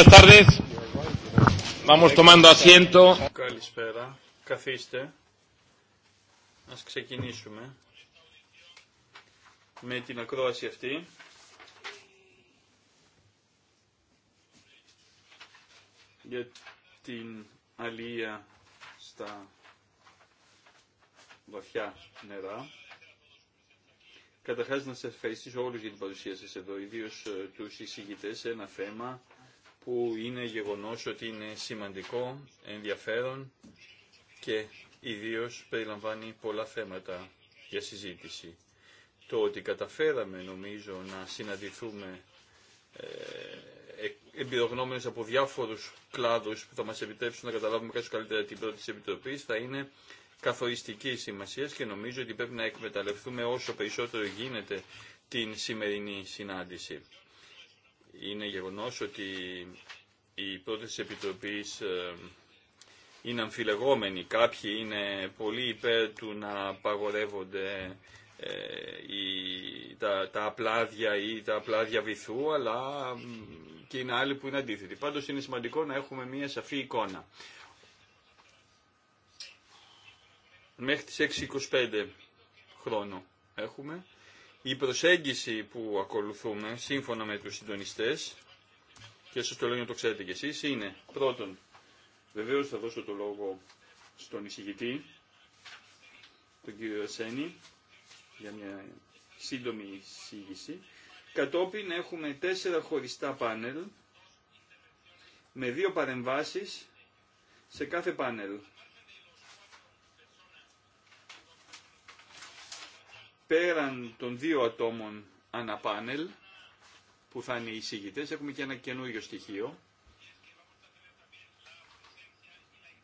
Buenas tardes. Vamos tomando asiento. Καλησπέρα. Καθίστε. Ας ξεκινήσουμε με την ακρόαση αυτή. Για την αλία στα βαθιά νερά. Καταρχά να σα ευχαριστήσω όλου για την παρουσία σα εδώ, ιδίω ε, του εισηγητέ σε ένα θέμα που είναι γεγονός ότι είναι σημαντικό, ενδιαφέρον και ιδίως περιλαμβάνει πολλά θέματα για συζήτηση. Το ότι καταφέραμε νομίζω να συναντηθούμε ε, εμπειρογνώμενες από διάφορους κλάδους που θα μας επιτρέψουν να καταλάβουμε κάτι καλύτερα την πρώτη της Επιτροπής θα είναι καθοριστική σημασία και νομίζω ότι πρέπει να εκμεταλλευτούμε όσο περισσότερο γίνεται την σημερινή συνάντηση είναι γεγονός ότι η πρόταση της Επιτροπής ε, είναι αμφιλεγόμενη. Κάποιοι είναι πολύ υπέρ του να απαγορεύονται ε, τα, τα απλάδια ή τα απλάδια βυθού, αλλά και είναι άλλοι που είναι αντίθετοι. Πάντως είναι σημαντικό να έχουμε μια σαφή εικόνα. Μέχρι τις 6.25 χρόνο έχουμε. Η προσέγγιση που ακολουθούμε, σύμφωνα με τους συντονιστές, και σας το λέω να το ξέρετε κι εσείς, είναι πρώτον, βεβαίως θα δώσω το λόγο στον εισηγητή, τον κύριο Ασένη για μια σύντομη εισήγηση. Κατόπιν έχουμε τέσσερα χωριστά πάνελ, με δύο παρεμβάσεις σε κάθε πάνελ πέραν των δύο ατόμων ανά πάνελ, που θα είναι οι εισηγητές, έχουμε και ένα καινούριο στοιχείο.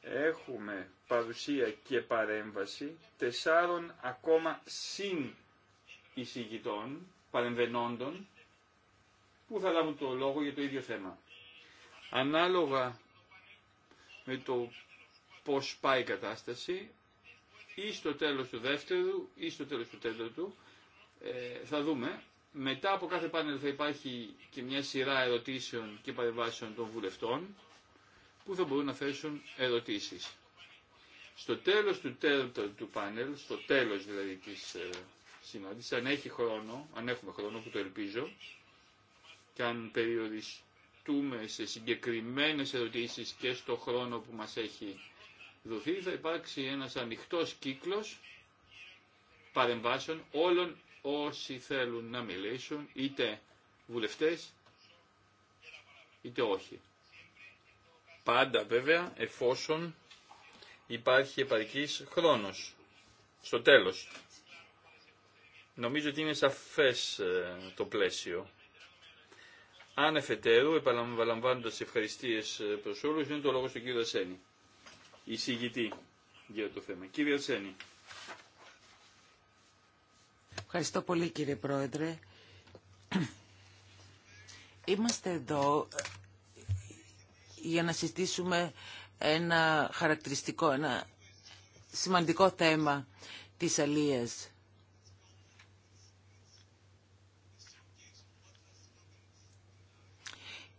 Έχουμε παρουσία και παρέμβαση τεσσάρων ακόμα συν εισηγητών, παρεμβενόντων, που θα λάβουν το λόγο για το ίδιο θέμα. Ανάλογα με το πώς πάει η κατάσταση, ή στο τέλος του δεύτερου ή στο τέλος του τέταρτου, ε, θα δούμε. Μετά από κάθε πάνελ θα υπάρχει και μια σειρά ερωτήσεων και παρεμβάσεων των βουλευτών που θα μπορούν να θέσουν ερωτήσεις. Στο τέλος του του πάνελ, στο τέλος δηλαδή της ε, αν έχει χρόνο, αν έχουμε χρόνο που το ελπίζω και αν περιοριστούμε σε συγκεκριμένες ερωτήσεις και στο χρόνο που μας έχει δοθεί θα υπάρξει ένας ανοιχτός κύκλος παρεμβάσεων όλων όσοι θέλουν να μιλήσουν, είτε βουλευτές, είτε όχι. Πάντα βέβαια εφόσον υπάρχει επαρκής χρόνος. Στο τέλος. Νομίζω ότι είναι σαφές ε, το πλαίσιο. Αν εφετέρου, επαναλαμβάνοντας ευχαριστίες ε, προς όλους, είναι το λόγο στον κύριο Ασένη εισηγητή για το θέμα. Κύριε Ευχαριστώ πολύ κύριε Πρόεδρε. Είμαστε εδώ ε, για να συζητήσουμε ένα χαρακτηριστικό, ένα σημαντικό θέμα της αλίας.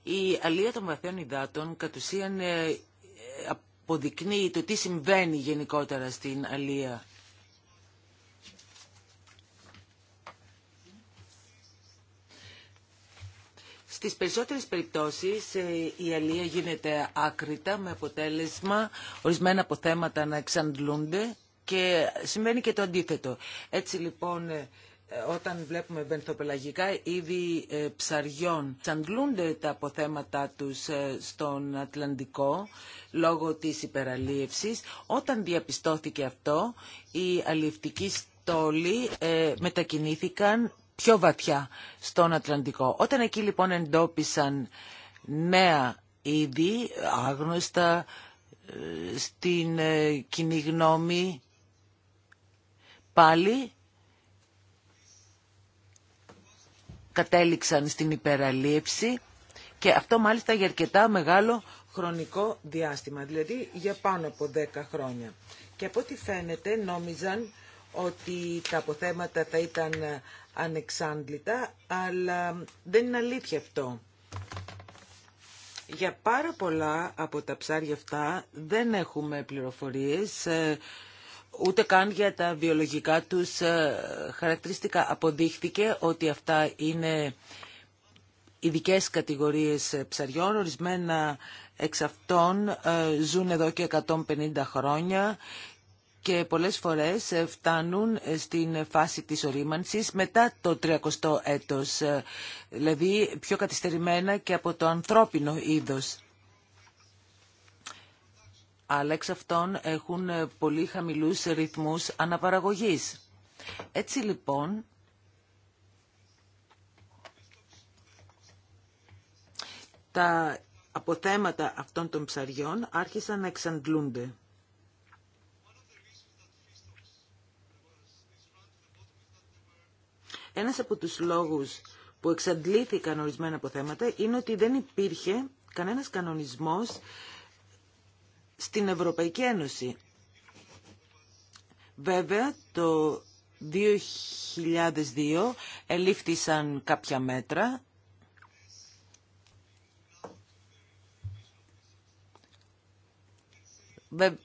Η αλία των βαθιών υδάτων κατ' ουσίαν ε, αποδεικνύει το τι συμβαίνει γενικότερα στην Αλία. Στις περισσότερες περιπτώσεις ε, η αλία γίνεται άκρητα με αποτέλεσμα ορισμένα θέματα να εξαντλούνται και συμβαίνει και το αντίθετο. Έτσι λοιπόν ε, ε, όταν βλέπουμε βενθοπελαγικά είδη ε, ψαριών τσαντλούνται τα αποθέματα τους ε, στον Ατλαντικό λόγω της υπεραλίευσης. Όταν διαπιστώθηκε αυτό, οι αλληλευτικοί στόλοι μετακινήθηκαν πιο βαθιά στον Ατλαντικό. Όταν εκεί λοιπόν εντόπισαν νέα είδη, άγνωστα στην κοινή γνώμη, πάλι κατέληξαν στην υπεραλήψη και αυτό μάλιστα για αρκετά μεγάλο χρονικό διάστημα, δηλαδή για πάνω από 10 χρόνια. Και από ό,τι φαίνεται νόμιζαν ότι τα αποθέματα θα ήταν ανεξάντλητα, αλλά δεν είναι αλήθεια αυτό. Για πάρα πολλά από τα ψάρια αυτά δεν έχουμε πληροφορίες ε, ούτε καν για τα βιολογικά τους ε, χαρακτηριστικά. Αποδείχθηκε ότι αυτά είναι ειδικέ κατηγορίες ψαριών. Ορισμένα εξ αυτών ε, ζουν εδώ και 150 χρόνια και πολλές φορές ε, φτάνουν στην φάση της ορίμανσης μετά το 300 έτος, δηλαδή πιο κατηστερημένα και από το ανθρώπινο είδος αλλά εξ αυτών έχουν ε, πολύ χαμηλούς ρυθμούς αναπαραγωγής. Έτσι λοιπόν, τα αποθέματα αυτών των ψαριών άρχισαν να εξαντλούνται. Ένας από τους λόγους που εξαντλήθηκαν ορισμένα αποθέματα είναι ότι δεν υπήρχε κανένας κανονισμός στην Ευρωπαϊκή Ένωση. Βέβαια, το 2002 ελήφθησαν κάποια μέτρα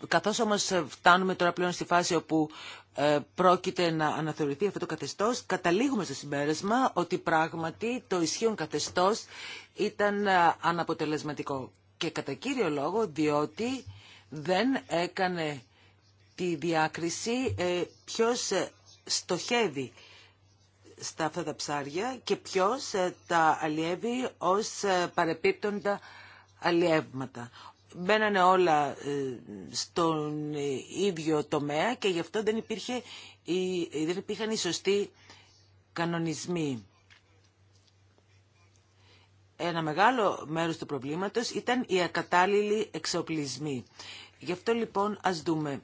Καθώς όμως φτάνουμε τώρα πλέον στη φάση όπου ε, πρόκειται να αναθεωρηθεί αυτό το καθεστώς, καταλήγουμε στο συμπέρασμα ότι πράγματι το ισχύον καθεστώς ήταν ε, αναποτελεσματικό. Και κατά κύριο λόγο διότι δεν έκανε τη διάκριση ε, ποιος ε, στοχεύει στα αυτά τα ψάρια και ποιος ε, τα αλλιεύει ως παρεπίπτοντα αλλιεύματα. Μπαίνανε όλα στον ίδιο τομέα και γι' αυτό δεν, υπήρχε, δεν υπήρχαν οι σωστοί κανονισμοί ένα μεγάλο μέρος του προβλήματος ήταν οι ακατάλληλοι εξοπλισμοί. Γι' αυτό λοιπόν ας δούμε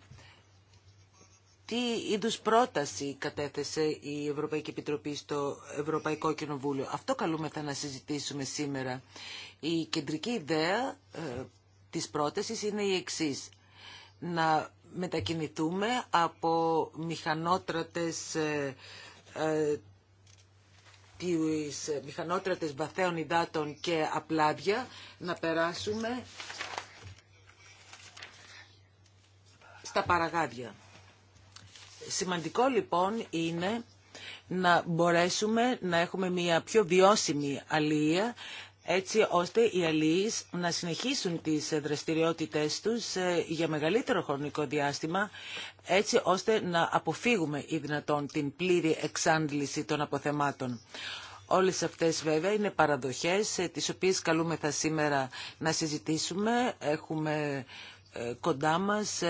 τι είδους πρόταση κατέθεσε η Ευρωπαϊκή Επιτροπή στο Ευρωπαϊκό Κοινοβούλιο. Αυτό καλούμεθα να συζητήσουμε σήμερα. Η κεντρική ιδέα ε, της πρότασης είναι η εξής. Να μετακινηθούμε από μηχανότρατες ε, ε, τις ε, μηχανότρατες βαθέων υδάτων και απλάδια να περάσουμε στα παραγάδια. Σημαντικό λοιπόν είναι να μπορέσουμε να έχουμε μια πιο βιώσιμη αλληλεία έτσι ώστε οι αλληλείς να συνεχίσουν τις δραστηριότητες τους ε, για μεγαλύτερο χρονικό διάστημα, έτσι ώστε να αποφύγουμε ή δυνατόν την πλήρη εξάντληση των αποθεμάτων. Όλες αυτές βέβαια είναι παραδοχές, ε, τις οποίες καλούμεθα σήμερα να συζητήσουμε. Έχουμε ε, κοντά μας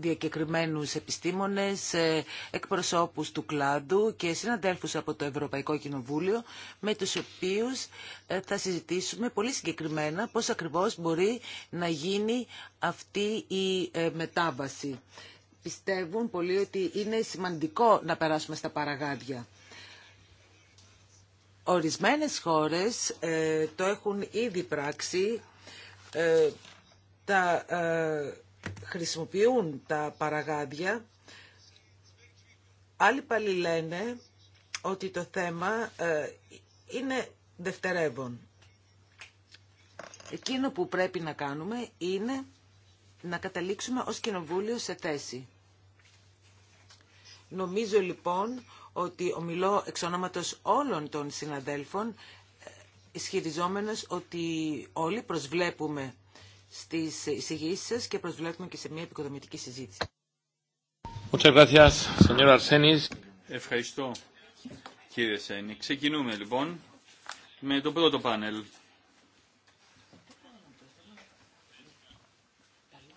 διακεκριμένους επιστήμονες, ε, εκπροσώπους του κλάδου και συναδέλφους από το Ευρωπαϊκό Κοινοβούλιο με τους οποίους ε, θα συζητήσουμε πολύ συγκεκριμένα πώς ακριβώς μπορεί να γίνει αυτή η ε, μετάβαση. Πιστεύουν πολύ ότι είναι σημαντικό να περάσουμε στα παραγάδια. Ορισμένες χώρες το έχουν ήδη πράξει τα χρησιμοποιούν τα παραγάδια. Άλλοι πάλι λένε ότι το θέμα ε, είναι δευτερεύον. Εκείνο που πρέπει να κάνουμε είναι να καταλήξουμε ως κοινοβούλιο σε θέση. Νομίζω λοιπόν ότι ομιλώ εξ ονόματος όλων των συναδέλφων ε, ισχυριζόμενος ότι όλοι προσβλέπουμε στις εισηγήσεις σας και προσβλέπουμε και σε μια επικοδομητική συζήτηση. Ευχαριστώ κύριε Σένη. Ξεκινούμε λοιπόν με το πρώτο πάνελ.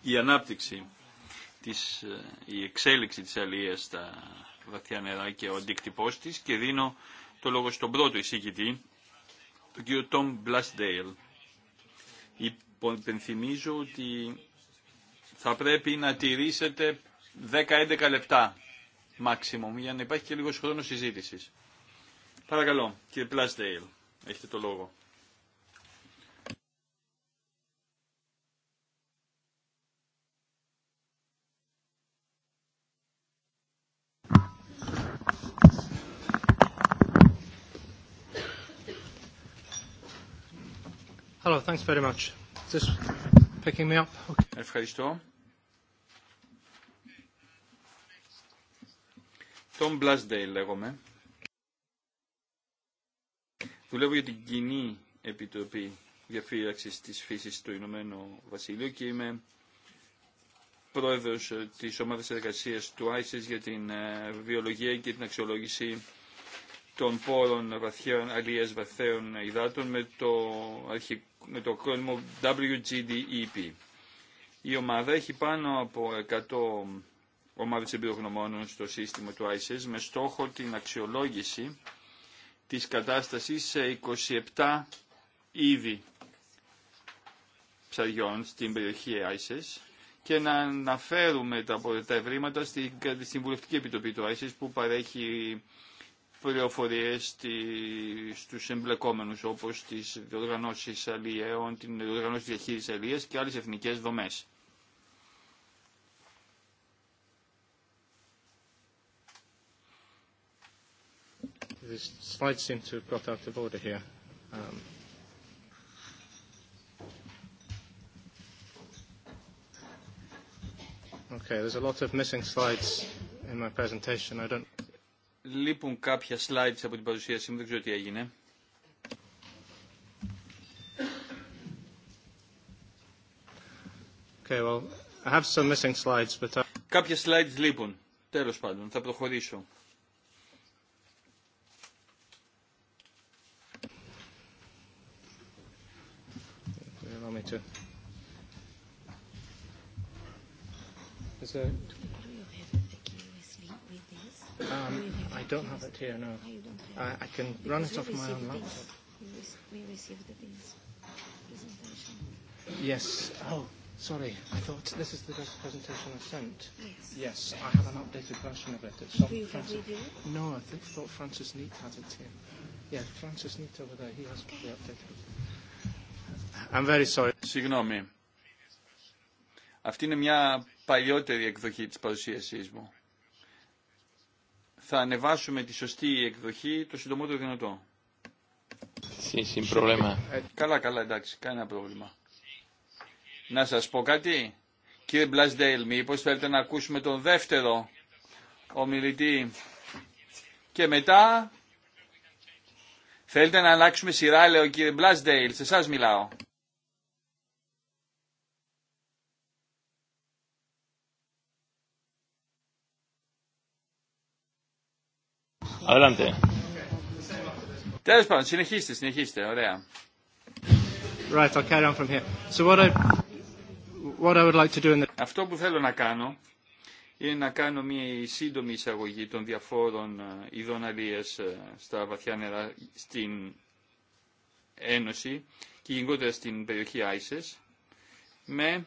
Η ανάπτυξη, της, η εξέλιξη της αλληλείας στα βαθιά νερά και ο αντίκτυπός της και δίνω το λόγο στον πρώτο εισηγητή, τον κύριο Τόμ Μπλασντέιλ. Η Λοιπόν, υπενθυμίζω ότι θα πρέπει να τηρήσετε 10-11 λεπτά maximum για να υπάρχει και λίγο χρόνο συζήτηση. Παρακαλώ, κύριε Πλάστεϊλ, έχετε το λόγο. Hello, thanks very much picking me up. Okay. Ευχαριστώ. Τον Μπλάσντεϊ λέγομαι. Δουλεύω για την κοινή επιτροπή διαφύλαξης τη φύση του Ηνωμένου Βασιλείου και είμαι πρόεδρο τη ομάδα εργασία του ISIS για την ε, βιολογία και την αξιολόγηση των πόρων βαθιών αλίας βαθαίων υδάτων με το, αρχι... το κρόνιμο WGDEP. Η ομάδα έχει πάνω από 100 ομάδες εμπειρογνωμόνων στο σύστημα του ΆΙΣΕΣ e με στόχο την αξιολόγηση της κατάστασης σε 27 είδη ψαριών στην περιοχή ΆΙΣΕΣ e και να αναφέρουμε τα, ευρήματα στην, Βουλευτική Επιτροπή του ISIS e που παρέχει πληροφορίες στους εμπλεκόμενους όπως τις διοργανώσεις αλλιέων, την διοργανώση διαχείρισης αλλιές και άλλες εθνικές δομές. The slides seem to have got out of order here. Um, okay, there's a lot of missing slides in my presentation. I don't. Λείπουν κάποια slides από την παρουσίασή μου, δεν ξέρω τι έγινε. Okay, well, I have some missing slides, but... Uh, κάποια slides λείπουν. Τέλος πάντων, θα προχωρήσω. Allow me Um, I don't have it here, no. I, I can run it off my own laptop. We received the BIN's presentation. Yes. Oh, sorry. I thought this is the presentation I sent. Yes. Yes, I have an updated version of it. It's not Francis. No, I think thought Francis Neat had it here. Yeah, Francis Neat over there. He has the updated. I'm very sorry. Συγγνώμη. Αυτή είναι μια παλιότερη εκδοχή της παρουσίασής μου θα ανεβάσουμε τη σωστή εκδοχή το συντομότερο δυνατό. Ε, καλά, καλά, εντάξει, κανένα πρόβλημα. Να σας πω κάτι, κύριε Μπλασδέιλ, μήπως θέλετε να ακούσουμε τον δεύτερο ομιλητή και μετά θέλετε να αλλάξουμε σειρά, λέω κύριε Μπλασδέιλ, σε εσά μιλάω. Adelante. Τέλος πάντων, συνεχίστε, συνεχίστε, ωραία. Right, I'll carry on from here. So what I, what I would like to do in the... Αυτό που θέλω να κάνω είναι να κάνω μια σύντομη εισαγωγή των διαφόρων ε, ειδών αλίας ε, στα βαθιά νερά στην Ένωση και γενικότερα στην περιοχή Άισες με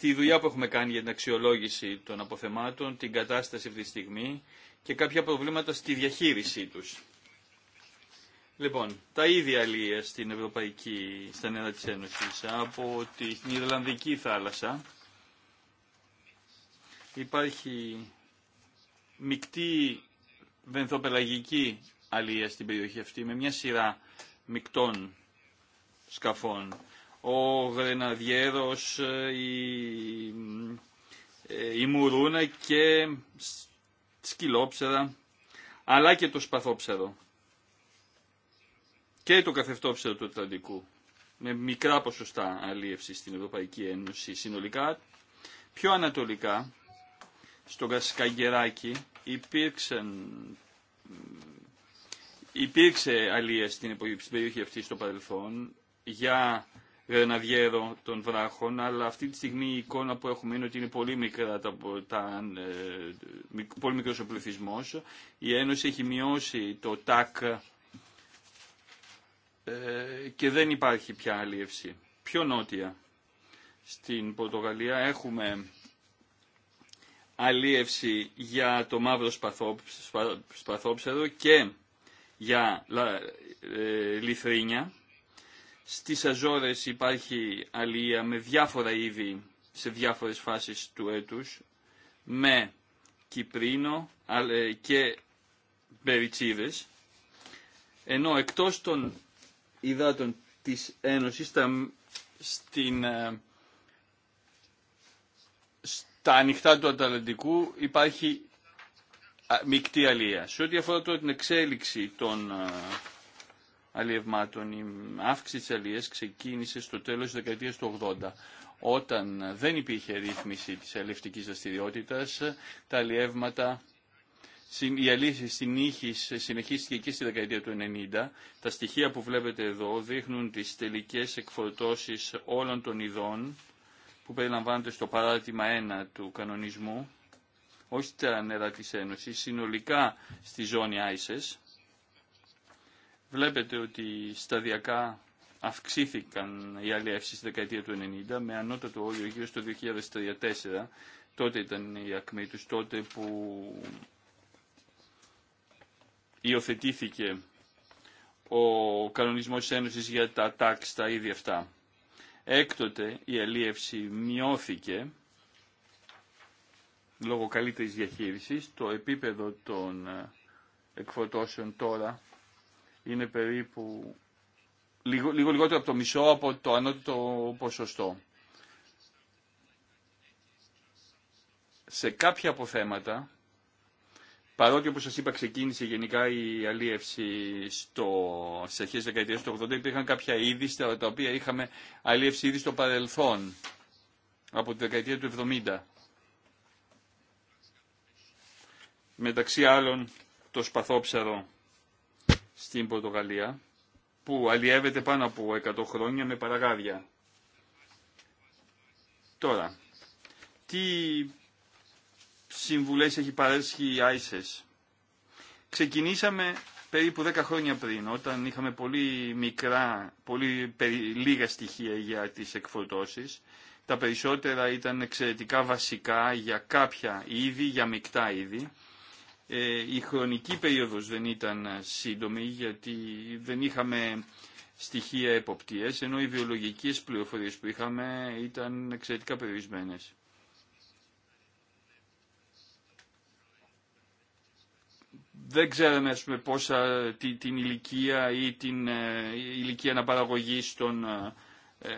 τη δουλειά που έχουμε κάνει για την αξιολόγηση των αποθεμάτων, την κατάσταση αυτή τη στιγμή και κάποια προβλήματα στη διαχείρισή τους. Λοιπόν, τα ίδια αλληλεία στην Ευρωπαϊκή, στα νερά της Ένωσης, από την Ιρλανδική θάλασσα, υπάρχει μεικτή βενθοπελαγική αλληλεία στην περιοχή αυτή, με μια σειρά μεικτών σκαφών ο Γρεναδιέρος, ε, η, ε, η Μουρούνα και σκυλόψερα, αλλά και το σπαθόψερο και το καθευτόψερο του Ατλαντικού με μικρά ποσοστά αλίευση στην Ευρωπαϊκή Ένωση συνολικά. Πιο ανατολικά, στο Κασκαγκεράκι, υπήρξαν, υπήρξε αλία στην περιοχή αυτή στο παρελθόν για Ρεναδιέρο των Βράχων, αλλά αυτή τη στιγμή η εικόνα που έχουμε είναι ότι είναι πολύ, μικρά τα, ε, πολύ μικρός ο πληθυσμό, Η Ένωση έχει μειώσει το ΤΑΚ ε, και δεν υπάρχει πια αλίευση. Πιο νότια στην Πορτογαλία έχουμε αλίευση για το μαύρο σπαθόψερο και για ε, λιθρίνια στις Αζόρες υπάρχει αλία με διάφορα είδη σε διάφορες φάσεις του έτους, με κυπρίνο και περιτσίδες, ενώ εκτός των υδάτων της Ένωσης στην, ε, στα ανοιχτά του Αταλαντικού υπάρχει μεικτή αλία. Σε ό,τι αφορά την εξέλιξη των ε, αλλιευμάτων. Η αύξηση της αλλιές ξεκίνησε στο τέλος της δεκαετίας του 80 όταν δεν υπήρχε ρύθμιση της αλλιευτικής δραστηριότητα, τα αλλιεύματα, η αλήθεια στην συνεχίστηκε και στη δεκαετία του 90. Τα στοιχεία που βλέπετε εδώ δείχνουν τις τελικές εκφορτώσεις όλων των ειδών που περιλαμβάνονται στο παράδειγμα 1 του κανονισμού, όχι στα νερά της Ένωσης, συνολικά στη ζώνη Άισες. Βλέπετε ότι σταδιακά αυξήθηκαν οι αλλιεύσεις στη δεκαετία του 90 με ανώτατο όριο γύρω στο 2004. Τότε ήταν η ακμή τους, τότε που υιοθετήθηκε ο κανονισμός της Ένωσης για τα τάξη, τα ίδια αυτά. Έκτοτε η αλλιεύση μειώθηκε λόγω καλύτερης διαχείρισης. Το επίπεδο των εκφορτώσεων τώρα είναι περίπου λίγο, λίγο λιγότερο από το μισό από το ανώτερο ποσοστό. Σε κάποια αποθέματα, παρότι όπως σας είπα ξεκίνησε γενικά η αλίευση στο, στις αρχές δεκαετίας του 80, υπήρχαν κάποια είδη στα τα οποία είχαμε αλίευση ήδη στο παρελθόν, από τη δεκαετία του 70. Μεταξύ άλλων το σπαθόψαρο στην Πορτογαλία που αλλιεύεται πάνω από 100 χρόνια με παραγάδια. Τώρα, τι συμβουλές έχει παρέσχει η ΆΙΣΕΣ. Ξεκινήσαμε περίπου 10 χρόνια πριν, όταν είχαμε πολύ μικρά, πολύ λίγα στοιχεία για τις εκφορτώσεις. Τα περισσότερα ήταν εξαιρετικά βασικά για κάποια είδη, για μεικτά είδη. Ε, η χρονική περίοδος δεν ήταν ε, σύντομη γιατί δεν είχαμε στοιχεία εποπτείας, ενώ οι βιολογικές πληροφορίες που είχαμε ήταν εξαιρετικά περιορισμένες. Δεν ξέραμε, ας πόσα, την, ηλικία ή την ε, ηλικία αναπαραγωγής των ε,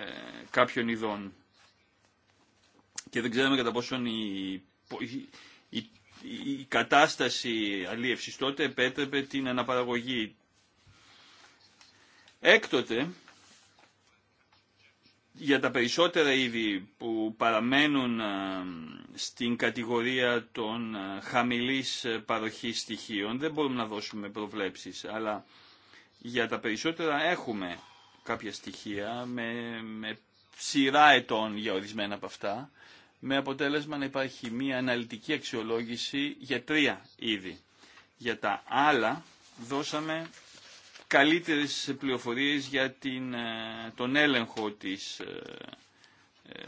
κάποιων ειδών. Και δεν ξέραμε κατά πόσον η, η κατάσταση αλίευσης τότε επέτρεπε την αναπαραγωγή. Έκτοτε, για τα περισσότερα είδη που παραμένουν ε, στην κατηγορία των ε, χαμηλής ε, παροχής στοιχείων δεν μπορούμε να δώσουμε προβλέψεις, αλλά για τα περισσότερα έχουμε κάποια στοιχεία με, με σειρά ετών για ορισμένα από αυτά με αποτέλεσμα να υπάρχει μία αναλυτική αξιολόγηση για τρία είδη. Για τα άλλα δώσαμε καλύτερες πληροφορίες για την, ε, τον έλεγχο της ε, ε,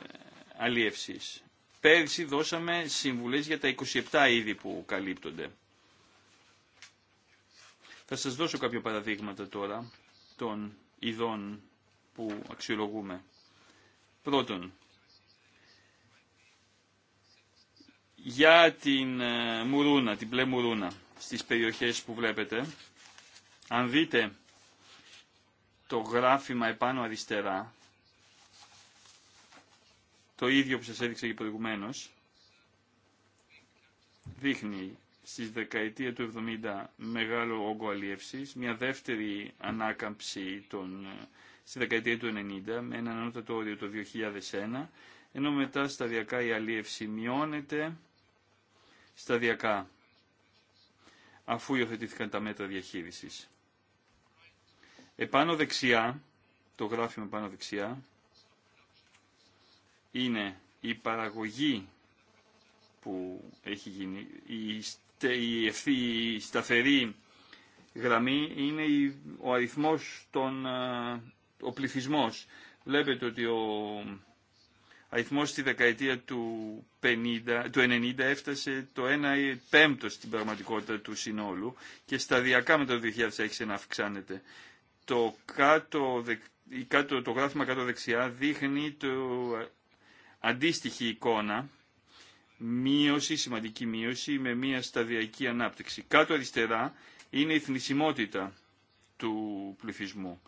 αλίευσης. Πέρσι δώσαμε συμβουλές για τα 27 είδη που καλύπτονται. Θα σας δώσω κάποια παραδείγματα τώρα των ειδών που αξιολογούμε. Πρώτον, για την ε, μουρούνα, την μπλε μουρούνα στις περιοχές που βλέπετε. Αν δείτε το γράφημα επάνω αριστερά, το ίδιο που σας έδειξα και προηγουμένως, δείχνει στις δεκαετία του 70 μεγάλο όγκο αλίευσης, μια δεύτερη ανάκαμψη των, ε, στη δεκαετία του 90 με έναν ανώτατο όριο το 2001, ενώ μετά σταδιακά η αλίευση μειώνεται σταδιακά αφού υιοθετήθηκαν τα μέτρα διαχείρισης. Επάνω δεξιά, το γράφημα πάνω δεξιά, είναι η παραγωγή που έχει γίνει, η, ευθύ, η σταθερή γραμμή είναι ο αριθμός των, ε, ο πληθυσμός. Βλέπετε ότι ο αριθμός στη δεκαετία του, 50, του 90 έφτασε το 1 πέμπτο στην πραγματικότητα του συνόλου και σταδιακά με το 2006 να αυξάνεται. Το, κάτω, κάτω, το γράφημα κάτω δεξιά δείχνει το αντίστοιχη εικόνα μείωση, σημαντική μείωση με μια σταδιακή ανάπτυξη. Κάτω αριστερά είναι η θνησιμότητα του πληθυσμού.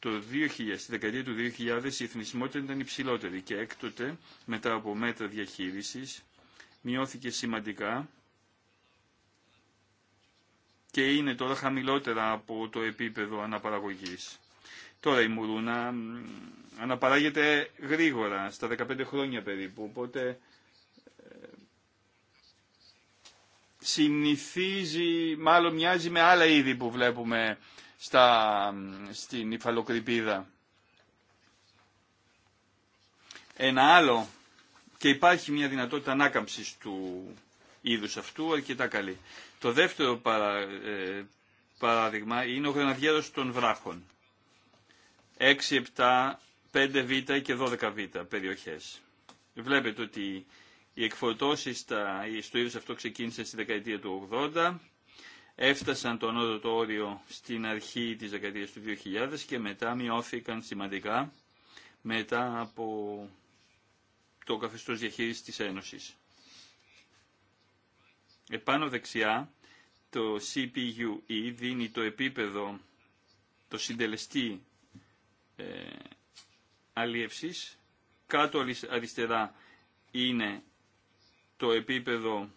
Το 2000, στη δεκαετία του 2000 η εθνισμότητα ήταν υψηλότερη και έκτοτε μετά από μέτρα διαχείρισης μειώθηκε σημαντικά και είναι τώρα χαμηλότερα από το επίπεδο αναπαραγωγής. Τώρα η μουρούνα αναπαράγεται γρήγορα, στα 15 χρόνια περίπου, οπότε συνηθίζει, μάλλον μοιάζει με άλλα είδη που βλέπουμε στα, στην υφαλοκρηπίδα. Ένα άλλο και υπάρχει μια δυνατότητα ανάκαμψης του είδους αυτού αρκετά καλή. Το δεύτερο ε, παράδειγμα είναι ο γραναδιέρος των βράχων. 6, 7, 5β και 12β περιοχές. Βλέπετε ότι οι εκφορτώσεις στο είδο αυτό ξεκίνησαν στη δεκαετία του 80, έφτασαν το το όριο στην αρχή της δεκαετίας του 2000 και μετά μειώθηκαν σημαντικά μετά από το καθεστώς διαχείρισης της Ένωσης. Επάνω δεξιά το CPUE δίνει το επίπεδο, το συντελεστή ε, Κάτω αριστερά είναι το επίπεδο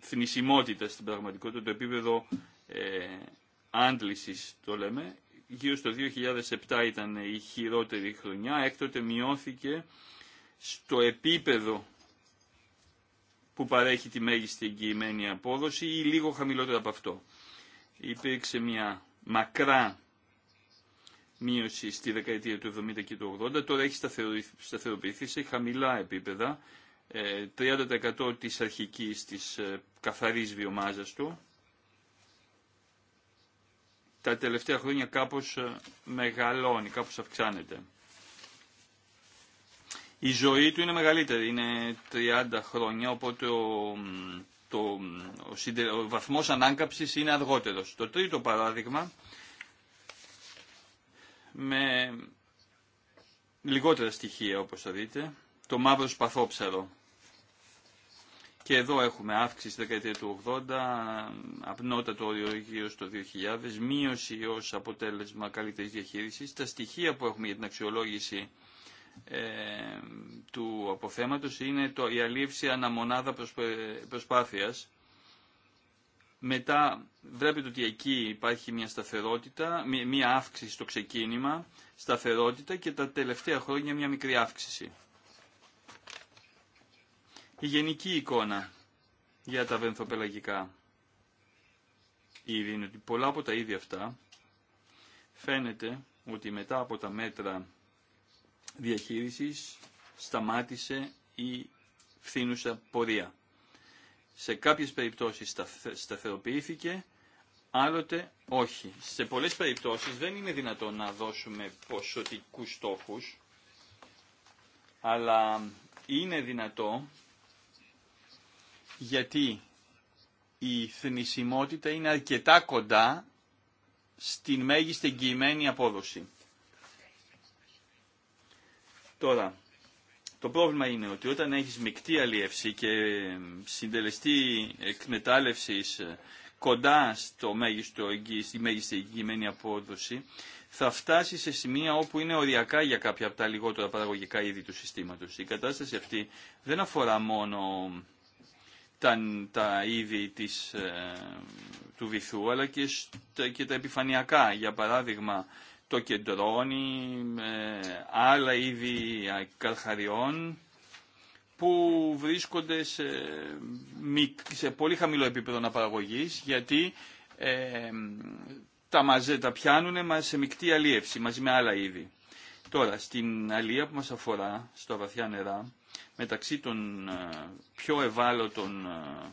θνησιμότητας στην πραγματικότητα, το επίπεδο ε, άντλησης το λέμε, γύρω στο 2007 ήταν η χειρότερη χρονιά, έκτοτε μειώθηκε στο επίπεδο που παρέχει τη μέγιστη εγγυημένη απόδοση ή λίγο χαμηλότερα από αυτό. Υπήρξε μια μακρά μείωση στη δεκαετία του 70 και του 80, τώρα έχει σταθεροποιηθεί σε χαμηλά επίπεδα 30% ε, της αρχικής της ε, καθαρής βιομάζας του. Τα τελευταία χρόνια κάπως ε, μεγαλώνει, κάπως αυξάνεται. Η ζωή του είναι μεγαλύτερη, είναι 30 χρόνια, οπότε ο, το, ο, βαθμός ανάκαψης είναι αργότερος. Το τρίτο παράδειγμα, με λιγότερα στοιχεία όπως θα δείτε, το μαύρο σπαθόψαρο. Και εδώ έχουμε αύξηση στη δεκαετία του 80, απνότατο όριο γύρω στο 2000, μείωση ως αποτέλεσμα καλύτερης διαχείρισης. Τα στοιχεία που έχουμε για την αξιολόγηση ε, του αποθέματος είναι το, η αλήψη αναμονάδα προσπάθειας. Μετά βλέπετε ότι εκεί υπάρχει μια σταθερότητα, μια αύξηση στο ξεκίνημα, σταθερότητα και τα τελευταία χρόνια μια μικρή αύξηση. Η γενική εικόνα για τα βενθοπελαγικά Ήδη είναι ότι πολλά από τα ίδια αυτά φαίνεται ότι μετά από τα μέτρα διαχείρισης σταμάτησε η φθήνουσα πορεία. Σε κάποιες περιπτώσεις σταθεροποιήθηκε, άλλοτε όχι. Σε πολλές περιπτώσεις δεν είναι δυνατόν να δώσουμε ποσοτικούς στόχους, αλλά είναι δυνατό γιατί η θνησιμότητα είναι αρκετά κοντά στην μέγιστη εγγυημένη απόδοση. Τώρα, το πρόβλημα είναι ότι όταν έχεις μεικτή αλλιεύση και συντελεστή εκμετάλλευση κοντά στο μέγιστο, στη μέγιστη εγγυημένη απόδοση, θα φτάσει σε σημεία όπου είναι οριακά για κάποια από τα λιγότερα παραγωγικά είδη του συστήματος. Η κατάσταση αυτή δεν αφορά μόνο τα, τα είδη της, ε, του βυθού αλλά και, τα επιφανειακά. Για παράδειγμα το κεντρόνι, άλλα είδη καρχαριών που βρίσκονται σε, σε πολύ χαμηλό επίπεδο αναπαραγωγής γιατί ε, τα, μαζε, τα πιάνουν σε μεικτή αλίευση μαζί με άλλα είδη. Τώρα, στην αλία που μας αφορά, στο βαθιά νερά, μεταξύ των ε, πιο ευάλωτων ε,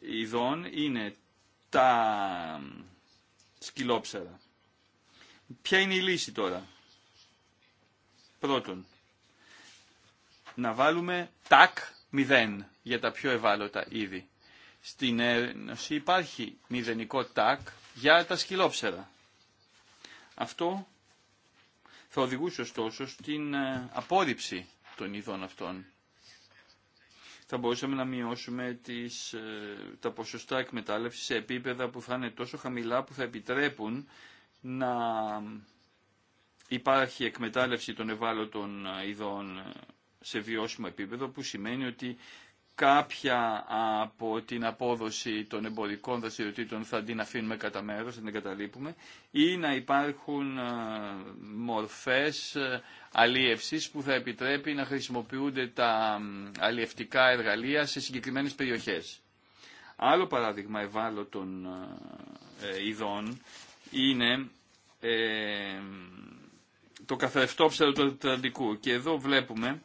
ειδών είναι τα ε, σκυλόψερα. Ποια είναι η λύση τώρα. Πρώτον, να βάλουμε τάκ μηδέν για τα πιο ευάλωτα είδη. Στην Ένωση υπάρχει μηδενικό τάκ για τα σκυλόψερα. Αυτό θα οδηγούσε ωστόσο στην απόρριψη των ειδών αυτών. Θα μπορούσαμε να μειώσουμε τις, ε, τα ποσοστά εκμετάλλευση σε επίπεδα που θα είναι τόσο χαμηλά που θα επιτρέπουν να υπάρχει εκμετάλλευση των ευάλωτων ειδών ε, σε βιώσιμο επίπεδο που σημαίνει ότι κάποια από την απόδοση των εμπορικών δραστηριοτήτων θα την αφήνουμε κατά μέρο, θα την εγκαταλείπουμε, ή να υπάρχουν ε, μορφές ε, αλίευσης που θα επιτρέπει να χρησιμοποιούνται τα αλλιευτικά εργαλεία σε συγκεκριμένες περιοχές. Άλλο παράδειγμα ευάλωτων ε, ειδών είναι το καθρεφτόψερο του Ατλαντικού. Και εδώ βλέπουμε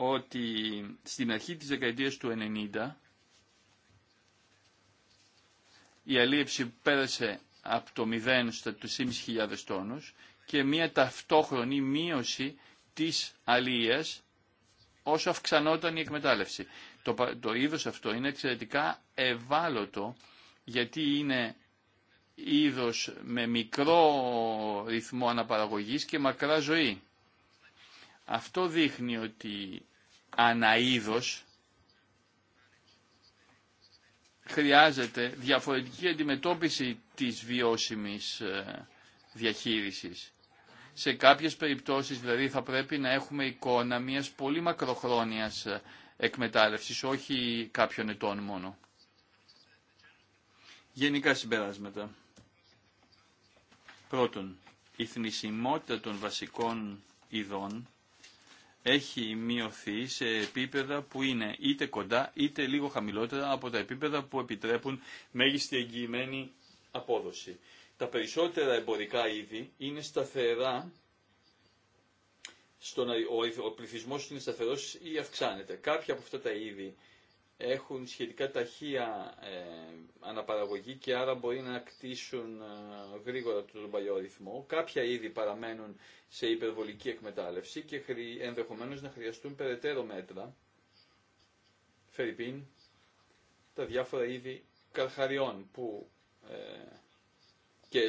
ότι στην αρχή της δεκαετίας του 90 η αλίευση πέρασε από το 0 στα 3.500 τόνους και μια ταυτόχρονη μείωση της αλίας όσο αυξανόταν η εκμετάλλευση. Το, το είδος αυτό είναι εξαιρετικά ευάλωτο γιατί είναι είδος με μικρό ρυθμό αναπαραγωγής και μακρά ζωή. Αυτό δείχνει ότι αναείδος χρειάζεται διαφορετική αντιμετώπιση της βιώσιμης ε, διαχείρισης. Σε κάποιες περιπτώσεις δηλαδή θα πρέπει να έχουμε εικόνα μιας πολύ μακροχρόνιας ε, εκμετάλλευσης, όχι κάποιων ετών μόνο. Γενικά συμπεράσματα. Πρώτον, η θνησιμότητα των βασικών ειδών έχει μειωθεί σε επίπεδα που είναι είτε κοντά είτε λίγο χαμηλότερα από τα επίπεδα που επιτρέπουν μέγιστη εγγυημένη απόδοση. Τα περισσότερα εμπορικά είδη είναι σταθερά, στον, ο, ο πληθυσμός είναι σταθερός ή αυξάνεται. Κάποια από αυτά τα είδη έχουν σχετικά ταχεία ε, αναπαραγωγή και άρα μπορεί να κτίσουν ε, γρήγορα τον παλιό ρυθμό. Κάποια είδη παραμένουν σε υπερβολική εκμετάλλευση και χρη, ενδεχομένως να χρειαστούν περαιτέρω μέτρα, φερρυπίν, τα διάφορα είδη καρχαριών που, ε, και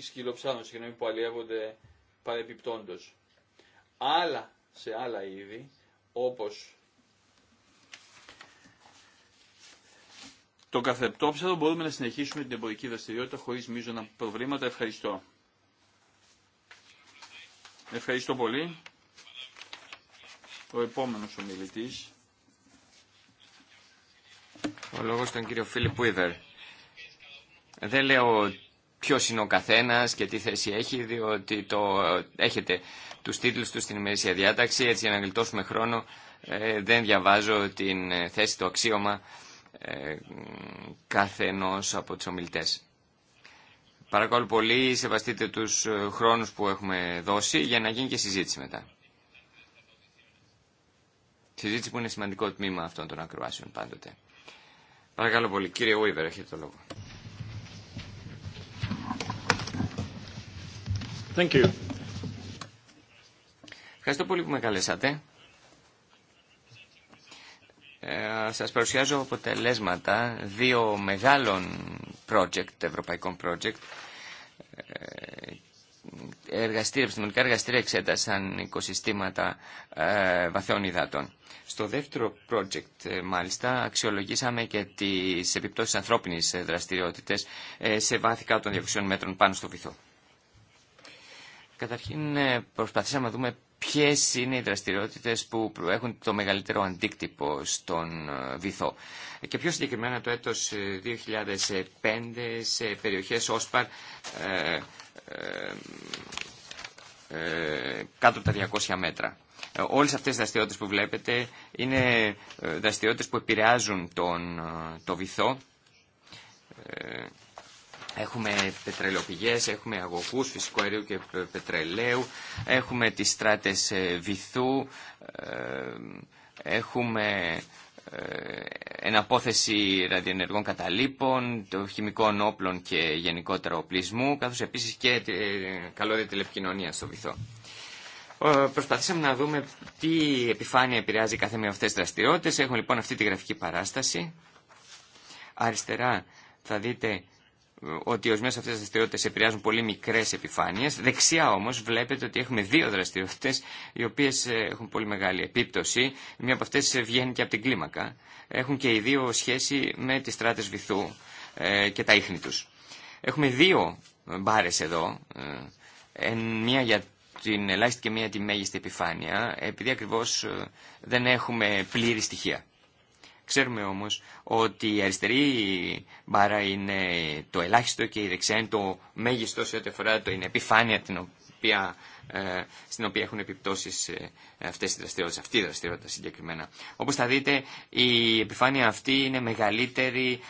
σκυλοψάνων που αλλιεύονται παρεπιπτόντως. Άλλα, σε άλλα είδη, όπως Το καθεπτόψαρο μπορούμε να συνεχίσουμε την εμπορική δραστηριότητα χωρίς μείζωνα προβλήματα. Ευχαριστώ. Ευχαριστώ πολύ. Ο επόμενος ομιλητής. Ο λόγος στον κύριο Φίλιπ Πούιδερ. Δεν λέω ποιος είναι ο καθένας και τι θέση έχει, διότι το, έχετε τους τίτλους του στην ημερήσια διάταξη, έτσι για να γλιτώσουμε χρόνο, ε, δεν διαβάζω την ε, θέση, του αξίωμα ε, κάθε από τους ομιλητές. Παρακαλώ πολύ, σεβαστείτε τους ε, χρόνους που έχουμε δώσει για να γίνει και συζήτηση μετά. Συζήτηση που είναι σημαντικό τμήμα αυτών των ακροάσεων πάντοτε. Παρακαλώ πολύ, κύριε Ούιβερ, έχετε το λόγο. Ευχαριστώ πολύ που με καλέσατε. Σα ε, σας παρουσιάζω αποτελέσματα δύο μεγάλων project, ευρωπαϊκών project. Ε, εργαστήρια, επιστημονικά εργαστήρια εξέτασαν οικοσυστήματα ε, βαθιών υδάτων. Στο δεύτερο project, μάλιστα, αξιολογήσαμε και τις επιπτώσεις ανθρώπινης δραστηριότητες σε βάθη κάτω των 200 μέτρων πάνω στο βυθό. Καταρχήν προσπαθήσαμε να δούμε Ποιε είναι οι δραστηριότητε που έχουν το μεγαλύτερο αντίκτυπο στον ε, βυθό. Και πιο συγκεκριμένα το έτος 2005 ε, σε περιοχές ΟΣΠΑΡ ε, ε, ε, κάτω από τα 200 μέτρα. Όλες αυτές οι δραστηριότητες που βλέπετε είναι δραστηριότητες που επηρεάζουν τον, το βυθό Έχουμε πετρελοπηγές, έχουμε αγωγούς φυσικού αερίου και πετρελαίου, έχουμε τις στράτες ε, βυθού, ε, έχουμε ε, εναπόθεση ραδιενεργών καταλήπων, χημικών όπλων και γενικότερα οπλισμού, καθώς επίσης και καλώδια τηλεπικοινωνία στο βυθό. Προσπαθήσαμε να δούμε τι επιφάνεια επηρεάζει κάθε μία αυτές τις δραστηριότητες. Έχουμε λοιπόν αυτή τη γραφική παράσταση. Αριστερά θα δείτε ότι ορισμένε αυτέ τι δραστηριότητε επηρεάζουν πολύ μικρέ επιφάνειε. Δεξιά όμω βλέπετε ότι έχουμε δύο δραστηριότητε οι οποίε ε, έχουν πολύ μεγάλη επίπτωση. Μία από αυτέ ε, βγαίνει και από την κλίμακα. Έχουν και οι δύο σχέση με τι στράτε βυθού ε, και τα ίχνη του. Έχουμε δύο μπάρε εδώ. Μία για την ελάχιστη και μία τη μέγιστη επιφάνεια, επειδή ακριβώ δεν έχουμε πλήρη στοιχεία. Ξέρουμε όμως ότι η αριστερή μπάρα είναι το ελάχιστο και η δεξιά είναι το μέγιστο σε ό,τι αφορά την επιφάνεια την οποία, ε, στην οποία έχουν επιπτώσεις ε, αυτές οι δραστηριότητες, αυτή η δραστηριότητα συγκεκριμένα. Όπως θα δείτε η επιφάνεια αυτή είναι μεγαλύτερη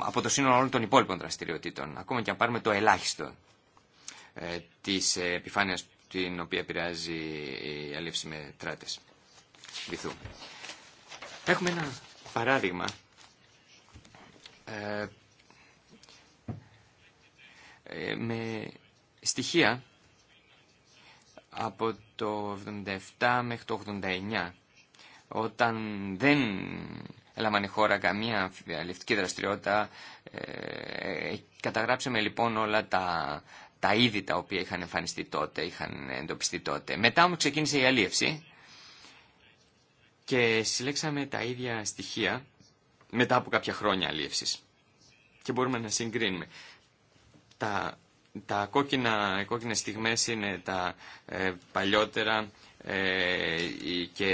από το σύνολο όλων των υπόλοιπων δραστηριοτήτων. Ακόμα και αν πάρουμε το ελάχιστο ε, της ε, επιφάνειας την οποία επηρεάζει η αλήψη με τράτες βυθού. Έχουμε ένα Παράδειγμα, ε, ε, με στοιχεία από το 77 μέχρι το 89 όταν δεν η χώρα καμία αλληλευτική δραστηριότητα ε, καταγράψαμε λοιπόν όλα τα, τα είδη τα οποία είχαν εμφανιστεί τότε, είχαν εντοπιστεί τότε. Μετά μου ξεκίνησε η αλίευση και συλλέξαμε τα ίδια στοιχεία μετά από κάποια χρόνια αλίευσης. Και μπορούμε να συγκρίνουμε. Τα, τα κόκκινα, κόκκινες στιγμές είναι τα ε, παλιότερα ε, και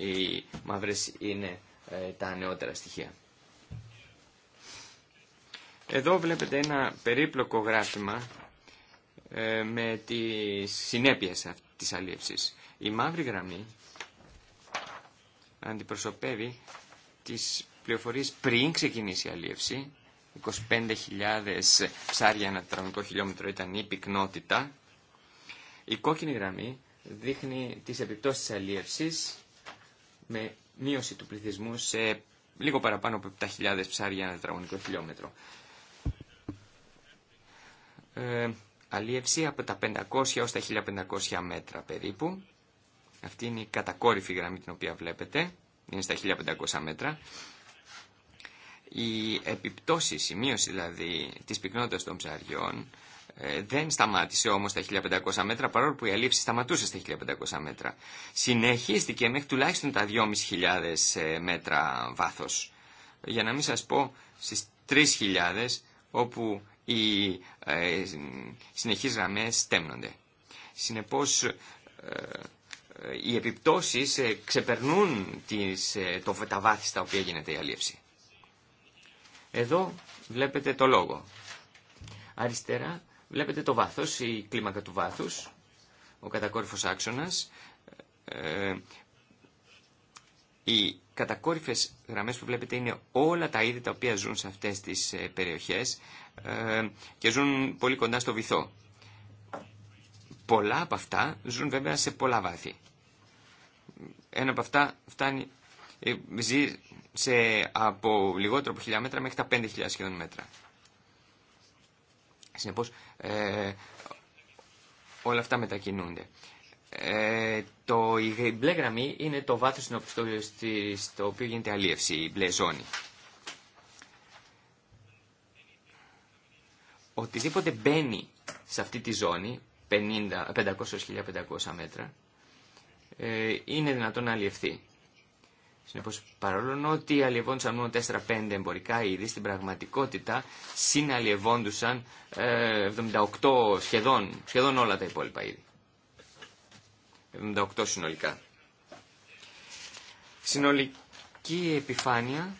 οι μαύρες είναι ε, τα νεότερα στοιχεία. Εδώ βλέπετε ένα περίπλοκο γράφημα με τις συνέπειες της αλίευσης. Η μαύρη γραμμή αντιπροσωπεύει τις πληροφορίες πριν ξεκινήσει η αλίευση. 25.000 ψάρια ένα τετραγωνικό χιλιόμετρο ήταν η πυκνότητα. Η κόκκινη γραμμή δείχνει τις επιπτώσεις της αλίευσης με μείωση του πληθυσμού σε λίγο παραπάνω από 7.000 ψάρια ένα τετραγωνικό χιλιόμετρο. Ε, αλίευση από τα 500 έως τα 1.500 μέτρα περίπου. Αυτή είναι η κατακόρυφη γραμμή την οποία βλέπετε, είναι στα 1500 μέτρα. η επιπτώση, η μείωση δηλαδή της πυκνότητα των ψαριών ε, δεν σταμάτησε όμως στα 1500 μέτρα παρόλο που η αλήψη σταματούσε στα 1500 μέτρα. Συνεχίστηκε μέχρι τουλάχιστον τα 2.500 ε, μέτρα βάθος. Για να μην σας πω στις 3.000 όπου οι ε, συνεχείς στέμνονται. Συνεπώς ε, οι επιπτώσεις ε, ξεπερνούν τις, ε, το, τα βάθη στα οποία γίνεται η αλίευση. Εδώ βλέπετε το λόγο. Αριστερά βλέπετε το βάθος, η κλίμακα του βάθους, ο κατακόρυφος άξονας. Ε, οι κατακόρυφες γραμμές που βλέπετε είναι όλα τα είδη τα οποία ζουν σε αυτές τις περιοχές και ζουν πολύ κοντά στο βυθό. Πολλά από αυτά ζουν βέβαια σε πολλά βάθη. Ένα από αυτά φτάνει, ε, ζει σε, από λιγότερο από χιλιά μέτρα μέχρι τα 5.000 σχεδόν μέτρα. Συνεπώς ε, όλα αυτά μετακινούνται. Ε, το, η μπλε γραμμή είναι το βάθος στο, στο οποίο γίνεται αλίευση, η μπλε ζώνη. Οτιδήποτε μπαίνει σε αυτή τη ζώνη 500-1500 μέτρα, ε, είναι δυνατόν να αλλιευθεί. Συνεπώ, παρόλο ότι αλλιευόντουσαν μόνο 4-5 εμπορικά είδη, στην πραγματικότητα συναλλιευόντουσαν 78 ε, σχεδόν, σχεδόν όλα τα υπόλοιπα είδη. 78 συνολικά. Συνολική επιφάνεια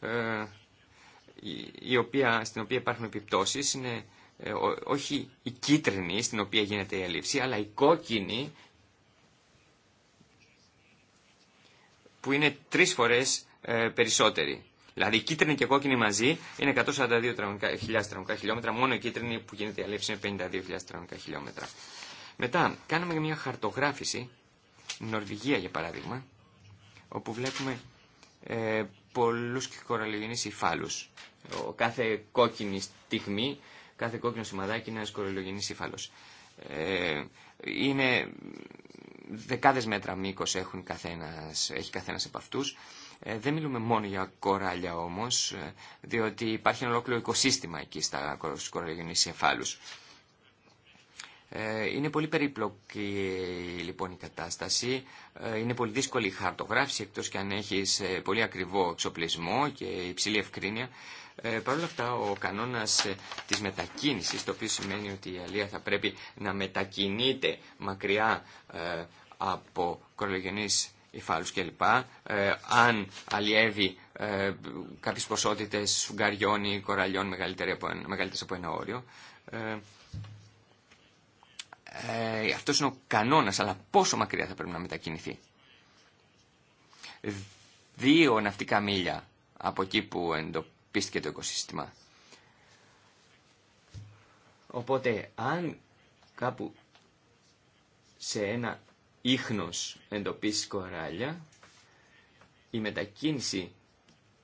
ε, η οποία, στην οποία υπάρχουν επιπτώσεις είναι ε, όχι η κίτρινη στην οποία γίνεται η έλλειψη, αλλά η κόκκινη που είναι τρεις φορές ε, περισσότερη. Δηλαδή η κίτρινη και η κόκκινη μαζί είναι 142.000 τετραγωνικά χιλιόμετρα, μόνο η κίτρινη που γίνεται η αλήψη είναι 52.000 τετραγωνικά χιλιόμετρα. Μετά κάναμε μια χαρτογράφηση, Νορβηγία για παράδειγμα, όπου βλέπουμε ε, πολλούς κοραλιογενείς υφάλους. Ο κάθε κόκκινη στιγμή κάθε κόκκινο σημαδάκι είναι ένα κορολογενή ύφαλο. Ε, είναι δεκάδες μέτρα μήκο έχουν έχει καθένας από αυτού. Ε, δεν μιλούμε μόνο για κοράλια όμω, ε, διότι υπάρχει ένα ολόκληρο οικοσύστημα εκεί στα κορολογενή ύφαλου. Ε, είναι πολύ περίπλοκη λοιπόν η κατάσταση, είναι πολύ δύσκολη η χαρτογράφηση εκτός και αν έχεις πολύ ακριβό εξοπλισμό και υψηλή ευκρίνεια. Ε, Παρ' όλα αυτά, ο κανόνα ε, τη μετακίνηση, το οποίο σημαίνει ότι η Αλία θα πρέπει να μετακινείται μακριά ε, από κορολογενεί υφάλου κλπ. Ε, αν αλλιεύει ε, κάποιε ποσότητε σουγκαριών ή κοραλιών μεγαλύτερε από ένα όριο. Ε, Αυτό είναι ο κανόνα, αλλά πόσο μακριά θα πρέπει να μετακινηθεί. Δύο ναυτικά μίλια από εκεί που εντοπίζεται πίστηκε το οικοσύστημα. Οπότε αν κάπου σε ένα ίχνος εντοπίσει κοράλια, η μετακίνηση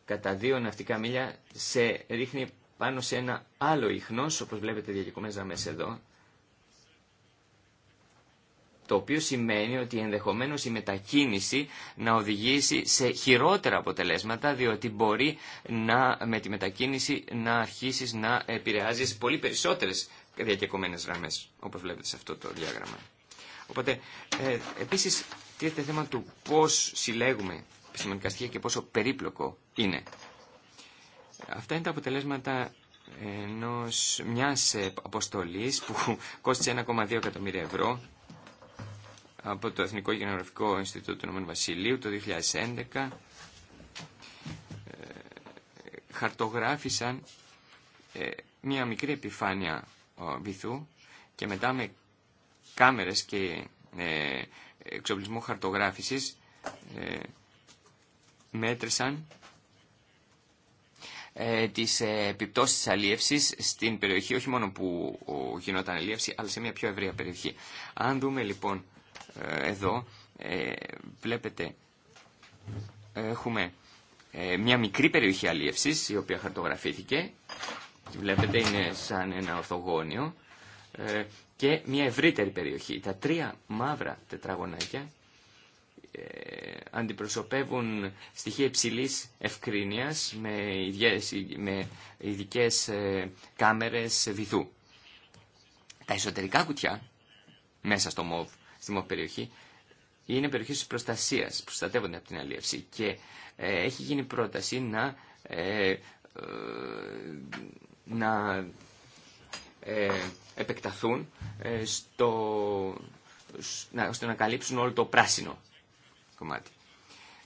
κατά δύο ναυτικά μίλια σε ρίχνει πάνω σε ένα άλλο ίχνος, όπως βλέπετε διακεκομένες μέσα εδώ, το οποίο σημαίνει ότι ενδεχομένως η μετακίνηση να οδηγήσει σε χειρότερα αποτελέσματα, διότι μπορεί να, με τη μετακίνηση να αρχίσεις να επηρεάζει πολύ περισσότερες διακεκομένες γραμμές, όπως βλέπετε σε αυτό το διάγραμμα. Οπότε, ε, επίσης, τίθεται θέμα του πώς συλλέγουμε επιστημονικά στοιχεία και πόσο περίπλοκο είναι. Αυτά είναι τα αποτελέσματα ενός, μιας ε, αποστολής που κόστησε 1,2 εκατομμύρια ευρώ από το Εθνικό Γενογραφικό Ινστιτούτο του Βασιλείου το 2011 ε, χαρτογράφησαν ε, μια μικρή επιφάνεια βυθού και μετά με κάμερες και ε, εξοπλισμό χαρτογράφησης μέτρησαν τις επιπτώσεις της αλίευσης στην περιοχή όχι μόνο που γινόταν αλίευση αλλά σε μια πιο ευρεία περιοχή. Αν δούμε λοιπόν ε, εδώ ε, βλέπετε έχουμε ε, μια μικρή περιοχή αλίευσης η οποία χαρτογραφήθηκε βλέπετε είναι σαν ένα ορθογώνιο και μια ευρύτερη περιοχή. Τα τρία μαύρα τετραγωνάκια αντιπροσωπεύουν στοιχεία υψηλής ευκρίνειας με, ιδιές, με ειδικές κάμερες βυθού. Τα εσωτερικά κουτιά μέσα στο ΜΟΒ στη περιοχή, είναι περιοχές προστασίας, προστατεύονται από την αλλιεύση και ε, έχει γίνει πρόταση να, ε, ε, να επεκταθούν στο, να, ώστε να καλύψουν όλο το πράσινο κομμάτι.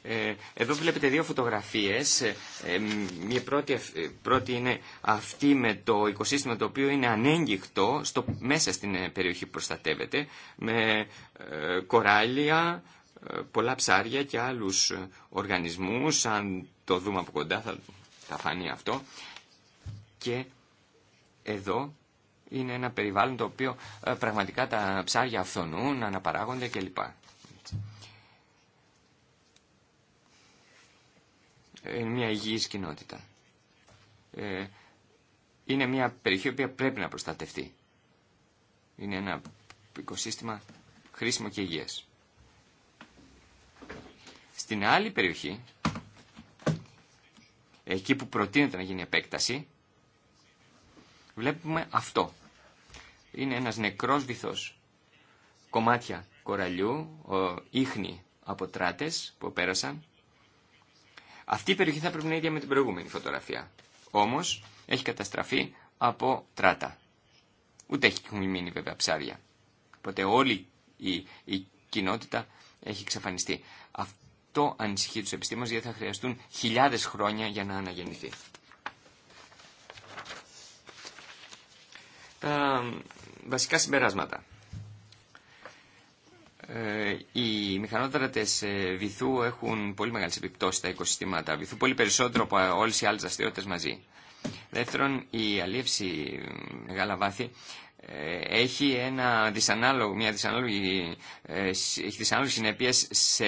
Ε, εδώ βλέπετε δύο φωτογραφίες. Η ε, πρώτη, ε, πρώτη είναι αυτή με το οικοσύστημα το οποίο είναι ανέγγιχτο στο, μέσα στην περιοχή που προστατεύεται με κοράλια, πολλά ψάρια και άλλους οργανισμούς. Αν το δούμε από κοντά θα, θα φανεί αυτό. Και εδώ είναι ένα περιβάλλον το οποίο πραγματικά τα ψάρια αυθονούν, αναπαράγονται κλπ. Είναι μια υγιής κοινότητα. Ε, είναι μια περιοχή που πρέπει να προστατευτεί. Είναι ένα οικοσύστημα χρήσιμο και υγιές. Στην άλλη περιοχή, εκεί που προτείνεται να γίνει επέκταση, βλέπουμε αυτό. Είναι ένας νεκρός βυθός, κομμάτια κοραλιού, ο, ίχνη από τράτες που πέρασαν αυτή η περιοχή θα πρέπει να είναι ίδια με την προηγούμενη φωτογραφία. Όμω έχει καταστραφεί από τράτα. Ούτε έχουν μείνει βέβαια ψάρια. Οπότε όλη η, η κοινότητα έχει εξαφανιστεί. Αυτό ανησυχεί του επιστήμονε γιατί θα χρειαστούν χιλιάδε χρόνια για να αναγεννηθεί. Τα βασικά συμπεράσματα. Ε, οι μηχανότρατες ε, βυθού έχουν πολύ μεγάλες επιπτώσεις στα οικοσυστήματα. Βυθού πολύ περισσότερο από όλες οι άλλες δραστηριότητε μαζί. Δεύτερον, η αλίευση ε, μεγάλα βάθη έχει ένα δυσανάλογο, μια δυσανάλογη, έχει δυσανάλογη σε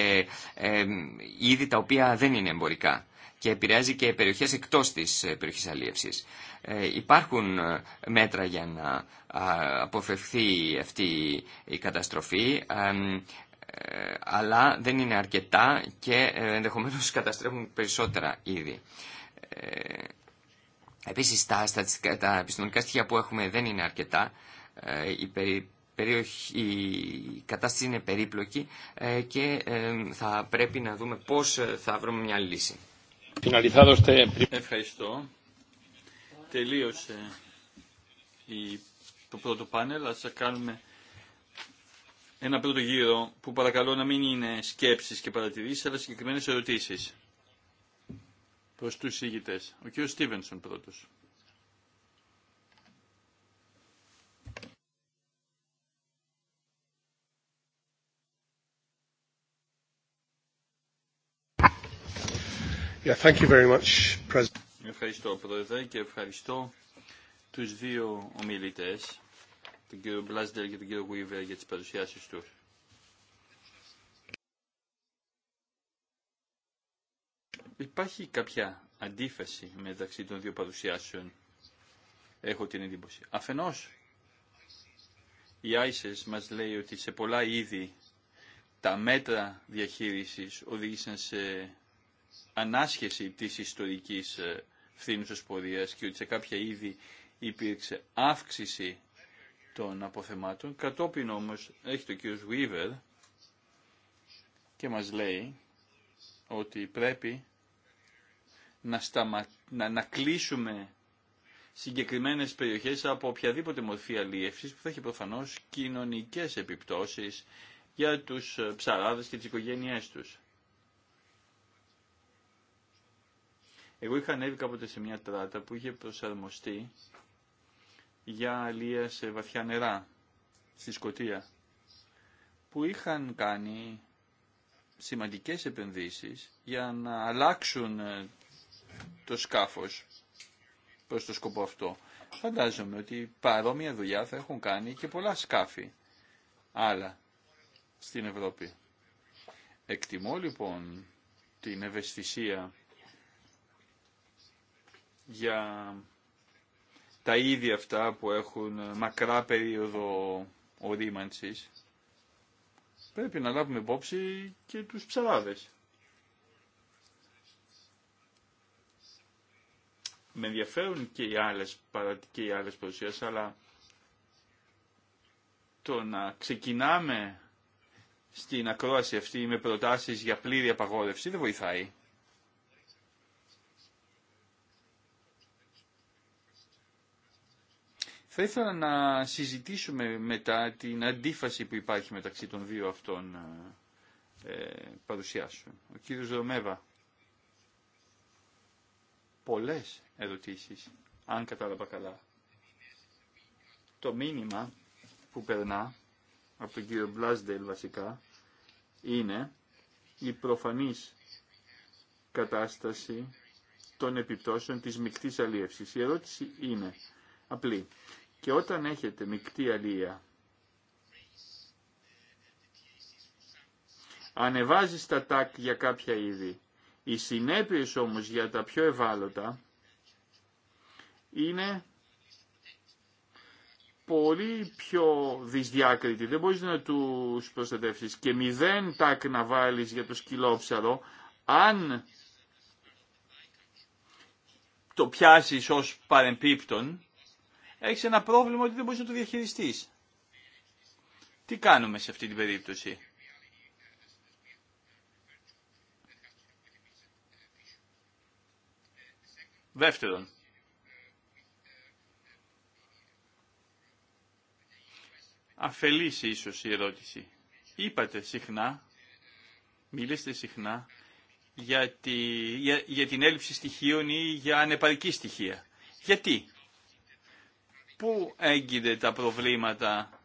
είδη τα οποία δεν είναι εμπορικά και επηρεάζει και περιοχές εκτός της ε, περιοχής αλίευσης. Ε, υπάρχουν ε, μέτρα για να αποφευθεί αυτή η καταστροφή, αλλά δεν είναι αρκετά και ενδεχομένως καταστρέφουν περισσότερα Ε, Επίσης τα, τα επιστημονικά στοιχεία που έχουμε δεν είναι αρκετά. Η, περιοχή, η κατάσταση είναι περίπλοκη και θα πρέπει να δούμε πώς θα βρούμε μια λύση. Ευχαριστώ. Τελείωσε η, το πρώτο πάνελ. Ας κάνουμε ένα πρώτο γύρο που παρακαλώ να μην είναι σκέψεις και παρατηρήσεις αλλά συγκεκριμένες ερωτήσεις προς τους ηγητές. Ο κύριος Στίβενσον πρώτος. Ευχαριστώ Πρόεδρε και ευχαριστώ τους δύο ομιλητές, τον κύριο Μπλάσντερ και τον κύριο Γουίβερ για τις παρουσιάσεις τους. Υπάρχει κάποια αντίφαση μεταξύ των δύο παρουσιάσεων, έχω την εντύπωση. Αφενός, η ISIS μας λέει ότι σε πολλά είδη τα μέτρα διαχείρισης οδήγησαν σε ανάσχεση της ιστορικής ε, φθήνους και ότι σε κάποια είδη υπήρξε αύξηση των αποθεμάτων. Κατόπιν όμως έχει το κύριο Βίβερ και μας λέει ότι πρέπει να, σταμα... να, να κλείσουμε συγκεκριμένες περιοχές από οποιαδήποτε μορφή αλίευσης που θα έχει προφανώς κοινωνικές επιπτώσεις για τους ε, ψαράδες και τις οικογένειές τους. Εγώ είχα ανέβει κάποτε σε μια τράτα που είχε προσαρμοστεί για αλία σε βαθιά νερά, στη Σκοτία, που είχαν κάνει σημαντικές επενδύσεις για να αλλάξουν ε, το σκάφος προς το σκοπό αυτό. Φαντάζομαι ότι παρόμοια δουλειά θα έχουν κάνει και πολλά σκάφη άλλα στην Ευρώπη. Εκτιμώ λοιπόν την ευαισθησία για τα ίδια αυτά που έχουν μακρά περίοδο ορίμανσης, πρέπει να λάβουμε υπόψη και τους ψαράδες. Με ενδιαφέρουν και οι άλλες, και άλλες παρουσίες, αλλά το να ξεκινάμε στην ακρόαση αυτή με προτάσεις για πλήρη απαγόρευση δεν βοηθάει. Θα ήθελα να συζητήσουμε μετά την αντίφαση που υπάρχει μεταξύ των δύο αυτών ε, ε, παρουσιάσεων. Ο κύριος Ρωμέβα. Πολλές ερωτήσεις, αν κατάλαβα καλά. Το μήνυμα που περνά από τον κύριο Μπλάσντελ βασικά είναι η προφανής κατάσταση των επιπτώσεων της μικτής αλίευσης. Η ερώτηση είναι απλή. Και όταν έχετε μεικτή αλία, ανεβάζεις τα τάκ για κάποια είδη. Οι συνέπειες όμως για τα πιο ευάλωτα είναι πολύ πιο δυσδιάκριτοι. Δεν μπορείς να τους προστατεύσεις. Και μηδέν τάκ να βάλεις για το σκυλόψαρο, αν το πιάσεις ως παρεμπίπτον, έχεις ένα πρόβλημα ότι δεν μπορείς να το διαχειριστείς. Τι κάνουμε σε αυτή την περίπτωση. Δεύτερον, αφελής ίσως η ερώτηση. Είπατε συχνά, μιλήστε συχνά, για, για την έλλειψη στοιχείων ή για ανεπαρκή στοιχεία. Γιατί πού έγκυται τα προβλήματα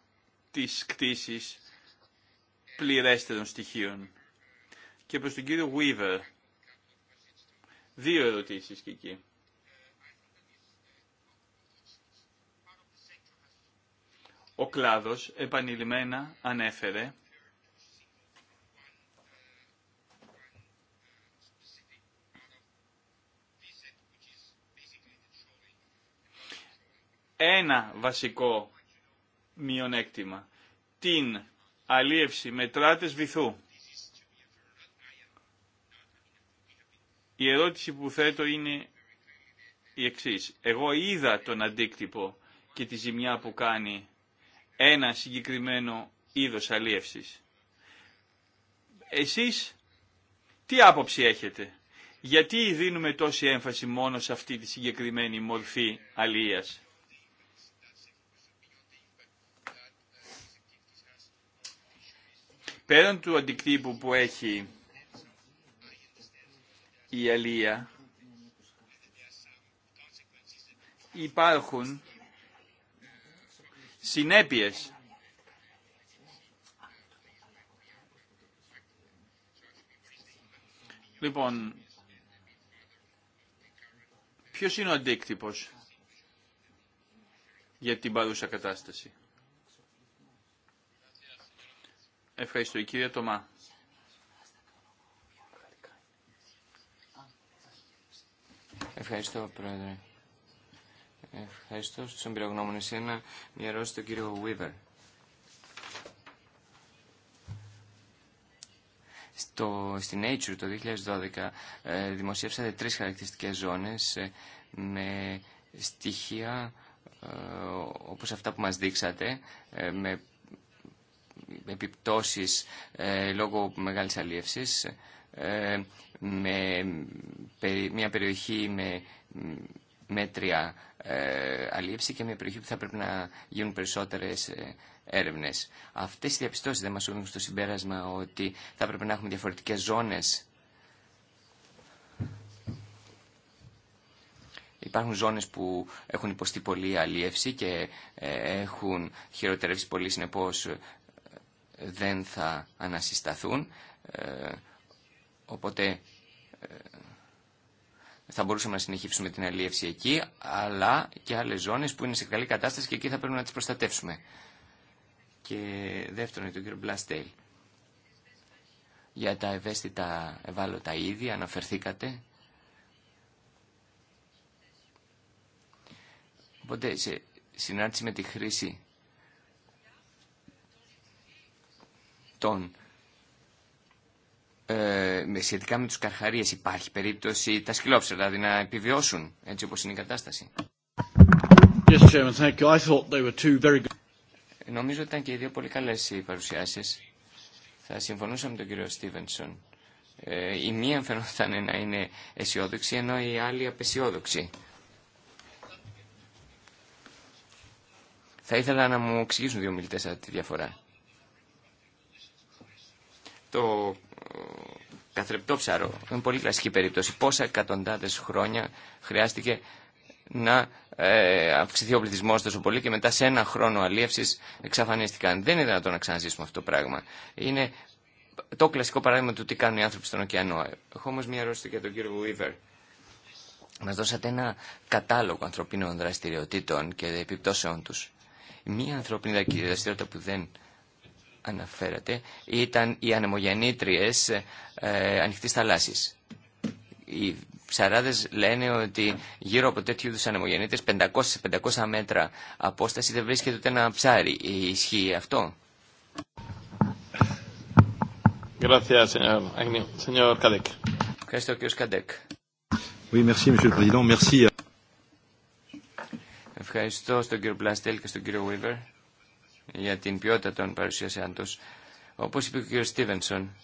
της κτήσης πληρέστερων στοιχείων. Και προς τον κύριο Βίβερ. δύο ερωτήσεις και εκεί. Ο κλάδος επανειλημμένα ανέφερε ένα βασικό μειονέκτημα. Την αλίευση με τράτες βυθού. Η ερώτηση που θέτω είναι η εξής. Εγώ είδα τον αντίκτυπο και τη ζημιά που κάνει ένα συγκεκριμένο είδος αλίευσης. Εσείς τι άποψη έχετε. Γιατί δίνουμε τόση έμφαση μόνο σε αυτή τη συγκεκριμένη μορφή αλίας. Πέραν του αντικτύπου που έχει η αλία, υπάρχουν συνέπειες Λοιπόν, ποιος είναι ο αντίκτυπος για την παρούσα κατάσταση. Ευχαριστώ. Η κυρία Τωμά. Ευχαριστώ, Πρόεδρε. Ευχαριστώ στους εμπειρογνώμονες. Ένα μια ερώτηση στον κύριο Βίβερ. Στο, στην Nature το 2012 ε, δημοσίευσατε τρεις χαρακτηριστικές ζώνες ε, με στοιχεία ε, όπως αυτά που μας δείξατε, με επιπτώσεις ε, λόγω μεγάλης αλίευσης ε, με μια περιοχή με μέτρια ε, αλίευση και μια περιοχή που θα πρέπει να γίνουν περισσότερες έρευνες. Αυτές οι διαπιστώσεις δεν μας οδηγούν στο συμπέρασμα ότι θα πρέπει να έχουμε διαφορετικές ζώνες. Υπάρχουν ζώνες που έχουν υποστεί πολύ αλίευση και έχουν χειροτερεύσει πολύ συνεπώς δεν θα ανασυσταθούν, ε, οπότε ε, θα μπορούσαμε να συνεχίσουμε την αλλιεύση εκεί, αλλά και άλλες ζώνες που είναι σε καλή κατάσταση και εκεί θα πρέπει να τις προστατεύσουμε. Και δεύτερον, τον κύριο Μπλαστέιλ. Για τα ευαίσθητα ευάλωτα είδη αναφερθήκατε. Οπότε σε συνάρτηση με τη χρήση αυτών. Ε, σχετικά με τους καρχαρίες υπάρχει περίπτωση τα σκυλόψερα δηλαδή να επιβιώσουν έτσι όπως είναι η κατάσταση. Νομίζω ήταν και οι δύο πολύ καλές οι παρουσιάσεις. Θα συμφωνούσα με τον κύριο Στίβενσον. Ε, η μία φαινόταν να είναι αισιόδοξη ενώ η άλλη απεσιόδοξη. Θα ήθελα να μου εξηγήσουν δύο μιλητές αυτή τη διαφορά το καθρεπτό ψαρό. Είναι πολύ κλασική περίπτωση. Πόσα εκατοντάδε χρόνια χρειάστηκε να ε, αυξηθεί ο πληθυσμό τόσο πολύ και μετά σε ένα χρόνο αλίευση εξαφανίστηκαν. Δεν είναι δυνατόν να ξαναζήσουμε αυτό το πράγμα. Είναι το κλασικό παράδειγμα του τι κάνουν οι άνθρωποι στον ωκεανό. Έχω όμω μία ερώτηση για τον κύριο Βίβερ. Μα δώσατε ένα κατάλογο ανθρωπίνων δραστηριοτήτων και επιπτώσεων του. Μία ανθρώπινη δραστηριότητα που δεν αναφέρατε ήταν οι ανεμογεννήτριες ε, ανοιχτής θαλάσσης. Οι ψαράδες λένε ότι γύρω από τέτοιου ανεμογεννήτριε, ανεμογεννήτρες 500-500 μέτρα απόσταση δεν βρίσκεται ούτε ένα ψάρι. Ισχύει αυτό. Ευχαριστώ κύριο Σκαντέκ. Euh, Ευχαριστώ στον κύριο Πλαστέλ και στον κύριο Βίβερ για την ποιότητα των παρουσιασεών Όπως είπε ο κ. Στίβενσον,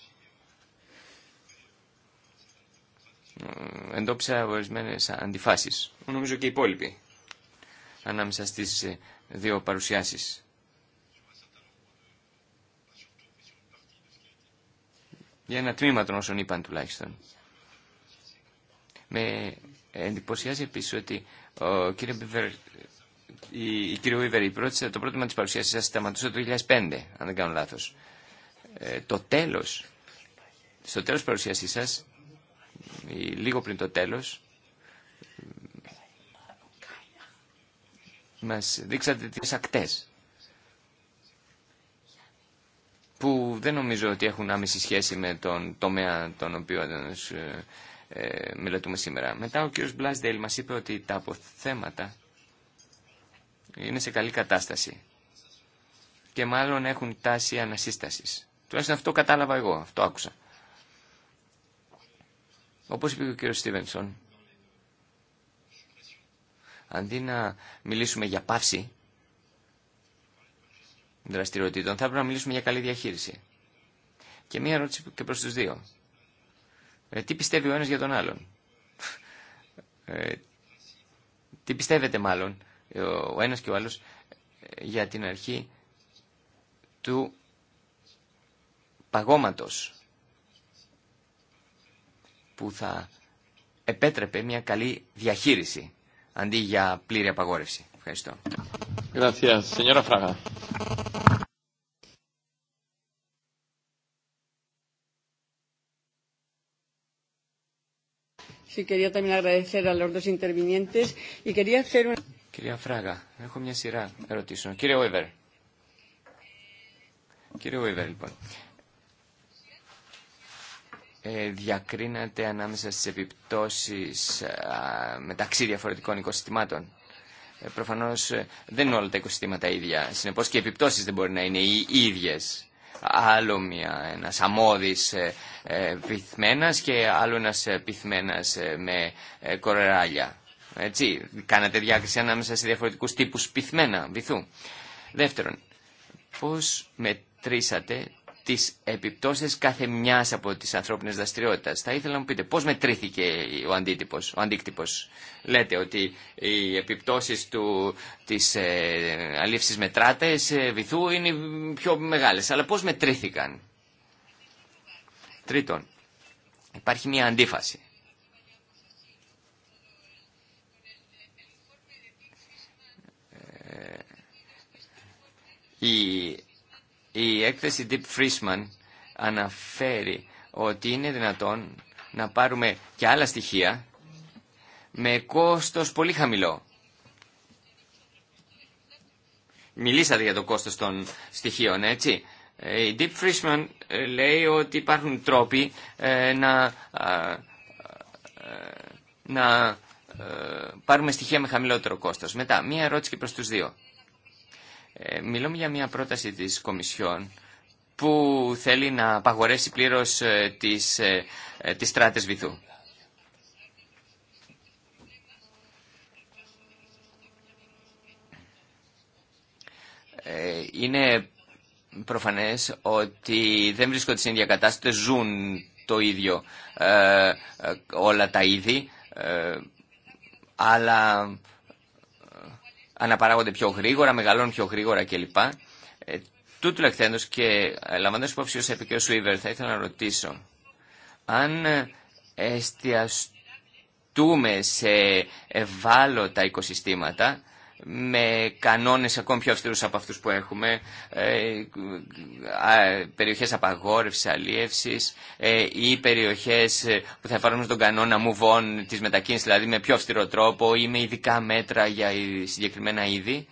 ε, εντόπισα ορισμένε αντιφάσεις, νομίζω και οι υπόλοιποι, ανάμεσα στις ε, δύο παρουσιάσεις. Για ένα τμήμα των όσων είπαν τουλάχιστον. Με εντυπωσιάζει επίσης ότι ο κ. Μπίβερ η, η κύριο Βίβερ, η το πρώτο τη παρουσιασή σα σταματούσε το 2005, αν δεν κάνω λάθο. Ε, το τέλος, στο τέλο τη σας, σα, λίγο πριν το τέλος, μας δείξατε τις ακτές που δεν νομίζω ότι έχουν άμεση σχέση με τον τομέα τον οποίο ε, ε μελετούμε σήμερα. Μετά ο κύριος Μπλάσδελ μας είπε ότι τα αποθέματα είναι σε καλή κατάσταση και μάλλον έχουν τάση ανασύστασης. Τουλάχιστον αυτό κατάλαβα εγώ, αυτό άκουσα. Όπως είπε ο κύριος Στίβενσον, αντί να μιλήσουμε για πάυση δραστηριοτήτων, θα πρέπει να μιλήσουμε για καλή διαχείριση. Και μία ερώτηση και προς τους δύο. Ε, τι πιστεύει ο ένας για τον άλλον. Ε, τι πιστεύετε μάλλον ο ένας και ο άλλος ε, για την αρχή του παγώματος που θα επέτρεπε μια καλή διαχείριση αντί για πλήρη απαγόρευση. Ευχαριστώ. Sí, quería también agradecer a los dos intervinientes y quería hacer una... Κυρία Φράγα, έχω μια σειρά ερωτήσεων. Κύριε Ούιβερ. Κύριε Ούιβερ, λοιπόν. Ε, διακρίνατε ανάμεσα στις επιπτώσεις μεταξύ διαφορετικών οικοσυστημάτων. Ε, προφανώς ε, δεν είναι όλα τα οικοσυστήματα ίδια. Συνεπώς και οι επιπτώσεις δεν μπορεί να είναι οι ίδιες άλλο μια, ένας αμμώδης ε, ε πυθμένας και άλλο ένας πυθμένας με κορεράλια. Έτσι, κάνατε διάκριση ανάμεσα σε διαφορετικούς τύπους πυθμένα βυθού. Δεύτερον, πώς μετρήσατε τις επιπτώσεις κάθε μιας από τις ανθρώπινες δραστηριότητες. Θα ήθελα να μου πείτε πώς μετρήθηκε ο, αντίτυπος, ο αντίκτυπος. Λέτε ότι οι επιπτώσεις του, της ε, αλήψης μετράτες ε, βυθού είναι πιο μεγάλες. Αλλά πώς μετρήθηκαν. Τρίτον, υπάρχει μια αντίφαση Η, η έκθεση Deep Frisman αναφέρει ότι είναι δυνατόν να πάρουμε και άλλα στοιχεία με κόστος πολύ χαμηλό. Μιλήσατε για το κόστος των στοιχείων, έτσι. Ε, η Deep Frisman ε, λέει ότι υπάρχουν τρόποι ε, να, να πάρουμε στοιχεία με χαμηλότερο κόστος. Μετά, μία ερώτηση και προς τους δύο. Ε, μιλούμε για μια πρόταση της Κομισιόν που θέλει να παγορέσει πλήρως ε, τις, ε, τις στράτες βυθού. Είναι προφανές ότι δεν βρίσκονται στην ίδια κατάσταση, ζουν το ίδιο όλα τα είδη, αλλά αναπαράγονται πιο γρήγορα, μεγαλώνουν πιο γρήγορα κλπ. Ε, τούτου λεχθέντος και ε, λαμβάνοντας υπόψη ως επικαιός Σουίβερ θα ήθελα να ρωτήσω αν ε, εστιαστούμε σε ευάλωτα οικοσυστήματα με κανόνες ακόμη πιο αυστηρούς από αυτούς που έχουμε, ε, περιοχές απαγόρευσης, αλίευσης ε, ή περιοχές ε, που θα εφαρμόζουν τον κανόνα μουβών της μετακίνησης, δηλαδή με πιο αυστηρό τρόπο ή με ειδικά μέτρα για συγκεκριμένα είδη,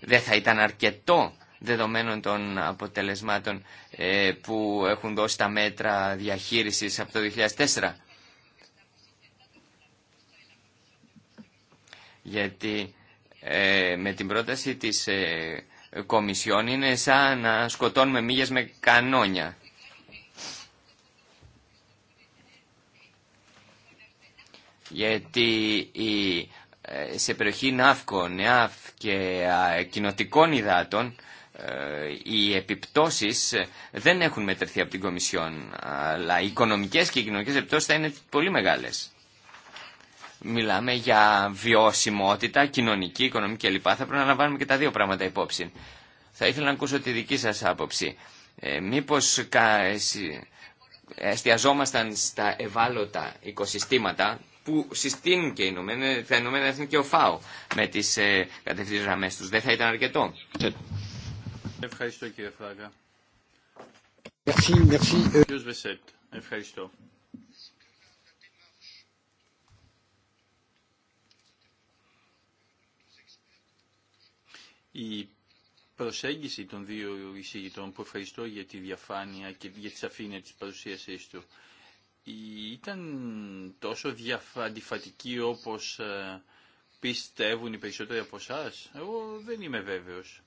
δεν θα ήταν αρκετό δεδομένων των αποτελεσμάτων που έχουν δώσει τα μέτρα διαχείρισης από το 2004. Γιατί ε, με την πρόταση της ε, Κομισιόν είναι σαν να σκοτώνουμε μύγες με κανόνια. Γιατί ε, σε περιοχή ναύκων, νεάφ και κοινοτικών υδάτων ε, οι επιπτώσεις δεν έχουν μετρηθεί από την Κομισιόν αλλά οι οικονομικές και οι κοινωνικές επιπτώσεις θα είναι πολύ μεγάλες μιλάμε για βιώσιμότητα, κοινωνική, οικονομική κλπ. Θα πρέπει να λαμβάνουμε και τα δύο πράγματα υπόψη. Θα ήθελα να ακούσω τη δική σας άποψη. Ε, μήπως εστιαζόμασταν στα ευάλωτα οικοσυστήματα που συστήνουν και οι θα τα Ηνωμένα Έθνη και ο ΦΑΟ με τις ε, κατευθύνσεις γραμμές τους. Δεν θα ήταν αρκετό. Ευχαριστώ κύριε Φράγκα. Ευχαριστώ. Η προσέγγιση των δύο εισηγητών που ευχαριστώ για τη διαφάνεια και για τη σαφήνεια της παρουσίασής του ήταν τόσο αντιφατική όπως ε, πιστεύουν οι περισσότεροι από εσά. Εγώ δεν είμαι βέβαιος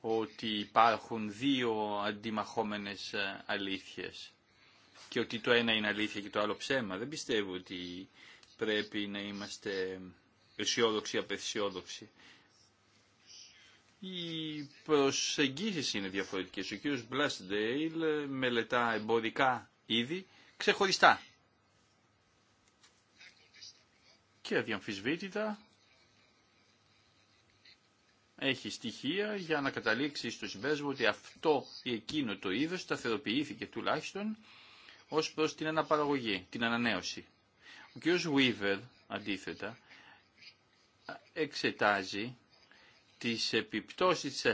ότι υπάρχουν δύο αντιμαχόμενες ε, αλήθειες και ότι το ένα είναι αλήθεια και το άλλο ψέμα. Δεν πιστεύω ότι πρέπει να είμαστε αισιόδοξοι απεσιόδοξοι οι προσεγγίσεις είναι διαφορετικές. Ο κύριος Μπλάσντέιλ ε, μελετά εμπορικά είδη ξεχωριστά. Και αδιαμφισβήτητα έχει στοιχεία για να καταλήξει στο συμπέρασμα ότι αυτό ή εκείνο το είδος σταθεροποιήθηκε τουλάχιστον ως προς την αναπαραγωγή, την ανανέωση. Ο κ. Βίβερ, αντίθετα, εξετάζει τις επιπτώσεις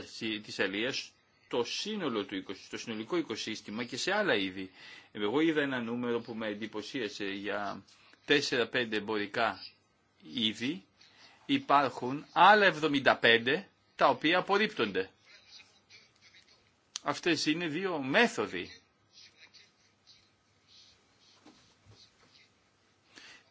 της αλίας στο σύνολο του 20, στο συνολικό οικοσύστημα και σε άλλα είδη. Εγώ είδα ένα νούμερο που με εντυπωσίασε για 4-5 εμπορικά είδη υπάρχουν άλλα 75 τα οποία απορρίπτονται. Αυτές είναι δύο μέθοδοι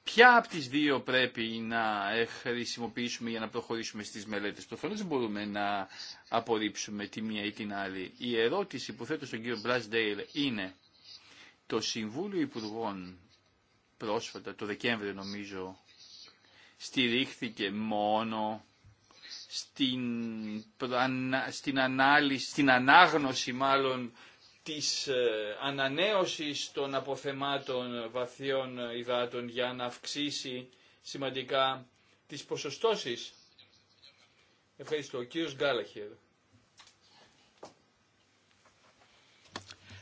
Ποια από τις δύο πρέπει να χρησιμοποιήσουμε για να προχωρήσουμε στις μελέτες. Προφανώς δεν μπορούμε να απορρίψουμε τη μία ή την άλλη. Η ερώτηση που θέτω στον κύριο Ντέιλ είναι το Συμβούλιο Υπουργών πρόσφατα, το Δεκέμβριο νομίζω, στηρίχθηκε μόνο στην, στην, ανάλυση, στην ανάγνωση μάλλον της ε, ανανέωσης των αποθεμάτων βαθιών υδάτων για να αυξήσει σημαντικά τις ποσοστώσεις. Ευχαριστώ. Ο κύριος Γκάλαχερ.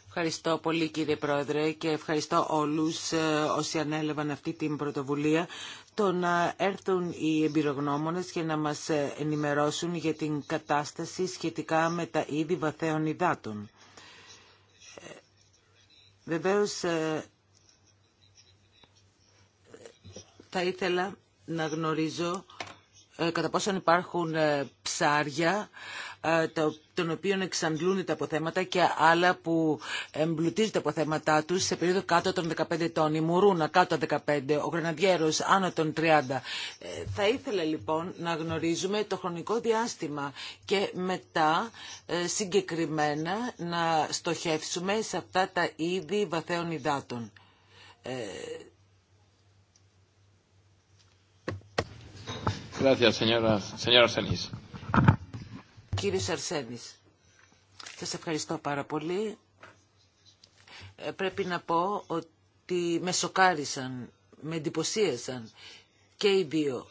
Ευχαριστώ πολύ κύριε Πρόεδρε και ευχαριστώ όλους ε, όσοι ανέλαβαν αυτή την πρωτοβουλία το να έρθουν οι εμπειρογνώμονες και να μας ε, ενημερώσουν για την κατάσταση σχετικά με τα είδη βαθέων υδάτων. Βεβαίως ε, θα ήθελα να γνωρίζω ε, κατά πόσον υπάρχουν ε, ψάρια ε, των οποίων εξαντλούν τα αποθέματα και άλλα που εμπλουτίζουν τα αποθέματά τους σε περίοδο κάτω των 15 ετών. Η Μουρούνα κάτω των 15, ο Γραναδιέρος άνω των 30. Ε, θα ήθελα λοιπόν να γνωρίζουμε το χρονικό διάστημα και μετά ε, συγκεκριμένα να στοχεύσουμε σε αυτά τα είδη βαθέων υδάτων. Gracias, señora, Κύριε Αρσένης, σας ευχαριστώ πάρα πολύ. Ε, πρέπει να πω ότι με σοκάρισαν, με εντυπωσίασαν και οι δύο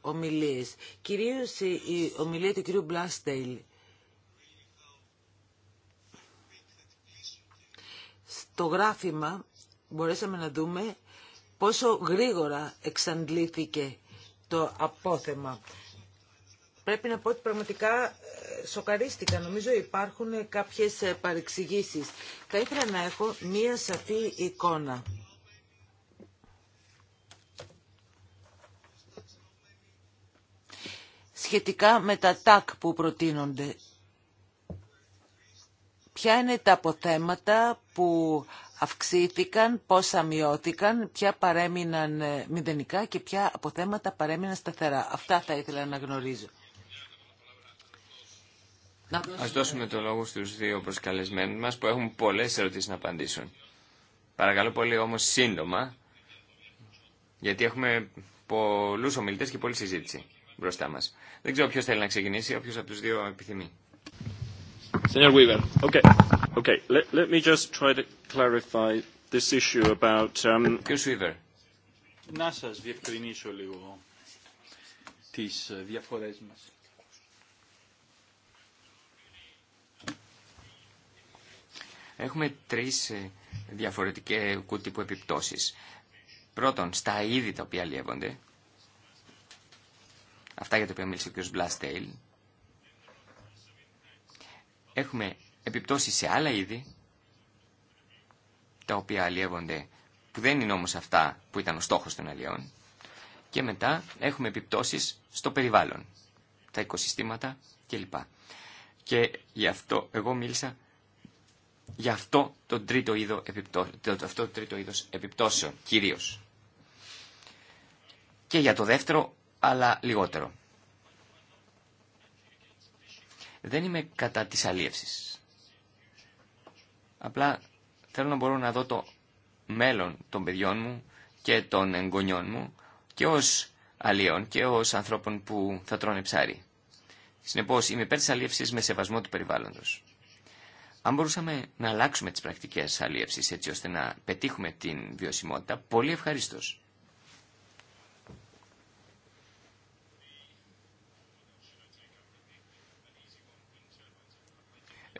ομιλίες. Κυρίως η ομιλία του κυρίου Μπλάστελ. Στο γράφημα μπορέσαμε να δούμε πόσο γρήγορα εξαντλήθηκε το απόθεμα πρέπει να πω ότι πραγματικά ε, σοκαρίστηκα. Νομίζω υπάρχουν κάποιες ε, παρεξηγήσεις. Θα ήθελα να έχω μία σαφή εικόνα. Σχετικά με τα τάκ που προτείνονται. Ποια είναι τα αποθέματα που αυξήθηκαν, πόσα μειώθηκαν, ποια παρέμειναν ε, μηδενικά και ποια αποθέματα παρέμειναν σταθερά. Αυτά θα ήθελα να γνωρίζω. Ας δώσουμε το λόγο στους δύο προσκαλεσμένους μας που έχουν πολλές ερωτήσεις να απαντήσουν. Παρακαλώ πολύ όμως σύντομα, γιατί έχουμε πολλούς ομιλητές και πολλή συζήτηση μπροστά μας. Δεν ξέρω ποιος θέλει να ξεκινήσει, όποιος από τους δύο επιθυμεί. Señor Weaver, okay, okay. Let, let me just try to clarify this issue about... Um... Weaver. Να σας διευκρινίσω λίγο τις ε, διαφορές μας. Έχουμε τρεις ε, διαφορετικές κουτύπου επιπτώσεις. Πρώτον, στα είδη τα οποία αλλιεύονται, αυτά για τα οποία μίλησε ο κ. Μπλαστέιλ, έχουμε επιπτώσεις σε άλλα είδη, τα οποία αλλιεύονται, που δεν είναι όμως αυτά που ήταν ο στόχος των αλλιών, και μετά έχουμε επιπτώσεις στο περιβάλλον, τα οικοσυστήματα κλπ. Και γι' αυτό εγώ μίλησα για αυτό το τρίτο, είδο επιπτώσεων, αυτό είδος επιπτώσεων κυρίως. Και για το δεύτερο, αλλά λιγότερο. Δεν είμαι κατά της αλίευσης. Απλά θέλω να μπορώ να δω το μέλλον των παιδιών μου και των εγγονιών μου και ως αλλιών και ως ανθρώπων που θα τρώνε ψάρι. Συνεπώς είμαι υπέρ της αλίευσης με σεβασμό του περιβάλλοντος. Αν μπορούσαμε να αλλάξουμε τις πρακτικές αλίευσης έτσι ώστε να πετύχουμε την βιωσιμότητα, πολύ ευχαριστώ.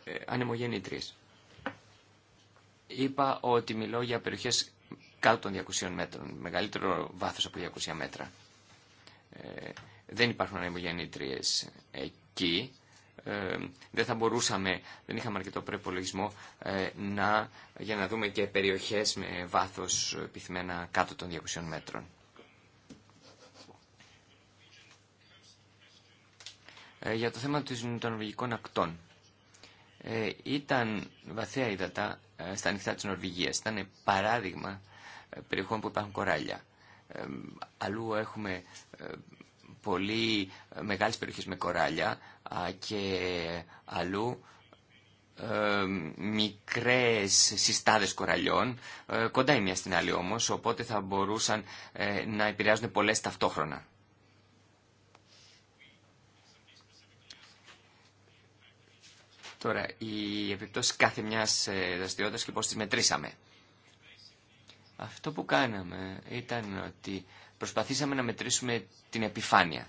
Ε, Είπα ότι μιλώ για περιοχές κάτω των 200 μέτρων, μεγαλύτερο βάθος από 200 μέτρα. Ε, δεν υπάρχουν ανεμογεννήτριες εκεί ε, δεν θα μπορούσαμε, δεν είχαμε αρκετό προπολογισμό ε, να, για να δούμε και περιοχές με βάθος επιθυμένα κάτω των 200 μέτρων. Ε, για το θέμα των νορβηγικών ακτών. ήταν βαθιά ύδατα στα ανοιχτά της Νορβηγίας. Ήταν παράδειγμα περιοχών που υπάρχουν κοράλια. αλλού έχουμε πολύ μεγάλες περιοχές με κοράλια, και αλλού ε, μικρές συστάδες κοραλιών, ε, κοντά η μία στην άλλη όμως, οπότε θα μπορούσαν ε, να επηρεάζουν πολλές ταυτόχρονα. Τώρα, οι επιπτώσεις κάθε μιας δραστηριότητα και πώς τις μετρήσαμε. Αυτό που κάναμε ήταν ότι προσπαθήσαμε να μετρήσουμε την επιφάνεια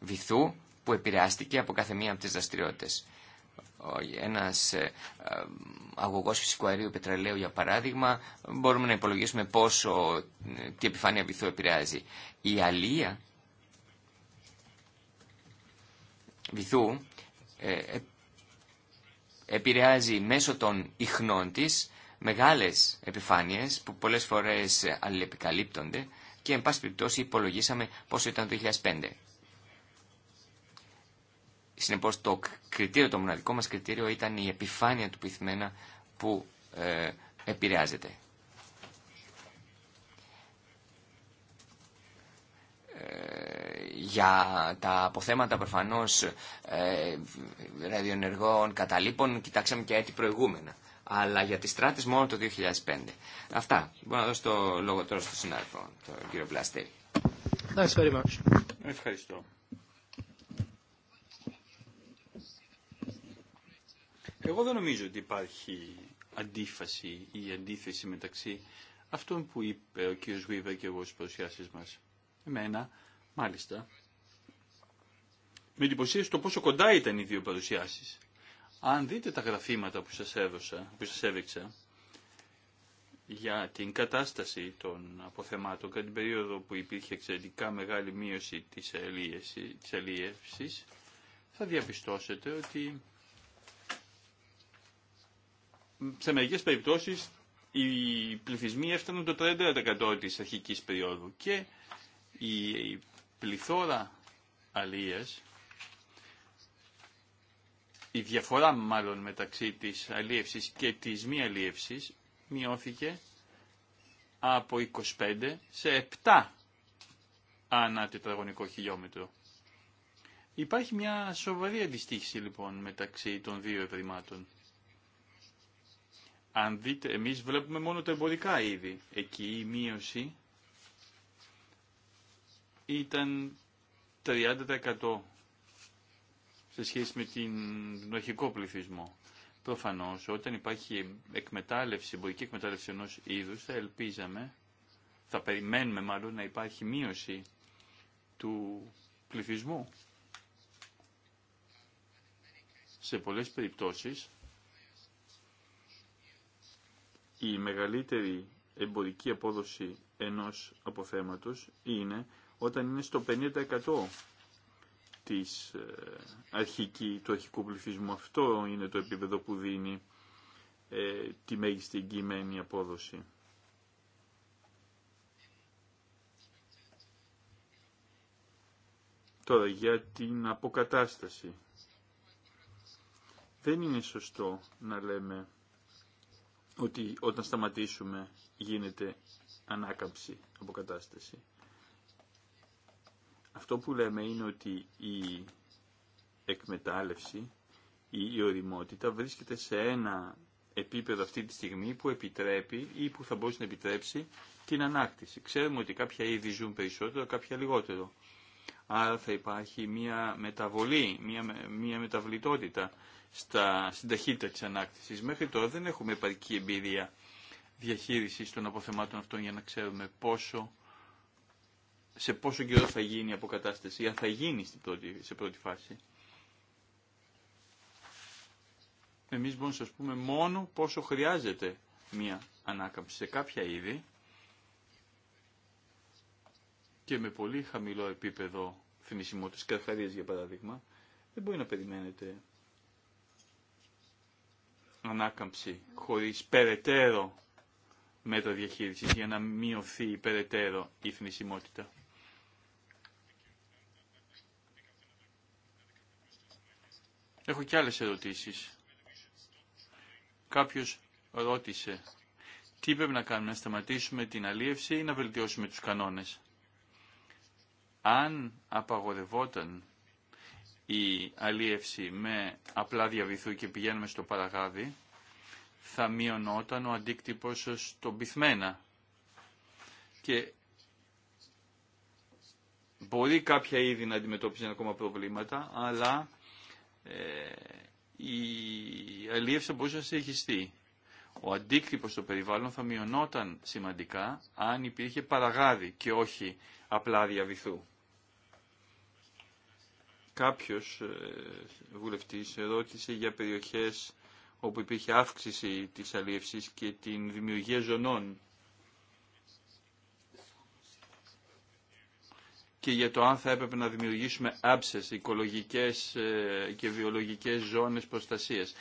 βυθού που επηρεάστηκε από κάθε μία από τις δραστηριότητες. Ένας ε, ε, αγωγός φυσικού αερίου πετρελαίου, για παράδειγμα, μπορούμε να υπολογίσουμε πόσο, ε, τι επιφάνεια βυθού επηρεάζει. Η αλία βυθού επηρεάζει μέσω των ιχνών της μεγάλες επιφάνειες που πολλές φορές αλληλεπικαλύπτονται και εν πάση περιπτώσει υπολογίσαμε πόσο ήταν το 2005. Συνεπώ, το κριτήριο, το μοναδικό μας κριτήριο ήταν η επιφάνεια του πυθμένα που ε, επηρεάζεται. Ε, για τα αποθέματα προφανώς ε, ραδιονεργών καταλήπων κοιτάξαμε και έτη προηγούμενα. Αλλά για τις στράτες μόνο το 2005. Αυτά. Μπορώ να δώσω το λόγο τώρα στον συνάδελφο, τον κύριο Βλαστέρη. Ευχαριστώ. Εγώ δεν νομίζω ότι υπάρχει αντίφαση ή αντίθεση μεταξύ αυτών που είπε ο κ. Γουίβερ και εγώ στις παρουσιάσεις μας. Εμένα, μάλιστα, με εντυπωσία το πόσο κοντά ήταν οι δύο παρουσιάσεις. Αν δείτε τα γραφήματα που σας, έδωσα, που σας έδειξα για την κατάσταση των αποθεμάτων κατά την περίοδο που υπήρχε εξαιρετικά μεγάλη μείωση της αλίευσης, θα διαπιστώσετε ότι σε μερικέ περιπτώσει, οι πληθυσμοί έφταναν το 30% τη αρχικής περίοδου και η πληθώρα αλίας, η διαφορά μάλλον μεταξύ της αλίευσης και της μη αλίευσης μειώθηκε από 25 σε 7 ανά τετραγωνικό χιλιόμετρο. Υπάρχει μια σοβαρή αντιστοίχηση λοιπόν μεταξύ των δύο ευρημάτων αν δείτε, εμείς βλέπουμε μόνο τα εμπορικά είδη. Εκεί η μείωση ήταν 30% σε σχέση με την νοχικό πληθυσμό. Προφανώς, όταν υπάρχει εκμετάλλευση, εμπορική εκμετάλλευση ενός είδους, θα ελπίζαμε, θα περιμένουμε μάλλον να υπάρχει μείωση του πληθυσμού. Σε πολλές περιπτώσεις, η μεγαλύτερη εμπορική απόδοση ενός αποθέματος είναι όταν είναι στο 50% της ε, αρχική, του αρχικού πληθυσμού. Αυτό είναι το επίπεδο που δίνει ε, τη μέγιστη εγγυημένη απόδοση. Τώρα για την αποκατάσταση. Δεν είναι σωστό να λέμε ότι όταν σταματήσουμε γίνεται ανάκαμψη, αποκατάσταση. Αυτό που λέμε είναι ότι η εκμετάλλευση ή η οριμότητα βρίσκεται σε ένα επίπεδο αυτή τη στιγμή που επιτρέπει ή που θα μπορούσε να επιτρέψει την ανάκτηση. Ξέρουμε ότι κάποια είδη ζουν περισσότερο, κάποια λιγότερο. Άρα θα υπάρχει μια μεταβολή, μια, μια μεταβλητότητα στα, στην ταχύτητα της ανάκτησης. Μέχρι τώρα δεν έχουμε επαρκή εμπειρία διαχείρισης των αποθεμάτων αυτών για να ξέρουμε πόσο, σε πόσο καιρό θα γίνει η αποκατάσταση, ή θα γίνει στην πρώτη, σε πρώτη φάση. Εμείς μπορούμε να σας πούμε μόνο πόσο χρειάζεται μία ανάκαμψη σε κάποια είδη και με πολύ χαμηλό επίπεδο θνησιμότητας, καρχαρίες για παράδειγμα, δεν μπορεί να περιμένετε ανάκαμψη χωρίς περαιτέρω μέτρα διαχείρισης για να μειωθεί περαιτέρω η θνησιμότητα. Έχω και άλλες ερωτήσεις. Κάποιος ρώτησε τι πρέπει να κάνουμε, να σταματήσουμε την αλίευση ή να βελτιώσουμε τους κανόνες. Αν απαγορευόταν η αλίευση με απλά διαβυθού και πηγαίνουμε στο παραγάδι, θα μειωνόταν ο αντίκτυπος στον πυθμένα. Και μπορεί κάποια είδη να αντιμετώπιζαν ακόμα προβλήματα, αλλά ε, η αλίευση θα μπορούσε να συνεχιστεί. Ο αντίκτυπος στο περιβάλλον θα μειωνόταν σημαντικά αν υπήρχε παραγάδι και όχι απλά διαβυθού κάποιος ε, βουλευτής ρώτησε για περιοχές όπου υπήρχε αύξηση της αλίευσης και την δημιουργία ζωνών και για το αν θα έπρεπε να δημιουργήσουμε άψες, οικολογικές ε, και βιολογικές ζώνες προστασίας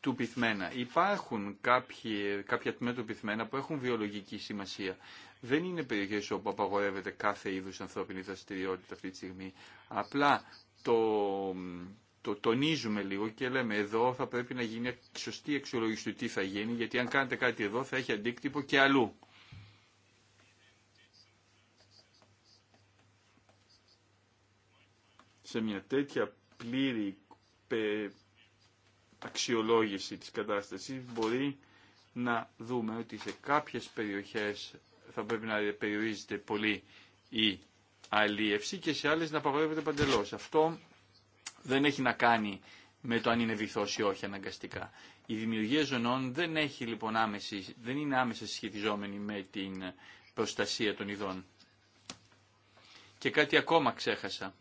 του πυθμένα. Υπάρχουν κάποια τμήματα του πυθμένα που έχουν βιολογική σημασία δεν είναι περιοχέ όπου απαγορεύεται κάθε είδου ανθρώπινη δραστηριότητα αυτή τη στιγμή. Απλά το, τονίζουμε λίγο και λέμε εδώ θα πρέπει να γίνει σωστή αξιολόγηση του τι θα γίνει, γιατί αν κάνετε κάτι εδώ θα έχει αντίκτυπο και αλλού. Σε μια τέτοια πλήρη αξιολόγηση της κατάστασης μπορεί να δούμε ότι σε κάποιες περιοχές θα πρέπει να περιορίζεται πολύ η αλλιεύση και σε άλλες να απαγορεύεται παντελώς. Αυτό δεν έχει να κάνει με το αν είναι βυθός ή όχι αναγκαστικά. Η δημιουργία ζωνών δεν, έχει, λοιπόν, δεν είναι άμεσα σχετιζόμενη με την προστασία των ειδών. Και κάτι ακόμα ξέχασα.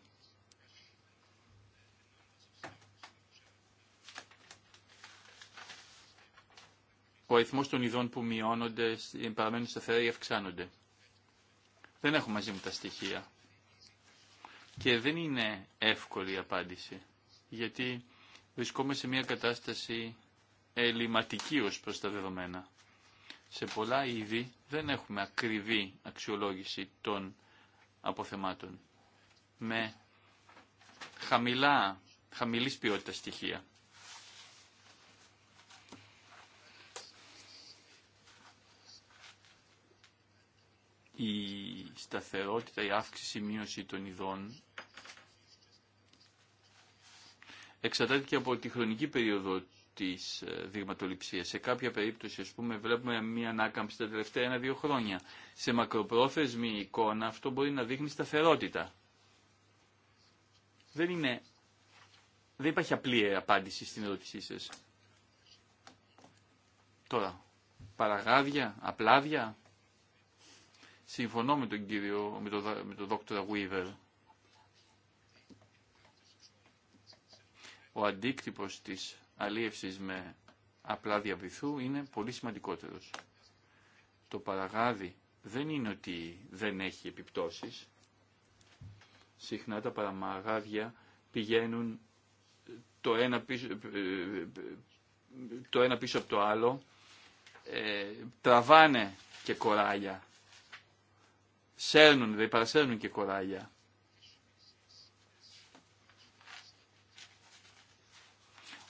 ο αριθμός των ειδών που μειώνονται, ε, παραμένουν σταθερά ή αυξάνονται. Δεν έχω μαζί μου τα στοιχεία. Και δεν είναι εύκολη η απάντηση, γιατί βρισκόμαστε σε μια κατάσταση ελληματική ως προς τα δεδομένα. Σε πολλά είδη δεν έχουμε ακριβή αξιολόγηση των αποθεμάτων με χαμηλά, χαμηλής ποιότητας στοιχεία. η σταθερότητα, η αύξηση, η μείωση των ειδών εξαρτάται και από τη χρονική περίοδο της ε, δειγματοληψίας. Σε κάποια περίπτωση, ας πούμε, βλέπουμε μια ανάκαμψη τα τελευταία ένα-δύο χρόνια. Σε μακροπρόθεσμη εικόνα αυτό μπορεί να δείχνει σταθερότητα. Δεν είναι... Δεν υπάρχει απλή απάντηση στην ερώτησή σας. Τώρα, παραγάδια, απλάδια, Συμφωνώ με τον κύριο, με τον, με τον δόκτωρα Βίβερ. Ο αντίκτυπος της αλίευσης με απλά διαβυθού είναι πολύ σημαντικότερος. Το παραγάδι δεν είναι ότι δεν έχει επιπτώσεις. Συχνά τα παραμαγάδια πηγαίνουν το ένα πίσω, ε, ε, το ένα πίσω από το άλλο, ε, τραβάνε και κοράλια σέρνουν, παρασέρνουν και κοράγια.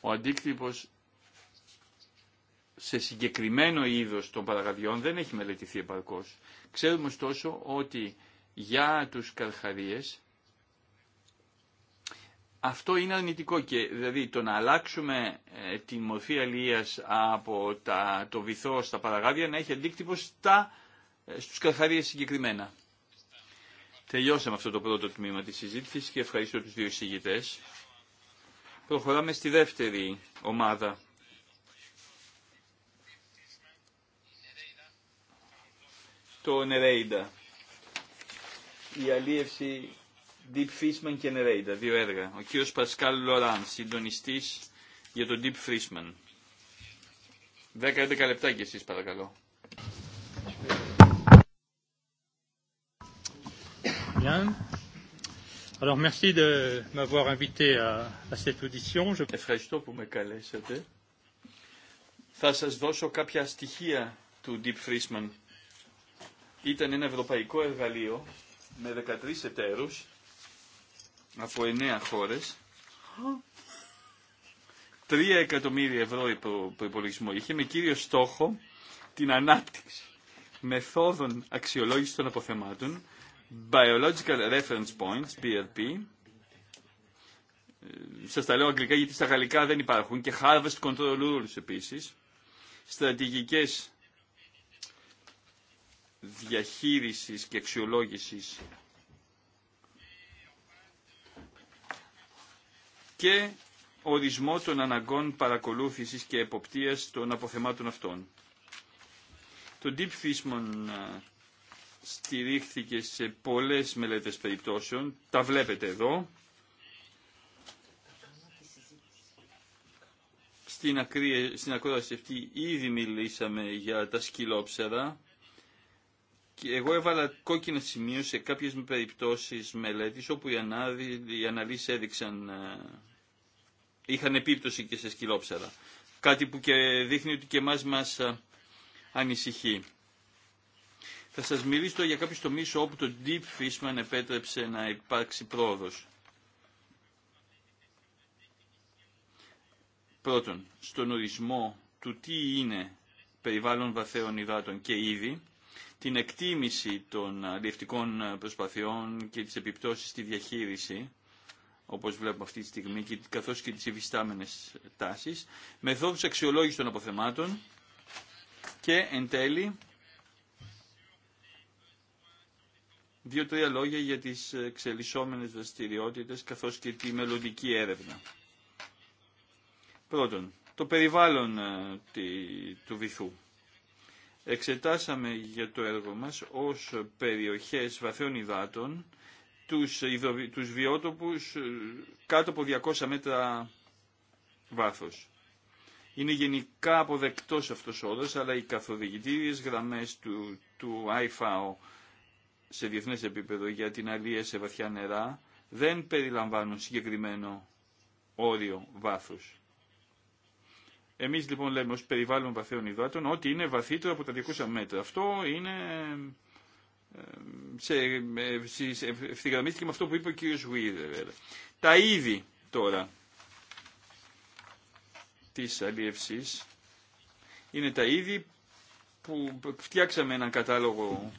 Ο αντίκτυπος σε συγκεκριμένο είδος των παραγαδιών δεν έχει μελετηθεί επαρκώς. Ξέρουμε ωστόσο ότι για τους καρχαρίες αυτό είναι αρνητικό και δηλαδή το να αλλάξουμε ε, τη μορφή αλίας από τα, το βυθό στα παραγάδια να έχει αντίκτυπο στα, ε, στους καρχαρίες συγκεκριμένα. Τελειώσαμε αυτό το πρώτο τμήμα της συζήτησης και ευχαριστώ τους δύο εισηγητές. Προχωράμε στη δεύτερη ομάδα. Το Νερέιντα. Η αλίευση Deep Fishman και Νερέιντα, δύο έργα. Ο κύριος Πασκάλ Λοράν, συντονιστής για το Deep Fishman. 10-11 λεπτάκια εσείς παρακαλώ. Ευχαριστώ που με καλέσατε. Θα σας δώσω κάποια στοιχεία του Deep Friesman. Ήταν ένα ευρωπαϊκό εργαλείο με 13 εταίρους από 9 χώρες. 3 εκατομμύρια ευρώ υπολογισμό. είχε με κύριο στόχο την ανάπτυξη μεθόδων αξιολόγηση των αποθεμάτων Biological Reference Points, BRP. Ε, Σα τα λέω αγγλικά γιατί στα γαλλικά δεν υπάρχουν και Harvest Control Rules επίσης. Στρατηγικές διαχείρισης και αξιολόγηση, και ορισμό των αναγκών παρακολούθησης και εποπτείας των αποθεμάτων αυτών. Το Deep Fishman ε, στηρίχθηκε σε πολλές μελέτες περιπτώσεων, τα βλέπετε εδώ. Στην, ακρία, στην ακρόαση αυτή ήδη μιλήσαμε για τα σκυλόψερα και εγώ έβαλα κόκκινα σημείο σε κάποιες περιπτώσεις μελέτης όπου οι, οι αναλύσεις έδειξαν, ε, είχαν επίπτωση και σε σκυλόψερα. Κάτι που και δείχνει ότι και εμάς μας ε, ανησυχεί. Θα σας μιλήσω για κάποιους τομείς όπου το Deep Fishman επέτρεψε να υπάρξει πρόοδος. Πρώτον, στον ορισμό του τι είναι περιβάλλον βαθέων υδάτων και είδη, την εκτίμηση των αλληλευτικών προσπαθειών και τις επιπτώσεις στη διαχείριση, όπως βλέπουμε αυτή τη στιγμή, καθώς και τις υφιστάμενες τάσεις, μεθόδους αξιολόγηση των αποθεμάτων και εν τέλει Δύο-τρία λόγια για τις εξελισσόμενες δραστηριότητες καθώς και τη μελλοντική έρευνα. Πρώτον, το περιβάλλον ε, του βυθού. Εξετάσαμε για το έργο μας ως περιοχές βαθέων υδάτων τους, τους βιότοπους ε, κάτω από 200 μέτρα βάθος. Είναι γενικά αποδεκτός αυτός ο όρος, αλλά οι καθοδηγητήριες γραμμές του, του σε διεθνέ επίπεδο για την αλία σε βαθιά νερά δεν περιλαμβάνουν συγκεκριμένο όριο βάθους. Εμείς λοιπόν λέμε ω περιβάλλον βαθέων υδάτων ότι είναι βαθύτερο από τα 200 μέτρα. Αυτό είναι ε, σε, ε, ευθυγραμμίστηκε με αυτό που είπε ο κύριος Βουίδερ. Τα είδη τώρα της αλίευσης είναι τα είδη που φτιάξαμε έναν κατάλογο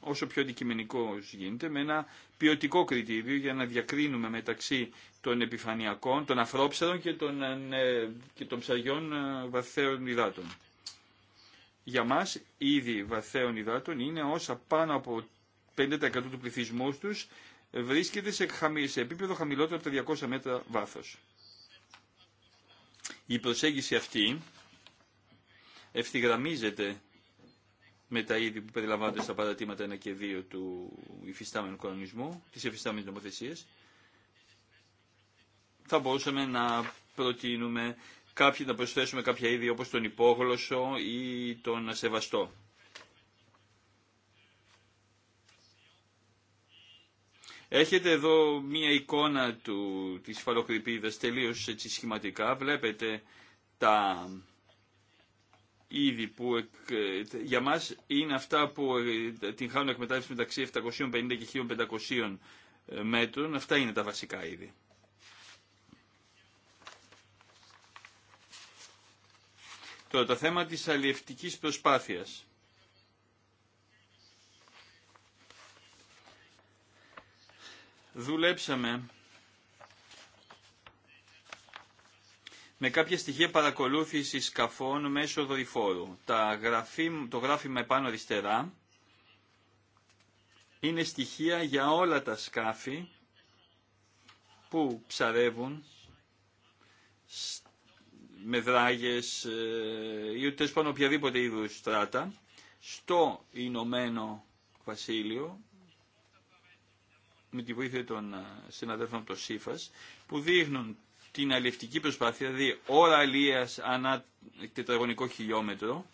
όσο πιο αντικειμενικό γίνεται, με ένα ποιοτικό κριτήριο για να διακρίνουμε μεταξύ των επιφανειακών, των αφρόψερων και των, ε, ναι, και των ψαριών ε, βαθαίων υδάτων. Για μας, ήδη είδη βαθαίων υδάτων είναι όσα πάνω από 5% του πληθυσμού τους βρίσκεται σε, σε επίπεδο χαμηλότερο από τα 200 μέτρα βάθος. Η προσέγγιση αυτή ευθυγραμμίζεται με τα είδη που περιλαμβάνονται στα παρατήματα 1 και 2 του υφιστάμενου κανονισμού, της υφιστάμενης νομοθεσίας, θα μπορούσαμε να προτείνουμε κάποιοι να προσθέσουμε κάποια είδη όπως τον υπόγλωσσο ή τον ασεβαστό. Έχετε εδώ μία εικόνα του, της φαλοκρηπίδας τελείως έτσι σχηματικά. Βλέπετε τα είδη που ε, για μας είναι αυτά που ε, την χάνουν εκμετάλλευση μεταξύ 750 και 1500 ε, μέτρων. Αυτά είναι τα βασικά είδη. Τώρα, το θέμα της αλλιευτικής προσπάθειας. Δουλέψαμε με κάποια στοιχεία παρακολούθηση σκαφών μέσω δορυφόρου. Τα γραφή, το γράφημα επάνω αριστερά είναι στοιχεία για όλα τα σκάφη που ψαρεύουν με δράγες ε, ή ούτε πάνω οποιαδήποτε είδου στράτα στο Ηνωμένο Βασίλειο με τη βοήθεια των ε, συναδέλφων από το ΣΥΦΑΣ που δείχνουν την αλληλευτική προσπάθεια, δηλαδή ώρα αλίας ανά τετραγωνικό χιλιόμετρο,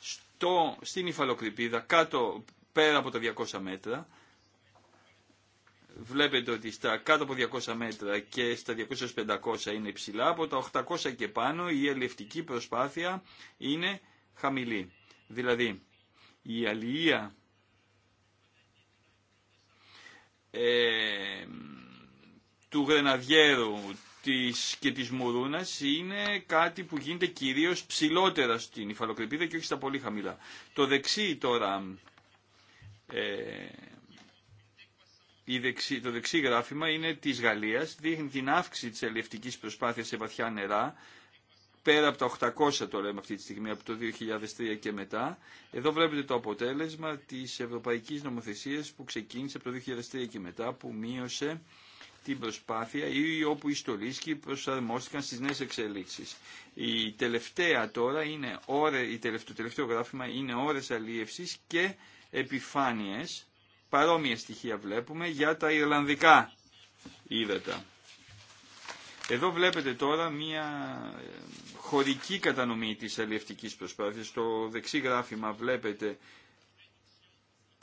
στο, στην υφαλοκρηπίδα, κάτω πέρα από τα 200 μέτρα, βλέπετε ότι στα κάτω από 200 μέτρα και στα 200-500 είναι ψηλά από τα 800 και πάνω η αλληλευτική προσπάθεια είναι χαμηλή. Δηλαδή, η αλληλεία ε, του Γρεναδιέρου και της Μουρούνας είναι κάτι που γίνεται κυρίως ψηλότερα στην υφαλοκρηπίδα και όχι στα πολύ χαμηλά. Το δεξί τώρα, ε, η δεξί, το δεξί γράφημα είναι της Γαλλίας, δείχνει την αύξηση της ελευτικής προσπάθειας σε βαθιά νερά, πέρα από τα 800 το λέμε αυτή τη στιγμή, από το 2003 και μετά. Εδώ βλέπετε το αποτέλεσμα της Ευρωπαϊκής Νομοθεσίας που ξεκίνησε από το 2003 και μετά, που μείωσε την προσπάθεια ή όπου οι στολίσκοι προσαρμόστηκαν στις νέες εξελίξεις. Η τελευταία τώρα είναι ώρε, η τελευταίο, το τελευταίο γράφημα είναι ώρες αλίευσης και επιφάνειες, παρόμοια στοιχεία βλέπουμε, για τα Ιρλανδικά ύδατα. Εδώ βλέπετε τώρα μία ε, χωρική κατανομή της αλλιευτικής προσπάθειας. Στο δεξί γράφημα βλέπετε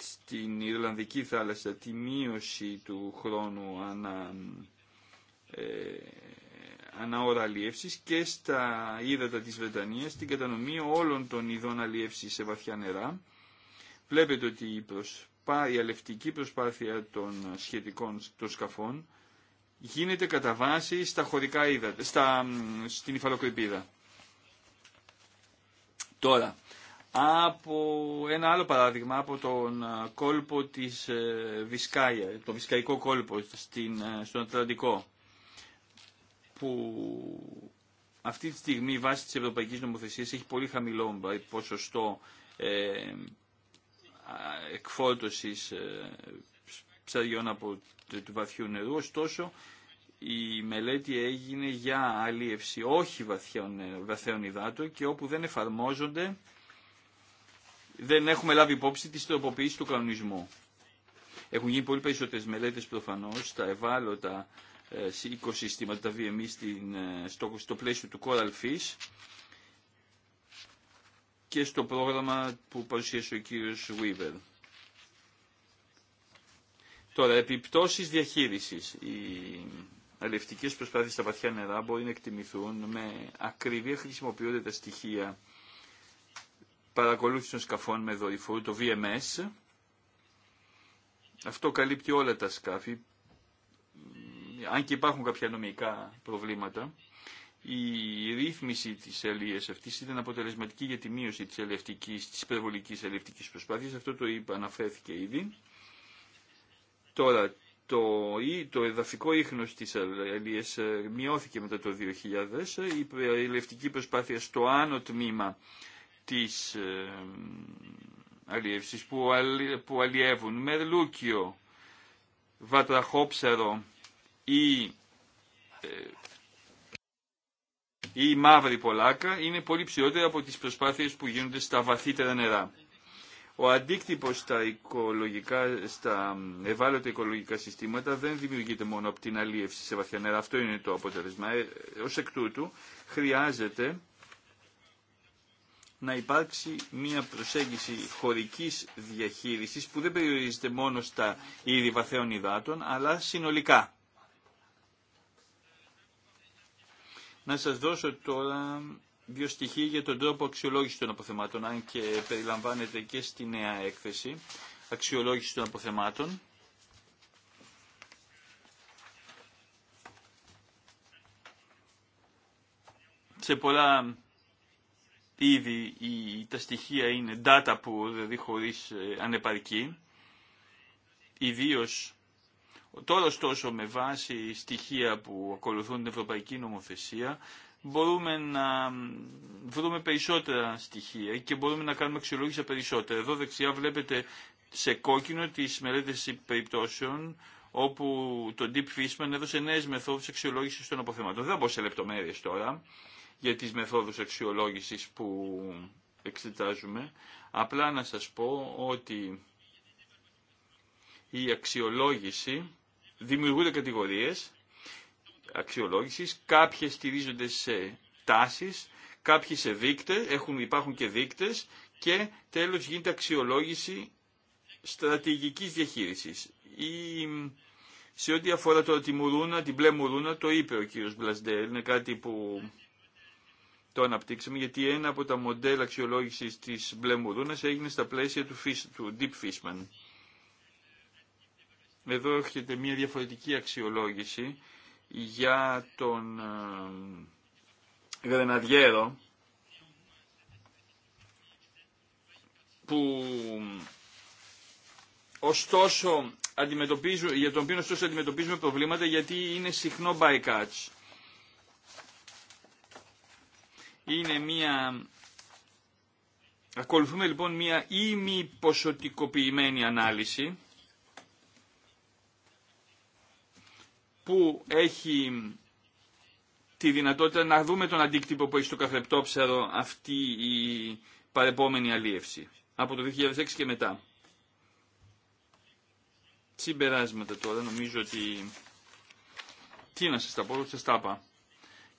στην Ιρλανδική θάλασσα τη μείωση του χρόνου ανα, ε, και στα ύδατα της Βρετανίας την κατανομή όλων των ειδών αλίευσης σε βαθιά νερά. Βλέπετε ότι η, προσπά, η αλευτική προσπάθεια των σχετικών των σκαφών γίνεται κατά βάση στα χωρικά ύδατα, στην υφαλοκρηπίδα. Τώρα, από ένα άλλο παράδειγμα από τον ε, κόλπο της ε, Βισκάια, το Βισκαϊκό κόλπο στην, ε, στον Ατλαντικό που αυτή τη στιγμή βάσει της Ευρωπαϊκής Νομοθεσίας έχει πολύ χαμηλό ποσοστό ε, εκφόρτωσης ψαριών από του βαθιού νερού, ωστόσο η μελέτη έγινε για αλίευση όχι βαθιών, υδάτων και όπου δεν εφαρμόζονται δεν έχουμε λάβει υπόψη τη τροποποίηση του κανονισμού. Έχουν γίνει πολύ περισσότερε μελέτε προφανώς στα ευάλωτα ε, οικοσύστηματα VME στην, ε, στο, στο πλαίσιο του Coral Fish και στο πρόγραμμα που παρουσίασε ο κύριος Weaver. Τώρα, επιπτώσεις διαχείρισης. Οι αλληλευτικές προσπάθειες στα βαθιά νερά μπορεί να εκτιμηθούν με ακριβή χρησιμοποιότητα στοιχεία παρακολούθηση των σκαφών με δορυφόρο, το VMS. Αυτό καλύπτει όλα τα σκάφη, αν και υπάρχουν κάποια νομικά προβλήματα. Η ρύθμιση της αλληλείας e αυτής ήταν αποτελεσματική για τη μείωση της, αλληλευτικής, της υπερβολικής αλληλευτικής προσπάθειας. Αυτό το είπα, αναφέρθηκε ήδη. Τώρα, το, το εδαφικό ίχνος της Αλίας e μειώθηκε μετά το 2000. Η ελευτική προσπάθεια στο άνω τμήμα της ε, αλλιεύσης που αλλιεύουν μερλούκιο, βατραχόψερο η ε, μαύρη πολλάκα είναι πολύ ψηλότερα από τις προσπάθειες που γίνονται στα βαθύτερα νερά. Ο αντίκτυπος στα, οικολογικά, στα ευάλωτα οικολογικά συστήματα δεν δημιουργείται μόνο από την αλίευση σε βαθιά νερά. Αυτό είναι το αποτέλεσμα. Ε, ως εκ τούτου χρειάζεται να υπάρξει μια προσέγγιση χωρικής διαχείρισης που δεν περιορίζεται μόνο στα είδη βαθέων υδάτων, αλλά συνολικά. Να σας δώσω τώρα δύο στοιχεία για τον τρόπο αξιολόγηση των αποθεμάτων, αν και περιλαμβάνεται και στη νέα έκθεση, αξιολόγηση των αποθεμάτων. Σε πολλά ήδη τα στοιχεία είναι data που δηλαδή χωρίς ε, ανεπαρκή, ιδίως τώρα ωστόσο με βάση στοιχεία που ακολουθούν την Ευρωπαϊκή Νομοθεσία μπορούμε να βρούμε περισσότερα στοιχεία και μπορούμε να κάνουμε αξιολόγηση περισσότερα. Εδώ δεξιά βλέπετε σε κόκκινο τις μελέτες περιπτώσεων όπου το Deep Fishman έδωσε νέες μεθόδους αξιολόγησης των αποθεμάτων. Δεν θα μπω σε λεπτομέρειες τώρα για τις μεθόδους αξιολόγησης που εξετάζουμε. Απλά να σας πω ότι η αξιολόγηση δημιουργούνται κατηγορίες αξιολόγησης, κάποιες στηρίζονται σε τάσεις, κάποιες σε δείκτες, έχουν, υπάρχουν και δείκτες και τέλος γίνεται αξιολόγηση στρατηγικής διαχείρισης. Η, σε ό,τι αφορά το τη μουρούνα, την μπλε μουρούνα, το είπε ο κύριος είναι κάτι που το αναπτύξαμε γιατί ένα από τα μοντέλα αξιολόγησης της μπλε έγινε στα πλαίσια του, Deep Fishman. Εδώ έχετε μια διαφορετική αξιολόγηση για τον ε, Γρεναδιέρο που ωστόσο για τον οποίο ωστόσο αντιμετωπίζουμε προβλήματα γιατί είναι συχνό bycatch. Είναι μια... Ακολουθούμε λοιπόν μια ημιποσοτικοποιημένη ανάλυση που έχει τη δυνατότητα να δούμε τον αντίκτυπο που έχει στο καθρεπτόψαρο αυτή η παρεπόμενη αλίευση από το 2006 και μετά. Συμπεράσματα τώρα, νομίζω ότι... Τι να σας τα πω, σας τα είπα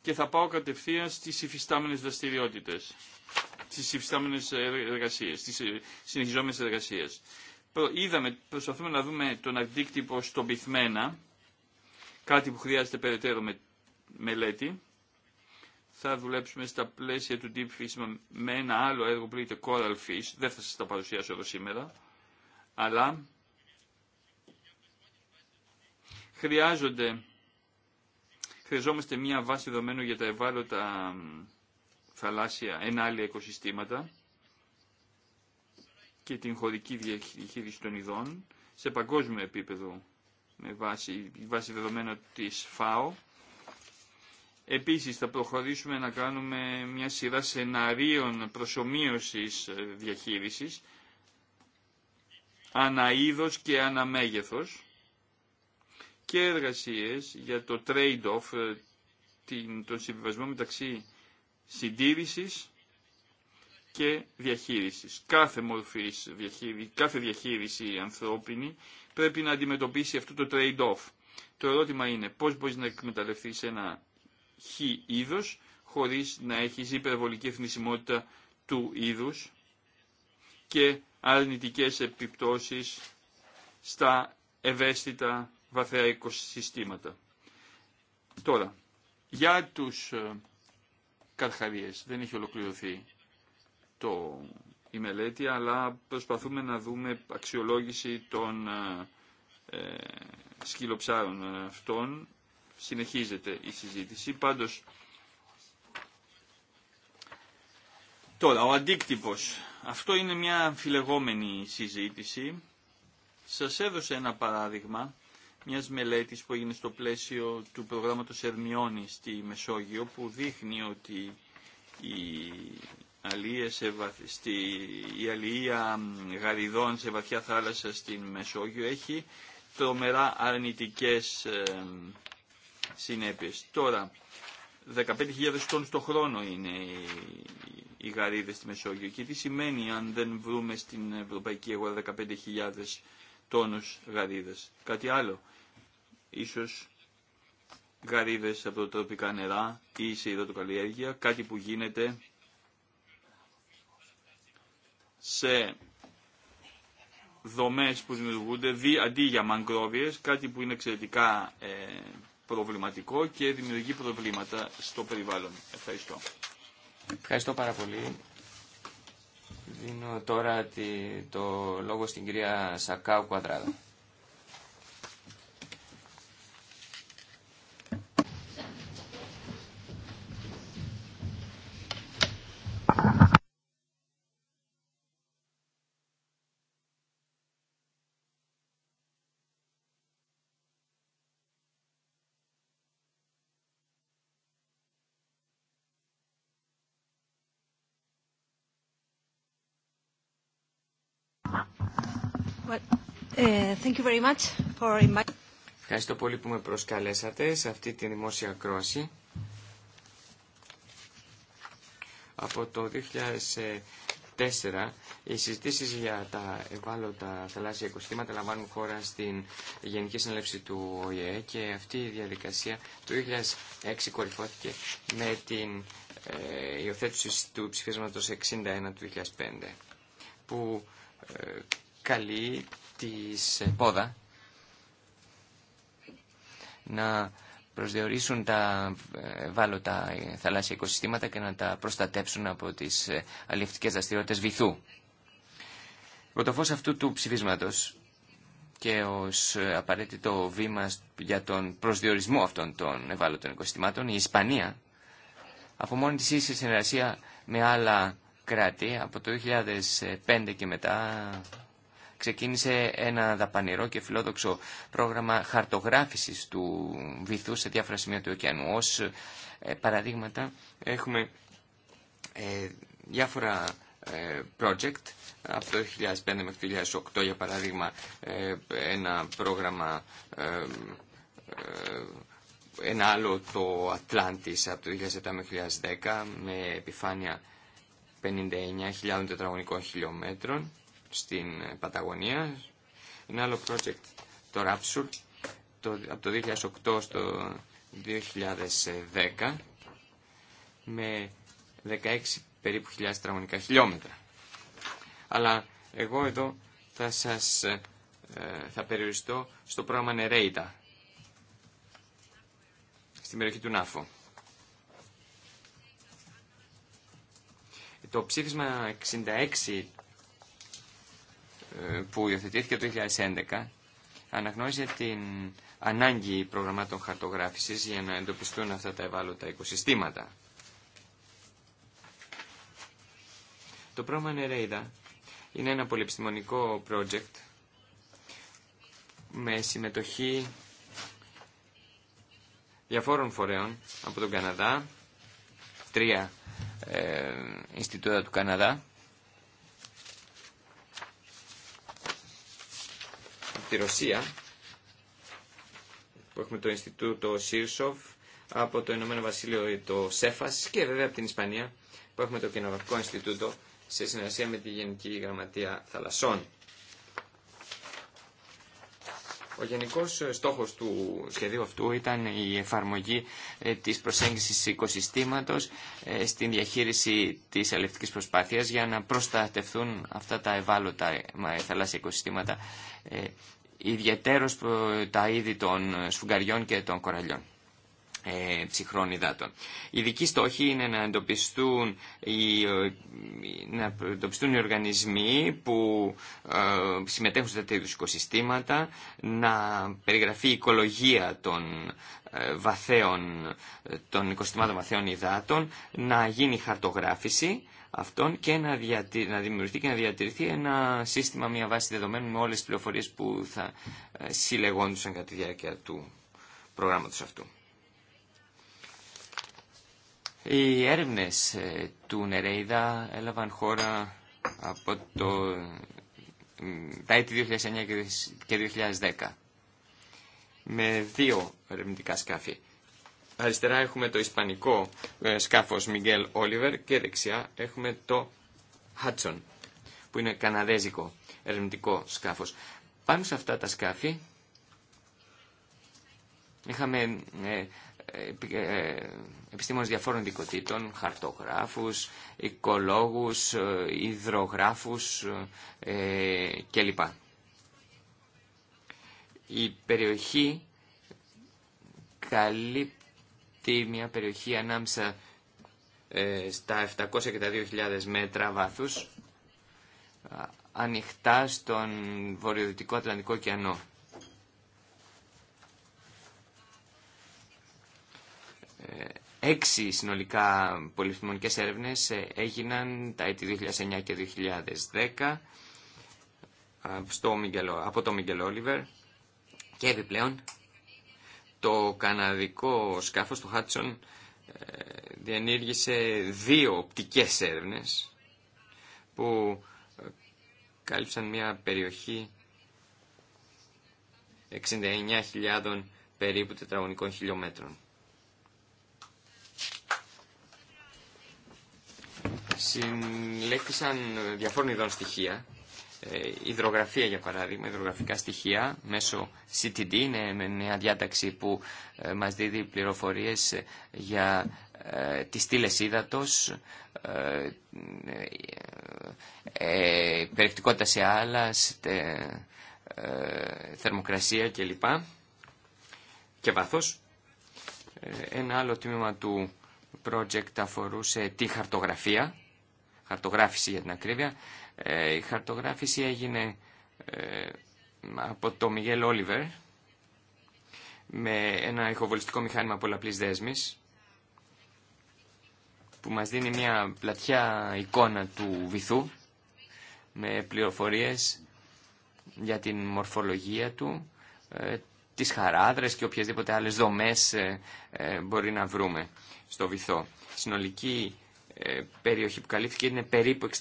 και θα πάω κατευθείαν στις υφιστάμενες δραστηριότητες, στις υφιστάμενες εργασίες, στις συνεχιζόμενες εργασίες. Είδαμε, προσπαθούμε να δούμε τον αντίκτυπο στον πυθμένα, κάτι που χρειάζεται περαιτέρω με, μελέτη. Θα δουλέψουμε στα πλαίσια του Deep Fish με ένα άλλο έργο που λέγεται Coral Fish, δεν θα σας τα παρουσιάσω εδώ σήμερα, αλλά χρειάζονται Χρειαζόμαστε μια βάση δεδομένου για τα ευάλωτα θαλάσσια ενάλλια οικοσυστήματα και την χωρική διαχείριση των ειδών σε παγκόσμιο επίπεδο με βάση, βάση δεδομένα της ΦΑΟ. Επίσης θα προχωρήσουμε να κάνουμε μια σειρά σεναρίων προσωμείωσης ε, διαχείρισης είδος και αναμέγεθος και εργασίες για το trade-off, ε, τον συμβιβασμό μεταξύ συντήρησης και διαχείρισης. Κάθε μορφής, κάθε διαχείριση ανθρώπινη πρέπει να αντιμετωπίσει αυτό το trade-off. Το ερώτημα είναι πώς μπορείς να εκμεταλλευτείς ένα χ είδος χωρίς να έχεις υπερβολική εθνισμότητα του είδους και αρνητικές επιπτώσεις στα ευαίσθητα βαθέα οικοσυστήματα. Τώρα, για τους ε, καρχαρίες δεν έχει ολοκληρωθεί το, η μελέτη, αλλά προσπαθούμε να δούμε αξιολόγηση των ε, ε, σκυλοψάρων αυτών. Συνεχίζεται η συζήτηση. Πάντως, τώρα, ο αντίκτυπος. Αυτό είναι μια αμφιλεγόμενη συζήτηση. Σας έδωσε ένα παράδειγμα μιας μελέτης που έγινε στο πλαίσιο του προγράμματος Ερμιώνη στη Μεσόγειο που δείχνει ότι η αλία, η γαριδών σε βαθιά θάλασσα στην Μεσόγειο έχει τρομερά αρνητικές συνέπειες. Τώρα, 15.000 τόνους το χρόνο είναι οι γαρίδες στη Μεσόγειο και τι σημαίνει αν δεν βρούμε στην ευρωπαϊκή αγορά 15.000 τόνους γαρίδες. Κάτι άλλο, ίσως γαρίδες από τα τοπικά νερά ή σε υδατοκαλλιέργεια, κάτι που γίνεται σε δομές που δημιουργούνται δι, αντί για μαγκρόβιες, κάτι που είναι εξαιρετικά ε, προβληματικό και δημιουργεί προβλήματα στο περιβάλλον. Ευχαριστώ. Ευχαριστώ πάρα πολύ. Δίνω τώρα το λόγο στην κυρία Σακάου Σακάου-Κουαδράδο. Ε, Ευχαριστώ πολύ που με προσκαλέσατε σε αυτή τη δημόσια ακρόαση. Από το 2004 οι συζητήσει για τα ευάλωτα θαλάσσια οικοσύστηματα λαμβάνουν χώρα στην Γενική Συνέλευση του ΟΗΕ και αυτή η διαδικασία το 2006 κορυφώθηκε με την ε, υιοθέτηση του ψηφίσματος 61 του 2005 που ε, καλή της ε, πόδα να προσδιορίσουν τα βάλωτα ε, ε, θαλάσσια οικοσυστήματα και να τα προστατέψουν από τις αλληλευτικές δραστηριότητες βυθού. Υπό το φως αυτού του ψηφίσματος και ως απαραίτητο βήμα για τον προσδιορισμό αυτών των ευάλωτων οικοσυστημάτων, η Ισπανία από μόνη της σε συνεργασία με άλλα κράτη από το 2005 και μετά ξεκίνησε ένα δαπανηρό και φιλόδοξο πρόγραμμα χαρτογράφησης του βυθού σε διάφορα σημεία του ωκεανού. Ως ε, παραδείγματα έχουμε ε, διάφορα ε, project από το 2005 μέχρι το 2008 για παράδειγμα ένα πρόγραμμα ένα άλλο το Atlantis από το 2007 μέχρι 2010 με επιφάνεια 59.000 τετραγωνικών χιλιόμετρων στην Παταγωνία. Ένα άλλο project, το Rapsur, από το 2008 στο 2010 με 16 περίπου χιλιάδες τετραγωνικά χιλιόμετρα. Αλλά εγώ εδώ θα σας ε, θα περιοριστώ στο πρόγραμμα Νερέιτα στην περιοχή του Νάφο. Το ψήφισμα 66 που υιοθετήθηκε το 2011 αναγνώριζε την ανάγκη προγραμμάτων χαρτογράφησης για να εντοπιστούν αυτά τα ευάλωτα οικοσυστήματα. Το πρόγραμμα Νερέιδα είναι ένα πολυεπιστημονικό project με συμμετοχή διαφόρων φορέων από τον Καναδά, τρία ε, Ινστιτούτα του Καναδά, Στη Ρωσία, που έχουμε το Ινστιτούτο Σίρσοφ, από το Ηνωμένο Βασίλειο το ΣΕΦΑΣ και βέβαια από την Ισπανία, που έχουμε το Κοινοβακικό Ινστιτούτο σε συνεργασία με τη Γενική Γραμματεία Θαλασσών. Ο γενικός ε, στόχος του σχεδίου αυτού ήταν η εφαρμογή ε, της προσέγγισης οικοσυστήματος ε, στην διαχείριση της αλληλευτικής προσπάθειας για να προστατευτούν αυτά τα ευάλωτα θαλάσσια οικοσυστήματα ιδιαίτερως τα είδη των σφουγγαριών και των κοραλιών ε, ψυχρών υδάτων. Η ειδική στόχη είναι να εντοπιστούν οι, ε, να εντοπιστούν οι οργανισμοί που ε, συμμετέχουν σε τέτοιου οικοσυστήματα, να περιγραφεί η οικολογία των ε, βαθέων, των οικοσυστημάτων βαθέων υδάτων, να γίνει χαρτογράφηση αυτών και να, να δημιουργηθεί και να διατηρηθεί ένα σύστημα, μια βάση δεδομένων με όλες τις πληροφορίες που θα ε, συλλεγόντουσαν κατά τη διάρκεια του προγράμματος αυτού. Οι έρευνες ε, του Νερέιδα έλαβαν χώρα από το, τα έτη 2009 και 2010 με δύο ερευνητικά σκάφη. Αριστερά έχουμε το ισπανικό ε, σκάφος Μιγγέλ Όλιβερ και δεξιά έχουμε το Χάτσον που είναι καναδέζικο ερευνητικό σκάφος. Πάνω σε αυτά τα σκάφη είχαμε ε, ε, επιστήμονες διαφόρων δικοτήτων, χαρτογράφους, οικολόγους, υδρογράφους κλπ. Η περιοχή καλύπτει αυτή μια περιοχή ανάμεσα ε, στα 700 και τα 2.000 μέτρα βάθους ανοιχτά στον βορειοδυτικό Ατλαντικό ωκεανό. Ε, έξι συνολικά πολυεπιστημονικές έρευνες ε, έγιναν τα έτη 2009 και 2010 στο από το Μίγκελ Όλιβερ και επιπλέον το καναδικό σκάφος, του Χάτσον, ε, διενήργησε δύο οπτικές έρευνες που ε, κάλυψαν μια περιοχή 69.000 περίπου τετραγωνικών χιλιόμετρων. Συλλέχθησαν διαφόρων ειδών στοιχεία ε, υδρογραφία για παράδειγμα, υδρογραφικά στοιχεία μέσω CTD, είναι μια διάταξη που ε, μας δίδει πληροφορίες για ε, τις στήλες ύδατος, περιεκτικότητα σε άλλα, θερμοκρασία κλπ. Και βάθος. Ένα άλλο τμήμα του project αφορούσε τη χαρτογραφία, χαρτογράφηση για την ακρίβεια, ε, η χαρτογράφηση έγινε ε, από το Μιγέλ Όλιβερ με ένα ηχοβολιστικό μηχάνημα πολλαπλής δέσμης που μας δίνει μια πλατιά εικόνα του βυθού με πληροφορίες για την μορφολογία του, ε, τις χαράδρες και οποιασδήποτε άλλες δομές μπορεί να βρούμε στο βυθό. Συνολική ε, περιοχή που καλύφθηκε είναι περίπου 69.000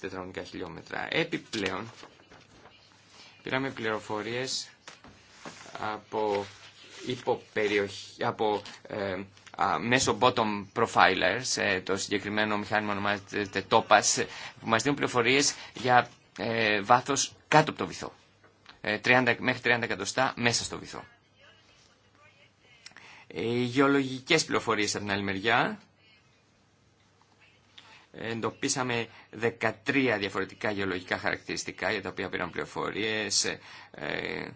τετραγωνικά χιλιόμετρα. Επιπλέον, πήραμε πληροφορίες από, υποπεριοχή, από ε, μέσω bottom profilers, ε, το συγκεκριμένο μηχάνημα ονομάζεται TOPAS, που μας δίνουν πληροφορίες για ε, βάθος κάτω από το βυθό. 30, ε, μέχρι 30 εκατοστά μέσα στο βυθό. Οι γεωλογικές πληροφορίες από την άλλη μεριά εντοπίσαμε 13 διαφορετικά γεωλογικά χαρακτηριστικά για τα οποία πήραν πληροφορίες, ε,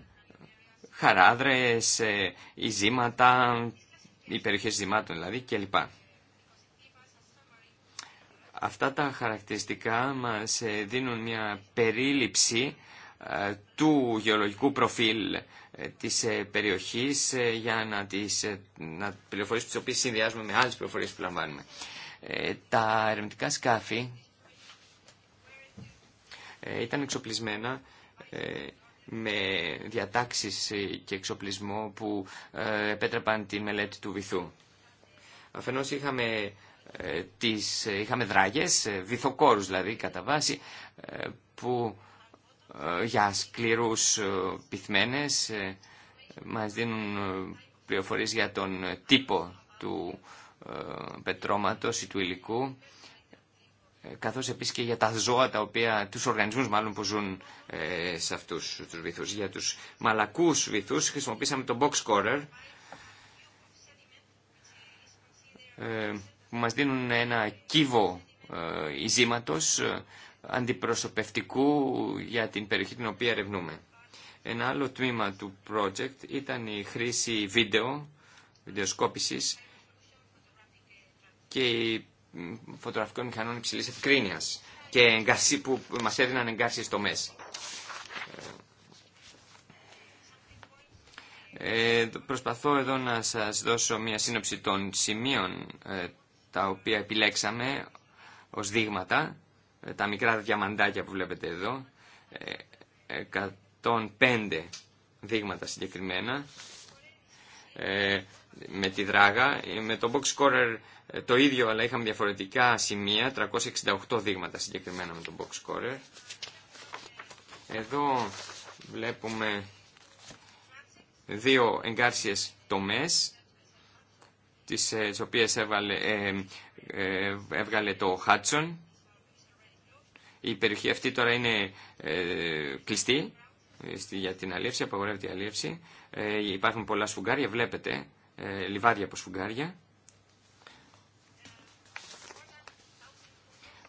χαράδρες, ε, ζήματα οι περιοχές ζημάτων δηλαδή κλπ. Αυτά τα χαρακτηριστικά μας ε, δίνουν μια περίληψη ε, του γεωλογικού προφίλ ε, της περιοχής για να τις να πληροφορίες τις οποίες συνδυάζουμε με άλλες πληροφορίες που λαμβάνουμε. Ε, τα ερευνητικά σκάφη ε, ήταν εξοπλισμένα ε, με διατάξεις και εξοπλισμό που επέτρεπαν τη μελέτη του βυθού. Αφενός είχαμε, τις, είχαμε δράγες, βυθοκόρους δηλαδή κατά βάση, που για σκληρούς πυθμένες μας δίνουν πληροφορίες για τον τύπο του ε, πετρώματος ή του υλικού ε, καθώς επίσης και για τα ζώα, τα οποία, τους οργανισμούς μάλλον που ζουν ε, σε αυτούς τους βυθούς. Για τους μαλακούς βυθούς χρησιμοποίησαμε τον box scorer, που μας δίνουν ένα κύβο ε, ειζήματος αντιπροσωπευτικού για την περιοχή την οποία ερευνούμε. Ένα άλλο τμήμα του project ήταν η χρήση βίντεο, βιντεοσκόπησης, και φωτογραφικών μηχανών υψηλή ευκρίνειας και που μας έδιναν εγκάρσιες τομές. Ε, προσπαθώ εδώ να σας δώσω μια σύνοψη των σημείων ε, τα οποία επιλέξαμε ως δείγματα, ε, τα μικρά διαμαντάκια που βλέπετε εδώ, 105 ε, δείγματα συγκεκριμένα ε, με τη Δράγα. Ε, με το box scorer ε, το ίδιο, αλλά είχαμε διαφορετικά σημεία, 368 δείγματα συγκεκριμένα με το box scorer. Εδώ βλέπουμε δύο εγκάρσιες τομές, τις, τις οποίες έβγαλε το Hudson Η περιοχή αυτή τώρα είναι κλειστή για την αλίευση, απαγορεύεται η αλίευση. Ε, υπάρχουν πολλά σφουγγάρια, βλέπετε, ε, λιβάδια από σφουγγάρια.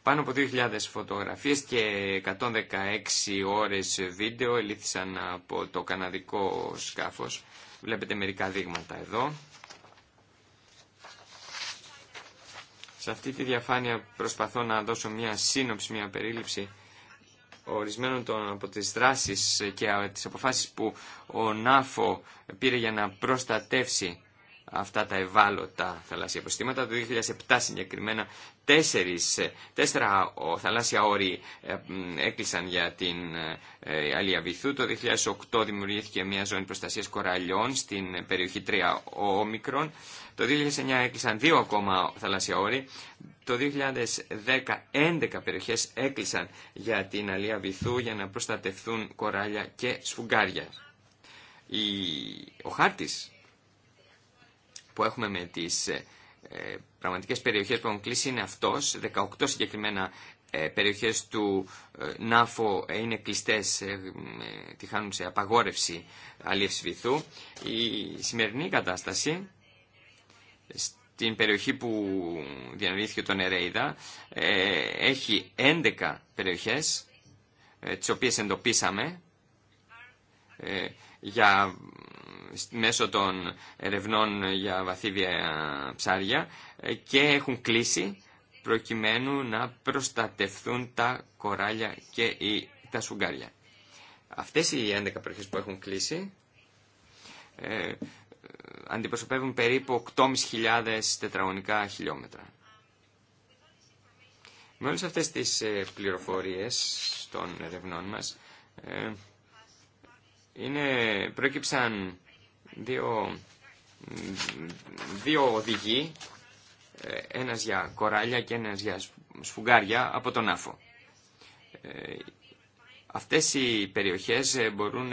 Πάνω από 2.000 φωτογραφίες και 116 ώρες βίντεο ελήφθησαν από το καναδικό σκάφος. Βλέπετε μερικά δείγματα εδώ. Σε αυτή τη διαφάνεια προσπαθώ να δώσω μια σύνοψη, μια περίληψη ορισμένων των, από τις δράσεις και ε, τις αποφάσεις που ο ΝΑΦΟ πήρε για να προστατεύσει αυτά τα ευάλωτα θαλάσσια αποστήματα. Το 2007 συγκεκριμένα τέσσερις, τέσσερα θαλάσσια όροι ε, έκλεισαν για την ε, Αλία Βυθού. Το 2008 δημιουργήθηκε μια ζώνη προστασίας κοραλιών στην περιοχή 3 όμικρον. Το 2009 έκλεισαν δύο ακόμα θαλάσσια όροι. Το 2010 11 περιοχές έκλεισαν για την Αλία Βυθού για να προστατευθούν κοράλια και σφουγγάρια. Ο χάρτης που έχουμε με τις ε, ε, πραγματικές περιοχές που έχουν κλείσει είναι αυτό, 18 συγκεκριμένα ε, περιοχές του ΝΑΦΟ είναι κλειστές, τη χάνουν σε απαγόρευση αλίευση βυθού. Η σημερινή κατάσταση στην περιοχή που διανοήθηκε τον Ερέιδα έχει 11 περιοχές τις οποίες εντοπίσαμε για μέσω των ερευνών για βαθύβια ψάρια και έχουν κλείσει προκειμένου να προστατευθούν τα κοράλια και τα σουγκάρια. Αυτές οι 11 περιοχές που έχουν κλείσει ε, αντιπροσωπεύουν περίπου 8.500 τετραγωνικά χιλιόμετρα. Με όλες αυτές τις ε, πληροφορίες των ερευνών μας ε, είναι, δύο, δύο οδηγοί, ε, ένας για κοράλια και ένας για σφουγγάρια από τον άφο. Ε, αυτές οι περιοχές ε, μπορούν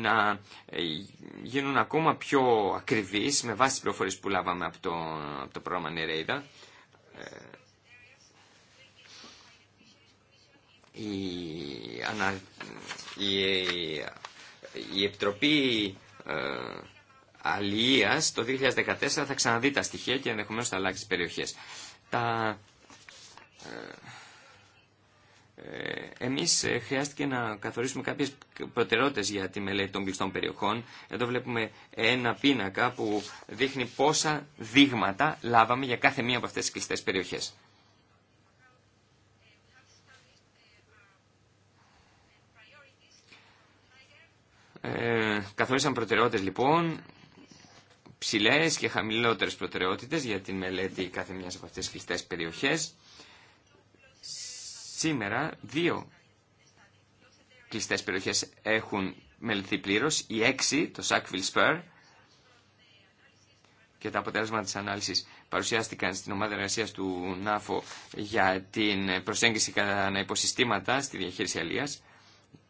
να γίνουν ακόμα πιο ακριβείς με βάση τις πληροφορίες που λάβαμε από το, από το πρόγραμμα Νερέιδα. Η, η, η Επιτροπή ε, αλίας το 2014 θα ξαναδεί τα στοιχεία και ενδεχομένως θα αλλάξει τις περιοχές. Τα... Ε, ε, εμείς χρειάστηκε να καθορίσουμε κάποιες προτεραιότητες για τη μελέτη των κλειστών περιοχών. Εδώ βλέπουμε ένα πίνακα που δείχνει πόσα δείγματα λάβαμε για κάθε μία από αυτές τις κλειστές περιοχές. Ε, καθόρισαν προτεραιότητες λοιπόν, ψηλέ και χαμηλότερες προτεραιότητες για την μελέτη κάθε μιας από αυτές τις κλειστές περιοχές. Σήμερα δύο κλειστές περιοχές έχουν μελεθεί πλήρως, η έξι, το Sackville Spur, και τα αποτέλεσματα της ανάλυσης παρουσιάστηκαν στην ομάδα εργασία του ΝΑΦΟ για την προσέγγιση κατά υποσυστήματα στη διαχείριση αλίας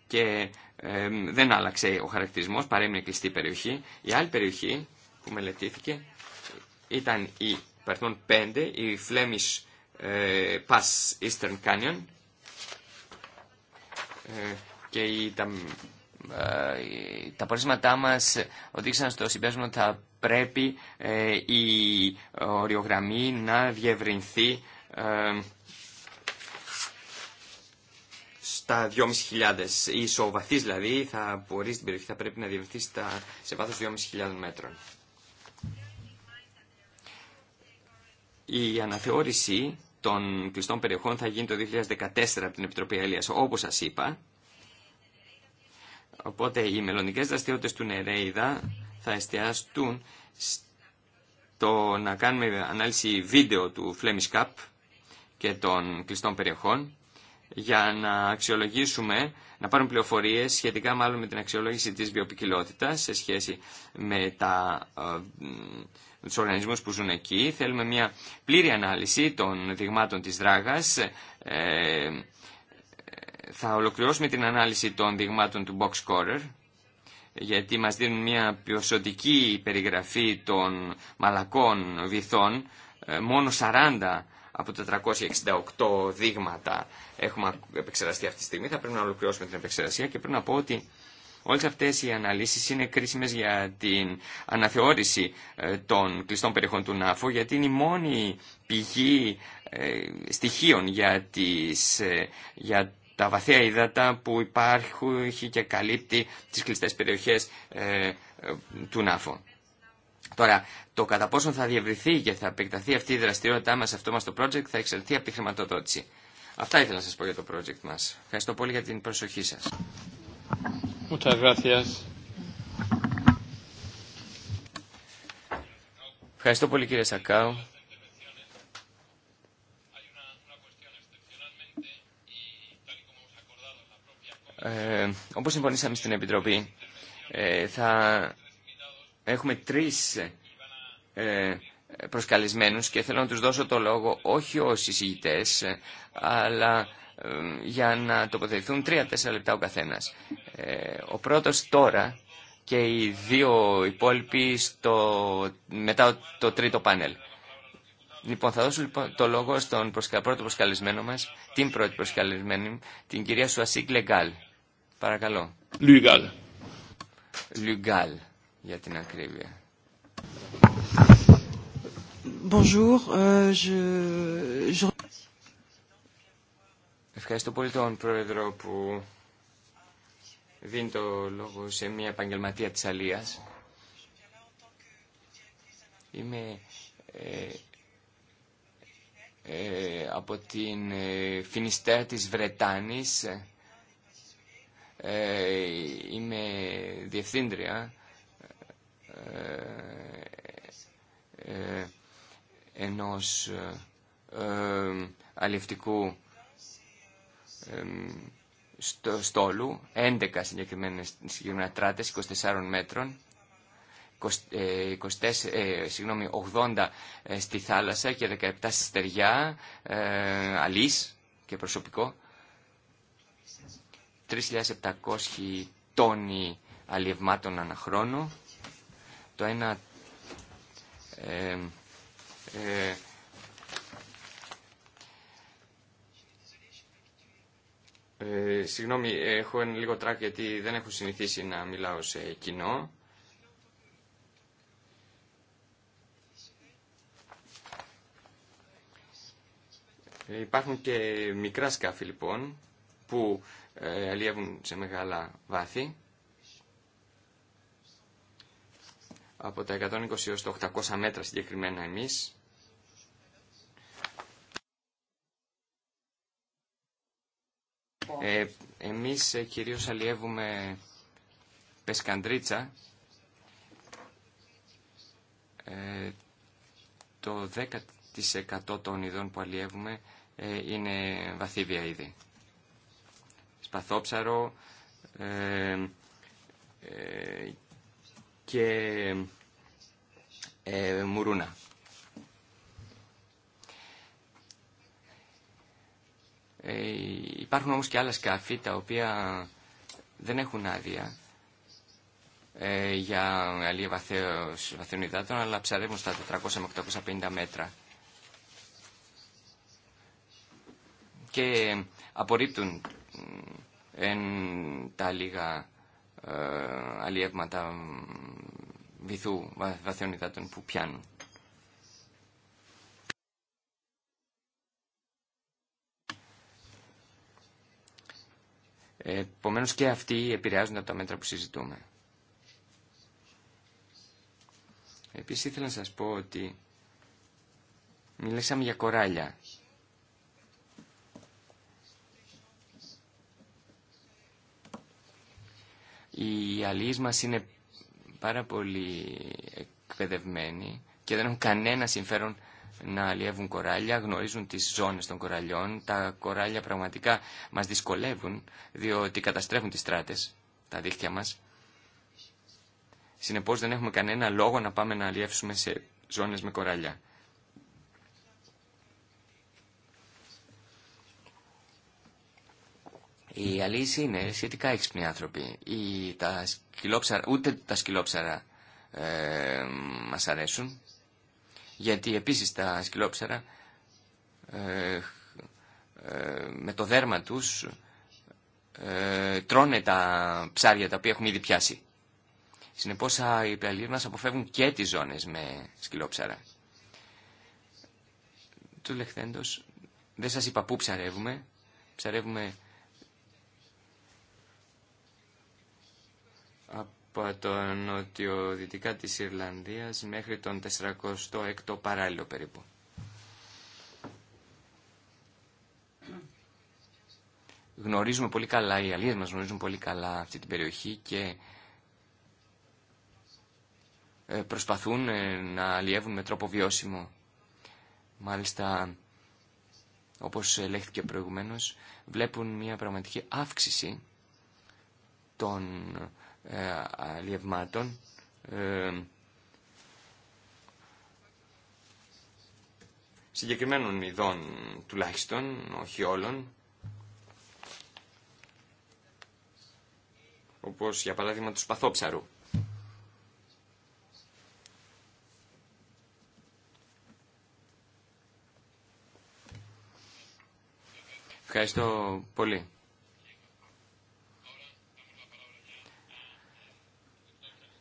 και δεν άλλαξε ο χαρακτηρισμός, παρέμεινε κλειστή περιοχή. Η άλλη περιοχή που μελετήθηκε ήταν η παρθμόν 5, η Flemish ε, Pass Eastern Canyon ε, και η, τα, ε, τα μας οδήγησαν στο συμπέρασμα ότι θα πρέπει η οριογραμμή να διευρυνθεί στα 2.500. Η δηλαδή θα μπορεί στην περιοχή θα πρέπει να διευθύνει στα, σε βάθος 2.500 μέτρων. Η αναθεώρηση των κλειστών περιοχών θα γίνει το 2014 από την Επιτροπή Αλίας. όπως σας είπα. Οπότε οι μελλοντικές δραστηριότητες του Νερέιδα θα εστιαστούν στο να κάνουμε ανάλυση βίντεο του Flemish Cup και των κλειστών περιοχών για να αξιολογήσουμε, να πάρουμε πληροφορίες σχετικά μάλλον με την αξιολόγηση της βιοπικιλότητας σε σχέση με, τα, με τους οργανισμούς που ζουν εκεί. Θέλουμε μια πλήρη ανάλυση των δειγμάτων της δράγας. Ε, θα ολοκληρώσουμε την ανάλυση των δειγμάτων του Box Scorer γιατί μας δίνουν μια ποσοτική περιγραφή των μαλακών βυθών. Ε, μόνο 40 από 468 δείγματα έχουμε επεξεργαστεί αυτή τη στιγμή. Θα πρέπει να ολοκληρώσουμε την επεξεργασία και πρέπει να πω ότι όλες αυτές οι αναλύσεις είναι κρίσιμες για την αναθεώρηση ε, των κλειστών περιοχών του ΝΑΦΟ γιατί είναι η μόνη πηγή ε, στοιχείων για, τις, ε, για τα βαθαία ύδατα που υπάρχουν και καλύπτει τις κλειστές περιοχές του ΝΑΦΟ. Τώρα, το κατά πόσο θα διευρυθεί και θα επεκταθεί αυτή η δραστηριότητά μας, αυτό μας το project, θα εξελθεί από τη χρηματοδότηση. Αυτά ήθελα να σα πω για το project μα. Ευχαριστώ πολύ για την προσοχή σας. Ευχαριστώ πολύ κύριε Σακάου. Ε, όπως συμφωνήσαμε στην Επιτροπή, ε, θα Έχουμε τρεις ε, προσκαλισμένους και θέλω να τους δώσω το λόγο όχι ως εισηγητές, ε, αλλά για να τοποθετηθούν τρία-τέσσερα λεπτά ο καθένας. Ε, ο πρώτος τώρα και οι δύο υπόλοιποι στο, μετά το τρίτο πάνελ. Λοιπόν, θα δώσω λοιπόν, το λόγο στον πρώτο προσκαλισμένο μας, την πρώτη προσκαλισμένη, την κυρία Σουασίκ Λεγκάλ. Παρακαλώ. Λουγκάλ. Λουγκάλ για την ακρίβεια. Euh, Ευχαριστώ πολύ τον Πρόεδρο που δίνει το λόγο σε μια επαγγελματία της Αλίας. Είμαι ε, ε, από την ε, Φινιστέρ της Βρετάνης. Ε, είμαι διευθύντρια ε, ε, ενός ε, ε αλληλευτικού ε, στόλου, 11 συγκεκριμένες, συγκεκριμένα τράτες, 24 μέτρων, 24, συγγνώμη, 80 στη θάλασσα και 17 στη στεριά, ε, αλής και προσωπικό, 3.700 τόνοι αλλιευμάτων αναχρόνου το ε, ε, ε, συγγνώμη, έχω λίγο τράκ γιατί δεν έχω συνηθίσει να μιλάω σε κοινό. Ε, υπάρχουν και μικρά σκάφη λοιπόν που αλλιεύουν σε μεγάλα βάθη. από τα 120 έως τα 800 μέτρα συγκεκριμένα εμείς. Ε, εμείς ε, κυρίως αλλιεύουμε πεσκαντρίτσα. Ε, το 10% των ειδών που αλλιεύουμε ε, είναι βαθύβια είδη. Σπαθόψαρο, ε, ε και ε, Μουρούνα. Ε, υπάρχουν όμως και άλλα σκάφη τα οποία δεν έχουν άδεια ε, για αλλή βαθέων υδάτων αλλά ψαρεύουν στα 400 850 μέτρα και απορρίπτουν τα λίγα ε, αλλιεύματα βυθού βαθιών υδάτων που πιάνουν. Επομένω και αυτοί επηρεάζονται από τα μέτρα που συζητούμε. Επίσης ήθελα να σας πω ότι μιλήσαμε για κοράλια οι αλληλείς μας είναι πάρα πολύ εκπαιδευμένοι και δεν έχουν κανένα συμφέρον να αλλιεύουν κοράλια, γνωρίζουν τις ζώνες των κοραλιών. Τα κοράλια πραγματικά μας δυσκολεύουν, διότι καταστρέφουν τις στράτες, τα δίχτυα μας. Συνεπώς δεν έχουμε κανένα λόγο να πάμε να αλλιεύσουμε σε ζώνες με κοράλια. η αλήθεια είναι σχετικά έξυπνοι άνθρωποι. τα σκυλόψαρα, ούτε τα σκυλόψαρα ε, μας αρέσουν, γιατί επίσης τα σκυλόψαρα ε, ε, με το δέρμα τους ε, τρώνε τα ψάρια τα οποία έχουμε ήδη πιάσει. Συνεπώς οι πελαγίες αποφεύγουν και τις ζώνες με σκυλόψαρα. Του λεχθέντος, δεν σας είπα πού ψαρεύουμε. Ψαρεύουμε από το νοτιοδυτικά της Ιρλανδίας μέχρι τον 406ο παράλληλο περίπου. Γνωρίζουμε πολύ καλά, οι αλλιές μας γνωρίζουν πολύ καλά αυτή την περιοχή και ε, προσπαθούν ε, να αλλιεύουν με τρόπο βιώσιμο. Μάλιστα, όπως ελέγχθηκε προηγουμένως, βλέπουν μια πραγματική αύξηση των ε, αλλιευμάτων ε, συγκεκριμένων ειδών τουλάχιστον, όχι όλων, όπως για παράδειγμα του σπαθόψαρου. Ευχαριστώ πολύ.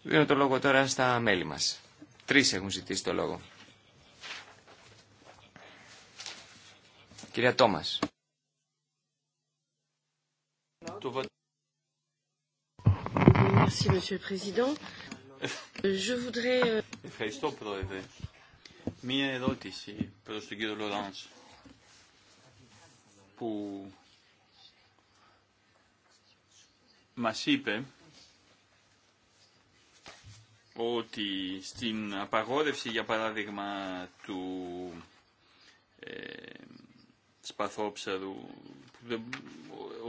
Δίνω το λόγο τώρα στα μέλη μας. Τρεις έχουν ζητήσει το λόγο. Κυρία Τόμας. Euh, Ευχαριστώ, Πρόεδρε. Μία ερώτηση προς τον κύριο Λοραντς που μας είπε ότι στην απαγόρευση, για παράδειγμα, του ε, σπαθόψαρου που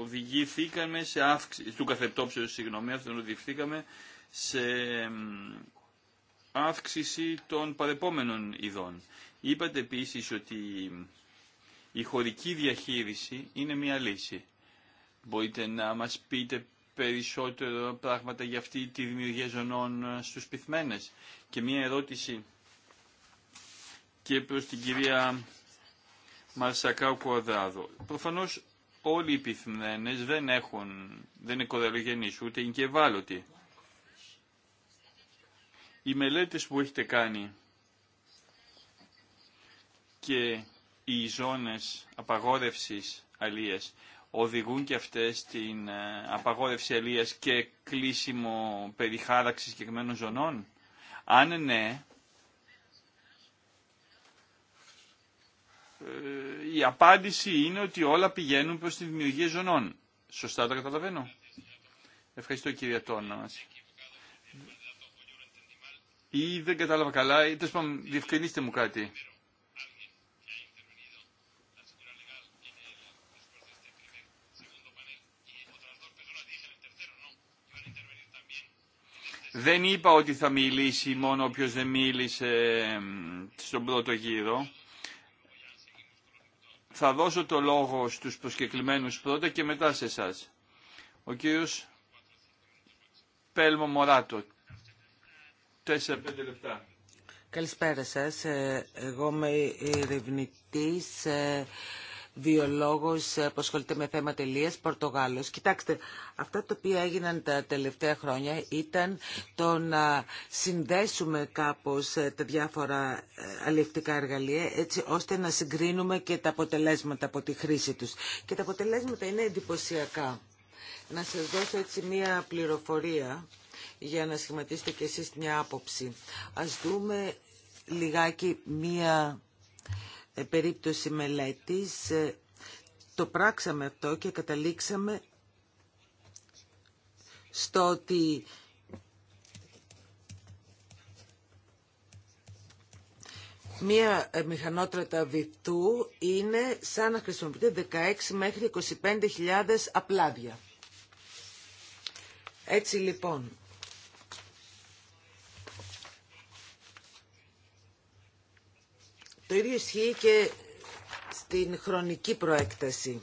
οδηγηθήκαμε σε αύξηση, του καθεπτόψαρου, συγγνώμη, αυτόν οδηγηθήκαμε σε αύξηση των παρεπόμενων ειδών. Είπατε επίσης ότι η χωρική διαχείριση είναι μια λύση. Μπορείτε να μας πείτε περισσότερο πράγματα για αυτή τη δημιουργία ζωνών ε, στους πυθμένες. Και μία ερώτηση και προς την κυρία Μαρσακάου Κουαδράδο. Προφανώς όλοι οι πυθμένες δεν έχουν, δεν είναι κοραλογενείς, ούτε είναι και ευάλωτοι. Οι μελέτες που έχετε κάνει και οι ζώνες απαγόρευσης αλίες οδηγούν και αυτές την ε, απαγόρευση αλίας και κλείσιμο περιχάραξη συγκεκριμένων ζωνών. Αν ναι, ε, η απάντηση είναι ότι όλα πηγαίνουν προς τη δημιουργία ζωνών. Σωστά τα καταλαβαίνω. Ευχαριστώ κυρία Τόνα μας. Ή δεν κατάλαβα καλά, ή τέλος πάντων διευκρινίστε μου κάτι. Δεν είπα ότι θα μιλήσει μόνο όποιος δεν μίλησε στον πρώτο γύρο. Θα δώσω το λόγο στους προσκεκλημένους πρώτα και μετά σε εσά. Ο κύριος Πέλμο Μωράτο. Τέσσερα-πέντε λεπτά. Καλησπέρα σας. Ε, εγώ είμαι ερευνητής ε, βιολόγος ε, που ασχολείται με θέματα ηλίας, Πορτογάλος. Κοιτάξτε, αυτά τα οποία έγιναν τα τελευταία χρόνια ήταν το να συνδέσουμε κάπως ε, τα διάφορα ε, αλληλευτικά εργαλεία έτσι ώστε να συγκρίνουμε και τα αποτελέσματα από τη χρήση τους. Και τα αποτελέσματα είναι εντυπωσιακά. Να σας δώσω έτσι μία πληροφορία για να σχηματίσετε κι εσείς μια άποψη. Ας δούμε λιγάκι μία ε, περίπτωση μελέτης ε, το πράξαμε αυτό και καταλήξαμε στο ότι Μία ε, μηχανότρατα βυθού είναι σαν να χρησιμοποιείται 16 μέχρι 25.000 απλάδια. Έτσι λοιπόν, Το ίδιο ισχύει και στην χρονική προέκταση.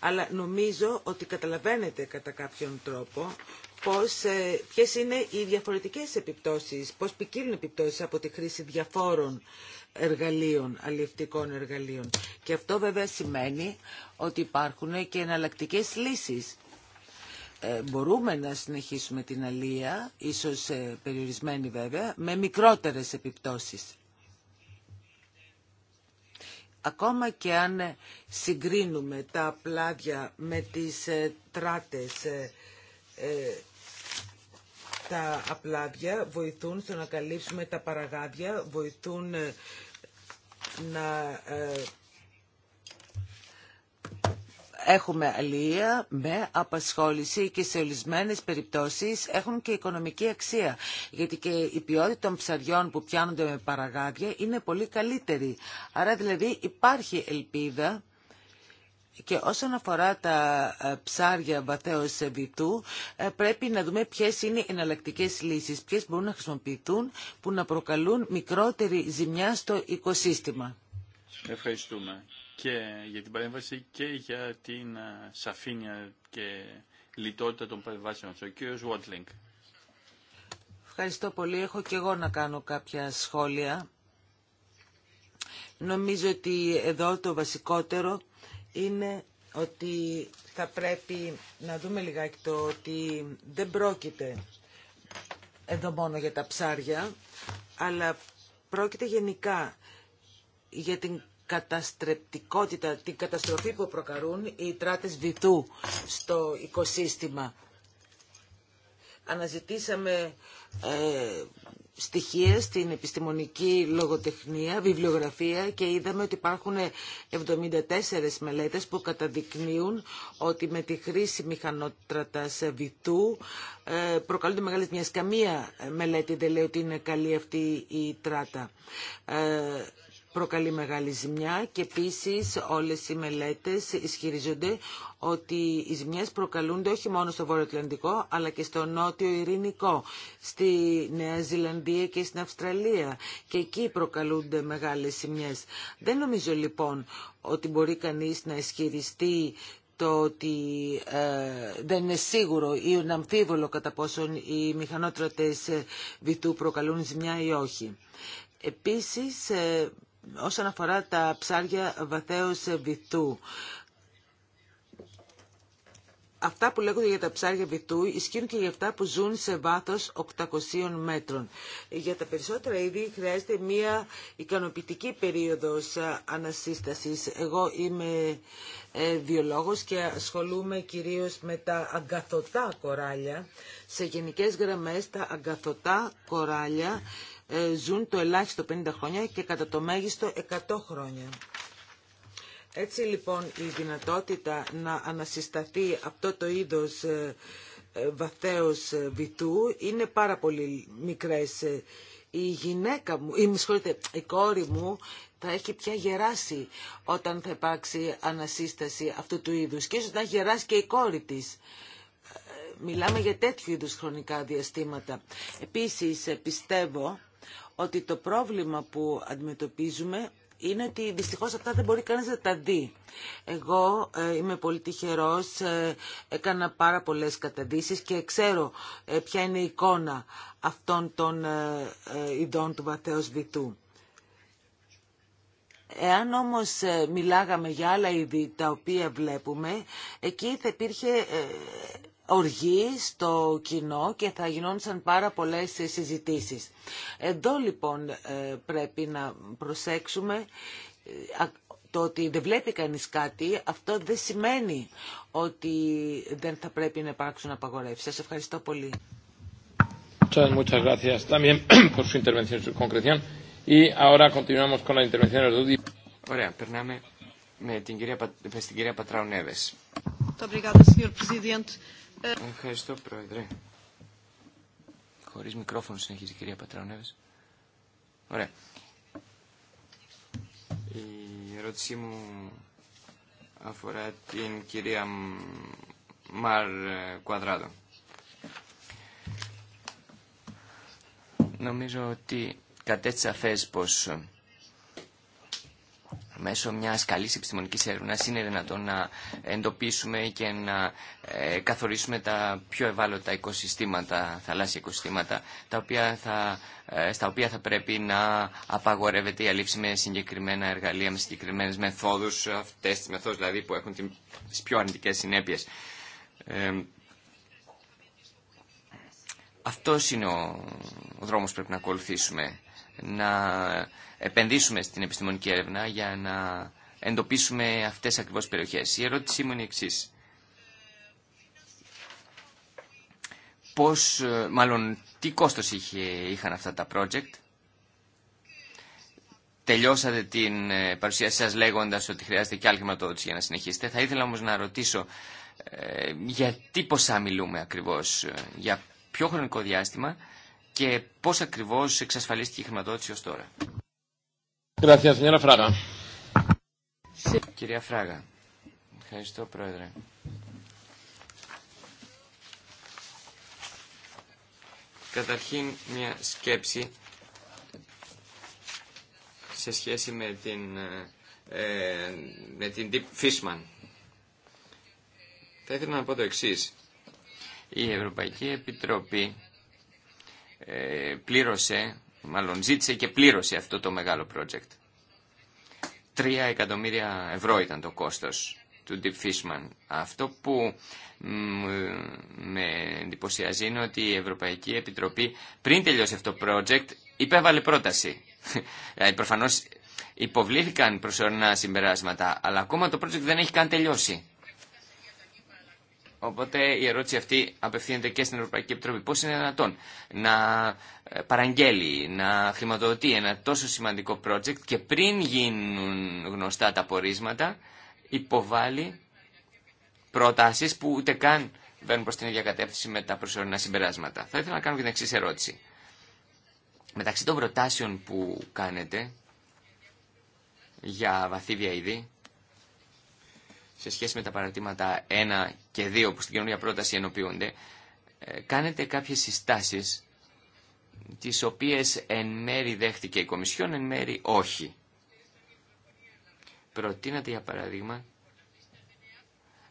Αλλά νομίζω ότι καταλαβαίνετε κατά κάποιον τρόπο πώς, ε, ποιες είναι οι διαφορετικές επιπτώσεις, πώς ποικίλουν επιπτώσεις από τη χρήση διαφόρων εργαλείων, αλληλευτικών εργαλείων. Και αυτό βέβαια σημαίνει ότι υπάρχουν και εναλλακτικέ λύσεις. Ε, μπορούμε να συνεχίσουμε την αλία, ίσως ε, περιορισμένη βέβαια, με μικρότερες επιπτώσεις. Ακόμα και αν ε, συγκρίνουμε τα πλάδια με τις ε, τράτες, ε, τα απλάδια βοηθούν στο να καλύψουμε τα παραγάδια, βοηθούν να Έχουμε αλληλεία με απασχόληση και σε ορισμένε περιπτώσεις έχουν και οικονομική αξία. Γιατί και η ποιότητα των ψαριών που πιάνονται με παραγάδια είναι πολύ καλύτερη. Άρα δηλαδή υπάρχει ελπίδα και όσον αφορά τα ε, ψάρια βαθέως βιτού, ε, πρέπει να δούμε ποιες είναι οι εναλλακτικές λύσεις, ποιες μπορούν να χρησιμοποιηθούν που να προκαλούν μικρότερη ζημιά στο οικοσύστημα. Ευχαριστούμε και για την παρέμβαση και για την ε, σαφήνεια και λιτότητα των παρεμβάσεων. Ο κύριο Βότλινγκ. Ευχαριστώ πολύ. Έχω και εγώ να κάνω κάποια σχόλια. Νομίζω ότι εδώ το βασικότερο είναι ότι θα πρέπει να δούμε λιγάκι το ότι δεν πρόκειται εδώ μόνο για τα ψάρια, αλλά πρόκειται γενικά για την καταστρεπτικότητα, την καταστροφή που προκαρούν οι τράτες βυθού στο οικοσύστημα. Αναζητήσαμε ε, στοιχεία στην επιστημονική λογοτεχνία, βιβλιογραφία και είδαμε ότι υπάρχουν 74 μελέτες που καταδεικνύουν ότι με τη χρήση μηχανότρατας βυθού ε, προκαλούνται μεγάλες μιας καμία μελέτη δεν λέει ότι είναι καλή αυτή η τράτα. Ε, προκαλεί μεγάλη ζημιά και επίσης όλες οι μελέτες ισχυρίζονται ότι οι ζημιές προκαλούνται όχι μόνο στο βορειοατλαντικό αλλά και στο Νότιο Ειρηνικό, στη Νέα Ζηλανδία και στην Αυστραλία και εκεί προκαλούνται μεγάλες ζημιές. Δεν νομίζω λοιπόν ότι μπορεί κανείς να ισχυριστεί το ότι ε, δεν είναι σίγουρο ή είναι αμφίβολο κατά πόσον οι μηχανότρατες ε, βυθού προκαλούν ζημιά ή όχι. Επίσης, ε, όσον αφορά τα ψάρια βαθέως βυθού. Αυτά που λέγονται για τα ψάρια βυθού ισχύουν και για αυτά που ζουν σε βάθος 800 μέτρων. Για τα περισσότερα είδη χρειάζεται μία ικανοποιητική περίοδος ανασύστασης. Εγώ είμαι ε, βιολόγος και ασχολούμαι κυρίως με τα αγκαθωτά κοράλια. Σε γενικές γραμμές τα αγκαθωτά κοράλια ε, ζουν το ελάχιστο 50 χρόνια και κατά το μέγιστο 100 χρόνια. Έτσι λοιπόν η δυνατότητα να ανασυσταθεί αυτό το είδος ε, ε, βαθέως βυθού είναι πάρα πολύ μικρές. Η γυναίκα μου, ή η κόρη μου θα έχει πια γεράσει όταν θα υπάρξει ανασύσταση αυτού του είδους και ίσως να γεράσει και η κόρη της. Μιλάμε για τέτοιου είδους χρονικά διαστήματα. Επίσης πιστεύω ότι το πρόβλημα που αντιμετωπίζουμε είναι ότι δυστυχώς αυτά δεν μπορεί κανείς να τα δει. Εγώ ε, είμαι πολύ τυχερός, ε, έκανα πάρα πολλές καταδύσεις και ξέρω ε, ποια είναι η εικόνα αυτών των ειδών του βαθέως βητού. Εάν όμως μιλάγαμε για άλλα είδη τα οποία βλέπουμε, εκεί θα υπήρχε οργή στο κοινό και θα γινόντουσαν πάρα πολλές συζητήσεις. Εδώ λοιπόν ε, πρέπει να προσέξουμε ε, το ότι δεν βλέπει κανείς κάτι, αυτό δεν σημαίνει ότι δεν θα πρέπει να υπάρξουν απαγορεύσεις. Σας ευχαριστώ πολύ. Ωραία, περνάμε με την κυρία, κυρία Πατράου Νέβες. Ευχαριστώ, Πρόεδρε. Χωρίς μικρόφωνο συνεχίζει η κυρία Πατραωνέβης. Ωραία. Η ερώτησή μου αφορά την κυρία Μαρ Κουαδράδο. Νομίζω ότι κατέτσι πως μέσω μιας καλής επιστημονικής έρευνας είναι δυνατόν να εντοπίσουμε και να ε, καθορίσουμε τα πιο ευάλωτα οικοσυστήματα, θαλάσσια οικοσυστήματα, τα οποία θα, ε, στα οποία θα πρέπει να απαγορεύεται η αλήψη με συγκεκριμένα εργαλεία, με συγκεκριμένες μεθόδους, αυτές τις μεθόδους δηλαδή που έχουν τις πιο αρνητικές συνέπειες. Ε, αυτός είναι ο δρόμος που πρέπει να ακολουθήσουμε να επενδύσουμε στην επιστημονική έρευνα για να εντοπίσουμε αυτές ακριβώς τις περιοχές. Η ερώτησή μου είναι εξή. Πώς, ε, μάλλον, τι κόστος είχε, είχαν αυτά τα project. Τελειώσατε την ε, παρουσίασή σας λέγοντας ότι χρειάζεται και άλλη χρηματοδότηση για να συνεχίσετε. Θα ήθελα όμως να ρωτήσω ε, γιατί ποσά μιλούμε ακριβώς, ε, για ποιο χρονικό διάστημα και πώ ακριβώς εξασφαλίστηκε η χρηματοδότηση ως τώρα. Φράγα. Κυρία Φράγα, ευχαριστώ Πρόεδρε. Καταρχήν μια σκέψη σε σχέση με την, ε, με την Deep Fishman. Θα ήθελα να πω το εξής. Η Ευρωπαϊκή Επιτροπή ε, πλήρωσε, μάλλον ζήτησε και πλήρωσε αυτό το μεγάλο project. Τρία εκατομμύρια ευρώ ήταν το κόστος του Deep Fishman. Αυτό που με εντυπωσιαζεί είναι ότι η Ευρωπαϊκή Επιτροπή πριν τελειώσει αυτό το project υπέβαλε πρόταση. Δηλαδή υποβλήθηκαν προσωρινά συμπεράσματα, αλλά ακόμα το project δεν έχει καν τελειώσει. Οπότε η ερώτηση αυτή απευθύνεται και στην Ευρωπαϊκή Επιτροπή. Πώς είναι δυνατόν να ε, παραγγέλει, να χρηματοδοτεί ένα τόσο σημαντικό project και πριν γίνουν γνωστά τα πορίσματα υποβάλλει προτάσεις που ούτε καν βαίνουν προς την ίδια κατεύθυνση με τα προσωρινά συμπεράσματα. Θα ήθελα να κάνω και την εξή ερώτηση. Μεταξύ των προτάσεων που κάνετε για βαθύ είδη, σε σχέση με τα παρατήματα 1 και 2 που στην καινούργια πρόταση ενοποιούνται, ε, κάνετε κάποιες συστάσεις τις οποίες εν μέρη δέχτηκε η Κομισιόν, εν μέρη όχι. Προτείνατε για παράδειγμα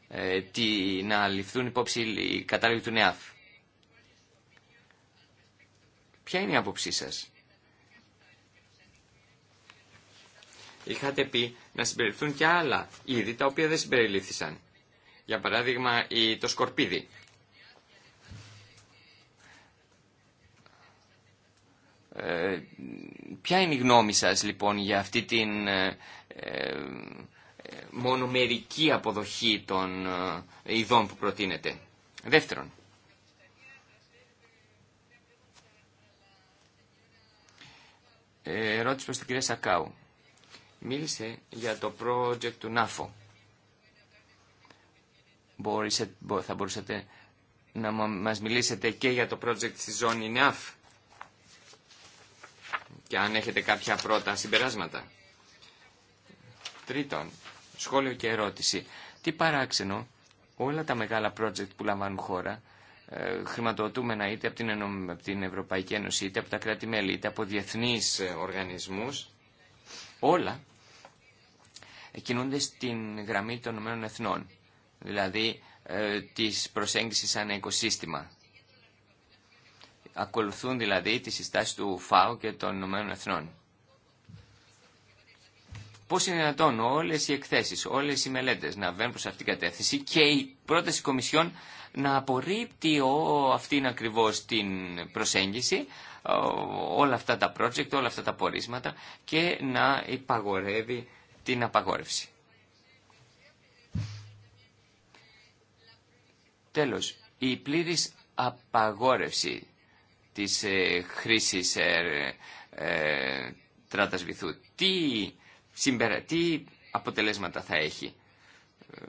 ε, τι να ληφθούν υπόψη οι κατάλληλοι του ΝΕΑΦ. Ποια είναι η άποψή σας είχατε πει να συμπεριληφθούν και άλλα είδη τα οποία δεν συμπεριλήφθησαν. Για παράδειγμα το σκορπίδι. Ε, ποια είναι η γνώμη σας λοιπόν για αυτή την ε, ε, μονομερική αποδοχή των ε, ειδών που προτείνεται. Δεύτερον, ερώτηση προς την κυρία Σακάου μίλησε για το project του ΝΑΦΟ. θα μπορούσατε να μας μιλήσετε και για το project της ζώνη ΝΑΦ και αν έχετε κάποια πρώτα συμπεράσματα. Τρίτον, σχόλιο και ερώτηση. Τι παράξενο όλα τα μεγάλα project που λαμβάνουν χώρα ε, χρηματοδοτούμενα είτε από την, την Ευρωπαϊκή Ένωση είτε από τα κράτη-μέλη είτε από διεθνείς ε, οργανισμούς όλα κινούνται στην γραμμή των ΗΕ, Εθνών, δηλαδή ε, της προσέγγισης σαν οικοσύστημα. Ακολουθούν δηλαδή τις συστάσεις του ΦΑΟ και των ΗΕ. Εθνών. Πώς είναι δυνατόν όλες οι εκθέσεις, όλες οι μελέτες να βαίνουν προς αυτήν την κατεύθυνση και η πρόταση Κομισιόν να απορρίπτει ο, αυτήν ακριβώς την προσέγγιση, όλα αυτά τα project, όλα αυτά τα πορίσματα και να υπαγορεύει την απαγόρευση. Τέλος, η πλήρης απαγόρευση της ε, χρήσης ε, ε τράτας βυθού. Τι, συμπερα... αποτελέσματα θα έχει.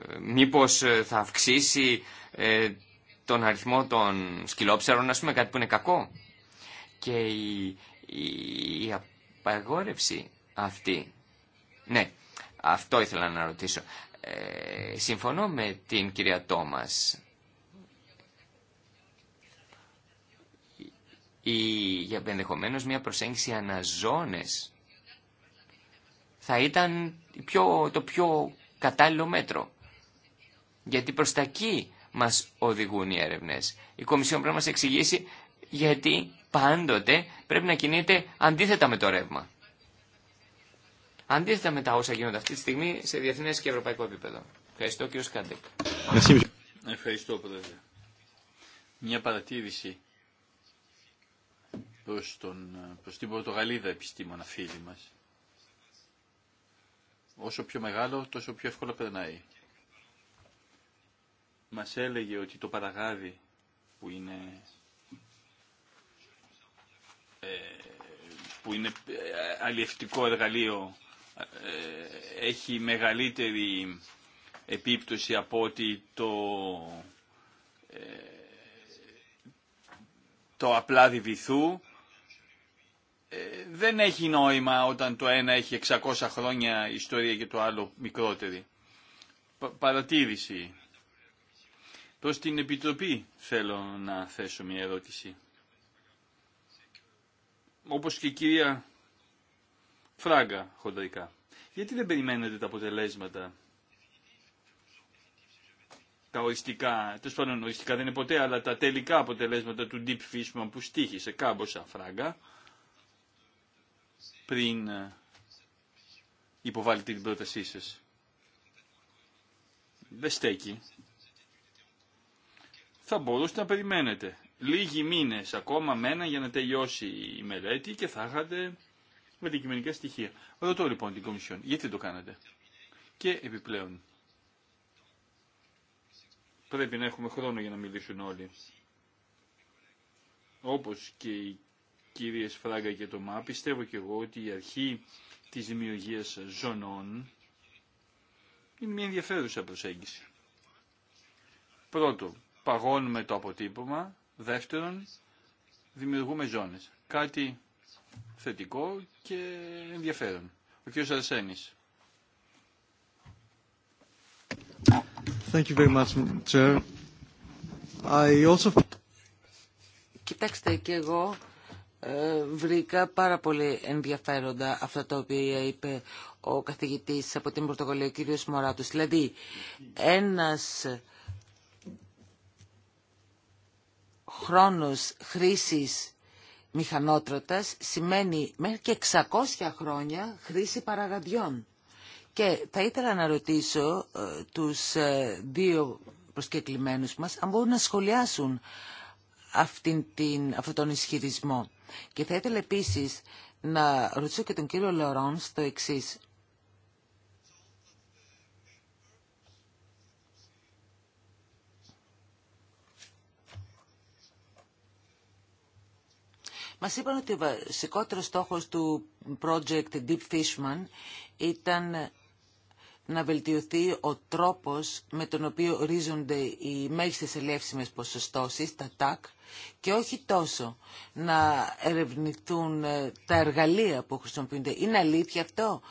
Ε, μήπως ε, θα αυξήσει τον αριθμό των σκυλόψερων, ας πούμε, κάτι που είναι κακό. Και η, η απαγόρευση αυτή, ναι, αυτό ήθελα να ρωτήσω. Ε, συμφωνώ με την κυρία Τόμας. Ή, για ενδεχομένως μια προσέγγιση αναζώνες θα ήταν πιο, το πιο κατάλληλο μέτρο. Γιατί προς τα εκεί μας οδηγούν οι έρευνες. Η Κομισιόν πρέπει να μας εξηγήσει γιατί πάντοτε πρέπει να κινείται αντίθετα με το ρεύμα αντίθετα με τα όσα γίνονται αυτή τη στιγμή σε διεθνέ και ευρωπαϊκό επίπεδο. Ευχαριστώ κύριο Σκάντεκ. Ευχαριστώ πρόεδρε. Μια παρατήρηση προς, τον, προς την Πορτογαλίδα επιστήμονα φίλη μας. Όσο πιο μεγάλο, τόσο πιο εύκολα περνάει. Μας έλεγε ότι το παραγάδι που είναι ε, που είναι ε, αλλιευτικό εργαλείο ε, έχει μεγαλύτερη επίπτωση από ότι το, ε, το απλά ε, δεν έχει νόημα όταν το ένα έχει 600 χρόνια ιστορία και το άλλο μικρότερη. παρατήρηση. Προς την Επιτροπή θέλω να θέσω μια ερώτηση. Όπως και η κυρία φράγκα χοντρικά. Γιατί δεν περιμένετε τα αποτελέσματα τα οριστικά, τέλο πάντων οριστικά δεν είναι ποτέ, αλλά τα τελικά αποτελέσματα του Deep Fishman που στήχησε κάμποσα φράγκα πριν ε, υποβάλλετε την πρότασή σα. Δεν στέκει. Θα μπορούσατε να περιμένετε. Λίγοι μήνες ακόμα μένα για να τελειώσει η μελέτη και θα είχατε με τα κειμενικά στοιχεία. Ρωτώ λοιπόν την Κομισιόν, γιατί το κάνατε. Και επιπλέον, πρέπει να έχουμε χρόνο για να μιλήσουν όλοι. Όπως και οι κυρίες Φράγκα και το ΜΑ, πιστεύω και εγώ ότι η αρχή της δημιουργία ζωνών είναι μια ενδιαφέρουσα προσέγγιση. Πρώτο, παγώνουμε το αποτύπωμα. Δεύτερον, δημιουργούμε ζώνες. Κάτι θετικό και ενδιαφέρον. Ο κ. Αρσένης. Thank you very much, Chair. I also... Κοιτάξτε και εγώ ε, βρήκα πάρα πολύ ενδιαφέροντα αυτά τα οποία είπε ο καθηγητής από την Πορτογαλία, ο κ. Μωράτος. Δηλαδή, ένας χρόνος χρήσης Μηχανότρωτας σημαίνει μέχρι και 600 χρόνια χρήση παραγαδιών. Και θα ήθελα να ρωτήσω ε, τους ε, δύο προσκεκλημένους μας αν μπορούν να σχολιάσουν αυτήν την, αυτόν τον ισχυρισμό. Και θα ήθελα επίσης να ρωτήσω και τον κύριο Λεωρόν στο εξής. Μας είπαν ότι ο βασικότερος στόχος του project Deep Fishman ήταν να βελτιωθεί ο τρόπος με τον οποίο ορίζονται οι μέγιστες ελεύσιμες ποσοστώσεις, τα TAC, και όχι τόσο να ερευνηθούν ε, τα εργαλεία που χρησιμοποιούνται. Είναι αλήθεια αυτό.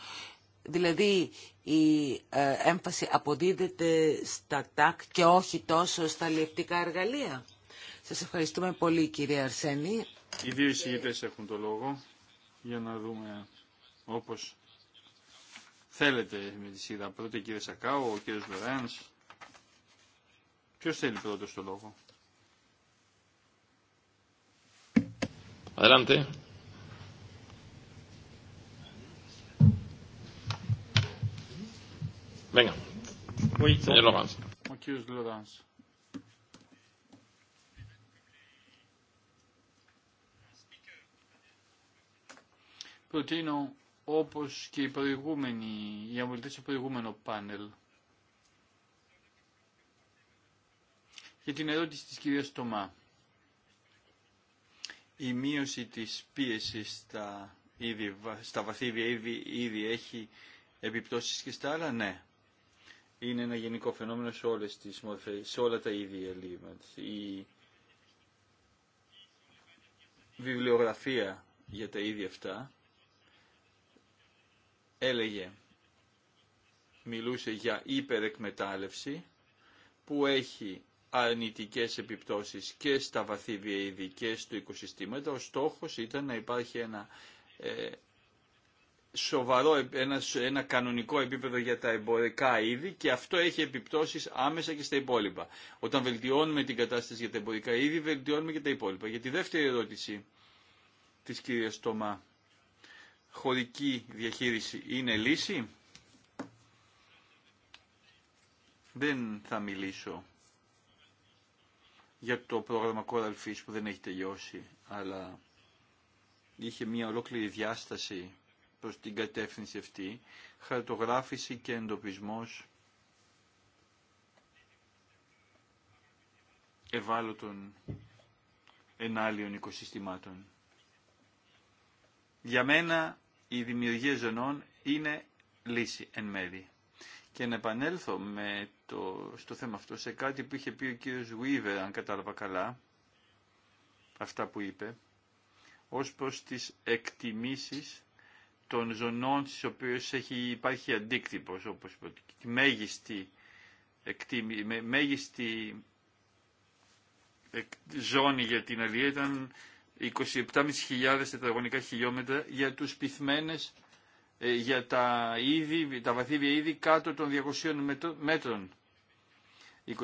Δηλαδή η ε, έμφαση αποδίδεται στα TAC και όχι τόσο στα λεπτικα εργαλεία. Σας ευχαριστούμε πολύ κυρία Αρσένη. Οι δύο εισηγητές έχουν το λόγο για να δούμε όπως θέλετε με τη σειρά. Πρώτη κύριε Σακάου, ο κύριος Βεράνς. Ποιος θέλει πρώτος το λόγο. Adelante. Venga. Ο κύριος Λοράνς. προτείνω όπως και οι προηγούμενοι, οι αμβολητές στο προηγούμενο πάνελ. Για την ερώτηση της κυρίας Η μείωση της πίεσης στα, ήδη, στα βαθύβια ήδη, έχει επιπτώσεις και στα άλλα, ναι. Είναι ένα γενικό φαινόμενο σε, όλες τις μορφές, σε όλα τα ίδια ελίματα. Η βιβλιογραφία για τα ίδια αυτά έλεγε, μιλούσε για υπερεκμετάλλευση που έχει αρνητικές επιπτώσεις και στα βαθύ είδη και στο οικοσυστήματα. Ο στόχος ήταν να υπάρχει ένα ε, σοβαρό, ένα, ένα κανονικό επίπεδο για τα εμπορικά είδη και αυτό έχει επιπτώσεις άμεσα και στα υπόλοιπα. Όταν βελτιώνουμε την κατάσταση για τα εμπορικά είδη, βελτιώνουμε και τα υπόλοιπα. Για τη δεύτερη ερώτηση της κυρίας Τωμά χωρική διαχείριση είναι λύση. Δεν θα μιλήσω για το πρόγραμμα Coral Fish που δεν έχει τελειώσει, αλλά είχε μια ολόκληρη διάσταση προς την κατεύθυνση αυτή, χαρτογράφηση και εντοπισμός ευάλωτων ενάλλειων οικοσυστημάτων. Για μένα η δημιουργία ζωνών είναι λύση εν μέρη. Και να επανέλθω με το, στο θέμα αυτό σε κάτι που είχε πει ο κύριος Βίβερ, αν κατάλαβα καλά, αυτά που είπε, ως προς τις εκτιμήσεις των ζωνών στις οποίες έχει, υπάρχει αντίκτυπος, όπως είπα, η μέγιστη, μέγιστη ε, ζώνη για την αλληλεία ήταν 27.500 τετραγωνικά χιλιόμετρα για τους πυθμένες, ε, για τα, είδη, τα βαθύβια είδη κάτω των 200 μέτρων. 27.000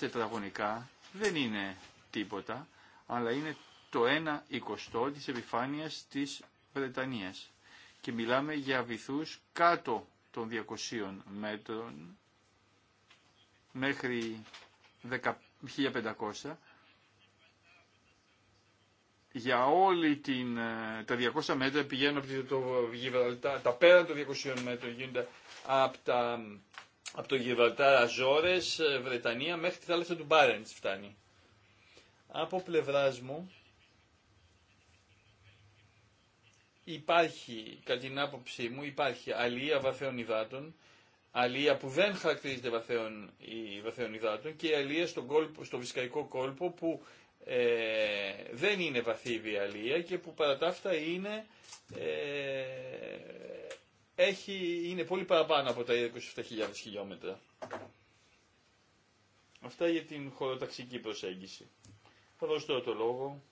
τετραγωνικά δεν είναι τίποτα, αλλά είναι το 1 εικοστό της επιφάνειας της Βρετανίας. Και μιλάμε για βυθούς κάτω των 200 μέτρων μέχρι 1500 για όλη την, ε, τα 200 μέτρα πηγαίνουν από το Γιβραλτά. τα πέραν των 200 μέτρων γίνονται από, τα, από το Γιβραλτά, Αζόρες, ε, Βρετανία, μέχρι τη θάλασσα του Μπάρεντς φτάνει. Από πλευράς μου υπάρχει, κατά την άποψή μου, υπάρχει αλία βαθέων υδάτων, αλία που δεν χαρακτηρίζεται βαθέων, βαθέων υδάτων και αλία στο βυσκαϊκό κόλπο που ε, δεν είναι βαθύ βιαλία και που παρά τα αυτά είναι, ε, έχει, είναι πολύ παραπάνω από τα 27.000 χιλιόμετρα. Αυτά για την χωροταξική προσέγγιση. Θα δώσω τώρα το λόγο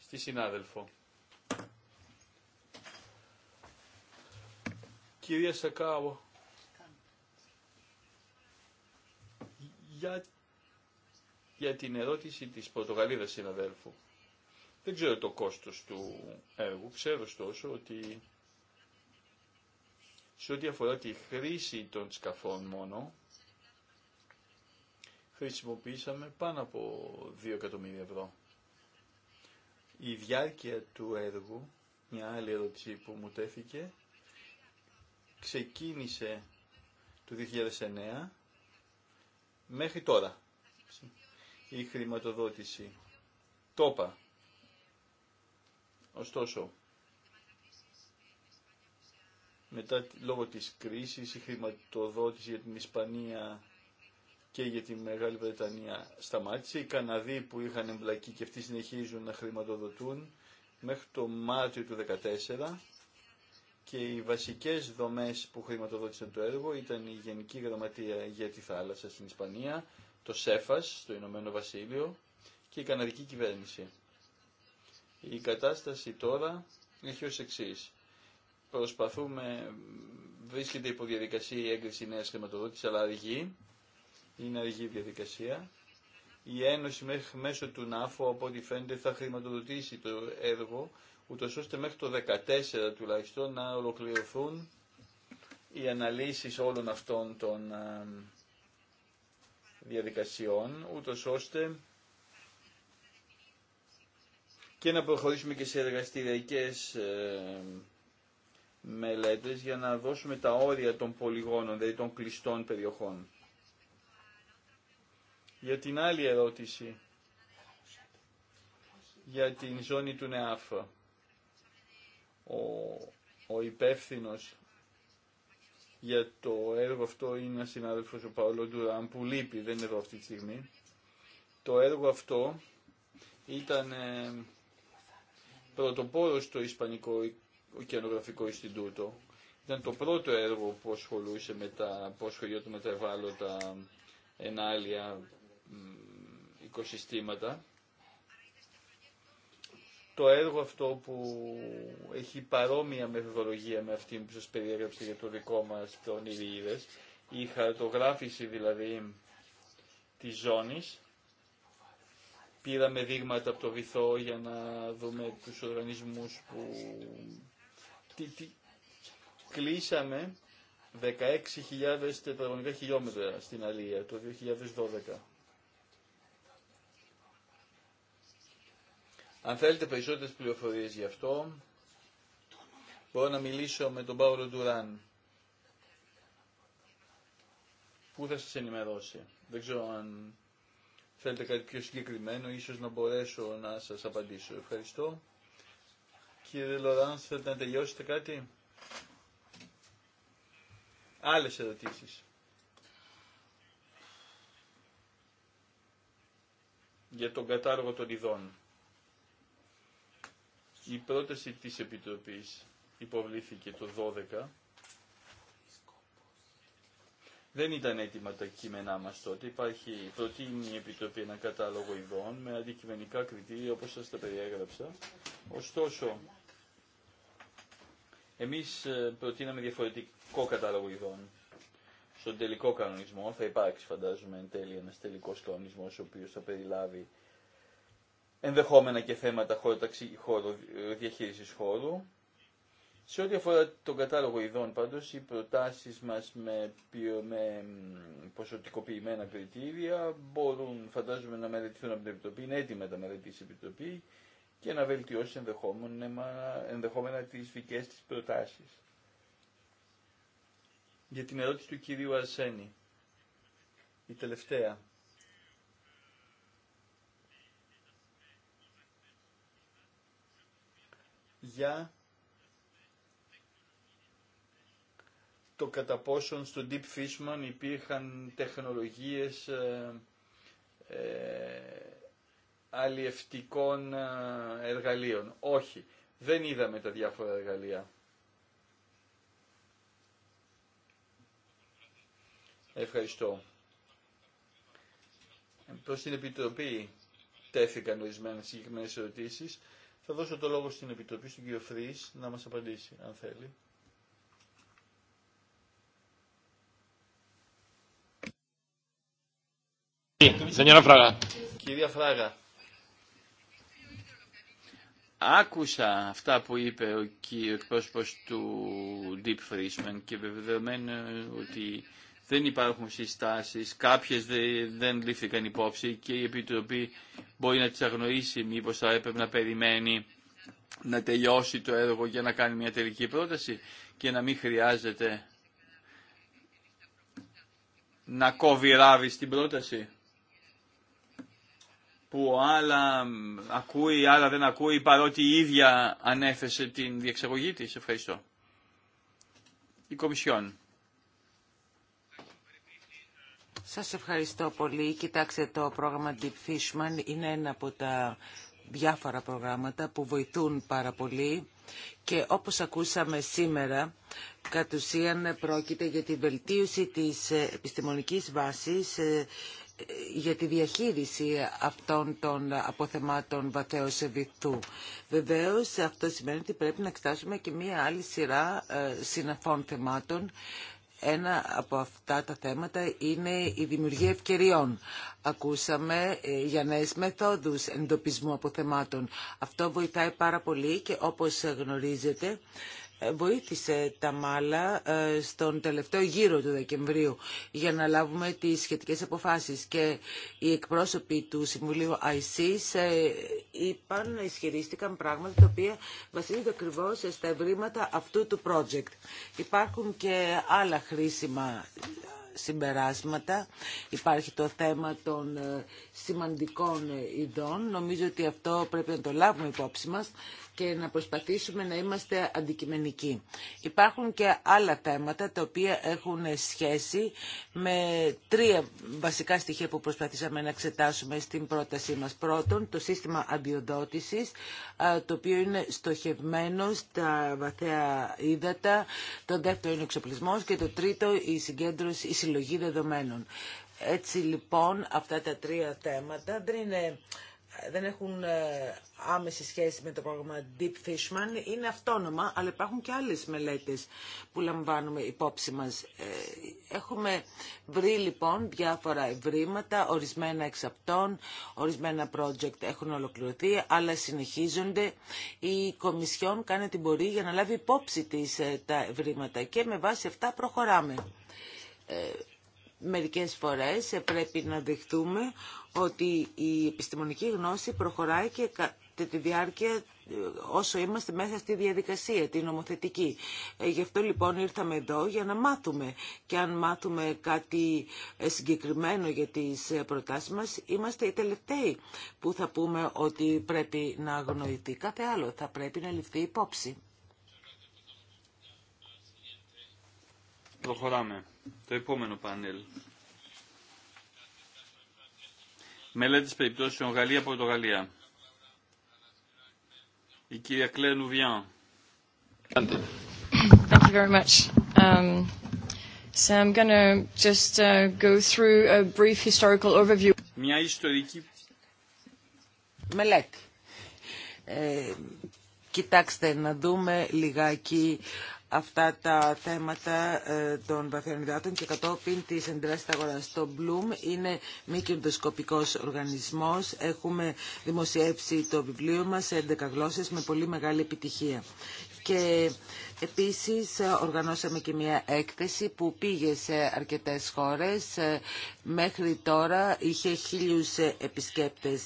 στη συνάδελφο. Κυρία Σακάου, για για την ερώτηση της Πορτογαλίδας συναδέλφου. Δεν ξέρω το κόστος του έργου, ξέρω ωστόσο ότι σε ό,τι αφορά τη χρήση των σκαφών μόνο, χρησιμοποιήσαμε πάνω από 2 εκατομμύρια ευρώ. Η διάρκεια του έργου, μια άλλη ερώτηση που μου τέθηκε, ξεκίνησε το 2009 μέχρι τώρα η χρηματοδότηση. Τόπα. Ωστόσο, μετά λόγω της κρίσης η χρηματοδότηση για την Ισπανία και για τη Μεγάλη Βρετανία σταμάτησε. Οι Καναδοί που είχαν εμπλακεί και αυτοί συνεχίζουν να χρηματοδοτούν μέχρι το Μάρτιο του 2014 και οι βασικές δομές που χρηματοδότησαν το έργο ήταν η Γενική Γραμματεία για τη Θάλασσα στην Ισπανία, το ΣΕΦΑΣ το Ηνωμένο Βασίλειο και η καναδική κυβέρνηση. Η κατάσταση τώρα έχει ως εξή. Προσπαθούμε, βρίσκεται υπό διαδικασία η έγκριση νέας χρηματοδότησης, αλλά αργή, είναι αργή η διαδικασία. Η Ένωση μέχρι μέσω του ΝΑΦΟ, από ό,τι φαίνεται, θα χρηματοδοτήσει το έργο, ούτω ώστε μέχρι το 2014 τουλάχιστον να ολοκληρωθούν οι αναλύσεις όλων αυτών των ε, διαδικασιών, ούτως ώστε και να προχωρήσουμε και σε εργαστηριακές ε, μελέτες για να δώσουμε τα όρια των πολυγόνων, δηλαδή των κλειστών περιοχών. Για την άλλη ερώτηση, για την ζώνη του ΝΕΑΦ, ο, ο για το έργο αυτό είναι ένα συνάδελφο ο Παόλο Ντουράν που λείπει, δεν είναι εδώ αυτή τη στιγμή. Το έργο αυτό ήταν ε, πρωτοπόρο στο Ισπανικό Οκεανογραφικό Ινστιτούτο. Ήταν το πρώτο έργο που ασχολούσε με τα, που ασχολιόταν με τα ευάλωτα ενάλια οικοσυστήματα το έργο αυτό που έχει παρόμοια μεθοδολογία με αυτή που σας περιέγραψε για το δικό μας τον Ιδίδες, η χαρτογράφηση δηλαδή της ζώνης, πήραμε δείγματα από το βυθό για να δούμε τους οργανισμούς που... Τι, Κλείσαμε 16.000 τετραγωνικά χιλιόμετρα στην Αλία το 2012. Αν θέλετε περισσότερες πληροφορίες γι' αυτό, μπορώ να μιλήσω με τον Παύλο Ντουράν, που θα σας ενημερώσει. Δεν ξέρω αν θέλετε κάτι πιο συγκεκριμένο, ίσως να μπορέσω να σας απαντήσω. Ευχαριστώ. Κύριε Λοράν, θέλετε να τελειώσετε κάτι. Άλλες ερωτήσεις. Για τον κατάλογο των ειδών. Η πρόταση της Επιτροπής υποβλήθηκε το 12. Δεν ήταν έτοιμα τα κείμενά μας τότε. Υπάρχει, προτείνει η Επιτροπή ένα κατάλογο ειδών με αντικειμενικά κριτήρια όπως σας τα περιέγραψα. Ωστόσο, εμείς ε, προτείναμε διαφορετικό κατάλογο ειδών. Στον τελικό κανονισμό θα υπάρξει φαντάζομαι εν τέλει ένας τελικός κανονισμός ο οποίος θα περιλάβει ενδεχόμενα και θέματα χώρο, ε, διαχείρισης χώρου. Σε ό,τι αφορά τον κατάλογο ειδών πάντως, οι προτάσεις μας με, με ποσοτικοποιημένα κριτήρια μπορούν φαντάζομαι να μελετηθούν από την Επιτροπή, είναι έτοιμα τα μελετήσει η Επιτροπή και να βελτιώσει ενδεχόμενα, ενδεχόμενα τις δικές της προτάσεις. Για την ερώτηση του κυρίου Αρσένη, η τελευταία. για το κατά πόσον στο Deep Fishman υπήρχαν τεχνολογίες ε, ε αλλιευτικών ε, εργαλείων. Όχι, δεν είδαμε τα διάφορα εργαλεία. Ευχαριστώ. Προς την Επιτροπή τέθηκαν ορισμένες συγκεκριμένες ερωτήσεις. Θα δώσω το λόγο στην Επιτροπή, στον κύριο Φρύς, να μας απαντήσει, αν θέλει. Φράγα. Κυρία Φράγα. Άκουσα αυτά που είπε ο εκπρόσωπος του Deep Friesman και βεβαιωμένο ότι δεν υπάρχουν συστάσεις, κάποιες δεν λήφθηκαν υπόψη και η Επιτροπή μπορεί να τις αγνοήσει μήπως θα έπρεπε να περιμένει να τελειώσει το έργο για να κάνει μια τελική πρόταση και να μην χρειάζεται να κόβει ράβη στην πρόταση που άλλα ακούει, άλλα δεν ακούει, παρότι η ίδια ανέφεσε την διεξαγωγή της. Ευχαριστώ. Η Κομισιόν. Σας ευχαριστώ πολύ. Κοιτάξτε το πρόγραμμα Deep Fishman είναι ένα από τα διάφορα προγράμματα που βοηθούν πάρα πολύ και όπως ακούσαμε σήμερα κατ' ουσίαν πρόκειται για τη βελτίωση της επιστημονικής βάσης ε, για τη διαχείριση αυτών των αποθεμάτων βαθέως ευηθού. Βεβαίως αυτό σημαίνει ότι πρέπει να εξετάσουμε και μία άλλη σειρά ε, συναφών θεμάτων ένα από αυτά τα θέματα είναι η δημιουργία ευκαιριών. Ακούσαμε ε, για νέες μεθόδους εντοπισμού αποθεμάτων. Αυτό βοηθάει πάρα πολύ και όπως γνωρίζετε ε, βοήθησε τα μάλα ε, στον τελευταίο γύρο του Δεκεμβρίου για να λάβουμε τις σχετικές αποφάσεις και οι εκπρόσωποι του Συμβουλίου σε είπαν, ισχυρίστηκαν πράγματα τα οποία βασίζονται ακριβώ στα ευρήματα αυτού του project. Υπάρχουν και άλλα χρήσιμα συμπεράσματα. Υπάρχει το θέμα των ε, σημαντικών ειδών. Νομίζω ότι αυτό πρέπει να το λάβουμε υπόψη μας και να προσπαθήσουμε να είμαστε αντικειμενικοί. Υπάρχουν και άλλα θέματα τα οποία έχουν σχέση με τρία βασικά στοιχεία που προσπαθήσαμε να εξετάσουμε στην πρότασή μας. Πρώτον, το σύστημα αντιοδότησης, το οποίο είναι στοχευμένο στα βαθέα ύδατα. Το δεύτερο είναι ο εξοπλισμός και το τρίτο η συγκέντρωση, η συλλογή δεδομένων. Έτσι λοιπόν αυτά τα τρία θέματα δεν είναι δεν έχουν ε, άμεση σχέση με το πρόγραμμα Deep Fishman είναι αυτόνομα, αλλά υπάρχουν και άλλες μελέτες που λαμβάνουμε υπόψη μας. Ε, έχουμε βρει λοιπόν διάφορα ευρήματα, ορισμένα εξ αυτών, ορισμένα project έχουν ολοκληρωθεί, αλλά συνεχίζονται. Η Κομισιόν κάνει την πορεία για να λάβει υπόψη της ε, τα ευρήματα και με βάση αυτά προχωράμε μερικές φορές πρέπει να δεχτούμε ότι η επιστημονική γνώση προχωράει και κατά τη διάρκεια ε, όσο είμαστε μέσα στη διαδικασία, την νομοθετική. Ε, γι' αυτό λοιπόν ήρθαμε εδώ για να μάθουμε και αν μάθουμε κάτι ε, συγκεκριμένο για τις προτάσεις μας, είμαστε οι τελευταίοι που θα πούμε ότι πρέπει να αγνοηθεί. Κάθε άλλο θα πρέπει να ληφθεί υπόψη. Προχωράμε. Το επόμενο πάνελ. Μελέτης περιπτώσεων Γαλλία-Πορτογαλία. Η κυρία Κλέρ Λουβιάν. Thank you very much. Um, so I'm going to just uh, go through a brief historical overview. Μια ιστορική μελέτη. Ε, κοιτάξτε να δούμε λιγάκι αυτά τα θέματα ε, των βαθιών και κατόπιν τη εντράσεις αγοράς. Το Bloom είναι μη κερδοσκοπικό οργανισμός. Έχουμε δημοσιεύσει το βιβλίο μας σε 11 γλώσσες με πολύ μεγάλη επιτυχία. Επίσης ε, οργανώσαμε και μια έκθεση που πήγε σε αρκετές χώρες. Ε, μέχρι τώρα είχε χίλιους ε, επισκέπτες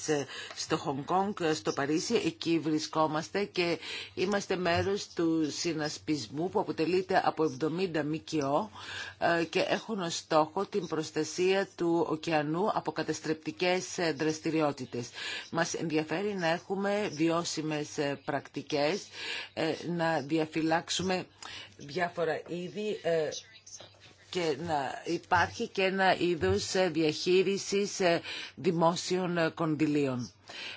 στο Χονγκ Κόνγκ, στο Παρίσι. Εκεί βρισκόμαστε και είμαστε μέρος του συνασπισμού που αποτελείται από 70 ΜΚΟ και έχουν ως στόχο την προστασία του ωκεανού από καταστρεπτικές δραστηριότητες. Μας ενδιαφέρει να έχουμε βιώσιμες πρακτικές, να διαφυλάξουμε διάφορα είδη ε, και να υπάρχει και ένα είδος ε, διαχείρισης ε, δημόσιων κονδυλίων.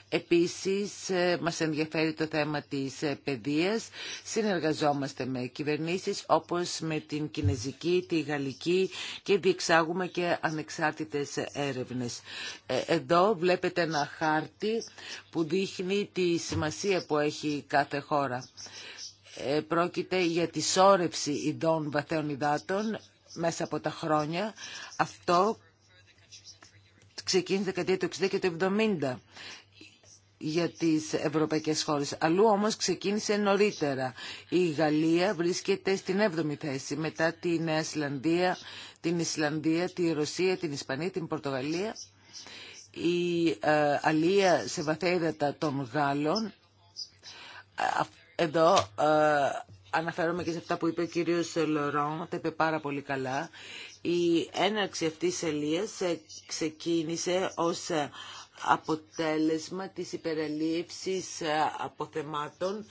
Επίσης, μας ενδιαφέρει το θέμα της παιδείας. Συνεργαζόμαστε με κυβερνήσεις όπως με την Κινέζικη, τη Γαλλική και διεξάγουμε και ανεξάρτητες έρευνες. Εδώ βλέπετε ένα χάρτη που δείχνει τη σημασία που έχει κάθε χώρα. Ε, πρόκειται για τη σώρευση ειδών βαθέων υδάτων μέσα από τα χρόνια. Αυτό ξεκίνησε δεκαετία του 60 και του 70 για τις ευρωπαϊκές χώρες. Αλλού όμως ξεκίνησε νωρίτερα. Η Γαλλία βρίσκεται στην 7η θέση μετά τη Νέα Ισλανδία, την Ισλανδία, τη Ρωσία, την Ισπανία, την Πορτογαλία. Η ε, αλία σε βαθέιδατα των Γάλλων ε, εδώ ε, αναφέρομαι και σε αυτά που είπε ο κύριος Λορόν, τα είπε πάρα πολύ καλά. Η έναρξη αυτής της ελίας ε, ξεκίνησε ως ε, αποτέλεσμα της υπερελήψης αποθεμάτων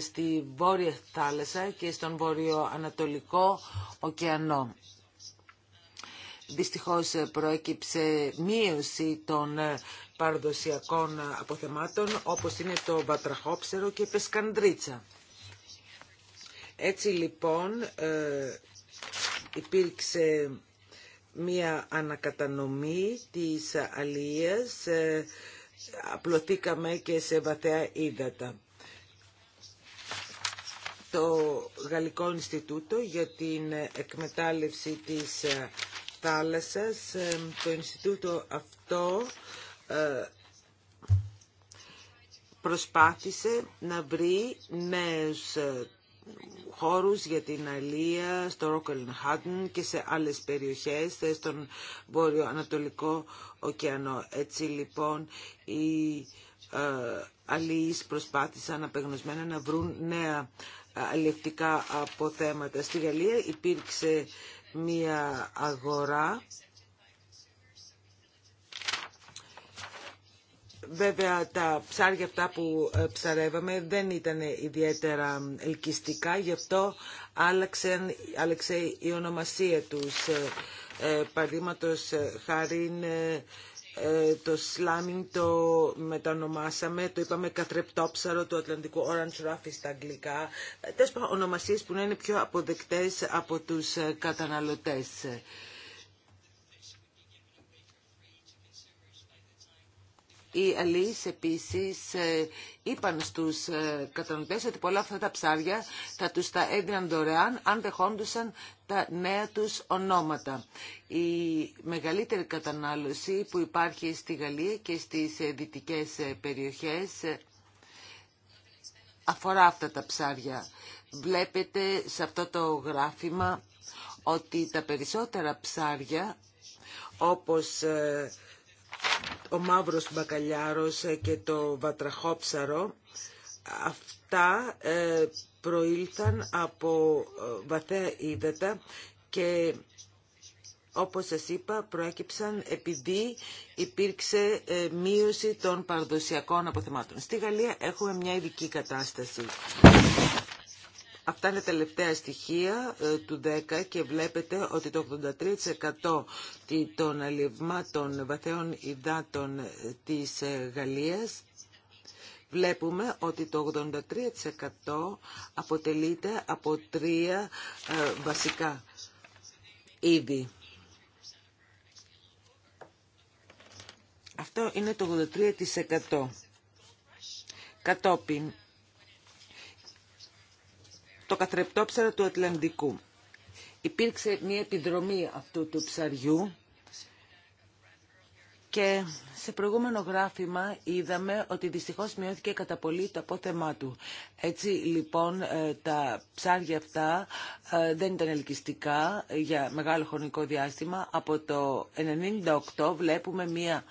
στη Βόρεια Θάλασσα και στον Βόρειο Ανατολικό Ωκεανό. Δυστυχώς προέκυψε μείωση των παραδοσιακών αποθεμάτων όπως είναι το βατραχόψερο και η πεσκανδρίτσα. Έτσι λοιπόν ε, υπήρξε μία ανακατανομή της αλίας, ε, απλωθήκαμε και σε βαθέα ύδατα. Το Γαλλικό Ινστιτούτο για την εκμετάλλευση της ε, θάλασσας, το Ινστιτούτο αυτό ε, προσπάθησε να βρει νέους ε, χώρους για την Αλία, στο Ρόκελν Χάτν και σε άλλες περιοχές, ε, στον Βόρειο Ανατολικό Ωκεανό. Έτσι λοιπόν οι ε, προσπάθησαν απεγνωσμένα να βρουν νέα αλληλευτικά αποθέματα. Στη Γαλλία υπήρξε μία αγορά Βέβαια τα ψάρια αυτά που ε, ψαρεύαμε δεν ήταν ιδιαίτερα ελκυστικά, γι' αυτό άλλαξε, άλλαξε η ονομασία τους. Ε, ε Παραδείγματος ε, χάρη το σλάμινγκ το μετανομάσαμε, το είπαμε ψαρό του Ατλαντικού Orange Ruffy στα αγγλικά. Τέσπα ονομασίες που να είναι πιο αποδεκτές από τους καταναλωτές. Οι Αλείς επίσης ε, είπαν στους ε, κατανοητές ότι πολλά αυτά τα ψάρια θα τους τα έδιναν δωρεάν αν δεχόντουσαν τα νέα τους ονόματα. Η μεγαλύτερη κατανάλωση που υπάρχει στη Γαλλία και στις ε, δυτικές περιοχές αφορά αυτά τα ψάρια. Βλέπετε σε αυτό το γράφημα ότι τα περισσότερα ψάρια όπως ο μαύρος μπακαλιάρος και το βατραχόψαρο, αυτά ε, προήλθαν από ε, βαθέα ύδατα και όπως σας είπα προέκυψαν επειδή υπήρξε ε, μείωση των παραδοσιακών αποθεμάτων. Στη Γαλλία έχουμε μια ειδική κατάσταση. Αυτά είναι τα τελευταία στοιχεία ε, του 10 και βλέπετε ότι το 83% των αλλιευμάτων βαθέων υδάτων ε, της ε, Γαλλίας βλέπουμε ότι το 83% αποτελείται από τρία βασικά είδη. Αυτό είναι το 83%. Κατόπιν το καθρεπτόψαρο του Ατλαντικού. Υπήρξε μια επιδρομή αυτού του ψαριού και σε προηγούμενο γράφημα είδαμε ότι δυστυχώς μειώθηκε κατά πολύ το απόθεμά του. Έτσι λοιπόν ε, τα ψάρια αυτά ε, δεν ήταν ελκυστικά για μεγάλο χρονικό διάστημα. Από το 1998 βλέπουμε μία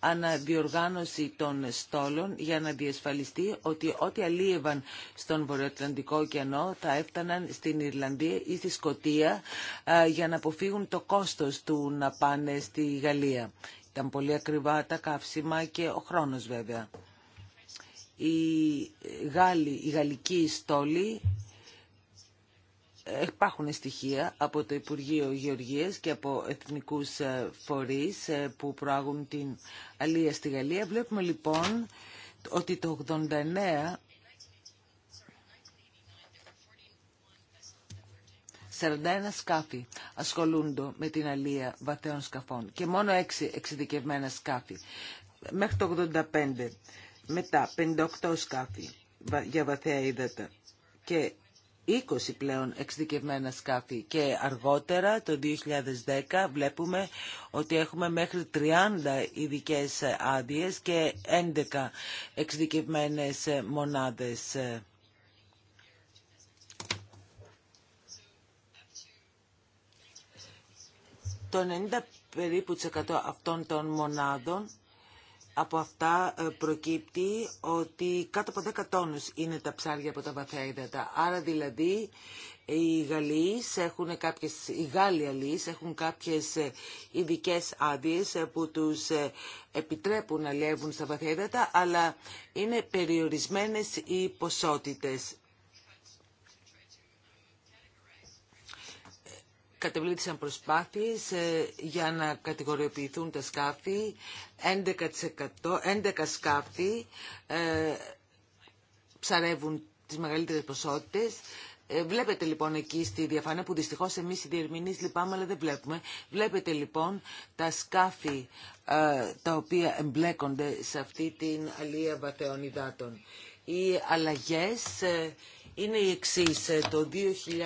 αναδιοργάνωση των στόλων για να διασφαλιστεί ότι ό,τι αλίευαν στον Βορειοατλαντικό ωκεανό θα έφταναν στην Ιρλανδία ή στη Σκωτία για να αποφύγουν το κόστος του να πάνε στη Γαλλία. Ήταν πολύ ακριβά τα καύσιμα και ο χρόνος βέβαια. Οι Γάλλοι, οι γαλλικοί στόλοι Υπάρχουν στοιχεία από το Υπουργείο Γεωργίας και από εθνικούς ε, φορείς ε, που προάγουν την αλία στη Γαλλία. Βλέπουμε λοιπόν ότι το 89 41 σκάφη ασχολούνται με την αλία βαθέων σκαφών και μόνο 6 εξειδικευμένα σκάφη. Μέχρι το 85. Μετά 58 σκάφη για βαθέα ύδατα και 20 πλέον εξειδικευμένα σκάφη και αργότερα το 2010 βλέπουμε ότι έχουμε μέχρι 30 ειδικέ άδειε και 11 εξειδικευμένε μονάδες. Το 90 περίπου αυτών των μονάδων από αυτά ε, προκύπτει ότι κάτω από 10 τόνους είναι τα ψάρια από τα βαθιά Άρα δηλαδή οι Γαλλίες έχουν κάποιες, οι Γάλλοι έχουν κάποιες ε, ειδικέ άδειε ε, που τους επιτρέπουν να λεύουν στα βαθιά αλλά είναι περιορισμένες οι ποσότητες. κατεβλήθησαν προσπάθειες ε, για να κατηγοριοποιηθούν τα σκάφη. 11%, 11 σκάφη ε, ψαρεύουν τις μεγαλύτερες ποσότητες. Ε, βλέπετε λοιπόν εκεί στη διαφάνεια που δυστυχώς εμείς οι διερμηνείς λυπάμαι αλλά δεν βλέπουμε. Βλέπετε λοιπόν τα σκάφη ε, τα οποία εμπλέκονται σε αυτή την αλία βαθεών υδάτων. Οι αλλαγές είναι οι εξής. Το 2000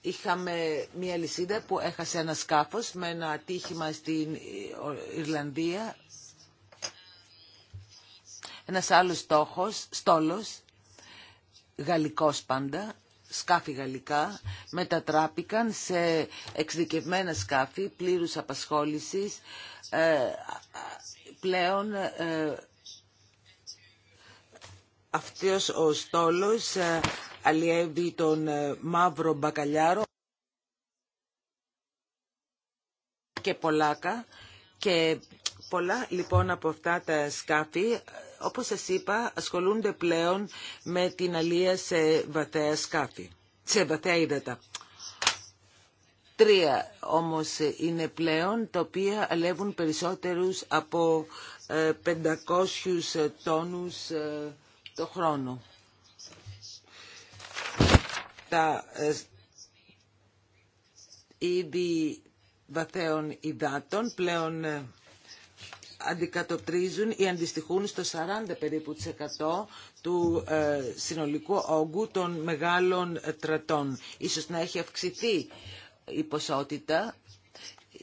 είχαμε μια λυσίδα που έχασε ένα σκάφος με ένα ατύχημα στην Ιρλανδία. Ένας άλλος στόχος, στόλος, γαλλικός πάντα, σκάφη γαλλικά, μετατράπηκαν σε εξειδικευμένα σκάφη πλήρους απασχόλησης, ε, πλέον ε, αυτός ο στόλος ε, αλλιεύει τον ε, μαύρο μπακαλιάρο και πολλάκα και πολλά λοιπόν από αυτά τα σκάφη όπως σας είπα ασχολούνται πλέον με την αλία σε βαθαία σκάφη, σε βαθαία ύδατα. Τρία όμως είναι πλέον τα οποία αλεύουν περισσότερους από 500 ε, τόνους το χρόνο. Τα ε, είδη βαθέων υδάτων πλέον ε, αντικατοπτρίζουν ή αντιστοιχούν στο 40 περίπου του ε, συνολικού όγκου των μεγάλων τρατών. Ίσως να έχει αυξηθεί η ποσότητα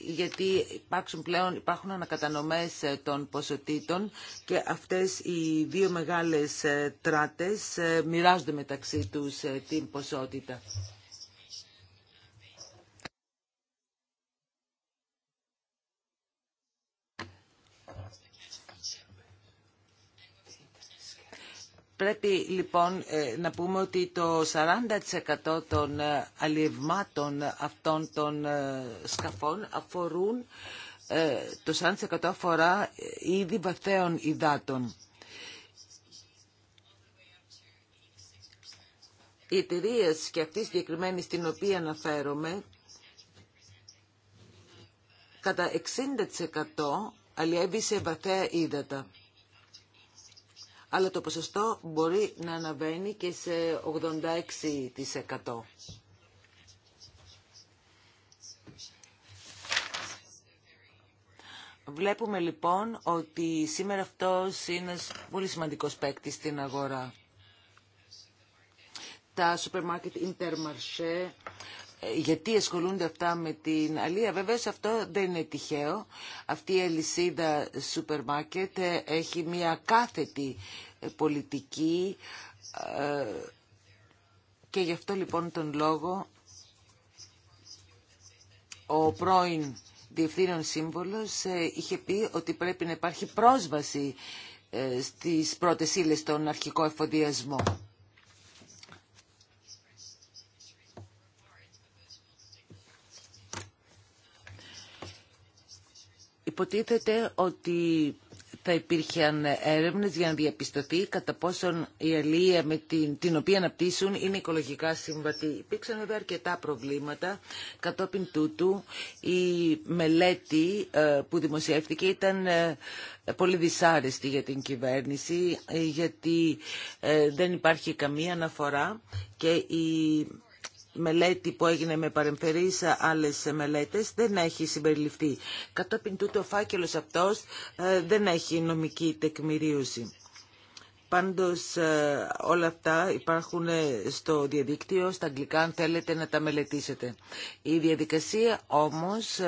γιατί υπάρχουν πλέον υπάρχουν ανακατανομές ε, των ποσοτήτων και αυτές οι δύο μεγάλες ε, τράτες ε, μοιράζονται μεταξύ τους την ποσότητα. Πρέπει λοιπόν ε, να πούμε ότι το 40% των ε, αλλιευμάτων αυτών των ε, σκαφών αφορούν, το 40% αφορά είδη βαθέων υδάτων. Οι εταιρείε και αυτή συγκεκριμένη στην οποία αναφέρομαι, κατά 60% αλλιεύει σε βαθέα ύδατα αλλά το ποσοστό μπορεί να αναβαίνει και σε 86%. Βλέπουμε λοιπόν ότι σήμερα αυτός είναι ένας πολύ σημαντικός παίκτη στην αγορά. Τα supermarket Intermarché γιατί ασχολούνται αυτά με την αλία. Βέβαια αυτό δεν είναι τυχαίο. Αυτή η αλυσίδα σούπερ έχει μια κάθετη πολιτική ε, και γι' αυτό λοιπόν τον λόγο ο πρώην διευθύνων σύμβολος ε, είχε πει ότι πρέπει να υπάρχει πρόσβαση ε, στις πρώτες ύλες στον αρχικό εφοδιασμό. Υποτίθεται ότι θα υπήρχαν έρευνες για να διαπιστωθεί κατά πόσον η αλληλεία με την, την οποία αναπτύσσουν είναι οικολογικά συμβατή. Υπήρξαν βέβαια αρκετά προβλήματα. Κατόπιν τούτου η μελέτη ε, που δημοσιεύτηκε ήταν ε, πολύ δυσάρεστη για την κυβέρνηση ε, γιατί δεν υπάρχει καμία αναφορά και η μελέτη που έγινε με παρεμφερεί άλλες μελέτες δεν έχει συμπεριληφθεί. Κατόπιν τούτο ο φάκελος αυτός ε, δεν έχει νομική τεκμηρίωση. Πάντως ε, όλα αυτά υπάρχουν ε, στο διαδίκτυο, στα αγγλικά αν θέλετε να τα μελετήσετε. Η διαδικασία όμως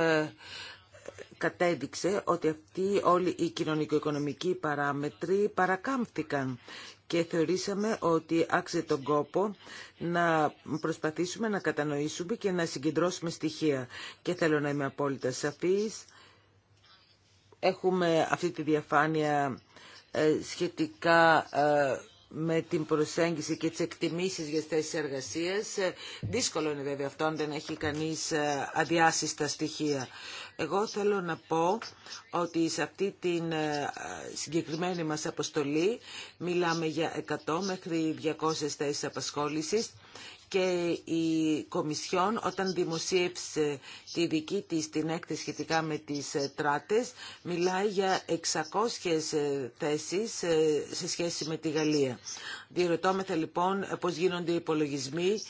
κατέδειξε ότι αυτοί όλοι οι κοινωνικο-οικονομικοί παράμετροι παρακάμφθηκαν και θεωρήσαμε ότι άξιζε τον κόπο να προσπαθήσουμε να κατανοήσουμε και να συγκεντρώσουμε στοιχεία. Και θέλω να είμαι απόλυτα σαφής. Έχουμε αυτή τη διαφάνεια ε, σχετικά ε, με την προσέγγιση και τις εκτιμήσεις για τις θέσεις εργασίας. Ε, δύσκολο είναι βέβαια αυτό αν δεν έχει κανείς αδειάσει στα στοιχεία. Εγώ θέλω να πω ότι σε αυτή την ε, συγκεκριμένη μας αποστολή μιλάμε για 100 μέχρι 200 θέσεις απασχόλησης και η Κομισιόν όταν δημοσίευσε τη δική της την έκθεση σχετικά με τις ε, τράτες μιλάει για 600 ε, θέσεις σε σχέση με τη Γαλλία. Διερωτώμεθα λοιπόν πώς γίνονται οι υπολογισμοί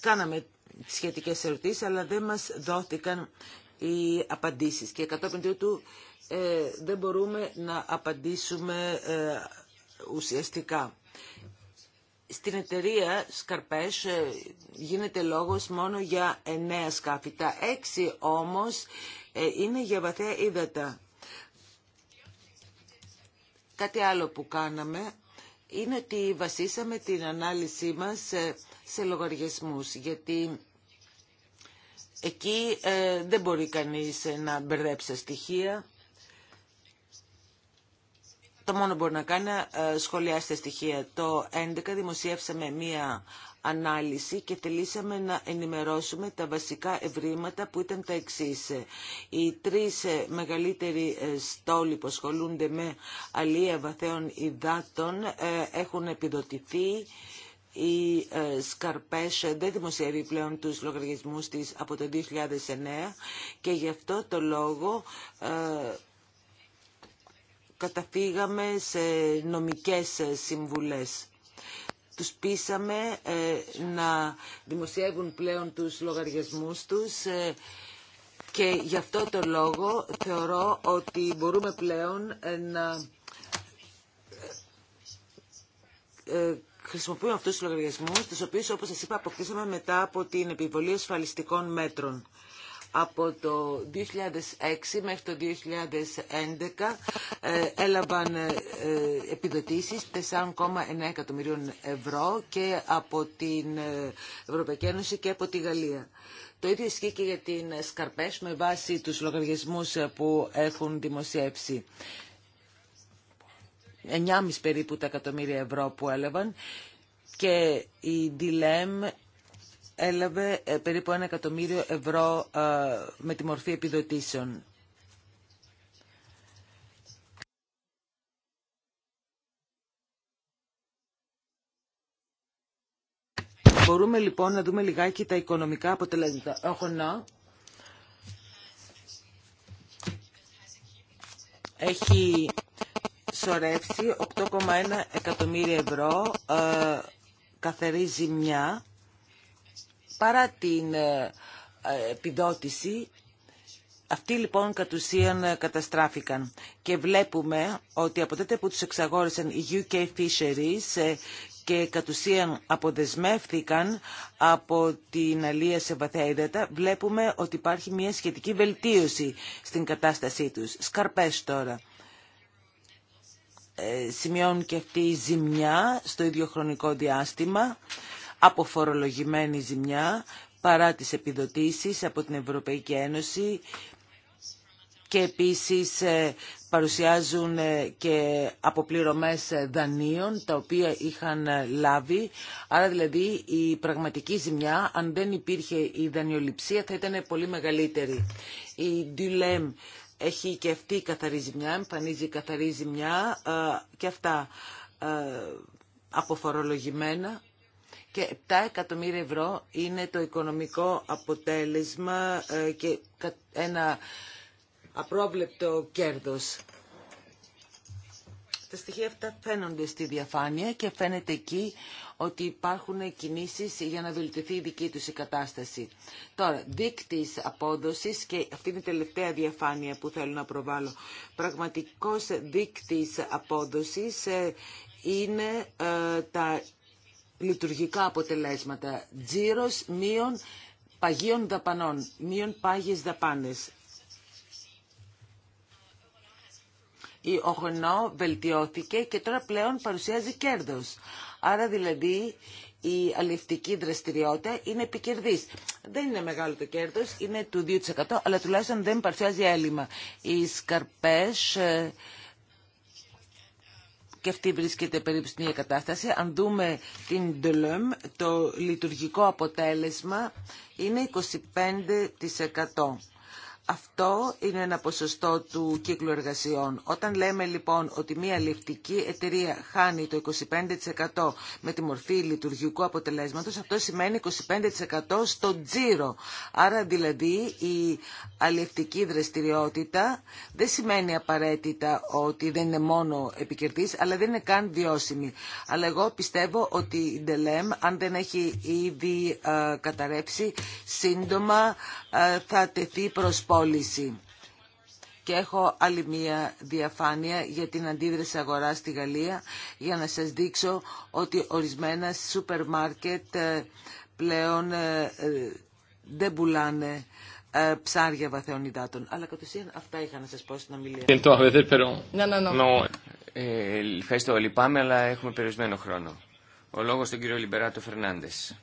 Κάναμε σχετικές ερωτήσεις, αλλά δεν μας δόθηκαν οι απαντήσεις. Και κατόπιν του ε, δεν μπορούμε να απαντήσουμε ε, ουσιαστικά. Στην εταιρεία Σκαρπές ε, γίνεται λόγος μόνο για εννέα σκάφη. Τα έξι όμως ε, είναι για βαθαία ύδατα. Κάτι άλλο που κάναμε είναι ότι βασίσαμε την ανάλυση μας σε λογαριασμούς, γιατί εκεί ε, δεν μπορεί κανείς να μπερδέψει τα στοιχεία. Το μόνο μπορεί να κάνει να ε, σχολιάσει τα στοιχεία. Το 2011 δημοσιεύσαμε μία ανάλυση και θελήσαμε να ενημερώσουμε τα βασικά ευρήματα που ήταν τα εξής. Οι τρεις ε, μεγαλύτεροι στόλοι που ασχολούνται με αλία βαθέων υδάτων έχουν επιδοτηθεί η ε, Σκαρπές δεν δημοσιεύει πλέον τους λογαριασμούς της από το 2009 και γι' αυτό το λόγο ε, καταφύγαμε σε νομικές συμβουλές. Τους πείσαμε ε, να δημοσιεύουν πλέον τους λογαριασμούς τους και γι' αυτό το λόγο θεωρώ ότι μπορούμε πλέον να χρησιμοποιούν αυτούς τους λογαριασμούς, τους οποίους όπως σας είπα αποκτήσαμε μετά από την επιβολή ασφαλιστικών μέτρων. Από το 2006 μέχρι το 2011 ε, έλαβαν ε, επιδοτήσεις 4,9 εκατομμυρίων ευρώ και από την ε, Ευρωπαϊκή Ένωση και από τη Γαλλία. Το ίδιο ισχύει και για την Σκαρπές με βάση τους λογαριασμούς που έχουν δημοσιεύσει. 9,5 περίπου τα εκατομμύρια ευρώ που έλαβαν και η DLM έλαβε ε, περίπου ένα εκατομμύριο ευρώ ε, με τη μορφή επιδοτήσεων. Μπορούμε λοιπόν να δούμε λιγάκι τα οικονομικά αποτελέσματα. Έχω να. Έχει σωρεύσει 8,1 εκατομμύρια ευρώ ε, καθαρή ζημιά παρά την ε, επιδότηση. Αυτοί λοιπόν κατ' ουσίαν ε, καταστράφηκαν και βλέπουμε ότι από τότε που τους εξαγόρισαν οι UK Fisheries ε, και κατ' ουσίαν αποδεσμεύθηκαν από την αλία σε βαθιά βλέπουμε ότι υπάρχει μια σχετική βελτίωση στην κατάστασή τους. Σκαρπές τώρα. Ε, σημειώνουν και αυτή η ζημιά στο ίδιο χρονικό διάστημα, αποφορολογημένη ζημιά, παρά τις επιδοτήσεις από την Ευρωπαϊκή Ένωση και επίσης ε, παρουσιάζουν ε, και αποπληρωμές δανείων τα οποία είχαν λάβει. Άρα δηλαδή η πραγματική ζημιά, αν δεν υπήρχε η δανειοληψία, θα ήταν πολύ μεγαλύτερη. Η έχει και αυτή η καθαρή ζημιά, εμφανίζει η καθαρή ζημιά ε, και αυτά ε, αποφορολογημένα και 7 εκατομμύρια ευρώ είναι το οικονομικό αποτέλεσμα ε, και ένα απρόβλεπτο κέρδος. Τα στοιχεία αυτά φαίνονται στη διαφάνεια και φαίνεται εκεί ότι υπάρχουν κινήσεις για να βελτιωθεί η δική τους η κατάσταση. Τώρα, δείκτης απόδοσης και αυτή είναι η τελευταία διαφάνεια που θέλω να προβάλλω. Πραγματικός δείκτης απόδοσης ε, είναι ε, τα λειτουργικά αποτελέσματα. Τζίρος μείον παγίων δαπανών, μείον πάγιες δαπάνες. η ογνώ βελτιώθηκε και τώρα πλέον παρουσιάζει κέρδος. Άρα δηλαδή η αλληλευτική δραστηριότητα είναι επικερδής. Δεν είναι μεγάλο το κέρδος, είναι του 2% αλλά τουλάχιστον δεν παρουσιάζει έλλειμμα. Οι σκαρπές ε, και αυτή βρίσκεται περίπου στην ίδια κατάσταση. Αν δούμε την Delum, το λειτουργικό αποτέλεσμα είναι 25%. Αυτό είναι ένα ποσοστό του κύκλου εργασιών. Όταν λέμε λοιπόν ότι μια ληφτική εταιρεία χάνει το 25% με τη μορφή λειτουργικού αποτελέσματος, αυτό σημαίνει 25% στο τζίρο. Άρα δηλαδή η αλληλευτική δραστηριότητα δεν σημαίνει απαραίτητα ότι δεν είναι μόνο επικερδής, αλλά δεν είναι καν βιώσιμη. Αλλά εγώ πιστεύω ότι η Ντελέμ, αν δεν έχει ήδη ε, καταρρεύσει, σύντομα ε, θα τεθεί προς πώληση. Και έχω άλλη μία διαφάνεια για την αντίδραση αγορά στη Γαλλία για να σας δείξω ότι ορισμένα σούπερ μάρκετ ε, πλέον ε, ε, δεν πουλάνε ψάρια βαθέων υδάτων. Αλλά κατ' ουσίαν αυτά είχα να σας πω στην ομιλία. Ναι, ναι, ναι. ευχαριστώ. Λυπάμαι, αλλά έχουμε περιορισμένο χρόνο. Ο λόγος στον κύριο Λιμπεράτο Φερνάντες.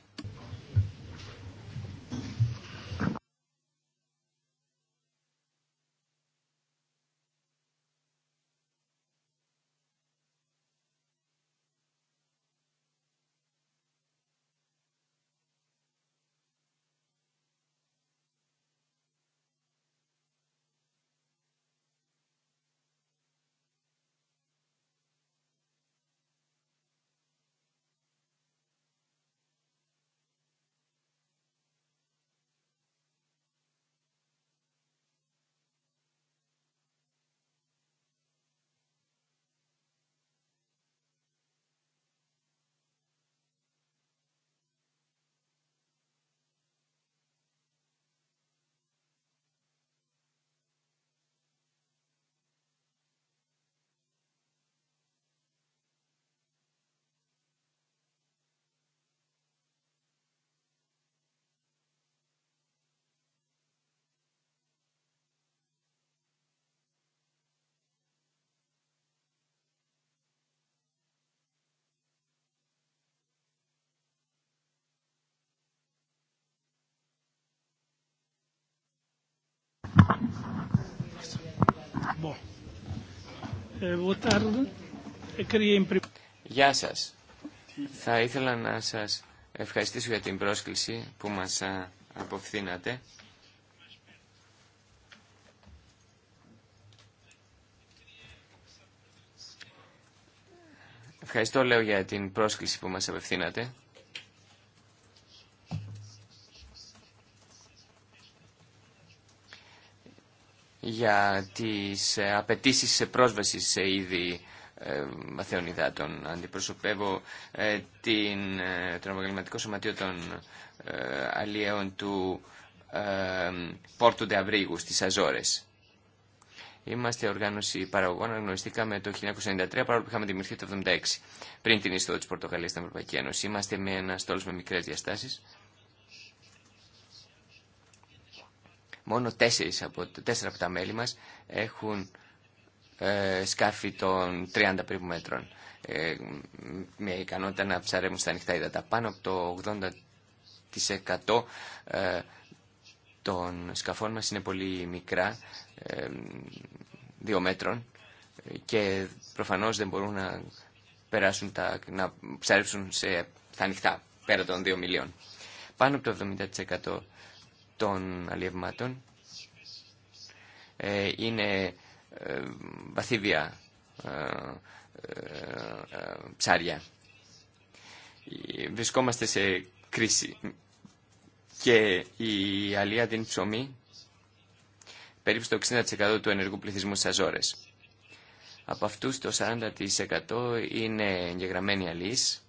Ε, Γεια σας. Θα ήθελα να σας ευχαριστήσω για την πρόσκληση που μας αποφθήνατε. Ευχαριστώ, λέω, για την πρόσκληση που μας απευθύνατε. για τις ε, απαιτήσει σε πρόσβαση σε είδη βαθέων ε, υδάτων. Αντιπροσωπεύω ε, την, τον Επαγγελματικό Σωματείο των Αλλιέων του Πόρτου Ντεαβρίγου στις Αζόρες. Είμαστε οργάνωση παραγωγών, αναγνωριστήκαμε το 1993, παρόλο που είχαμε δημιουργηθεί το 1976, πριν την είσοδο τη Πορτογαλία στην Ευρωπαϊκή Ένωση. Είμαστε με ένα στόλο με μικρέ διαστάσει, μόνο τέσσερις από, τέσσερα από τα μέλη μας έχουν ε, σκάφη των 30 περίπου μέτρων ε, με ικανότητα να ψαρεύουν στα ανοιχτά ύδατα. Πάνω από το 80% ε, των σκαφών μας είναι πολύ μικρά, ε, δύο μέτρων και προφανώς δεν μπορούν να περάσουν να σε, στα ανοιχτά πέρα των δύο μιλίων. Πάνω από το 70% των αλλιευμάτων ε, είναι ε, βαθύβια ε, ψάρια. Βρισκόμαστε σε κρίση και η αλία δίνει ψωμί περίπου στο 60% του ενεργού πληθυσμού στις Αζόρες. Από αυτούς το 40% είναι εγγεγραμμένοι αλείς,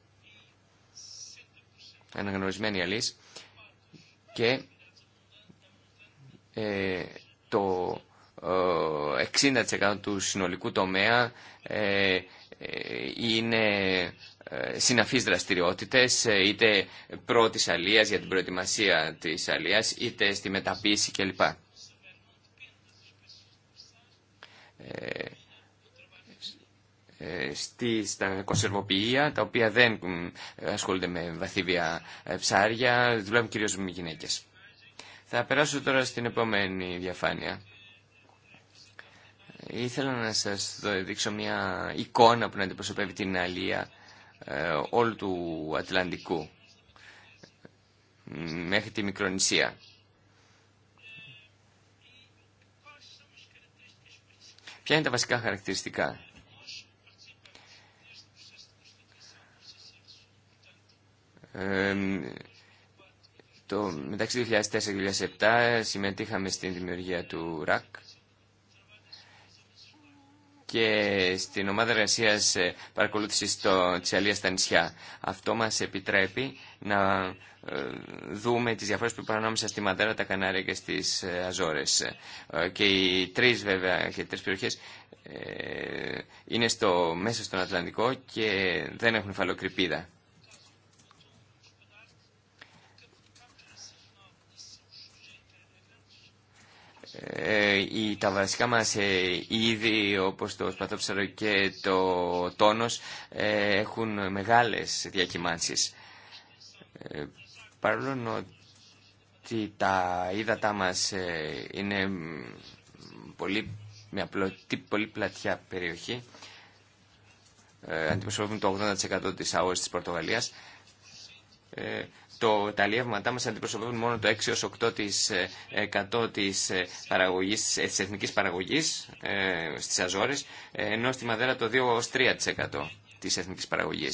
αναγνωρισμένοι αλείς και ε, το 60% ε, του συνολικού τομέα ε, είναι συναφείς δραστηριότητες, είτε πρώτης αλίας για την προετοιμασία της αλίας, είτε στη μεταποίηση κλπ. Στη, στα κονσερβοποιεία, τα οποία δεν ασχολούνται με βαθύβια ψάρια, δουλεύουν κυρίως με γυναίκες. Θα περάσω τώρα στην επόμενη διαφάνεια. Ήθελα να σας δείξω μια εικόνα που να αντιπροσωπεύει την αλία ε, όλου του Ατλαντικού μέχρι τη Μικρονησία. Ποια είναι τα βασικά χαρακτηριστικά. Ε, το, μεταξύ 2004 2007 συμμετείχαμε στην δημιουργία του ΡΑΚ και στην ομάδα εργασία ε, παρακολούθηση τη Αλία στα νησιά. Αυτό μα επιτρέπει να ε, δούμε τι διαφορέ που υπάρχουν ανάμεσα στη Μαδέρα, τα Κανάρια και στι ε, Αζόρε. Και οι τρει βέβαια, τρει περιοχέ είναι στο, μέσα στον Ατλαντικό και δεν έχουν φαλοκρηπίδα. Ε, τα βασικά μας ε, είδη όπως το σπαθόψαρο και το τόνος ε, έχουν μεγάλες διακυμάνσεις. Παρόλο ότι τα ύδατά μας είναι πολύ, μια πλωτή, πολύ πλατιά περιοχή, αντιπροσωπεύουν το 80% της ΑΟΣ της Πορτογαλίας, το, τα αλλιεύματά μα αντιπροσωπεύουν μόνο το 6-8% τη ε, ε, παραγωγής, ε, της εθνικής παραγωγής στις ενώ στη Μαδέρα το 2-3% τη εθνική παραγωγή.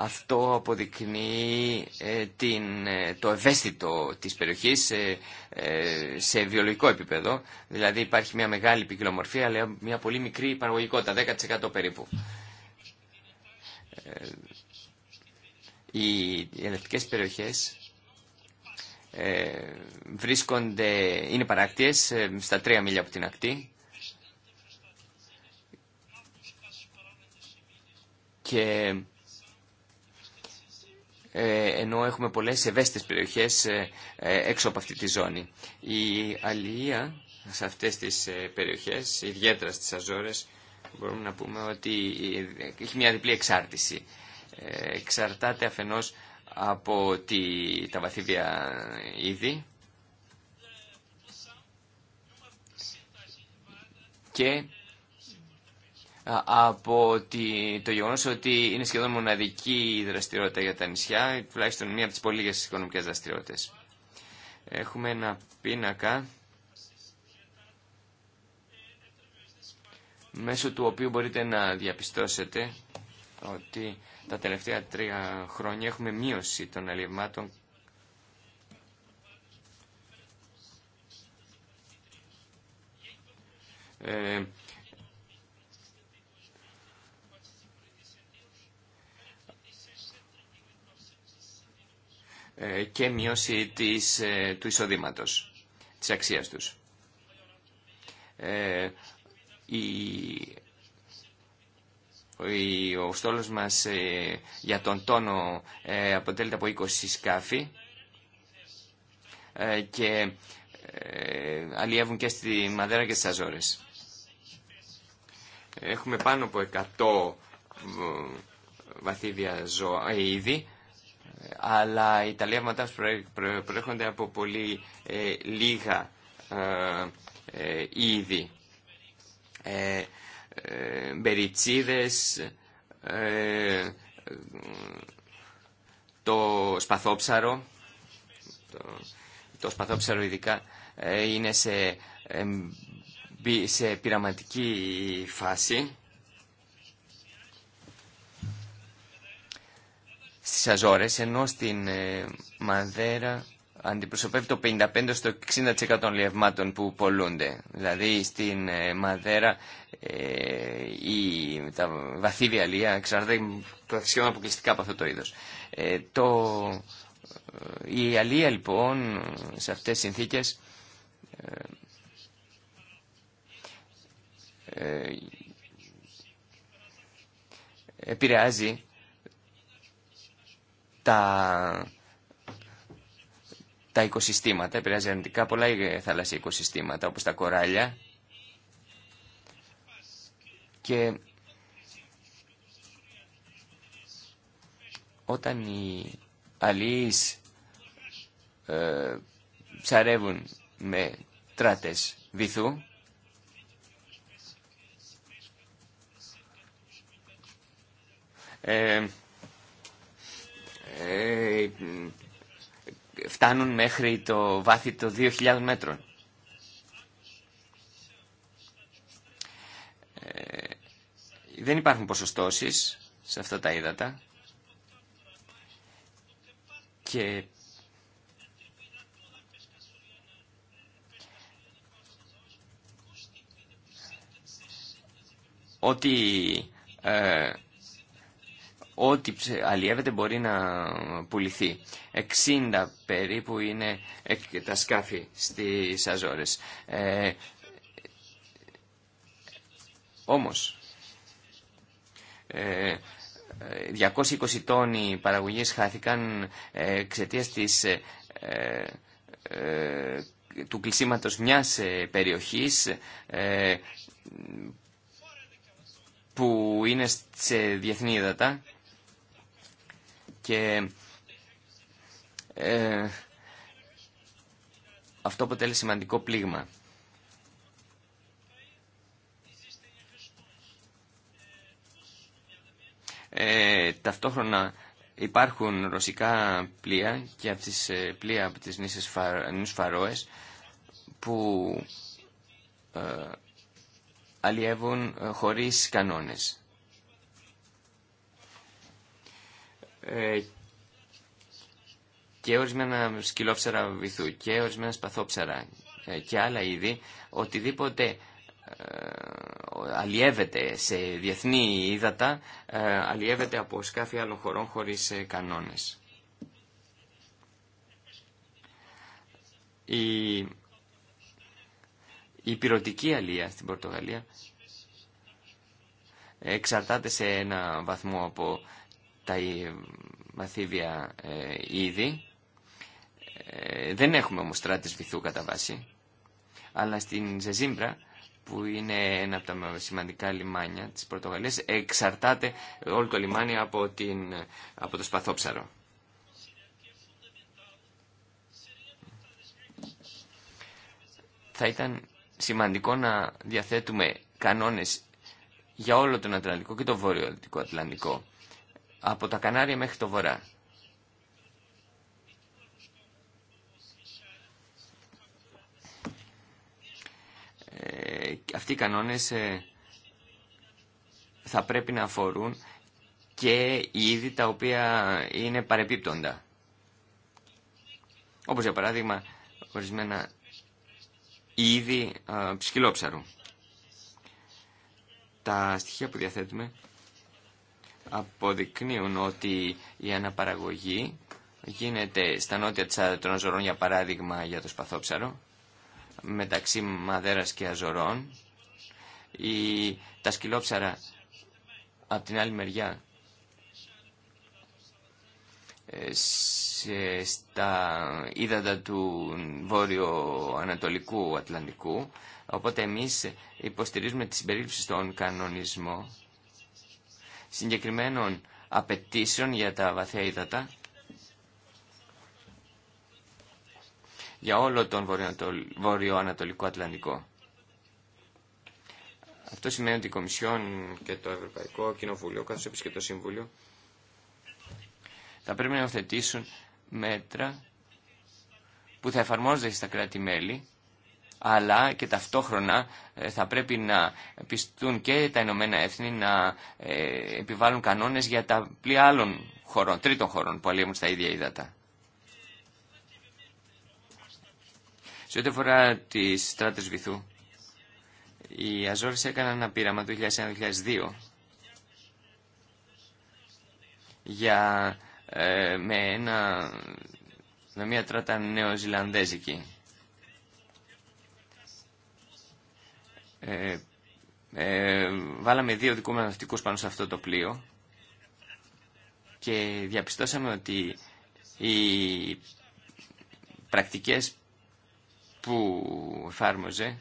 Αυτό αποδεικνύει ε, την, το ευαίσθητο της περιοχής ε, ε, σε βιολογικό επίπεδο. Δηλαδή υπάρχει μια μεγάλη ποικιλομορφία αλλά μια πολύ μικρή παραγωγικότητα, 10% περίπου οι ενευτικές περιοχές ε, βρίσκονται, είναι παράκτιες ε, στα τρία μίλια από την ακτή και ε, ενώ έχουμε πολλές ευαίσθητες περιοχές έξω από αυτή τη ζώνη. Η αλληλεία σε αυτές τις περιοχές, ιδιαίτερα στις Αζόρες, μπορούμε να πούμε ότι έχει μια διπλή εξάρτηση εξαρτάται αφενός από τη, τα βαθύβια είδη και από τη, το γεγονός ότι είναι σχεδόν μοναδική η δραστηριότητα για τα νησιά, τουλάχιστον μία από τις πολύ λίγες οικονομικές δραστηριότητες. Έχουμε ένα πίνακα μέσω του οποίου μπορείτε να διαπιστώσετε ότι τα τελευταία τρία χρόνια έχουμε μείωση των αλληλευμάτων ε, ε, και μείωση της, ε, του εισοδήματος, της αξίας τους. Ε, η ο στόλος μας ε, για τον τόνο ε, αποτελείται από 20 σκάφη ε, και αλλιεύουν και στη Μαδέρα και στις Αζόρες. Έχουμε πάνω από 100 βαθύδια ζώα, είδη, αλλά οι ταλεύματά προέρχονται από πολύ ε, λίγα ε, ε, είδη. Ε, μπεριτσίδες, ε, το σπαθόψαρο, το, το σπαθόψαρο ειδικά ε, είναι σε, σε πειραματική φάση. Στις Αζόρες, ενώ στην Μαδέρα αντιπροσωπεύει το 55% στο 60% των λιευμάτων που πολλούνται. Δηλαδή στην Μαδέρα ε, η, τα βαθύ διαλύα εξαρτάται σχεδόν αποκλειστικά από αυτό το είδος. Ε, το, η αλία λοιπόν σε αυτές τις συνθήκες ε, ε, επηρεάζει τα, τα οικοσυστήματα, επηρεάζει αρνητικά πολλά θαλάσσια οικοσυστήματα όπως τα κοράλια και όταν οι αλληλείς ε, ψαρεύουν με τράτες βυθού, ε, ε φτάνουν μέχρι το βάθη των 2.000 μέτρων. Ε, δεν υπάρχουν ποσοστώσεις σε αυτά τα ύδατα και ότι ε, ό,τι αλλιεύεται μπορεί να πουληθεί. 60 περίπου είναι τα σκάφη στις Αζόρες. Ε, όμως, 220 ε, τόνοι παραγωγής χάθηκαν ε, εξαιτία ε, του κλεισίματος μιας περιοχής που είναι σε διεθνή ύδατα και αυτό αποτελεί σημαντικό πλήγμα. Ε, ταυτόχρονα υπάρχουν ρωσικά πλοία και από τις ε, πλοία από τις νήσες Φαρόες που ε, αλλιεύουν ε, χωρίς κανόνες. Ε, και ορισμένα σκυλόψερα βυθού και ορισμένα σπαθόψερα ε, και άλλα είδη, οτιδήποτε αλλιεύεται σε διεθνή ύδατα, ε, αλλιεύεται από σκάφη άλλων χωρών χωρίς ε, κανόνες. Η, η πυρωτική αλία στην Πορτογαλία εξαρτάται σε ένα βαθμό από τα ε, μαθήβια είδη. δεν έχουμε όμως στράτες βυθού κατά βάση. Αλλά στην Ζεζίμπρα που είναι ένα από τα σημαντικά λιμάνια της Πορτογαλίας, εξαρτάται όλο το λιμάνι από, την, από το σπαθόψαρο. Θα ήταν σημαντικό να διαθέτουμε κανόνες για όλο τον Ατλαντικό και το Βόρειο Ατλαντικό από τα Κανάρια μέχρι το Βορρά. Ε, αυτοί οι κανόνες ε, θα πρέπει να αφορούν και είδη τα οποία είναι παρεπίπτοντα. Όπως για παράδειγμα ορισμένα είδη ε, ψυχιλόψαρου. Τα στοιχεία που διαθέτουμε αποδεικνύουν ότι η αναπαραγωγή γίνεται στα νότια της ζωρών, για παράδειγμα για το σπαθόψαρο μεταξύ Μαδέρας και Αζωρών, η, τα σκυλόψαρα από την άλλη μεριά ε, σε, στα ύδατα του βόρειο-ανατολικού Ατλαντικού. Οπότε εμείς υποστηρίζουμε τη συμπερίληψη στον κανονισμό συγκεκριμένων απαιτήσεων για τα βαθιά ύδατα για όλο τον βορειοανατολικό Ατλαντικό. Αυτό σημαίνει ότι η Κομισιόν και το Ευρωπαϊκό Κοινοβούλιο, καθώς επίσης και το Συμβούλιο, θα πρέπει να υιοθετήσουν μέτρα που θα εφαρμόζονται στα κράτη-μέλη, αλλά και ταυτόχρονα ε, θα πρέπει να πιστούν και τα Ηνωμένα Έθνη να ε, επιβάλλουν κανόνες για τα πλοία άλλων χωρών, τρίτων χωρών που αλλιεύουν στα ίδια ύδατα. Σε ό,τι αφορά τι στράτε βυθού, οι Αζόρες έκαναν ένα πείραμα το 2001-2002 για, ε, με, ένα, με μια τράτα νεοζιλανδέζικη. Ε, ε, βάλαμε δύο δικού μας ναυτικούς πάνω σε αυτό το πλοίο και διαπιστώσαμε ότι οι πρακτικές που εφάρμοζε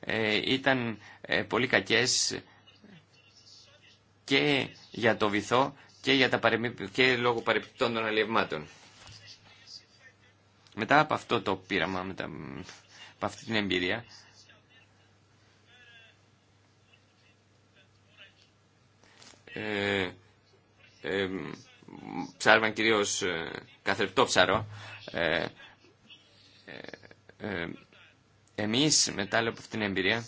ε, ήταν ε, πολύ κακές και για το βυθό και, για τα και λόγω παρεμπιπτών των αλλιευμάτων. Μετά από αυτό το πείραμα, μετά από αυτή την εμπειρία, ε, ε, ψάρμαν κυρίως ε, καθρεπτό ψαρό, ε, εμείς μετά από αυτήν την εμπειρία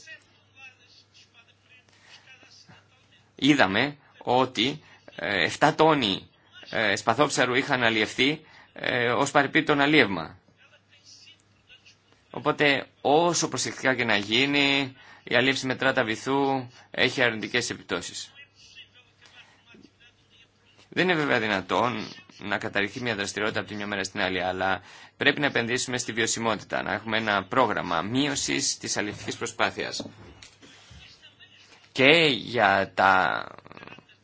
είδαμε ότι 7 ε, τόνοι ε, σπαθόψαρου είχαν αλλιευθεί ε, ως παρεπίπτον αλλιεύμα. Οπότε όσο προσεκτικά και να γίνει, η αλλίευση μετρά τα βυθού έχει αρνητικές επιπτώσεις. Δεν είναι βέβαια δυνατόν να καταρριχθεί μια δραστηριότητα από τη μια μέρα στην άλλη, αλλά πρέπει να επενδύσουμε στη βιωσιμότητα, να έχουμε ένα πρόγραμμα μείωση τη αληθική προσπάθεια. Και για τα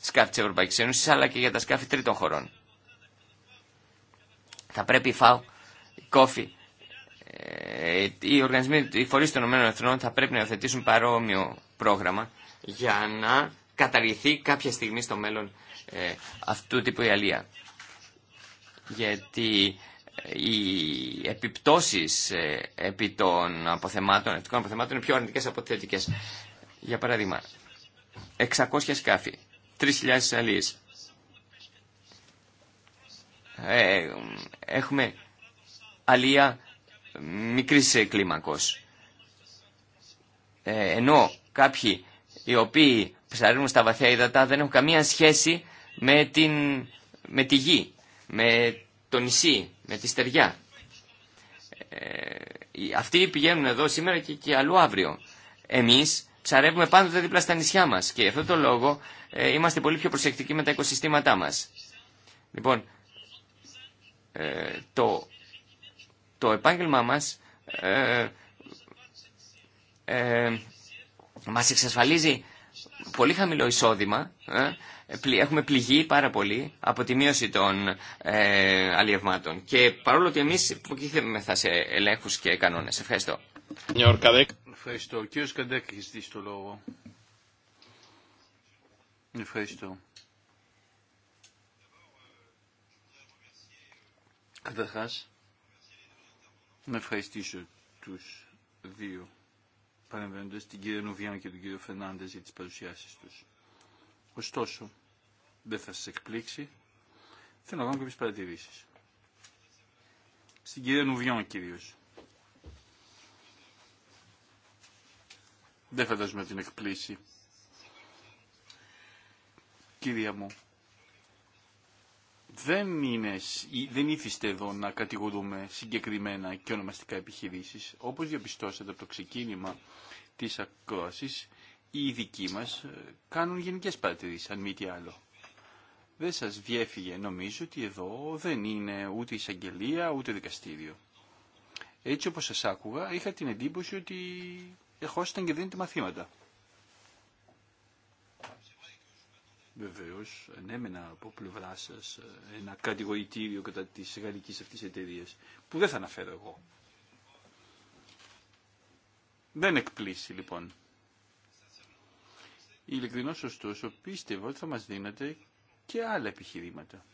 σκάφη τη Ευρωπαϊκή Ένωση, αλλά και για τα σκάφη τρίτων χωρών. Θα πρέπει η ΦΑΟ, η ΚΟΦΗ, ε, οι, οργανισμοί, οι φορεί των ΗΕ θα πρέπει να υιοθετήσουν παρόμοιο πρόγραμμα για να καταργηθεί κάποια στιγμή στο μέλλον ε, αυτού τύπου η αλία γιατί οι επιπτώσεις ε, επί των αποθεμάτων, των αποθεμάτων είναι πιο αρνητικές από θετικές. Για παράδειγμα, 600 σκάφη, 3.000 αλίες. Ε, έχουμε αλία μικρής ε, κλίμακος. ενώ κάποιοι οι οποίοι ψαρίνουν στα βαθιά υδατά δεν έχουν καμία σχέση με, την, με τη γη με το νησί, με τη στεριά. Ε, αυτοί πηγαίνουν εδώ σήμερα και, και αλλού αύριο. Εμείς ψαρεύουμε πάντοτε δίπλα στα νησιά μας και γι' αυτό το λόγο ε, είμαστε πολύ πιο προσεκτικοί με τα οικοσυστήματά μας. Λοιπόν, ε, το, το επάγγελμά μας ε, ε, μας εξασφαλίζει πολύ χαμηλό εισόδημα έχουμε πληγεί πάρα πολύ από τη μείωση των ε, αλλιευμάτων. Και παρόλο ότι εμείς υποκείθεμεθα σε ελέγχους και κανόνες. Ευχαριστώ. Ευχαριστώ. Ο κύριος Καντέκ έχει δει το λόγο. Ευχαριστώ. Καταρχάς, να ευχαριστήσω τους δύο παρεμβαίνοντε, την κυρία Νουβιάν και τον κύριο Φερνάντε, για τι παρουσιάσει του. Ωστόσο, δεν θα σας εκπλήξει, θέλω να κάνω κάποιες παρατηρήσεις. Στην κυρία Νουβιόν κυρίως. Δεν φαντάζομαι την εκπλήσει. Κυρία μου, δεν, είναι, δεν ήθιστε εδώ να κατηγορούμε συγκεκριμένα και ονομαστικά επιχειρήσεις. Όπως διαπιστώσατε από το ξεκίνημα της ακρόασης, οι ειδικοί μα ε, κάνουν γενικέ παρατηρήσει, αν μη τι άλλο. Δεν σα διέφυγε, νομίζω ότι εδώ δεν είναι ούτε εισαγγελία, ούτε δικαστήριο. Έτσι όπως σας άκουγα, είχα την εντύπωση ότι ερχόσασταν και δίνετε μαθήματα. Βεβαίω, ανέμενα από πλευρά σα ε, ένα κατηγορητήριο κατά τη γαλλική αυτή εταιρεία, που δεν θα αναφέρω εγώ. Δεν εκπλήσει λοιπόν Ειλικρινώς ωστόσο πίστευα ότι θα μας δίνατε και άλλα επιχειρήματα.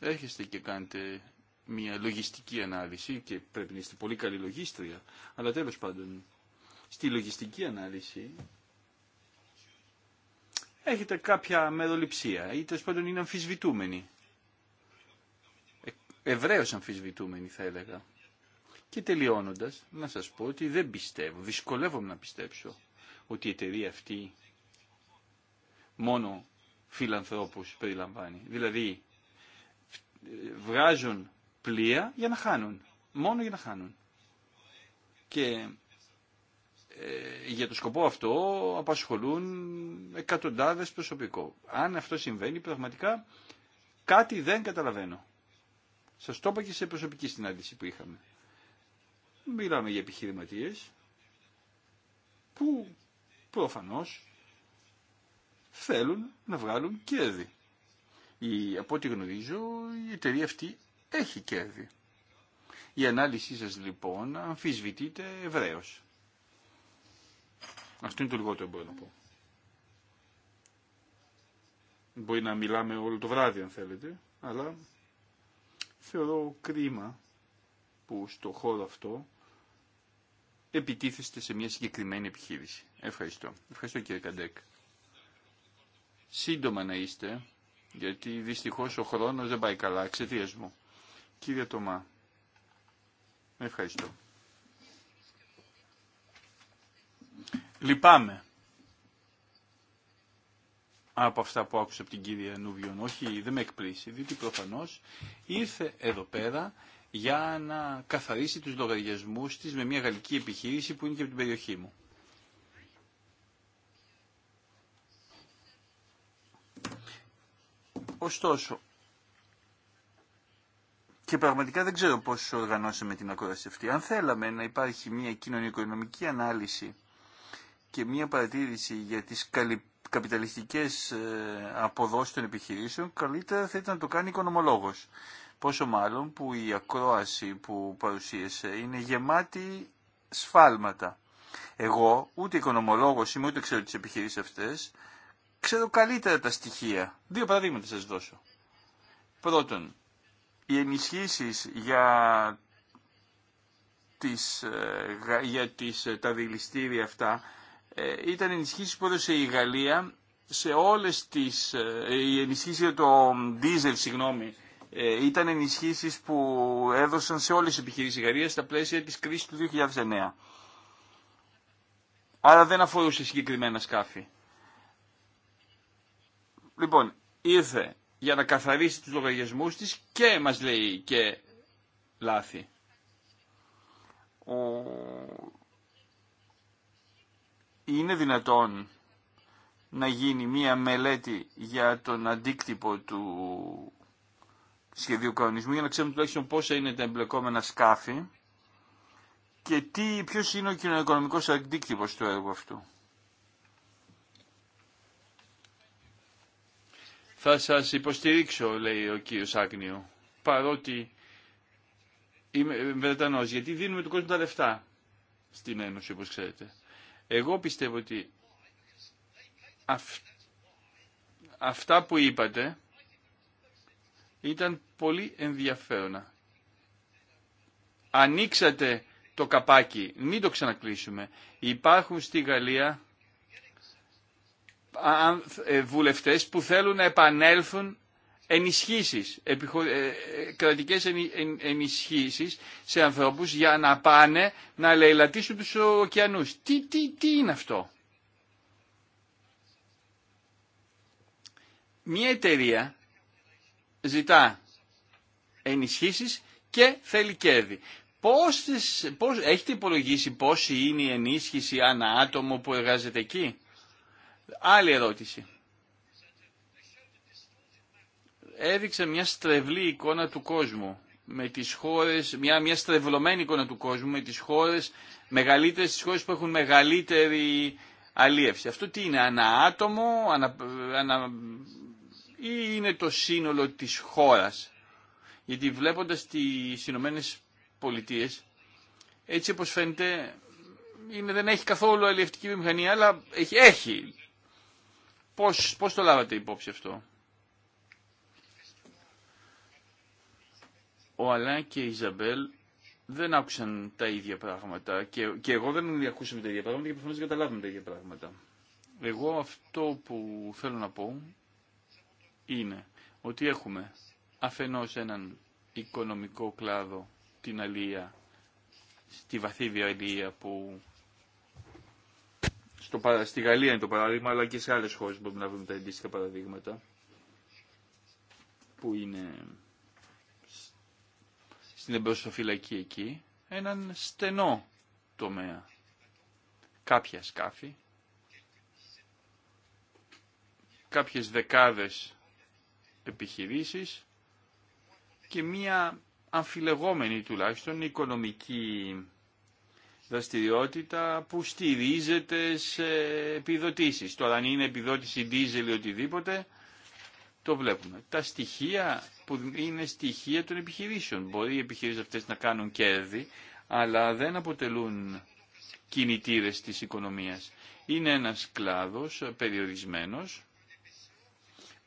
Έρχεστε και κάνετε μια λογιστική ανάλυση και πρέπει να είστε πολύ καλή λογίστρια, αλλά τέλος πάντων στη λογιστική ανάλυση έχετε κάποια μεροληψία ή τέλος πάντων είναι αμφισβητούμενοι. Ε, ευρέως θα έλεγα. Και τελειώνοντας, να σας πω ότι δεν πιστεύω, δυσκολεύομαι να πιστέψω ότι η εταιρεία αυτή μόνο φιλανθρώπους περιλαμβάνει. Δηλαδή, βγάζουν πλοία για να χάνουν. Μόνο για να χάνουν. Και ε, για το σκοπό αυτό απασχολούν εκατοντάδες προσωπικό. Αν αυτό συμβαίνει πραγματικά κάτι δεν καταλαβαίνω. Σας το είπα και σε προσωπική συνάντηση που είχαμε. Μιλάμε για επιχειρηματίες που προφανώς θέλουν να βγάλουν κέρδη. Η, από ό,τι γνωρίζω η εταιρεία αυτή έχει κέρδη. Η ανάλυση σας λοιπόν αμφισβητείται ευρέως. Αυτό είναι το λιγότερο μπορώ να πω. Μπορεί να μιλάμε όλο το βράδυ αν θέλετε, αλλά θεωρώ κρίμα που στο χώρο αυτό επιτίθεστε σε μια συγκεκριμένη επιχείρηση. Ευχαριστώ. Ευχαριστώ κύριε Καντέκ. Σύντομα να είστε, γιατί δυστυχώς ο χρόνος δεν πάει καλά, εξαιτία μου. Κύριε Τωμά, ευχαριστώ. Λυπάμαι από αυτά που άκουσα από την κυρία Νούβιον. Όχι, δεν με εκπλήσει, διότι προφανώς ήρθε εδώ πέρα για να καθαρίσει τους λογαριασμούς της με μια γαλλική επιχείρηση που είναι και από την περιοχή μου. Ωστόσο, και πραγματικά δεν ξέρω πώς οργανώσαμε την ακόραση αυτή. Αν θέλαμε να υπάρχει μια κοινωνικο-οικονομική ανάλυση και μια παρατήρηση για τις καπιταλιστικές ε, αποδόσεις των επιχειρήσεων, καλύτερα θα ήταν να το κάνει οικονομολόγος. Πόσο μάλλον που η ακρόαση που παρουσίασε είναι γεμάτη σφάλματα. Εγώ, ούτε οικονομολόγος είμαι, ούτε ξέρω τις επιχειρήσεις αυτές, ξέρω καλύτερα τα στοιχεία. Δύο παραδείγματα σας δώσω. Πρώτον, οι ενισχύσεις για, τις, ε, για τις, ε, τα δηληστήρια αυτά ε, ήταν ενισχύσεις που έδωσε η Γαλλία σε όλες τις... η ενισχύσεις για το δίζελ, συγγνώμη, ε, ήταν ενισχύσεις που έδωσαν σε όλες τις επιχειρήσεις Γαλλίας στα πλαίσια της κρίσης του 2009. Άρα δεν αφορούσε συγκεκριμένα σκάφη. Λοιπόν, ήρθε για να καθαρίσει τους λογαριασμούς της και μας λέει και λάθη. Είναι δυνατόν να γίνει μία μελέτη για τον αντίκτυπο του σχεδίου κανονισμού για να ξέρουμε τουλάχιστον πόσα είναι τα εμπλεκόμενα σκάφη και τι, ποιος είναι ο κοινωνικονομικός αντίκτυπος του έργου αυτού. Θα σας υποστηρίξω, λέει ο κύριος Άγνιο, παρότι είμαι Βρετανός, γιατί δίνουμε του κόσμου τα λεφτά στην Ένωση, όπως ξέρετε. Εγώ πιστεύω ότι αυτά που είπατε ήταν πολύ ενδιαφέρονα. Ανοίξατε το καπάκι, μην το ξανακλείσουμε. Υπάρχουν στη Γαλλία ε, βουλευτές που θέλουν να επανέλθουν ενισχύσεις, ε, ε, κρατικές ενισχύσεις σε ανθρώπους για να πάνε να λαιλατίσουν τους ωκεανούς. Τι, τι, τι είναι αυτό. Μια εταιρεία ζητά ενισχύσεις και θέλει κέρδη. Πώς, έχετε υπολογίσει πόση είναι η ενίσχυση ανά άτομο που εργάζεται εκεί. Άλλη ερώτηση. Έδειξε μια στρεβλή εικόνα του κόσμου με τις χώρες, μια, μια στρεβλωμένη εικόνα του κόσμου με τις χώρες μεγαλύτερες, τις χώρες που έχουν μεγαλύτερη αλίευση. Αυτό τι είναι, ανά άτομο, ανα, ανα ή είναι το σύνολο της χώρας. Γιατί βλέποντας τις Ηνωμένε Πολιτείε, έτσι όπως φαίνεται είναι, δεν έχει καθόλου αλληλευτική βιομηχανία, αλλά έχει. έχει. Πώς, πώς το λάβατε υπόψη αυτό. Ο Αλά και η Ιζαμπέλ δεν άκουσαν τα ίδια πράγματα και, εγώ δεν ακούσαμε τα ίδια πράγματα και προφανώς δεν καταλάβουμε τα ίδια πράγματα. Εγώ αυτό που θέλω να πω είναι ότι έχουμε αφενός έναν οικονομικό κλάδο, την αλία, στη βαθύβια αλία που στο, στη Γαλλία είναι το παράδειγμα, αλλά και σε άλλες χώρες μπορούμε να βρούμε τα αντίστοιχα παραδείγματα που είναι στην εμπροσοφυλακή εκεί, έναν στενό τομέα. Κάποια σκάφη, κάποιες δεκάδες επιχειρήσεις και μία αμφιλεγόμενη τουλάχιστον οικονομική δραστηριότητα που στηρίζεται σε επιδοτήσεις. Τώρα αν είναι επιδότηση δίζελ ή οτιδήποτε το βλέπουμε. Τα στοιχεία που είναι στοιχεία των επιχειρήσεων. Μπορεί οι επιχειρήσεις αυτές να κάνουν κέρδη αλλά δεν αποτελούν κινητήρες της οικονομίας. Είναι ένας κλάδος περιορισμένος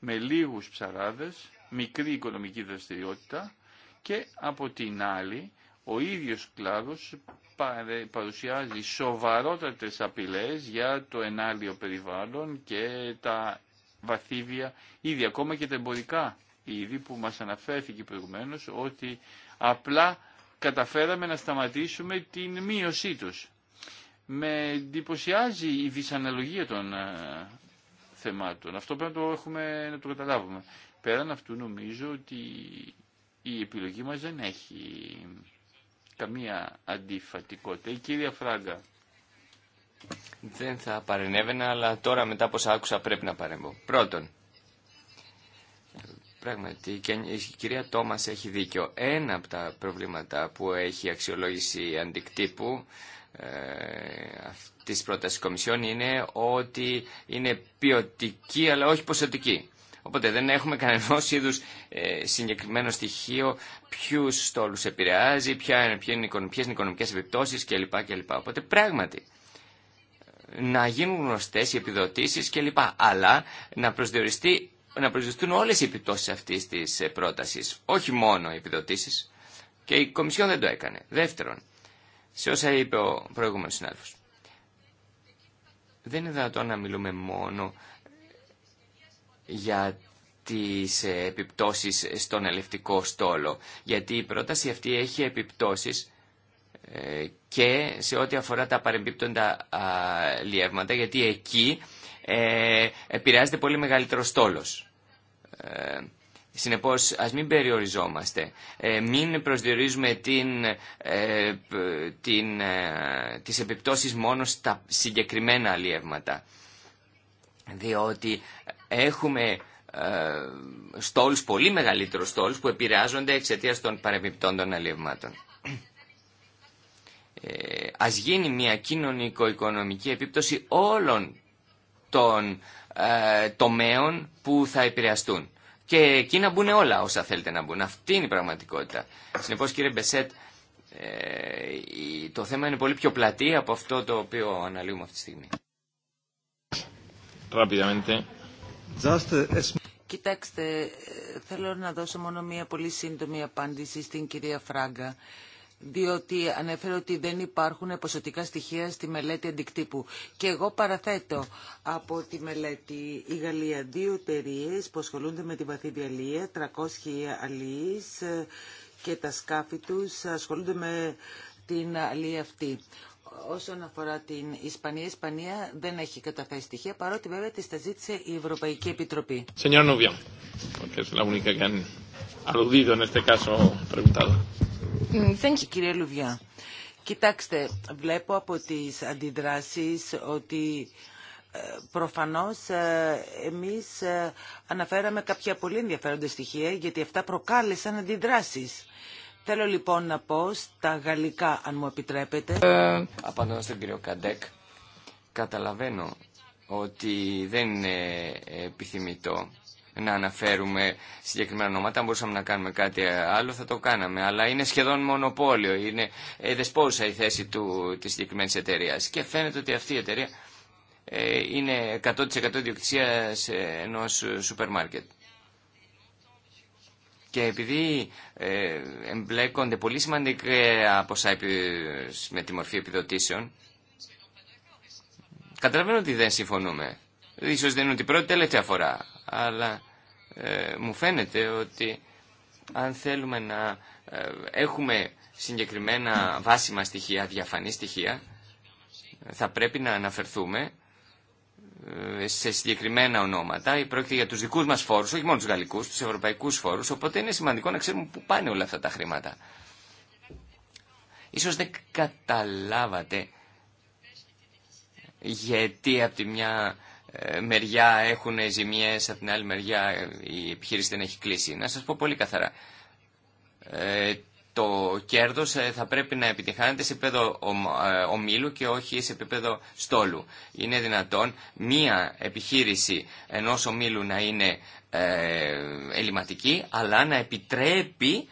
με λίγους ψαράδες, μικρή οικονομική δραστηριότητα και από την άλλη ο ίδιος κλάδος παρουσιάζει σοβαρότατες απειλές για το ενάλιο περιβάλλον και τα βαθύβια ήδη ακόμα και τα εμπορικά ήδη που μας αναφέρθηκε προηγουμένως ότι απλά καταφέραμε να σταματήσουμε την μείωσή τους. Με εντυπωσιάζει η δυσαναλογία των ε, θεμάτων. Αυτό πρέπει να το, έχουμε, να το καταλάβουμε. Πέραν αυτού νομίζω ότι η επιλογή μας δεν έχει καμία αντιφατικότητα. Η κυρία Φράγκα. Δεν θα παρενέβαινα, αλλά τώρα μετά από άκουσα πρέπει να παρέμβω. Πρώτον, Πράγματι, και η κυρία Τόμας έχει δίκιο. Ένα από τα προβλήματα που έχει η αξιολόγηση αντικτύπου ε, αυτής της πρότασης Κομισιόν είναι ότι είναι ποιοτική αλλά όχι ποσοτική. Οπότε δεν έχουμε κανένα είδου ε, συγκεκριμένο στοιχείο ποιου στόλου επηρεάζει, ποιε είναι, είναι, είναι οι οικονομικέ επιπτώσει κλπ. κλπ. Οπότε πράγματι να γίνουν γνωστέ οι επιδοτήσει κλπ. Αλλά να προσδιοριστεί να προσδιοριστούν όλες οι επιπτώσεις αυτής της ε, πρότασης, όχι μόνο οι επιδοτήσεις και η Κομισιόν δεν το έκανε. Δεύτερον, σε όσα είπε ο προηγούμενος συνάδελφος, δεν είναι δυνατόν να μιλούμε μόνο για τις ε, επιπτώσεις στον ελευτικό στόλο, γιατί η πρόταση αυτή έχει επιπτώσεις ε, και σε ό,τι αφορά τα παρεμπίπτοντα λιεύματα, γιατί εκεί ε, επηρεάζεται πολύ μεγαλύτερο στόλο. Ε, συνεπώς, ας μην περιοριζόμαστε. Ε, μην προσδιορίζουμε την, ε, την, ε, τις επιπτώσεις μόνο στα συγκεκριμένα αλλιεύματα. Διότι έχουμε ε, στόλους, πολύ μεγαλύτερους στόλους που επηρεάζονται εξαιτίας των παρεμπιπτών των αλλιευμάτων. Ε, ας γίνει μια κοινωνικο-οικονομική επίπτωση όλων των ε, τομέων που θα επηρεαστούν. Και εκεί να μπουν όλα όσα θέλετε να μπουν. Αυτή είναι η πραγματικότητα. Συνεπώ, κύριε Μπεσέτ, ε, το θέμα είναι πολύ πιο πλατή από αυτό το οποίο αναλύουμε αυτή τη στιγμή. Ε, Κοιτάξτε, θέλω να δώσω μόνο μία πολύ σύντομη απάντηση στην κυρία Φράγκα διότι ανέφερε ότι δεν υπάρχουν ποσοτικά στοιχεία στη μελέτη αντικτύπου. Και εγώ παραθέτω από τη μελέτη η Γαλλία δύο εταιρείε που ασχολούνται με τη βαθύ διαλύεια, 300 αλληλείς ε, και τα σκάφη τους ασχολούνται με την αλία αυτή. Όσον αφορά την Ισπανία, η Ισπανία δεν έχει καταθέσει στοιχεία, παρότι βέβαια τη τα ζήτησε η Ευρωπαϊκή Επιτροπή. Señor porque es la κύριε Λουβιά. Κοιτάξτε, βλέπω από τις αντιδράσεις ότι ε, προφανώς ε, εμείς ε, αναφέραμε κάποια πολύ ενδιαφέροντα στοιχεία γιατί αυτά προκάλεσαν αντιδράσεις. Θέλω λοιπόν να πω στα γαλλικά, αν μου επιτρέπετε. Ε, στον κύριο Καντέκ, καταλαβαίνω ότι δεν είναι επιθυμητό να αναφέρουμε συγκεκριμένα ονόματα. Αν μπορούσαμε να κάνουμε κάτι άλλο θα το κάναμε. Αλλά είναι σχεδόν μονοπόλιο. Είναι ε, δεσπόζουσα η θέση του, της συγκεκριμένη εταιρεία. Και φαίνεται ότι αυτή η εταιρεία ε, είναι 100% διοκτησία ενός σούπερ μάρκετ. Και επειδή ε, εμπλέκονται πολύ σημαντικά ποσά με τη μορφή επιδοτήσεων, καταλαβαίνω ότι δεν συμφωνούμε. Ίσως δεν είναι ότι πρώτη τελευταία φορά αλλά ε, μου φαίνεται ότι αν θέλουμε να ε, έχουμε συγκεκριμένα βάσιμα στοιχεία, διαφανή στοιχεία, θα πρέπει να αναφερθούμε ε, σε συγκεκριμένα ονόματα. Πρόκειται για τους δικούς μας φόρους, όχι μόνο τους γαλλικούς, τους ευρωπαϊκούς φόρους, οπότε είναι σημαντικό να ξέρουμε πού πάνε όλα αυτά τα χρήματα. Ίσως δεν καταλάβατε γιατί από τη μια ε, μεριά έχουν ζημιές, από την άλλη μεριά ε, η επιχείρηση δεν έχει κλείσει. Να σας πω πολύ καθαρά. Ε, το κέρδος θα πρέπει να επιτυχάνεται σε επίπεδο ομίλου και όχι σε επίπεδο στόλου. Είναι δυνατόν μία επιχείρηση ενός ομίλου να είναι ελληματική, αλλά να επιτρέπει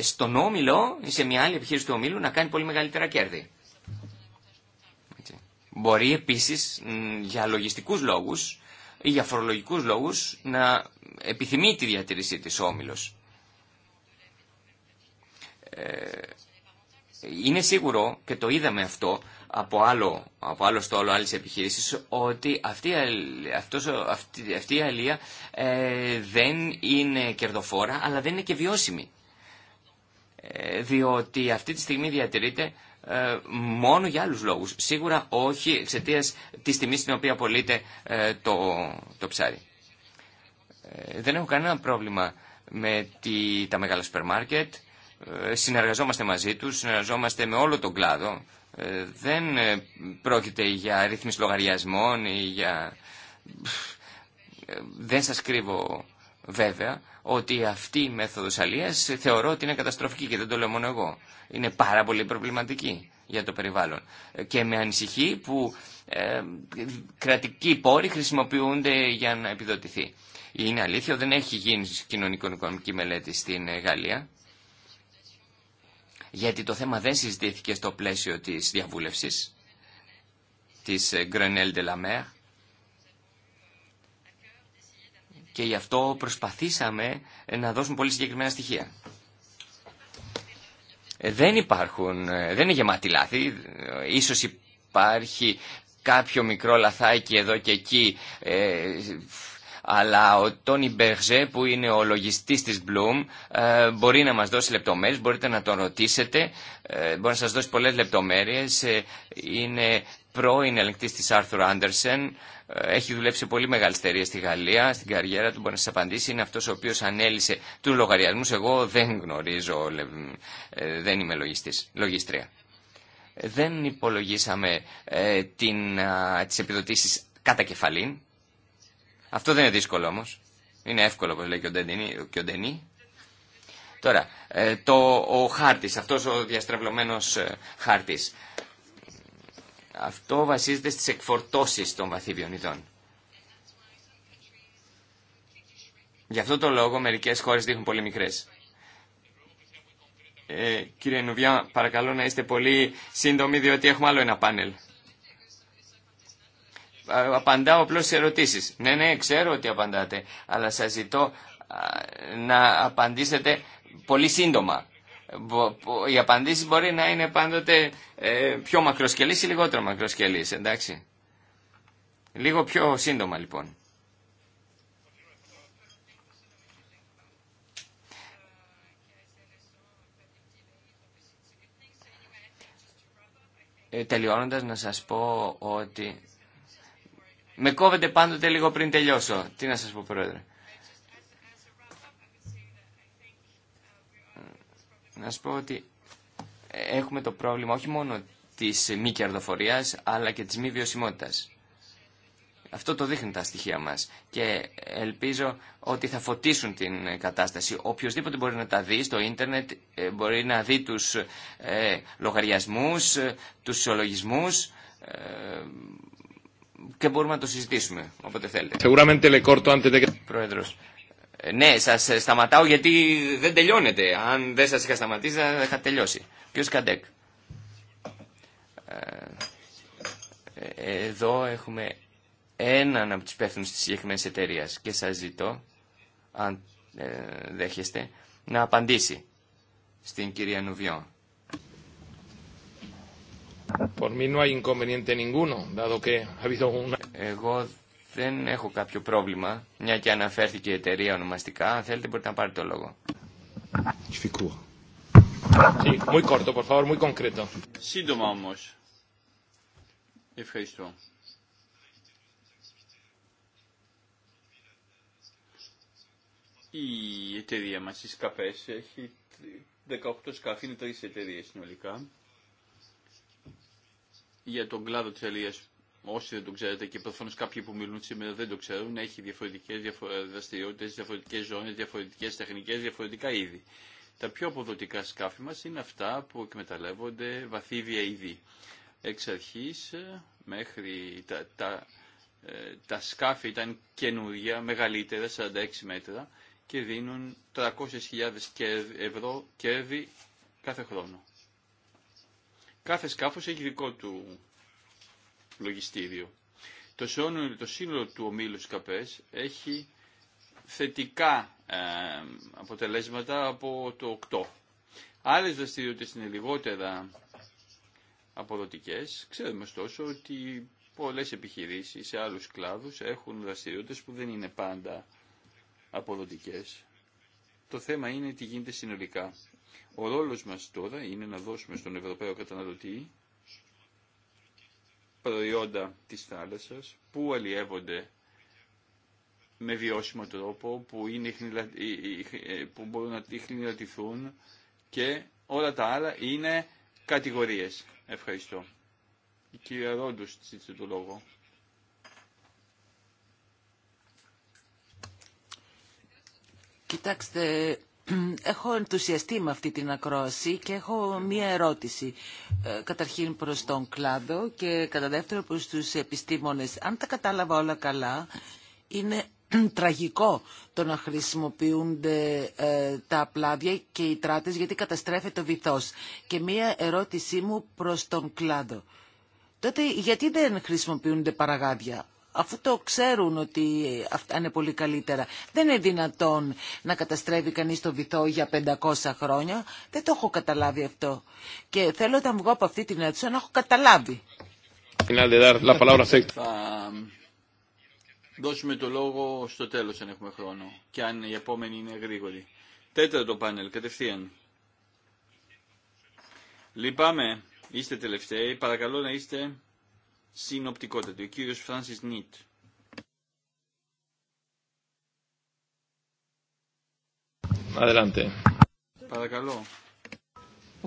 στον όμιλο ή σε μια άλλη επιχείρηση του ομίλου να κάνει πολύ μεγαλύτερα κέρδη. Μπορεί επίσης για λογιστικούς λόγους ή για φορολογικούς λόγους να επιθυμεί τη διατήρησή της ο Όμιλος. Ε, είναι σίγουρο και το είδαμε αυτό από άλλο, από άλλο στόλο άλλης επιχείρησης ότι αυτή, αυτός, αυτή, η αλία ε, δεν είναι κερδοφόρα αλλά δεν είναι και βιώσιμη. Ε, διότι αυτή τη στιγμή διατηρείται ε, μόνο για άλλους λόγους. Σίγουρα όχι εξαιτία της τιμής στην οποία πωλείται ε, το, το ψάρι. Ε, δεν έχω κανένα πρόβλημα με τη, τα μεγάλα σούπερ συνεργαζόμαστε μαζί τους, συνεργαζόμαστε με όλο τον κλάδο. δεν πρόκειται για ρύθμιση λογαριασμών ή για... δεν σας κρύβω βέβαια ότι αυτή η μέθοδος αλίας θεωρώ ότι είναι καταστροφική και δεν το λέω μόνο εγώ. Είναι πάρα πολύ προβληματική για το περιβάλλον. Και με ανησυχεί που ε, κρατικοί πόροι χρησιμοποιούνται για να επιδοτηθεί. Είναι αλήθεια, δεν έχει γίνει κοινωνικο-οικονομική μελέτη στην Γαλλία, γιατί το θέμα δεν συζητήθηκε στο πλαίσιο της διαβούλευσης της Grenelle de la Mer, και γι' αυτό προσπαθήσαμε να δώσουμε πολύ συγκεκριμένα στοιχεία. Ε, δεν υπάρχουν, ε, δεν είναι γεμάτη λάθη, ε, ίσως υπάρχει κάποιο μικρό λαθάκι εδώ και εκεί, αλλά ο Τόνι Μπεργζέ που είναι ο λογιστής της Bloom μπορεί να μας δώσει λεπτομέρειες, μπορείτε να τον ρωτήσετε, μπορεί να σας δώσει πολλές λεπτομέρειες, είναι πρώην ελεγκτής τη Άρθουρ Άντερσεν, έχει δουλέψει σε πολύ μεγάλη στερεία στη Γαλλία, στην καριέρα του μπορεί να σα απαντήσει, είναι αυτό ο οποίο ανέλησε του λογαριασμού. εγώ δεν γνωρίζω, ε, δεν είμαι λογιστής, λογιστρία. Δεν υπολογίσαμε ε, την, επιδοτήσεις κατά κεφαλήν. Αυτό δεν είναι δύσκολο όμω. Είναι εύκολο όπω λέει και ο Ντενί. Τώρα, ε, το, ο χάρτης, αυτός ο διαστρεβλωμένος ε, χάρτη. Αυτό βασίζεται στις εκφορτώσεις των βαθύβιων ειδών. Γι' αυτό το λόγο μερικές χώρες δείχνουν πολύ μικρές. Ε, κύριε Νουβιά, παρακαλώ να είστε πολύ σύντομοι, διότι έχουμε άλλο ένα πάνελ. Απαντάω απλώς σε ερωτήσεις. Ναι, ναι, ξέρω ότι απαντάτε, αλλά σας ζητώ να απαντήσετε πολύ σύντομα. Οι απαντήσει μπορεί να είναι πάντοτε ε, πιο μακροσκελή ή λιγότερο μακροσκελή. εντάξει. Λίγο πιο σύντομα λοιπόν. Ε, τελειώνοντας να σας πω ότι με κόβετε πάντοτε λίγο πριν τελειώσω. Τι να σας πω πρόεδρε. να σου πω ότι έχουμε το πρόβλημα όχι μόνο της μη κερδοφορίας αλλά και της μη βιωσιμότητας. Αυτό το δείχνουν τα στοιχεία μας και ελπίζω ότι θα φωτίσουν την κατάσταση. Οποιοςδήποτε μπορεί να τα δει στο ίντερνετ ε, μπορεί να δει τους ε, λογαριασμούς, ε, τους ισολογισμούς ε, και μπορούμε να το συζητήσουμε όποτε θέλετε. Πρόεδρος, ε, ναι, σα ε, σταματάω γιατί δεν τελειώνετε. Αν δεν σα είχα σταματήσει θα είχα τελειώσει. Ποιος Καντέκ. Ε, εδώ έχουμε έναν από του υπεύθυνου τη συγκεκριμένη εταιρεία και σα ζητώ, αν δέχεστε, να απαντήσει στην κυρία Νουβιό. Εγώ δεν έχω κάποιο πρόβλημα, μια και αναφέρθηκε η εταιρεία ονομαστικά. Αν θέλετε μπορείτε να πάρετε το λόγο. Σύντομα όμω. Ευχαριστώ. Η εταιρεία μας, η ΣΚΑΠΕΣ, έχει 18 σκάφη, είναι τρεις εταιρείες συνολικά. Για τον κλάδο της αλίας όσοι δεν το ξέρετε και προφανώ κάποιοι που μιλούν σήμερα δεν το ξέρουν, έχει διαφορετικέ δραστηριότητε, διαφορετικέ ζώνες, διαφορετικέ τεχνικέ, διαφορετικά είδη. Τα πιο αποδοτικά σκάφη μα είναι αυτά που εκμεταλλεύονται βαθύβια είδη. Εξ αρχή μέχρι τα, τα, ε, τα σκάφη ήταν καινούργια, μεγαλύτερα, 46 μέτρα και δίνουν 300.000 ευρώ κέρδη κάθε χρόνο. Κάθε σκάφος έχει δικό του λογιστήριο. Το, σύνολο, το σύνολο του ομίλου ΣΚΑΠΕΣ έχει θετικά ε, αποτελέσματα από το 8. Άλλες δραστηριότητες είναι λιγότερα αποδοτικές. Ξέρουμε ωστόσο ότι πολλές επιχειρήσεις σε άλλους κλάδους έχουν δραστηριότητες που δεν είναι πάντα αποδοτικές. Το θέμα είναι τι γίνεται συνολικά. Ο ρόλος μας τώρα είναι να δώσουμε στον Ευρωπαίο καταναλωτή προϊόντα της θάλασσας που αλλιεύονται με βιώσιμο τρόπο, που, είναι, ε, που μπορούν να τυχνηλατηθούν και όλα τα άλλα είναι κατηγορίες. Ευχαριστώ. Η κυρία Ρόντους ζήτησε το λόγο. Κοιτάξτε, Έχω ενθουσιαστεί με αυτή την ακρόαση και έχω μία ερώτηση. Ε, καταρχήν προς τον κλάδο και κατά δεύτερο προς τους επιστήμονες. Αν τα κατάλαβα όλα καλά, είναι τραγικό το να χρησιμοποιούνται ε, τα πλάδια και οι τράτες γιατί καταστρέφεται ο βυθός. Και μία ερώτησή μου προς τον κλάδο. Τότε γιατί δεν χρησιμοποιούνται παραγάδια αφού το ξέρουν ότι αυτά είναι πολύ καλύτερα. Δεν είναι δυνατόν να καταστρέφει κανείς το βυθό για 500 χρόνια. Δεν το έχω καταλάβει αυτό. Και θέλω όταν βγω από αυτή την αίθουσα να έχω καταλάβει. Θα δώσουμε το λόγο στο τέλος αν έχουμε χρόνο και αν η επόμενη είναι γρήγορη. Τέταρτο πάνελ, κατευθείαν. Λυπάμαι, είστε τελευταίοι, παρακαλώ να είστε συνοπτικότατη. Ο κύριος Φράνσις Νίτ. Adelante. Παρακαλώ.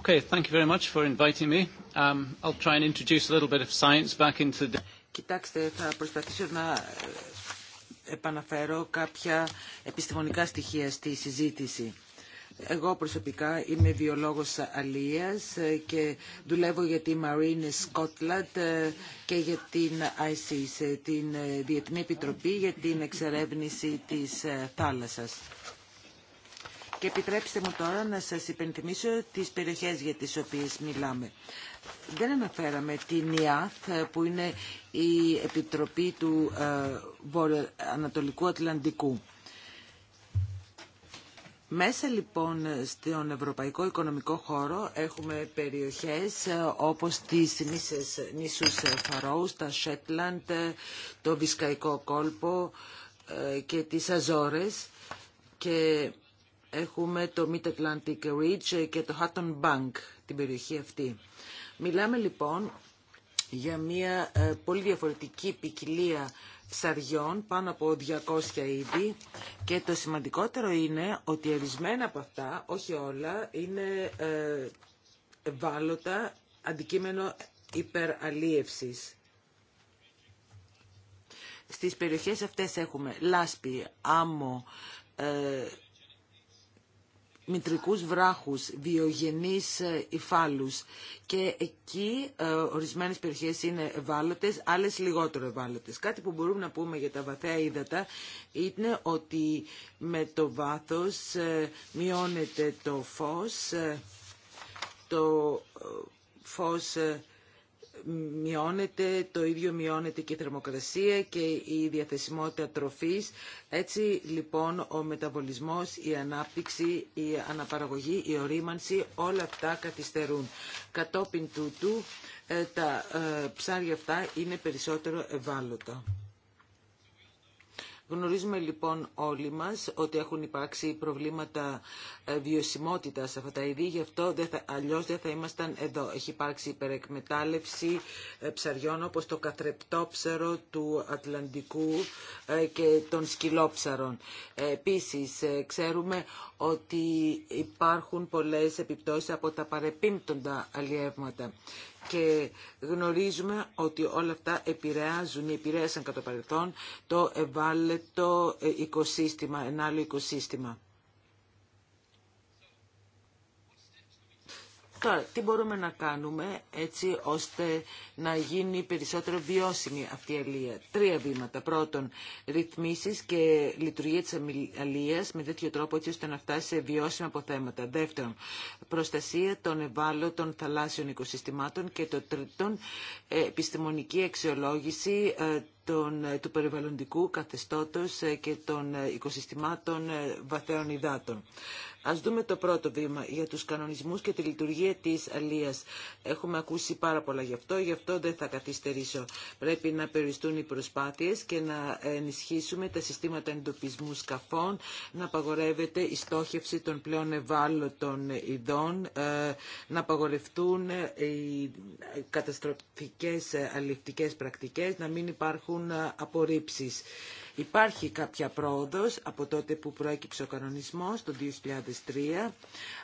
Okay, thank you very much for inviting me. Um, I'll try and introduce a little bit of science back into the... Κοιτάξτε, θα προσπαθήσω να ε, επαναφέρω κάποια επιστημονικά στοιχεία στη συζήτηση. Εγώ προσωπικά είμαι βιολόγος αλίας ε, και δουλεύω για τη Marine Scotland ε, και για την ICES, ε, την Διεθνή Επιτροπή για την Εξερεύνηση της Θάλασσας. Και επιτρέψτε μου τώρα να σας υπενθυμίσω τις περιοχές για τις οποίες μιλάμε. Δεν αναφέραμε την ΙΑΘ που είναι η Επιτροπή του Ανατολικού Ατλαντικού. Μέσα λοιπόν στον Ευρωπαϊκό Οικονομικό Χώρο έχουμε περιοχές ε, όπως τις νήσες, νήσους ε, Φαρόου, τα Σέτλαντ, ε, το Βισκαϊκό Κόλπο και τις Αζόρες και έχουμε το Mid-Atlantic Ridge και το Hutton Bank, την περιοχή αυτή. Μιλάμε λοιπόν για μια πολύ διαφορετική ποικιλία ψαριών, πάνω από 200 είδη και το σημαντικότερο είναι ότι ορισμένα από αυτά, όχι όλα, είναι βάλωτα ε, αντικείμενο υπεραλίευσης. Στις περιοχές αυτές έχουμε λάσπη, άμμο, ε, μητρικούς βράχους, βιογενείς ε, υφάλους και εκεί ε, ορισμένες περιοχές είναι ευάλωτες, άλλες λιγότερο ευάλωτες. Κάτι που μπορούμε να πούμε για τα βαθαία ύδατα είναι ότι με το βάθος ε, μειώνεται το φως, ε, το φως μειώνεται, το ίδιο μειώνεται και η θερμοκρασία και η διαθεσιμότητα τροφής. Έτσι λοιπόν ο μεταβολισμός, η ανάπτυξη, η αναπαραγωγή, η ορίμανση, όλα αυτά καθυστερούν. Κατόπιν τούτου ε, τα ε, ψάρια αυτά είναι περισσότερο ευάλωτα. Γνωρίζουμε λοιπόν όλοι μας ότι έχουν υπάρξει προβλήματα ε, βιωσιμότητα σε αυτά τα είδη, γι' αυτό δεν αλλιώς δεν θα ήμασταν εδώ. Έχει υπάρξει υπερεκμετάλλευση ε, ψαριών όπως το καθρεπτόψαρο του Ατλαντικού ε, και των σκυλόψαρων. Επίσης, ξέρουμε ότι υπάρχουν πολλές επιπτώσεις από τα παρεπίμπτοντα αλλιεύματα και γνωρίζουμε ότι όλα αυτά επηρεάζουν ή επηρέασαν κατά παρελθόν το ευάλωτο ε, οικοσύστημα, ένα άλλο οικοσύστημα. Τώρα, τι μπορούμε να κάνουμε έτσι ώστε να γίνει περισσότερο βιώσιμη αυτή η αλία. Τρία βήματα. Πρώτον, ρυθμίσεις και λειτουργία της αλίας με τέτοιο τρόπο έτσι ώστε να φτάσει σε βιώσιμα αποθέματα. Δεύτερον, προστασία των ευάλωτων θαλάσσιων οικοσυστημάτων και το τρίτον, ε, επιστημονική αξιολόγηση ε, των, ε, του περιβαλλοντικού καθεστώτος ε, και των ε, οικοσυστημάτων βαθέων υδάτων. Ας δούμε το πρώτο βήμα για τους κανονισμούς και τη λειτουργία της αλίας. Έχουμε ακούσει πάρα πολλά γι' αυτό, γι' αυτό δεν θα καθυστερήσω. Πρέπει να περιστούν οι προσπάθειες και να ενισχύσουμε τα συστήματα εντοπισμού σκαφών, να απαγορεύεται η στόχευση των πλέον ευάλωτων ειδών, να απαγορευτούν οι καταστροφικές αλληλευτικές πρακτικές, να μην υπάρχουν έχουν ε, Υπάρχει κάποια πρόοδος από τότε που προέκυψε ο κανονισμός το 2003.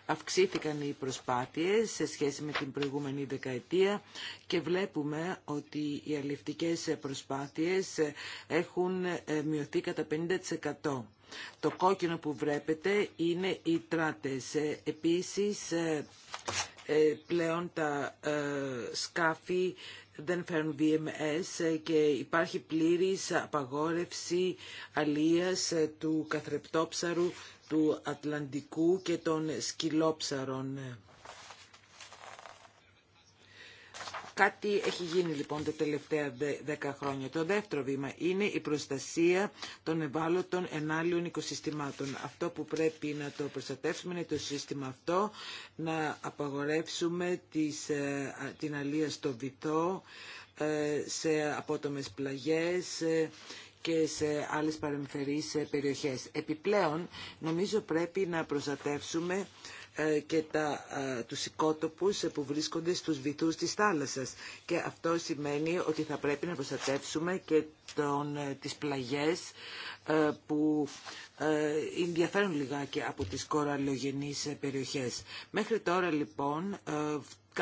Αυξήθηκαν οι προσπάθειες σε σχέση με την προηγούμενη δεκαετία και βλέπουμε ότι οι αλληλευτικές προσπάθειες ε, έχουν ε, μειωθεί κατά 50%. Το κόκκινο που βλέπετε είναι οι τράτες. Επίσης, πλέον τα σκάφη δεν φέρνουν VMS και υπάρχει πλήρης απαγόρευση αλίας ε, του καθρεπτόψαρου, του Ατλαντικού και των σκυλόψαρων. Κάτι έχει γίνει λοιπόν τα τελευταία δέκα χρόνια. Το δεύτερο βήμα είναι η προστασία των ευάλωτων ενάλλειων οικοσυστημάτων. Αυτό που πρέπει να το προστατεύσουμε είναι το σύστημα αυτό, να απαγορεύσουμε τις, ε, την αλία στο βυθό, ε, σε απότομες πλαγιές, ε, και σε άλλες παρεμφερείς περιοχές. Επιπλέον, νομίζω πρέπει να προστατεύσουμε ε, και τα, ε, τους οικότοπους ε, που βρίσκονται στους βυθούς της θάλασσας. Και αυτό σημαίνει ότι θα πρέπει να προστατεύσουμε και τον, τις πλαγιές που ενδιαφέρουν λιγάκι από τις κοραλιογενείς περιοχές. Μέχρι τώρα λοιπόν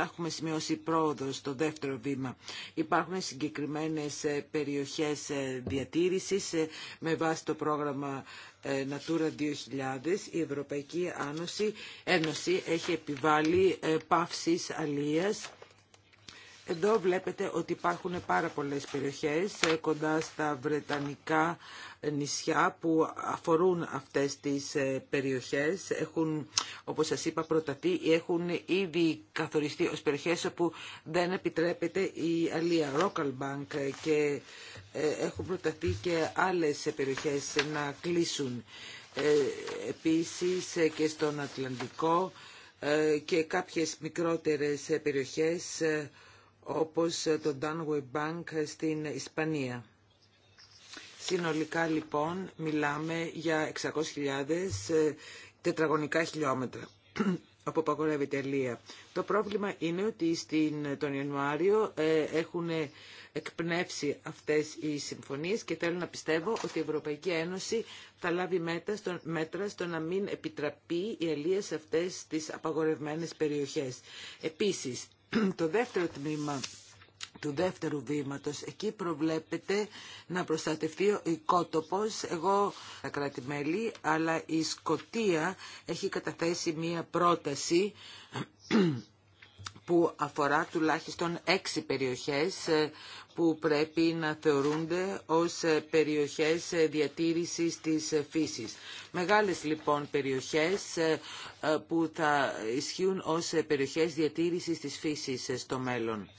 έχουμε σημειώσει πρόοδο στο δεύτερο βήμα. Υπάρχουν συγκεκριμένες ε, περιοχές ε, διατήρησης ε, με βάση το πρόγραμμα Natura 2000. Η Ευρωπαϊκή Ένωση έχει επιβάλει παύσεις αλίας εδώ βλέπετε ότι υπάρχουν πάρα πολλές περιοχές ε, κοντά στα Βρετανικά νησιά που αφορούν αυτές τις ε, περιοχές. Έχουν, όπως σας είπα, προταθεί ή έχουν ήδη καθοριστεί ως περιοχές όπου δεν επιτρέπεται η αλία δεν επιτρεπεται η αλια Bank και ε, έχουν προταθεί και άλλες περιοχές να κλείσουν. Επίσης και στον Ατλαντικό και κάποιες μικρότερες περιοχές όπως το Danway Bank στην Ισπανία. Συνολικά λοιπόν μιλάμε για 600.000 τετραγωνικά χιλιόμετρα από απαγορεύεται ελεία. Το πρόβλημα είναι ότι στην, τον Ιανουάριο ε, έχουν εκπνεύσει αυτές οι συμφωνίες και θέλω να πιστεύω ότι η Ευρωπαϊκή Ένωση θα λάβει μέτρα στο, να μην επιτραπεί η ελεία σε αυτές τις απαγορευμένες περιοχές. Επίσης, το δεύτερο τμήμα του δεύτερου βήματος. Εκεί προβλέπεται να προστατευτεί ο οικότοπος. Εγώ τα κρατημέλη, αλλά η Σκοτία έχει καταθέσει μία πρόταση που αφορά τουλάχιστον έξι περιοχές ε, που πρέπει να θεωρούνται ως ε, περιοχές διατήρησης της φύσης. Μεγάλες λοιπόν περιοχές που θα ισχύουν ως περιοχές διατήρησης της φύσης στο μέλλον.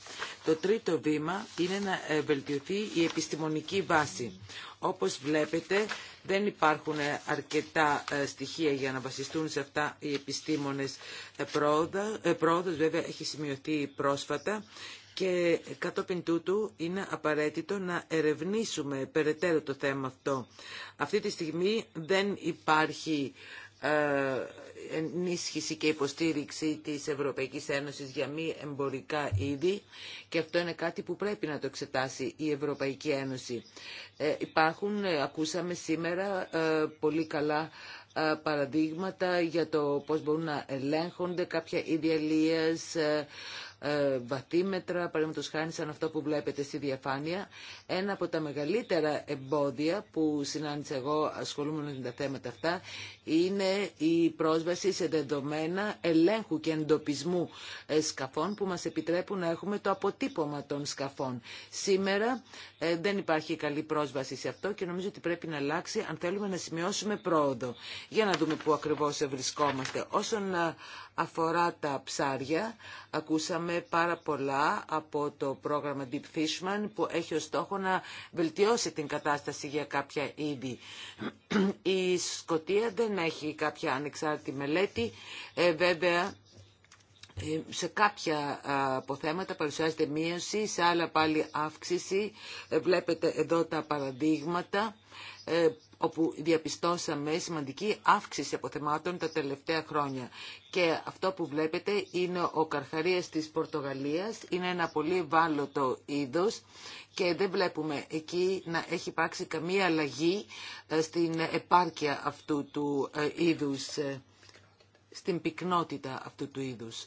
Το τρίτο βήμα είναι να ε, βελτιωθεί η επιστημονική βάση. Όπως βλέπετε δεν υπάρχουν αρκετά ε, στοιχεία για να βασιστούν σε αυτά οι επιστήμονες ε, ε, Πρόοδος βέβαια έχει σημειωθεί πρόσφατα και κατόπιν τούτου είναι απαραίτητο να ερευνήσουμε περαιτέρω το θέμα αυτό. Αυτή τη στιγμή δεν υπάρχει ε, ενίσχυση και υποστήριξη της Ευρωπαϊκής Ένωσης για μη εμπορικά είδη και αυτό είναι κάτι που πρέπει να το εξετάσει η Ευρωπαϊκή Ένωση. Ε, υπάρχουν, ε, ακούσαμε σήμερα, πολύ καλά παραδείγματα για το πώς μπορούν να ελέγχονται κάποια είδη ε, βαθύμετρα, παραδείγματο χάρη σαν αυτό που βλέπετε στη διαφάνεια. Ένα από τα μεγαλύτερα εμπόδια που συνάντησα εγώ ασχολούμενο με τα θέματα αυτά είναι η πρόσβαση σε δεδομένα ελέγχου και εντοπισμού ε, σκαφών που μας επιτρέπουν να έχουμε το αποτύπωμα των σκαφών. Σήμερα ε, δεν υπάρχει καλή πρόσβαση σε αυτό και νομίζω ότι πρέπει να αλλάξει αν θέλουμε να σημειώσουμε πρόοδο. Για να δούμε πού ακριβώς βρισκόμαστε. Όσον ε, αφορά τα ψάρια, ακούσαμε πάρα πολλά από το πρόγραμμα Deep Fishman που έχει ως στόχο να βελτιώσει την κατάσταση για κάποια είδη. Η Σκοτία δεν έχει κάποια ανεξάρτητη μελέτη. Ε, βέβαια, ε, σε κάποια αποθέματα παρουσιάζεται μείωση, σε άλλα πάλι αύξηση. Ε, βλέπετε εδώ τα παραδείγματα ε, όπου διαπιστώσαμε σημαντική αύξηση αποθεμάτων τα τελευταία χρόνια. Και αυτό που βλέπετε είναι ο καρχαρίας της Πορτογαλίας, είναι ένα πολύ ευάλωτο είδος και δεν βλέπουμε εκεί να έχει υπάρξει καμία αλλαγή στην επάρκεια αυτού του είδους, στην πυκνότητα αυτού του είδους.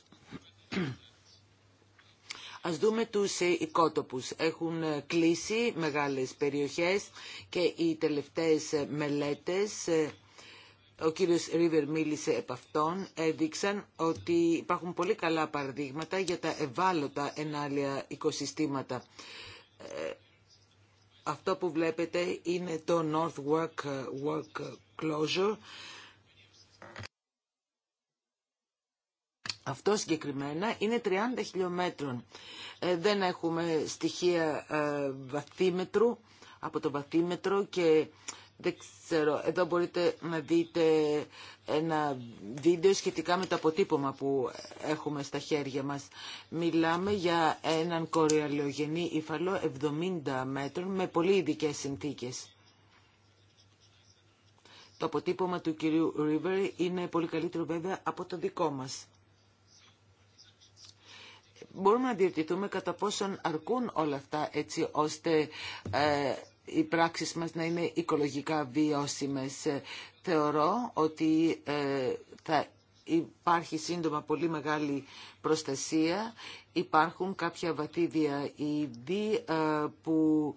Ας δούμε τους ε, οικότοπους. Έχουν ε, κλείσει μεγάλες περιοχές και οι τελευταίες ε, μελέτες, ο κύριος Ρίβερ μίλησε επ' αυτών, έδειξαν ότι υπάρχουν πολύ καλά παραδείγματα για τα ευάλωτα ενάλια οικοσυστήματα. Αυτό που βλέπετε είναι το North Work, Work Closure, Αυτό συγκεκριμένα είναι 30 χιλιόμετρων. Ε, δεν έχουμε στοιχεία ε, βαθύμετρου, από το βαθύμετρο και δεν ξέρω, εδώ μπορείτε να δείτε ένα βίντεο σχετικά με το αποτύπωμα που έχουμε στα χέρια μας. Μιλάμε για έναν κορεαλιογενή υφαλό 70 μέτρων με πολύ ειδικέ συνθήκες. Το αποτύπωμα του κυρίου River είναι πολύ καλύτερο βέβαια από το δικό μας μπορούμε να διαιτηθούμε κατά πόσον αρκούν όλα αυτά έτσι ώστε ε, οι πράξεις μας να είναι οικολογικά βιώσιμες. Ε, θεωρώ ότι ε, θα υπάρχει σύντομα πολύ μεγάλη προστασία. Υπάρχουν κάποια βατήδια είδη που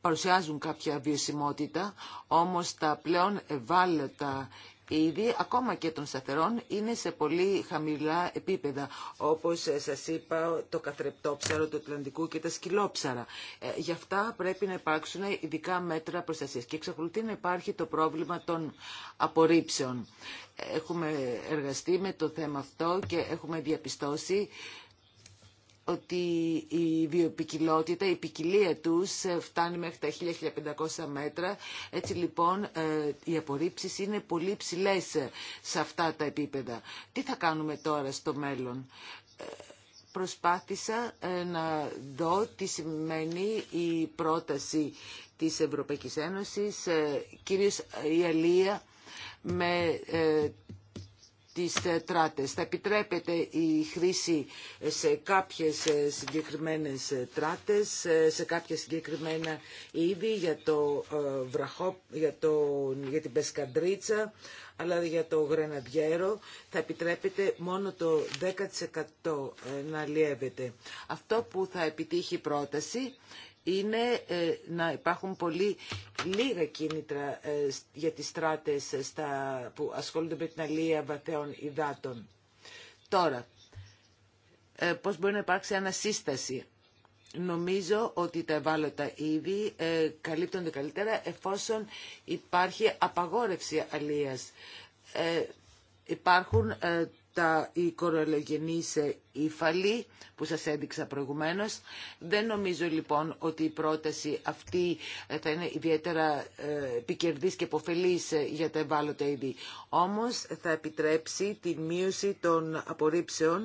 παρουσιάζουν κάποια βιωσιμότητα, όμως τα πλέον ευάλωτα ήδη ακόμα και των σταθερών είναι σε πολύ χαμηλά επίπεδα όπως σας είπα το καθρεπτό ψάρο του Ατλαντικού και τα σκυλόψαρα. Ε, γι' αυτά πρέπει να υπάρξουν ειδικά μέτρα προστασίας και εξακολουθεί να υπάρχει το πρόβλημα των απορρίψεων. Έχουμε εργαστεί με το θέμα αυτό και έχουμε διαπιστώσει ότι η βιοπικιλότητα, η ποικιλία τους φτάνει μέχρι τα 1.500 μέτρα. Έτσι λοιπόν ε, οι απορρίψει είναι πολύ ψηλέ σε αυτά τα επίπεδα. Τι θα κάνουμε τώρα στο μέλλον. Ε, προσπάθησα ε, να δω τι σημαίνει η πρόταση της Ευρωπαϊκής Ένωσης, κυρίως η Αλία με τις τράτες. Θα επιτρέπεται η χρήση σε κάποιες συγκεκριμένες τράτες, σε κάποια συγκεκριμένα είδη για, το, ε, βραχό, για, το, για την πεσκαντρίτσα, αλλά για το γρεναδιέρο θα επιτρέπετε μόνο το 10% να λιεύεται. Αυτό που θα επιτύχει η πρόταση είναι ε, να υπάρχουν πολύ λίγα κίνητρα ε, για τις στράτες ε, στα, που ασχολούνται με την αλληλεία βαθέων υδάτων. Τώρα, πώς μπορεί να υπάρξει ανασύσταση. Νομίζω ότι τα ευάλωτα είδη καλύπτονται καλύτερα εφόσον υπάρχει απαγόρευση αλίας. Υπάρχουν τα, οι κορολογενείς υφαλή που σας έδειξα προηγουμένως. Δεν νομίζω λοιπόν ότι η πρόταση αυτή ε, θα είναι ιδιαίτερα ε, επικερδής και υποφελής ε, για τα ευάλωτα είδη. Όμως θα επιτρέψει τη μείωση των απορρίψεων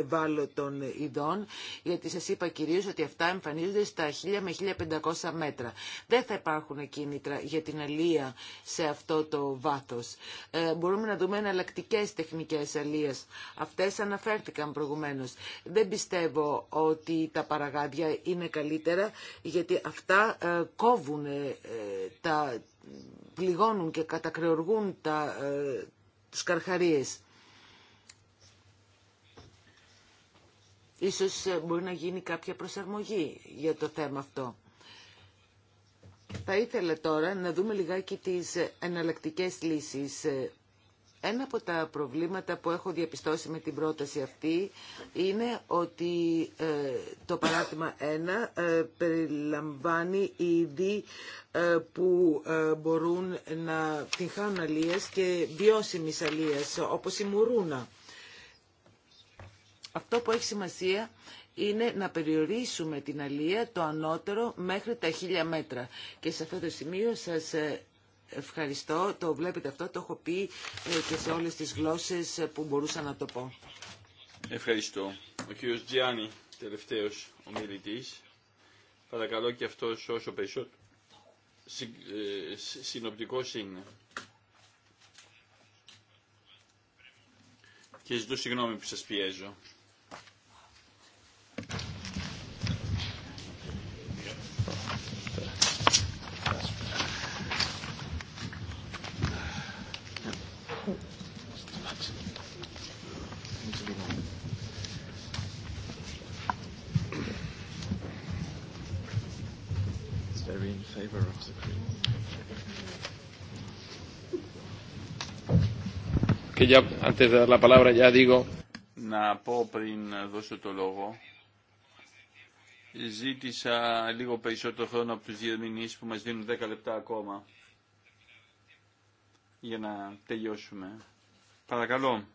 ευάλωτων ειδών, γιατί σας είπα κυρίως ότι αυτά εμφανίζονται στα 1000 με 1500 μέτρα. Δεν θα υπάρχουν κίνητρα για την αλία σε αυτό το βάθος. μπορούμε να δούμε εναλλακτικέ τεχνικές αλίας. Αυτές αναφέρθηκαν προηγουμένως δεν πιστεύω ότι τα παραγάδια είναι καλύτερα γιατί αυτά ε, κόβουν, ε, τα πληγώνουν και κατακρεοργούν τα, ε, τους καρχαρίες. Ίσως μπορεί να γίνει κάποια προσαρμογή για το θέμα αυτό. Θα ήθελα τώρα να δούμε λιγάκι τις εναλλακτικές λύσεις ένα από τα προβλήματα που έχω διαπιστώσει με την πρόταση αυτή είναι ότι ε, το παράδειγμα 1 ε, περιλαμβάνει ήδη ε, που μπορούν να την χάνουν αλίες και βιώσιμης αλίες, όπως η μουρούνα. Αυτό που έχει σημασία είναι να περιορίσουμε την αλία το ανώτερο μέχρι τα χίλια μέτρα. Και σε αυτό το σημείο σας ευχαριστώ. Το βλέπετε αυτό, το έχω πει ε, και σε όλες τις γλώσσες ε, που μπορούσα να το πω. Ευχαριστώ. Ο κύριος Τζιάννη, τελευταίος ομιλητής. Παρακαλώ και αυτός όσο περισσότερο ε, συνοπτικός είναι. Και ζητώ συγγνώμη που σας πιέζω. Να πω πριν δώσω το λόγο. Ζήτησα λίγο περισσότερο χρόνο από τους διερμηνείς που μας δίνουν 10 λεπτά ακόμα για να τελειώσουμε. Παρακαλώ.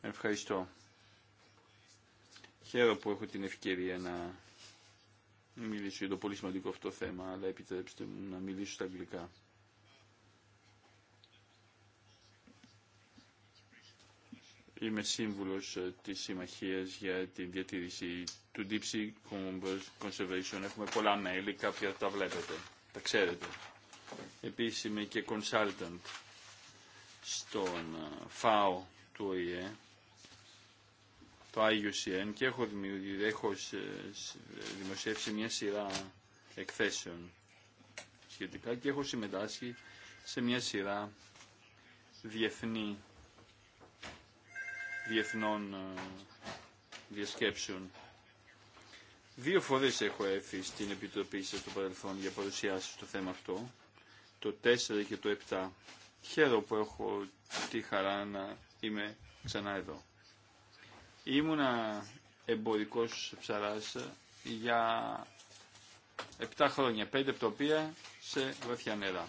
Ευχαριστώ. Χαίρομαι που έχω την ευκαιρία να μιλήσω για το πολύ σημαντικό αυτό θέμα, αλλά επιτρέψτε μου να μιλήσω στα αγγλικά. Είμαι σύμβουλος της Συμμαχίας για τη διατήρηση του Deep Sea Conservation. Έχουμε πολλά μέλη, κάποια τα βλέπετε, τα ξέρετε. Επίσης είμαι και consultant στον ε, ΦΑΟ του ΟΗΕ το IUCN και έχω, έχω δημοσιεύσει μια σειρά εκθέσεων σχετικά και έχω συμμετάσχει σε μια σειρά διεθνή, διεθνών ε, διασκέψεων. Δύο φορές έχω έρθει στην Επιτροπή σας στο παρελθόν για παρουσιάσει στο θέμα αυτό, το 4 και το 7. Χαίρομαι που έχω τη χαρά να είμαι ξανά εδώ. Ήμουνα εμπορικός ψαράς για 7 χρόνια, 5 από τα οποία σε βαθιά νερά.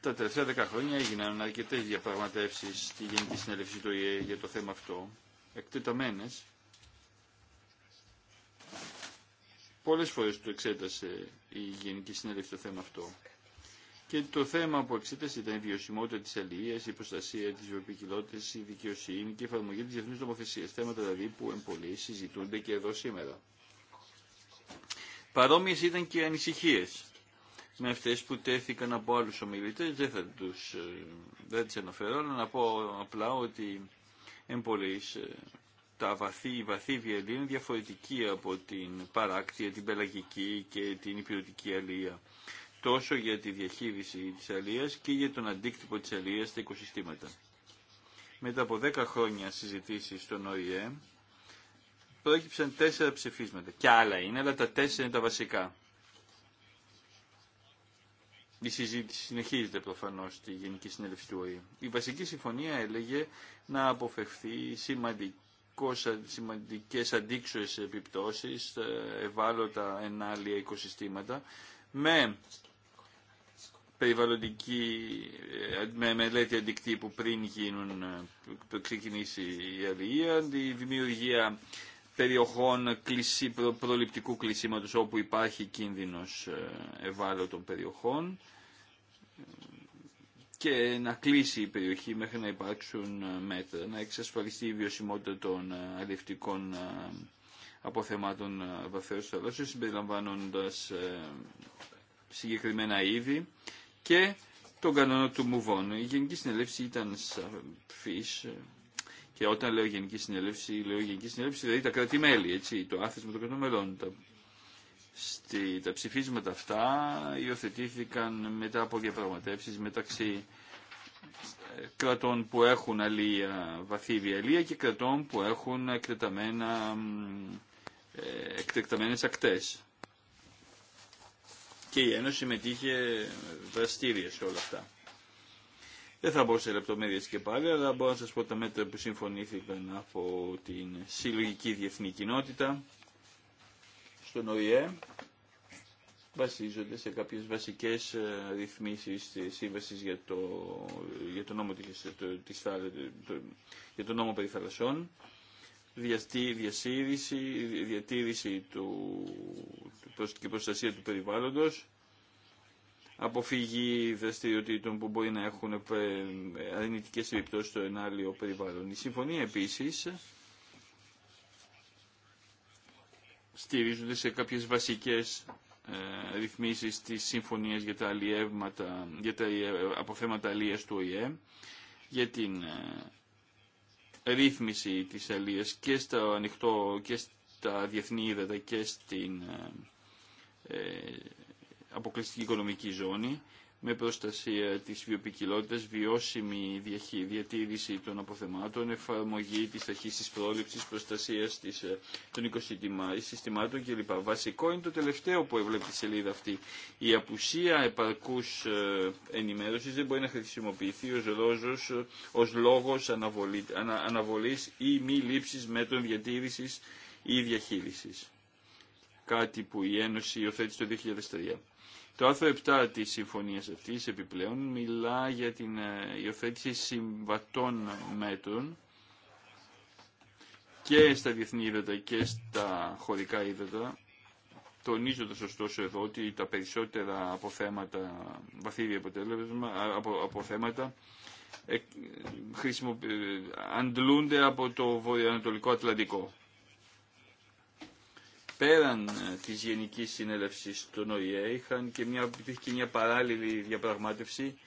Τα τελευταία 10 χρόνια έγιναν αρκετέ διαπραγματεύσει στη Γενική Συνέλευση του ΙΕ για το θέμα αυτό, εκτεταμένε. Πολλέ φορέ το εξέτασε η Γενική Συνέλευση το θέμα αυτό. Και το θέμα που εξέτασε ήταν η βιωσιμότητα τη αλληλεία, η προστασία τη βιοποικιλότητα, η δικαιοσύνη και η εφαρμογή τη διεθνή νομοθεσία. Θέματα δηλαδή που εμπολί συζητούνται και εδώ σήμερα. Παρόμοιε ήταν και οι ανησυχίε με αυτέ που τέθηκαν από άλλου ομιλητέ. Δεν θα τους, ε, δεν τι αναφέρω, αλλά να πω απλά ότι εμπολεί τα βαθύ, η βαθύ βιαλή είναι διαφορετική από την παράκτια, την πελαγική και την υπηρετική αλληλεία τόσο για τη διαχείριση της αλίας και για τον αντίκτυπο της αλίας στα οικοσυστήματα. Μετά από 10 χρόνια συζητήσεις στον ΟΗΕ, πρόκειψαν τέσσερα ψηφίσματα. Και άλλα είναι, αλλά τα τέσσερα είναι τα βασικά. Η συζήτηση συνεχίζεται προφανώ στη Γενική Συνέλευση του ΟΗΕ. Η βασική συμφωνία έλεγε να αποφευθεί σημαντικές αντίξωες επιπτώσεις ευάλωτα ενάλια οικοσυστήματα με περιβαλλοντική ε, με μελέτη αντικτύπου πριν γίνουν, ε, ξεκινήσει η αλληλεία, τη δημιουργία περιοχών κλεισί, προληπτικού κλεισίματος όπου υπάρχει κίνδυνος ε, ευάλωτων περιοχών και να κλείσει η περιοχή μέχρι να υπάρξουν μέτρα, να εξασφαλιστεί η βιωσιμότητα των αλληλευτικών αποθεμάτων βαθέως θαλάσσιας συμπεριλαμβάνοντας συγκεκριμένα είδη, και τον κανόνα του Μουβών. Η Γενική Συνελεύση ήταν σαφή. Ε, και όταν λέω Γενική Συνελεύση, λέω Γενική Συνελεύση δηλαδή τα κρατη έτσι, το άθεσμα των κρατών Τα, τα ψηφίσματα αυτά υιοθετήθηκαν μετά από διαπραγματεύσεις μεταξύ ε, κρατών που έχουν αλία, ε, βαθύ βιαλία και κρατών που έχουν εκτεταμένα, εκτεταμένες ακτές και η Ένωση συμμετείχε δραστήρια σε όλα αυτά. Δεν θα μπω σε λεπτομέρειες και πάλι, αλλά μπορώ να σας πω τα μέτρα που συμφωνήθηκαν από την συλλογική διεθνή κοινότητα στον ΟΗΕ βασίζονται σε κάποιες βασικές ε, ρυθμίσεις της σύμβασης για το, για το νόμο, της, ε, το, για το νόμο περί διατήρηση, διατήρηση του, και προστασία του περιβάλλοντος, αποφυγή δραστηριοτήτων που μπορεί να έχουν ε, αρνητικές επιπτώσεις στο ενάλλειο περιβάλλον. Η συμφωνία επίσης στηρίζονται σε κάποιες βασικές ε, ρυθμίσεις της συμφωνίας για τα, αλλιεύματα, για τα ε, αποθέματα αλλιές του ΟΗΕ, για την ε, ρύθμιση της Ελίας και στο ανοιχτό και στα διεθνή ύδατα και στην ε, ε, αποκλειστική οικονομική ζώνη με προστασία ε, της βιοπικιλότητας, βιώσιμη διατήρηση των αποθεμάτων, εφαρμογή της αρχής της πρόληψης, προστασίας της, ε, των οικοσυστημάτων κλπ. Βασικό είναι το τελευταίο που έβλεπε τη σελίδα αυτή. Η απουσία επαρκούς ε, ενημέρωσης δεν μπορεί να χρησιμοποιηθεί ως, ρόζος, ως λόγος αναβολή, αναβολής ή μη λήψης μέτρων διατήρησης ή διαχείρισης. Κάτι που η Ένωση υιοθέτησε το 2003. Το άρθρο 7 της συμφωνίας αυτής επιπλέον μιλά για την ε, υιοθέτηση συμβατών μέτρων και στα διεθνή ύδατα και στα χωρικά ύδατα, τονίζοντας ωστόσο εδώ ότι τα περισσότερα αποθέματα, βαθύρια αποτέλεσμα, από, αποθέματα, ε, ε, αντλούνται από το βορειοανατολικό Ατλαντικό πέραν ε, της Γενικής Συνέλευσης των ΟΗΕ είχαν και μια, και μια παράλληλη διαπραγμάτευση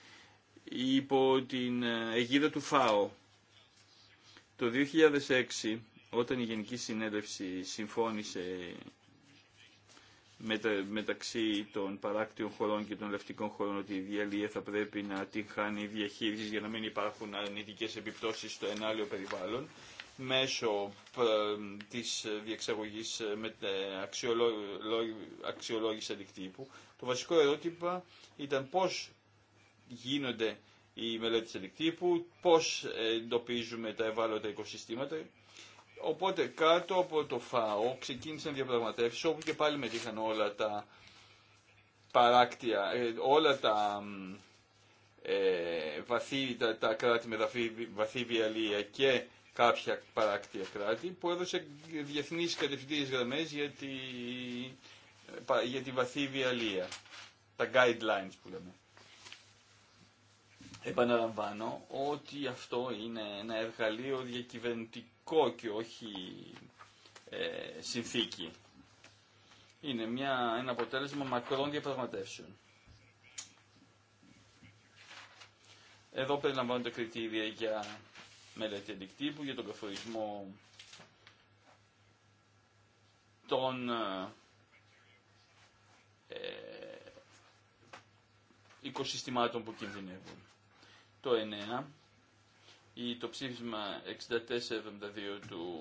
υπό την ε, αιγίδα του ΦΑΟ. Το 2006 όταν η Γενική Συνέλευση συμφώνησε μεταξύ των παράκτιων χωρών και των λευτικών χωρών ότι η διαλύεια θα πρέπει να την χάνει διαχείριση για να μην υπάρχουν αρνητικές επιπτώσεις στο ενάλλειο περιβάλλον μέσω ε, της διεξαγωγής ε, με ε, αξιολόγηση αντικτύπου. Το βασικό ερώτημα ήταν πώς γίνονται οι μελέτες αντικτύπου, πώς εντοπίζουμε τα ευάλωτα οικοσυστήματα. Οπότε κάτω από το ΦΑΟ ξεκίνησαν διαπραγματεύσεις όπου και πάλι μετήχαν όλα τα παράκτια, όλα τα ε, βαθύ, τα, τα κράτη με βαθύ βιαλία και κάποια παράκτια κράτη που έδωσε διεθνείς κατευθυντήριες γραμμές για τη, για τη βαθύ βιαλία. Τα guidelines που λέμε. Επαναλαμβάνω ότι αυτό είναι ένα εργαλείο διακυβερνητικό και όχι ε, συνθήκη. Είναι μια, ένα αποτέλεσμα μακρών διαπραγματεύσεων. Εδώ περιλαμβάνονται κριτήρια για μελέτη αντικτύπου, για τον καθορισμό των ε, ε οικοσυστημάτων που κινδυνεύουν. Το 9 ή το ψήφισμα 64-72 του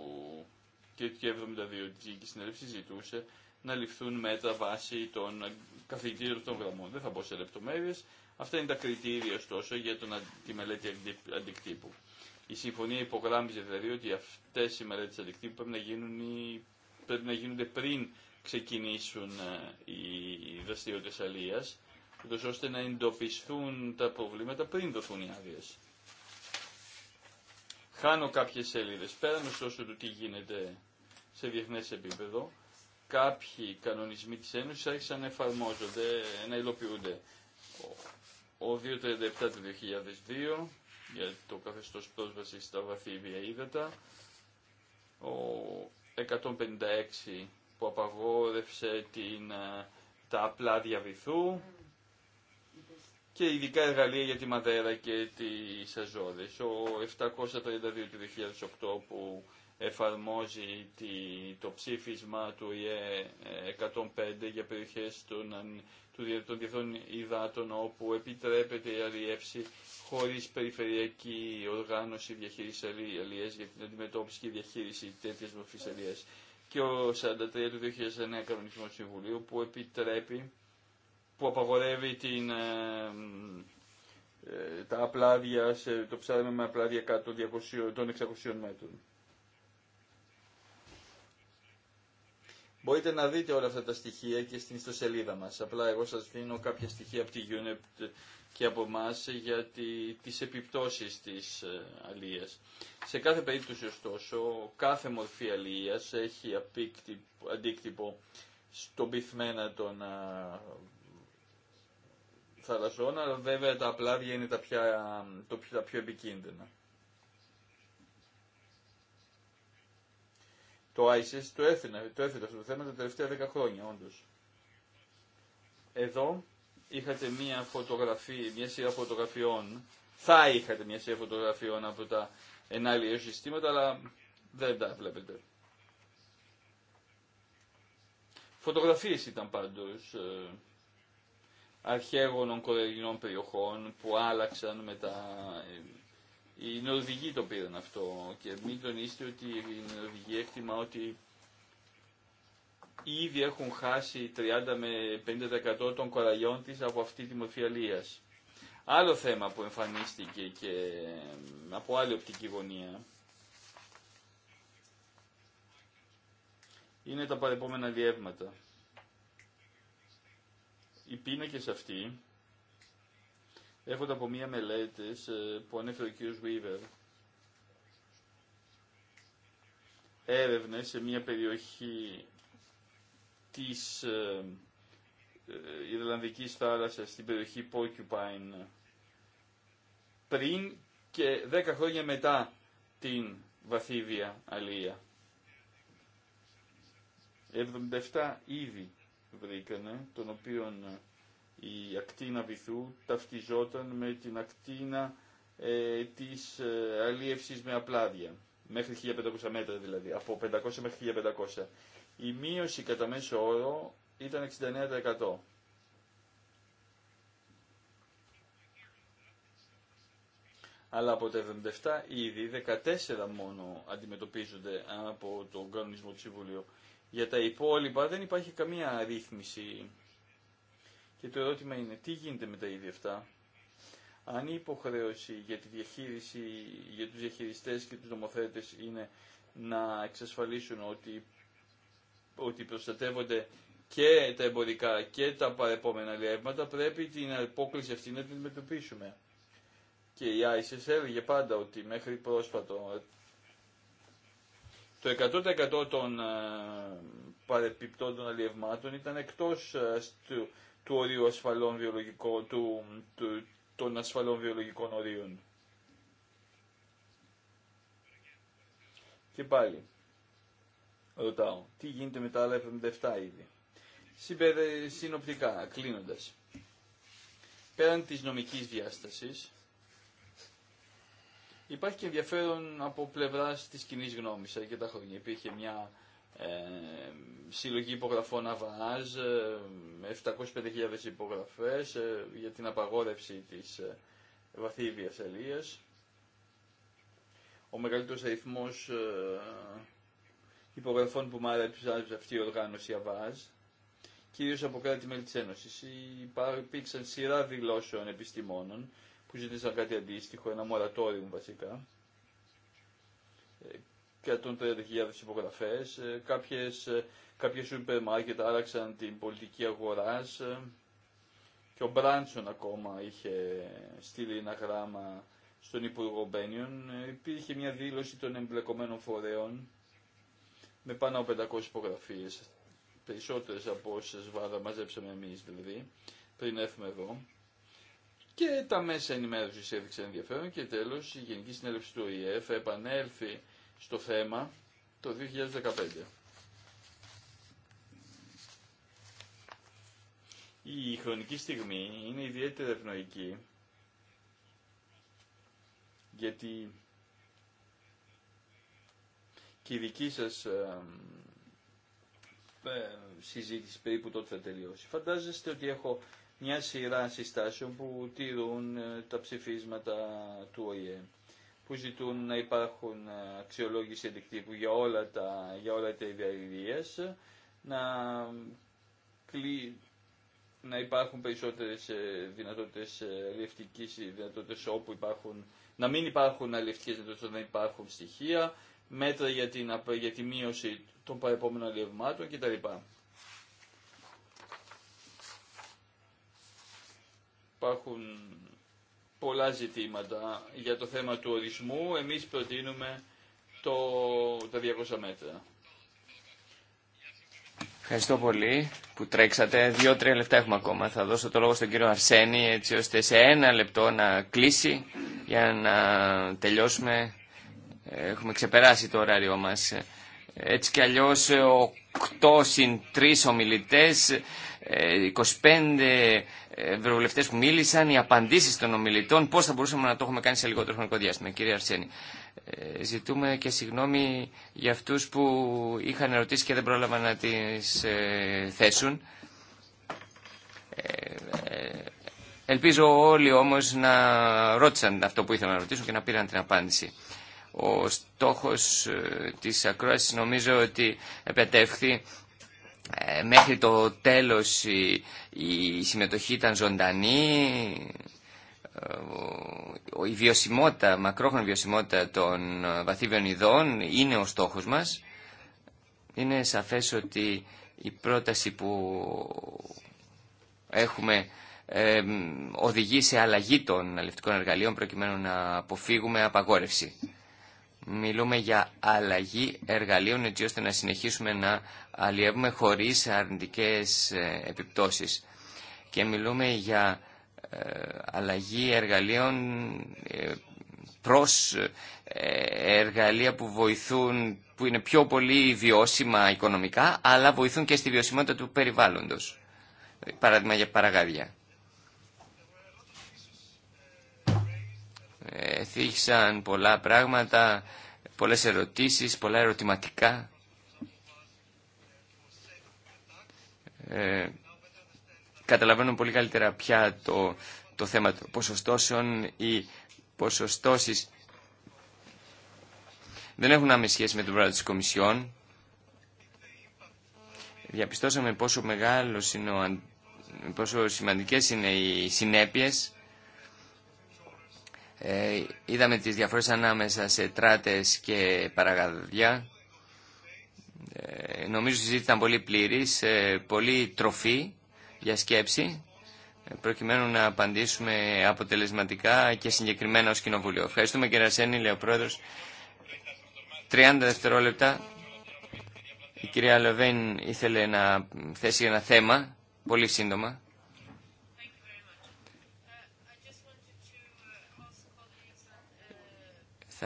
και 72 της Γενικής ζητούσε να ληφθούν μέτρα βάσει των καθηγητήρων των γραμμών. Δεν θα μπω σε λεπτομέρειες. Αυτά είναι τα κριτήρια ωστόσο για τον, τη μελέτη αντικτύπου. Η συμφωνία υπογράμμιζε δηλαδή ότι αυτέ οι μελέτε αντικτύπου πρέπει να, πρέπει να γίνονται πριν ξεκινήσουν ε, οι δραστηριότητε αλεία, ώστε να εντοπιστούν τα προβλήματα πριν δοθούν οι άδειε. Χάνω κάποιε σελίδε πέραν ωστόσο του τι γίνεται σε διεθνέ επίπεδο. Κάποιοι κανονισμοί τη Ένωση άρχισαν να εφαρμόζονται, να υλοποιούνται. Ο 237 του 2002, για το καθεστώς πρόσβαση στα βαθύβια ύδατα, ο 156 που απαγόρευσε την, ε, τα απλά διαβυθού και ειδικά εργαλεία για τη Μαδέρα και τις Αζόρες. Ο 732 του 2008 που εφαρμόζει το ψήφισμα του ΙΕ 105 για περιοχές των των διεθνών υδάτων όπου επιτρέπεται η αλλιεύση χωρίς περιφερειακή οργάνωση διαχείριση αλλιές για την αντιμετώπιση και διαχείριση τέτοιας μορφής αλλιές και ο 43 του 2009 κανονισμός του Συμβουλίου που επιτρέπει, που απαγορεύει την, ε, ε, τα απλάδια, σε, το ψάρεμα με απλάδια κάτω των 600 μέτρων. Μπορείτε να δείτε όλα αυτά τα στοιχεία και στην ιστοσελίδα μας. Απλά εγώ σας δίνω κάποια στοιχεία από τη UNEP και από εμά για τη, τις επιπτώσεις της ε, αλίας. Σε κάθε περίπτωση ωστόσο, κάθε μορφή αλίας έχει αντίκτυπο στον πυθμένα των α, θαλασσών, αλλά βέβαια τα απλάδια είναι τα, το, τα πιο επικίνδυνα. το ISIS το έφερε, το αυτό το θέμα τα τελευταία 10 χρόνια όντω. Εδώ είχατε μία φωτογραφία, μία σειρά φωτογραφιών, θα είχατε μία σειρά φωτογραφιών από τα ενάλληλα συστήματα, αλλά δεν τα βλέπετε. Φωτογραφίες ήταν πάντως ε, αρχαίγωνων κορεγινών περιοχών που άλλαξαν μετά οι Νορβηγοί το πήραν αυτό και μην τονίσετε ότι οι Νορβηγοί έκτιμα ότι ήδη έχουν χάσει 30 με 50% των κοραγιών της από αυτή τη μορφή αλίας. Άλλο θέμα που εμφανίστηκε και από άλλη οπτική γωνία είναι τα παρεπόμενα διεύματα. Οι πίνακες αυτοί έρχονται από μία μελέτη ε, που ανέφερε ο κ. Βίβερ. Έρευνε σε μία περιοχή της ε, ε, Ιρλανδικής θάλασσας, στην περιοχή Porcupine, πριν και δέκα χρόνια μετά την βαθύβια αλία. 77 ήδη βρήκανε, τον οποίον η ακτίνα βυθού ταυτιζόταν με την ακτίνα ε, της ε, αλίευσης με απλάδια, μέχρι 1500 μέτρα δηλαδή, από 500 μέχρι 1500. Η μείωση κατά μέσο όρο ήταν 69%. αλλά από τα 77 ήδη 14 μόνο αντιμετωπίζονται από τον κανονισμό του Συμβουλίου. Για τα υπόλοιπα δεν υπάρχει καμία ρύθμιση και το ερώτημα είναι τι γίνεται με τα ίδια αυτά. Αν η υποχρέωση για, τη διαχείριση, για τους διαχειριστές και τους νομοθέτες είναι να εξασφαλίσουν ότι, ότι προστατεύονται και τα εμπορικά και τα παρεπόμενα ρεύματα, πρέπει την απόκληση αυτή να την αντιμετωπίσουμε. Και η ISS έλεγε πάντα ότι μέχρι πρόσφατο το 100% των ε, παρεπιπτών των αλλιευμάτων ήταν εκτός ε, του ορίου ασφαλών βιολογικών, του, των ασφαλών βιολογικών ορίων. Και πάλι, ρωτάω, τι γίνεται με τα άλλα 77 είδη. συνοπτικά, κλείνοντας. Πέραν της νομικής διάστασης, υπάρχει και ενδιαφέρον από πλευράς της κοινή γνώμης αρκετά χρόνια. Υπήρχε μια ε, συλλογή υπογραφών ΑΒΑΖ, 705.000 ε, υπογραφές ε, για την απαγόρευση της βαθύβιας βιασαλίας. Ο μεγαλύτερος αριθμός υπογραφών που μάρεψε αυτή η οργάνωση ΑΒΑΖ, κυρίως από κράτη μέλη της Ένωσης. Υπήρξαν σειρά δηλώσεων επιστημόνων που ζήτησαν κάτι αντίστοιχο, ένα μορατόριο βασικά, 130.000 υπογραφέ. Κάποιε κάποιες ε, σούπερ μάρκετ άραξαν την πολιτική αγορά ε, και ο Μπράνσον ακόμα είχε στείλει ένα γράμμα στον Υπουργό Μπένιον. Ε, υπήρχε μια δήλωση των εμπλεκομένων φορέων με πάνω από 500 υπογραφίε, περισσότερε από όσε βάδα μαζέψαμε εμεί δηλαδή, πριν έρθουμε εδώ. Και τα μέσα ενημέρωση έδειξαν ενδιαφέρον και τέλο η Γενική Συνέλευση του ΟΗΕΦ επανέλθει στο θέμα το 2015. Η χρονική στιγμή είναι ιδιαίτερα ευνοϊκή γιατί και η δική σας ε, συζήτηση περίπου τότε θα τελειώσει. Φαντάζεστε ότι έχω μια σειρά συστάσεων που τηρούν ε, τα ψηφίσματα του ΟΗΕ που ζητούν να υπάρχουν ε, αξιολόγηση αντικτύπου για όλα τα, για όλα τα να, να υπάρχουν περισσότερες ε, δυνατότητες ε, αλληλευτικής, δυνατότητες όπου υπάρχουν, να μην υπάρχουν αλληλευτικές δυνατότητες να υπάρχουν στοιχεία, μέτρα για, την, για τη μείωση των παρεπόμενων αλληλευμάτων κτλ. Υπάρχουν πολλά ζητήματα. Για το θέμα του ορισμού εμείς προτείνουμε το, τα 200 μέτρα. Ευχαριστώ πολύ που τρέξατε. Δύο-τρία λεπτά έχουμε ακόμα. Θα δώσω το λόγο στον κύριο Αρσένη έτσι ώστε σε ένα λεπτό να κλείσει για να τελειώσουμε. Έχουμε ξεπεράσει το ωράριό μας. Έτσι κι αλλιώς ο 8 συν 3 ομιλητέ, 25 ε, ε, ευρωβουλευτέ που μίλησαν, οι απαντήσει των ομιλητών, πώς θα μπορούσαμε να το έχουμε κάνει σε λιγότερο χρονικό διάστημα. Κύριε Αρσένη, ε, ζητούμε και συγγνώμη για αυτούς που είχαν ερωτήσει και δεν πρόλαβαν να τι θέσουν. Ελπίζω όλοι όμως να ρώτησαν αυτό που ήθελαν να ρωτήσουν και να πήραν την απάντηση. Ο στόχος ε, της ακρόασης νομίζω ότι επετεύχθη ε, μέχρι το τέλος η συμμετοχή ήταν ζωντανή ε, η βιωσιμότητα, μακρόχρονη βιωσιμότητα των βαθύβιων ειδών είναι ο στόχος μας. Είναι σαφές ότι η πρόταση που έχουμε ε, οδηγεί σε αλλαγή των αλληλευτικών εργαλείων προκειμένου να αποφύγουμε απαγόρευση μιλούμε για αλλαγή εργαλείων έτσι ώστε να συνεχίσουμε να αλλιεύουμε χωρίς αρνητικές ε, επιπτώσεις. Και μιλούμε για ε, αλλαγή εργαλείων ε, προς εργαλεία που βοηθούν, που είναι πιο πολύ βιώσιμα οικονομικά, αλλά βοηθούν και στη βιωσιμότητα του περιβάλλοντος. Παράδειγμα για παραγάδια. Εθίχησαν πολλά πράγματα, πολλές ερωτήσεις, πολλά ερωτηματικά. Ε, καταλαβαίνω πολύ καλύτερα πια το, το θέμα των ποσοστώσεων ή ποσοστώσεις δεν έχουν άμεση σχέση με το πράγμα τη Κομισιόν. Διαπιστώσαμε πόσο μεγάλο είναι πόσο σημαντικές είναι οι συνέπειες ε, είδαμε τις διαφορές ανάμεσα σε τράτες και παραγαδιά. Ε, νομίζω η ήταν πολύ πλήρης, ε, πολύ τροφή για σκέψη, προκειμένου να απαντήσουμε αποτελεσματικά και συγκεκριμένα ως Κοινοβουλίο. Ευχαριστούμε κύριε Αρσένη, λέει ο Πρόεδρος. 30 δευτερόλεπτα. Η κυρία Λεβέν ήθελε να θέσει ένα θέμα, πολύ σύντομα.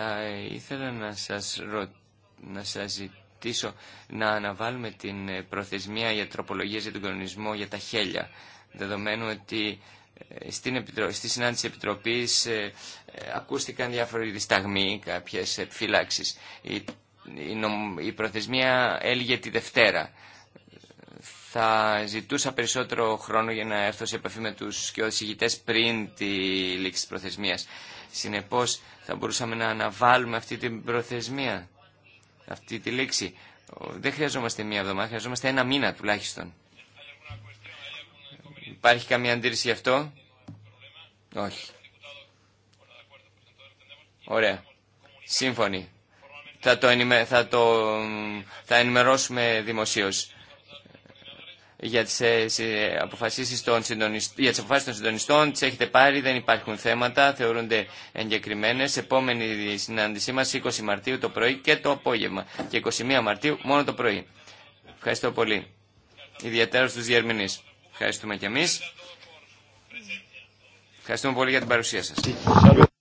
Θα ήθελα να σας, να σας ζητήσω να αναβάλουμε την προθεσμία για τροπολογίες για τον κανονισμό για τα χέλια, δεδομένου ότι ε, στην στη συνάντηση Επιτροπής ε, ε, ακούστηκαν διάφοροι δισταγμοί, κάποιες επιφυλάξεις. Η, η, προθεσμία έλγε τη Δευτέρα. Θα ζητούσα περισσότερο χρόνο για να έρθω σε επαφή με τους και πριν τη λήξη της προθεσμίας. Συνεπώς θα μπορούσαμε να αναβάλουμε αυτή την προθεσμία, αυτή τη λήξη. Δεν χρειαζόμαστε μία εβδομάδα, χρειαζόμαστε ένα μήνα τουλάχιστον. Υπάρχει καμία αντίρρηση γι' αυτό? Όχι. Ωραία. Σύμφωνοι. Θα το, θα το... θα ενημερώσουμε δημοσίως για τις, ε, αποφασίσεις των συντονιστών, για τις των συντονιστών τις έχετε πάρει, δεν υπάρχουν θέματα, θεωρούνται εγκεκριμένες. Επόμενη συνάντησή μας 20 Μαρτίου το πρωί και το απόγευμα και 21 Μαρτίου μόνο το πρωί. Ευχαριστώ πολύ. Ιδιαίτερα στους διερμηνείς. Ευχαριστούμε και εμείς. Ευχαριστούμε πολύ για την παρουσία σας.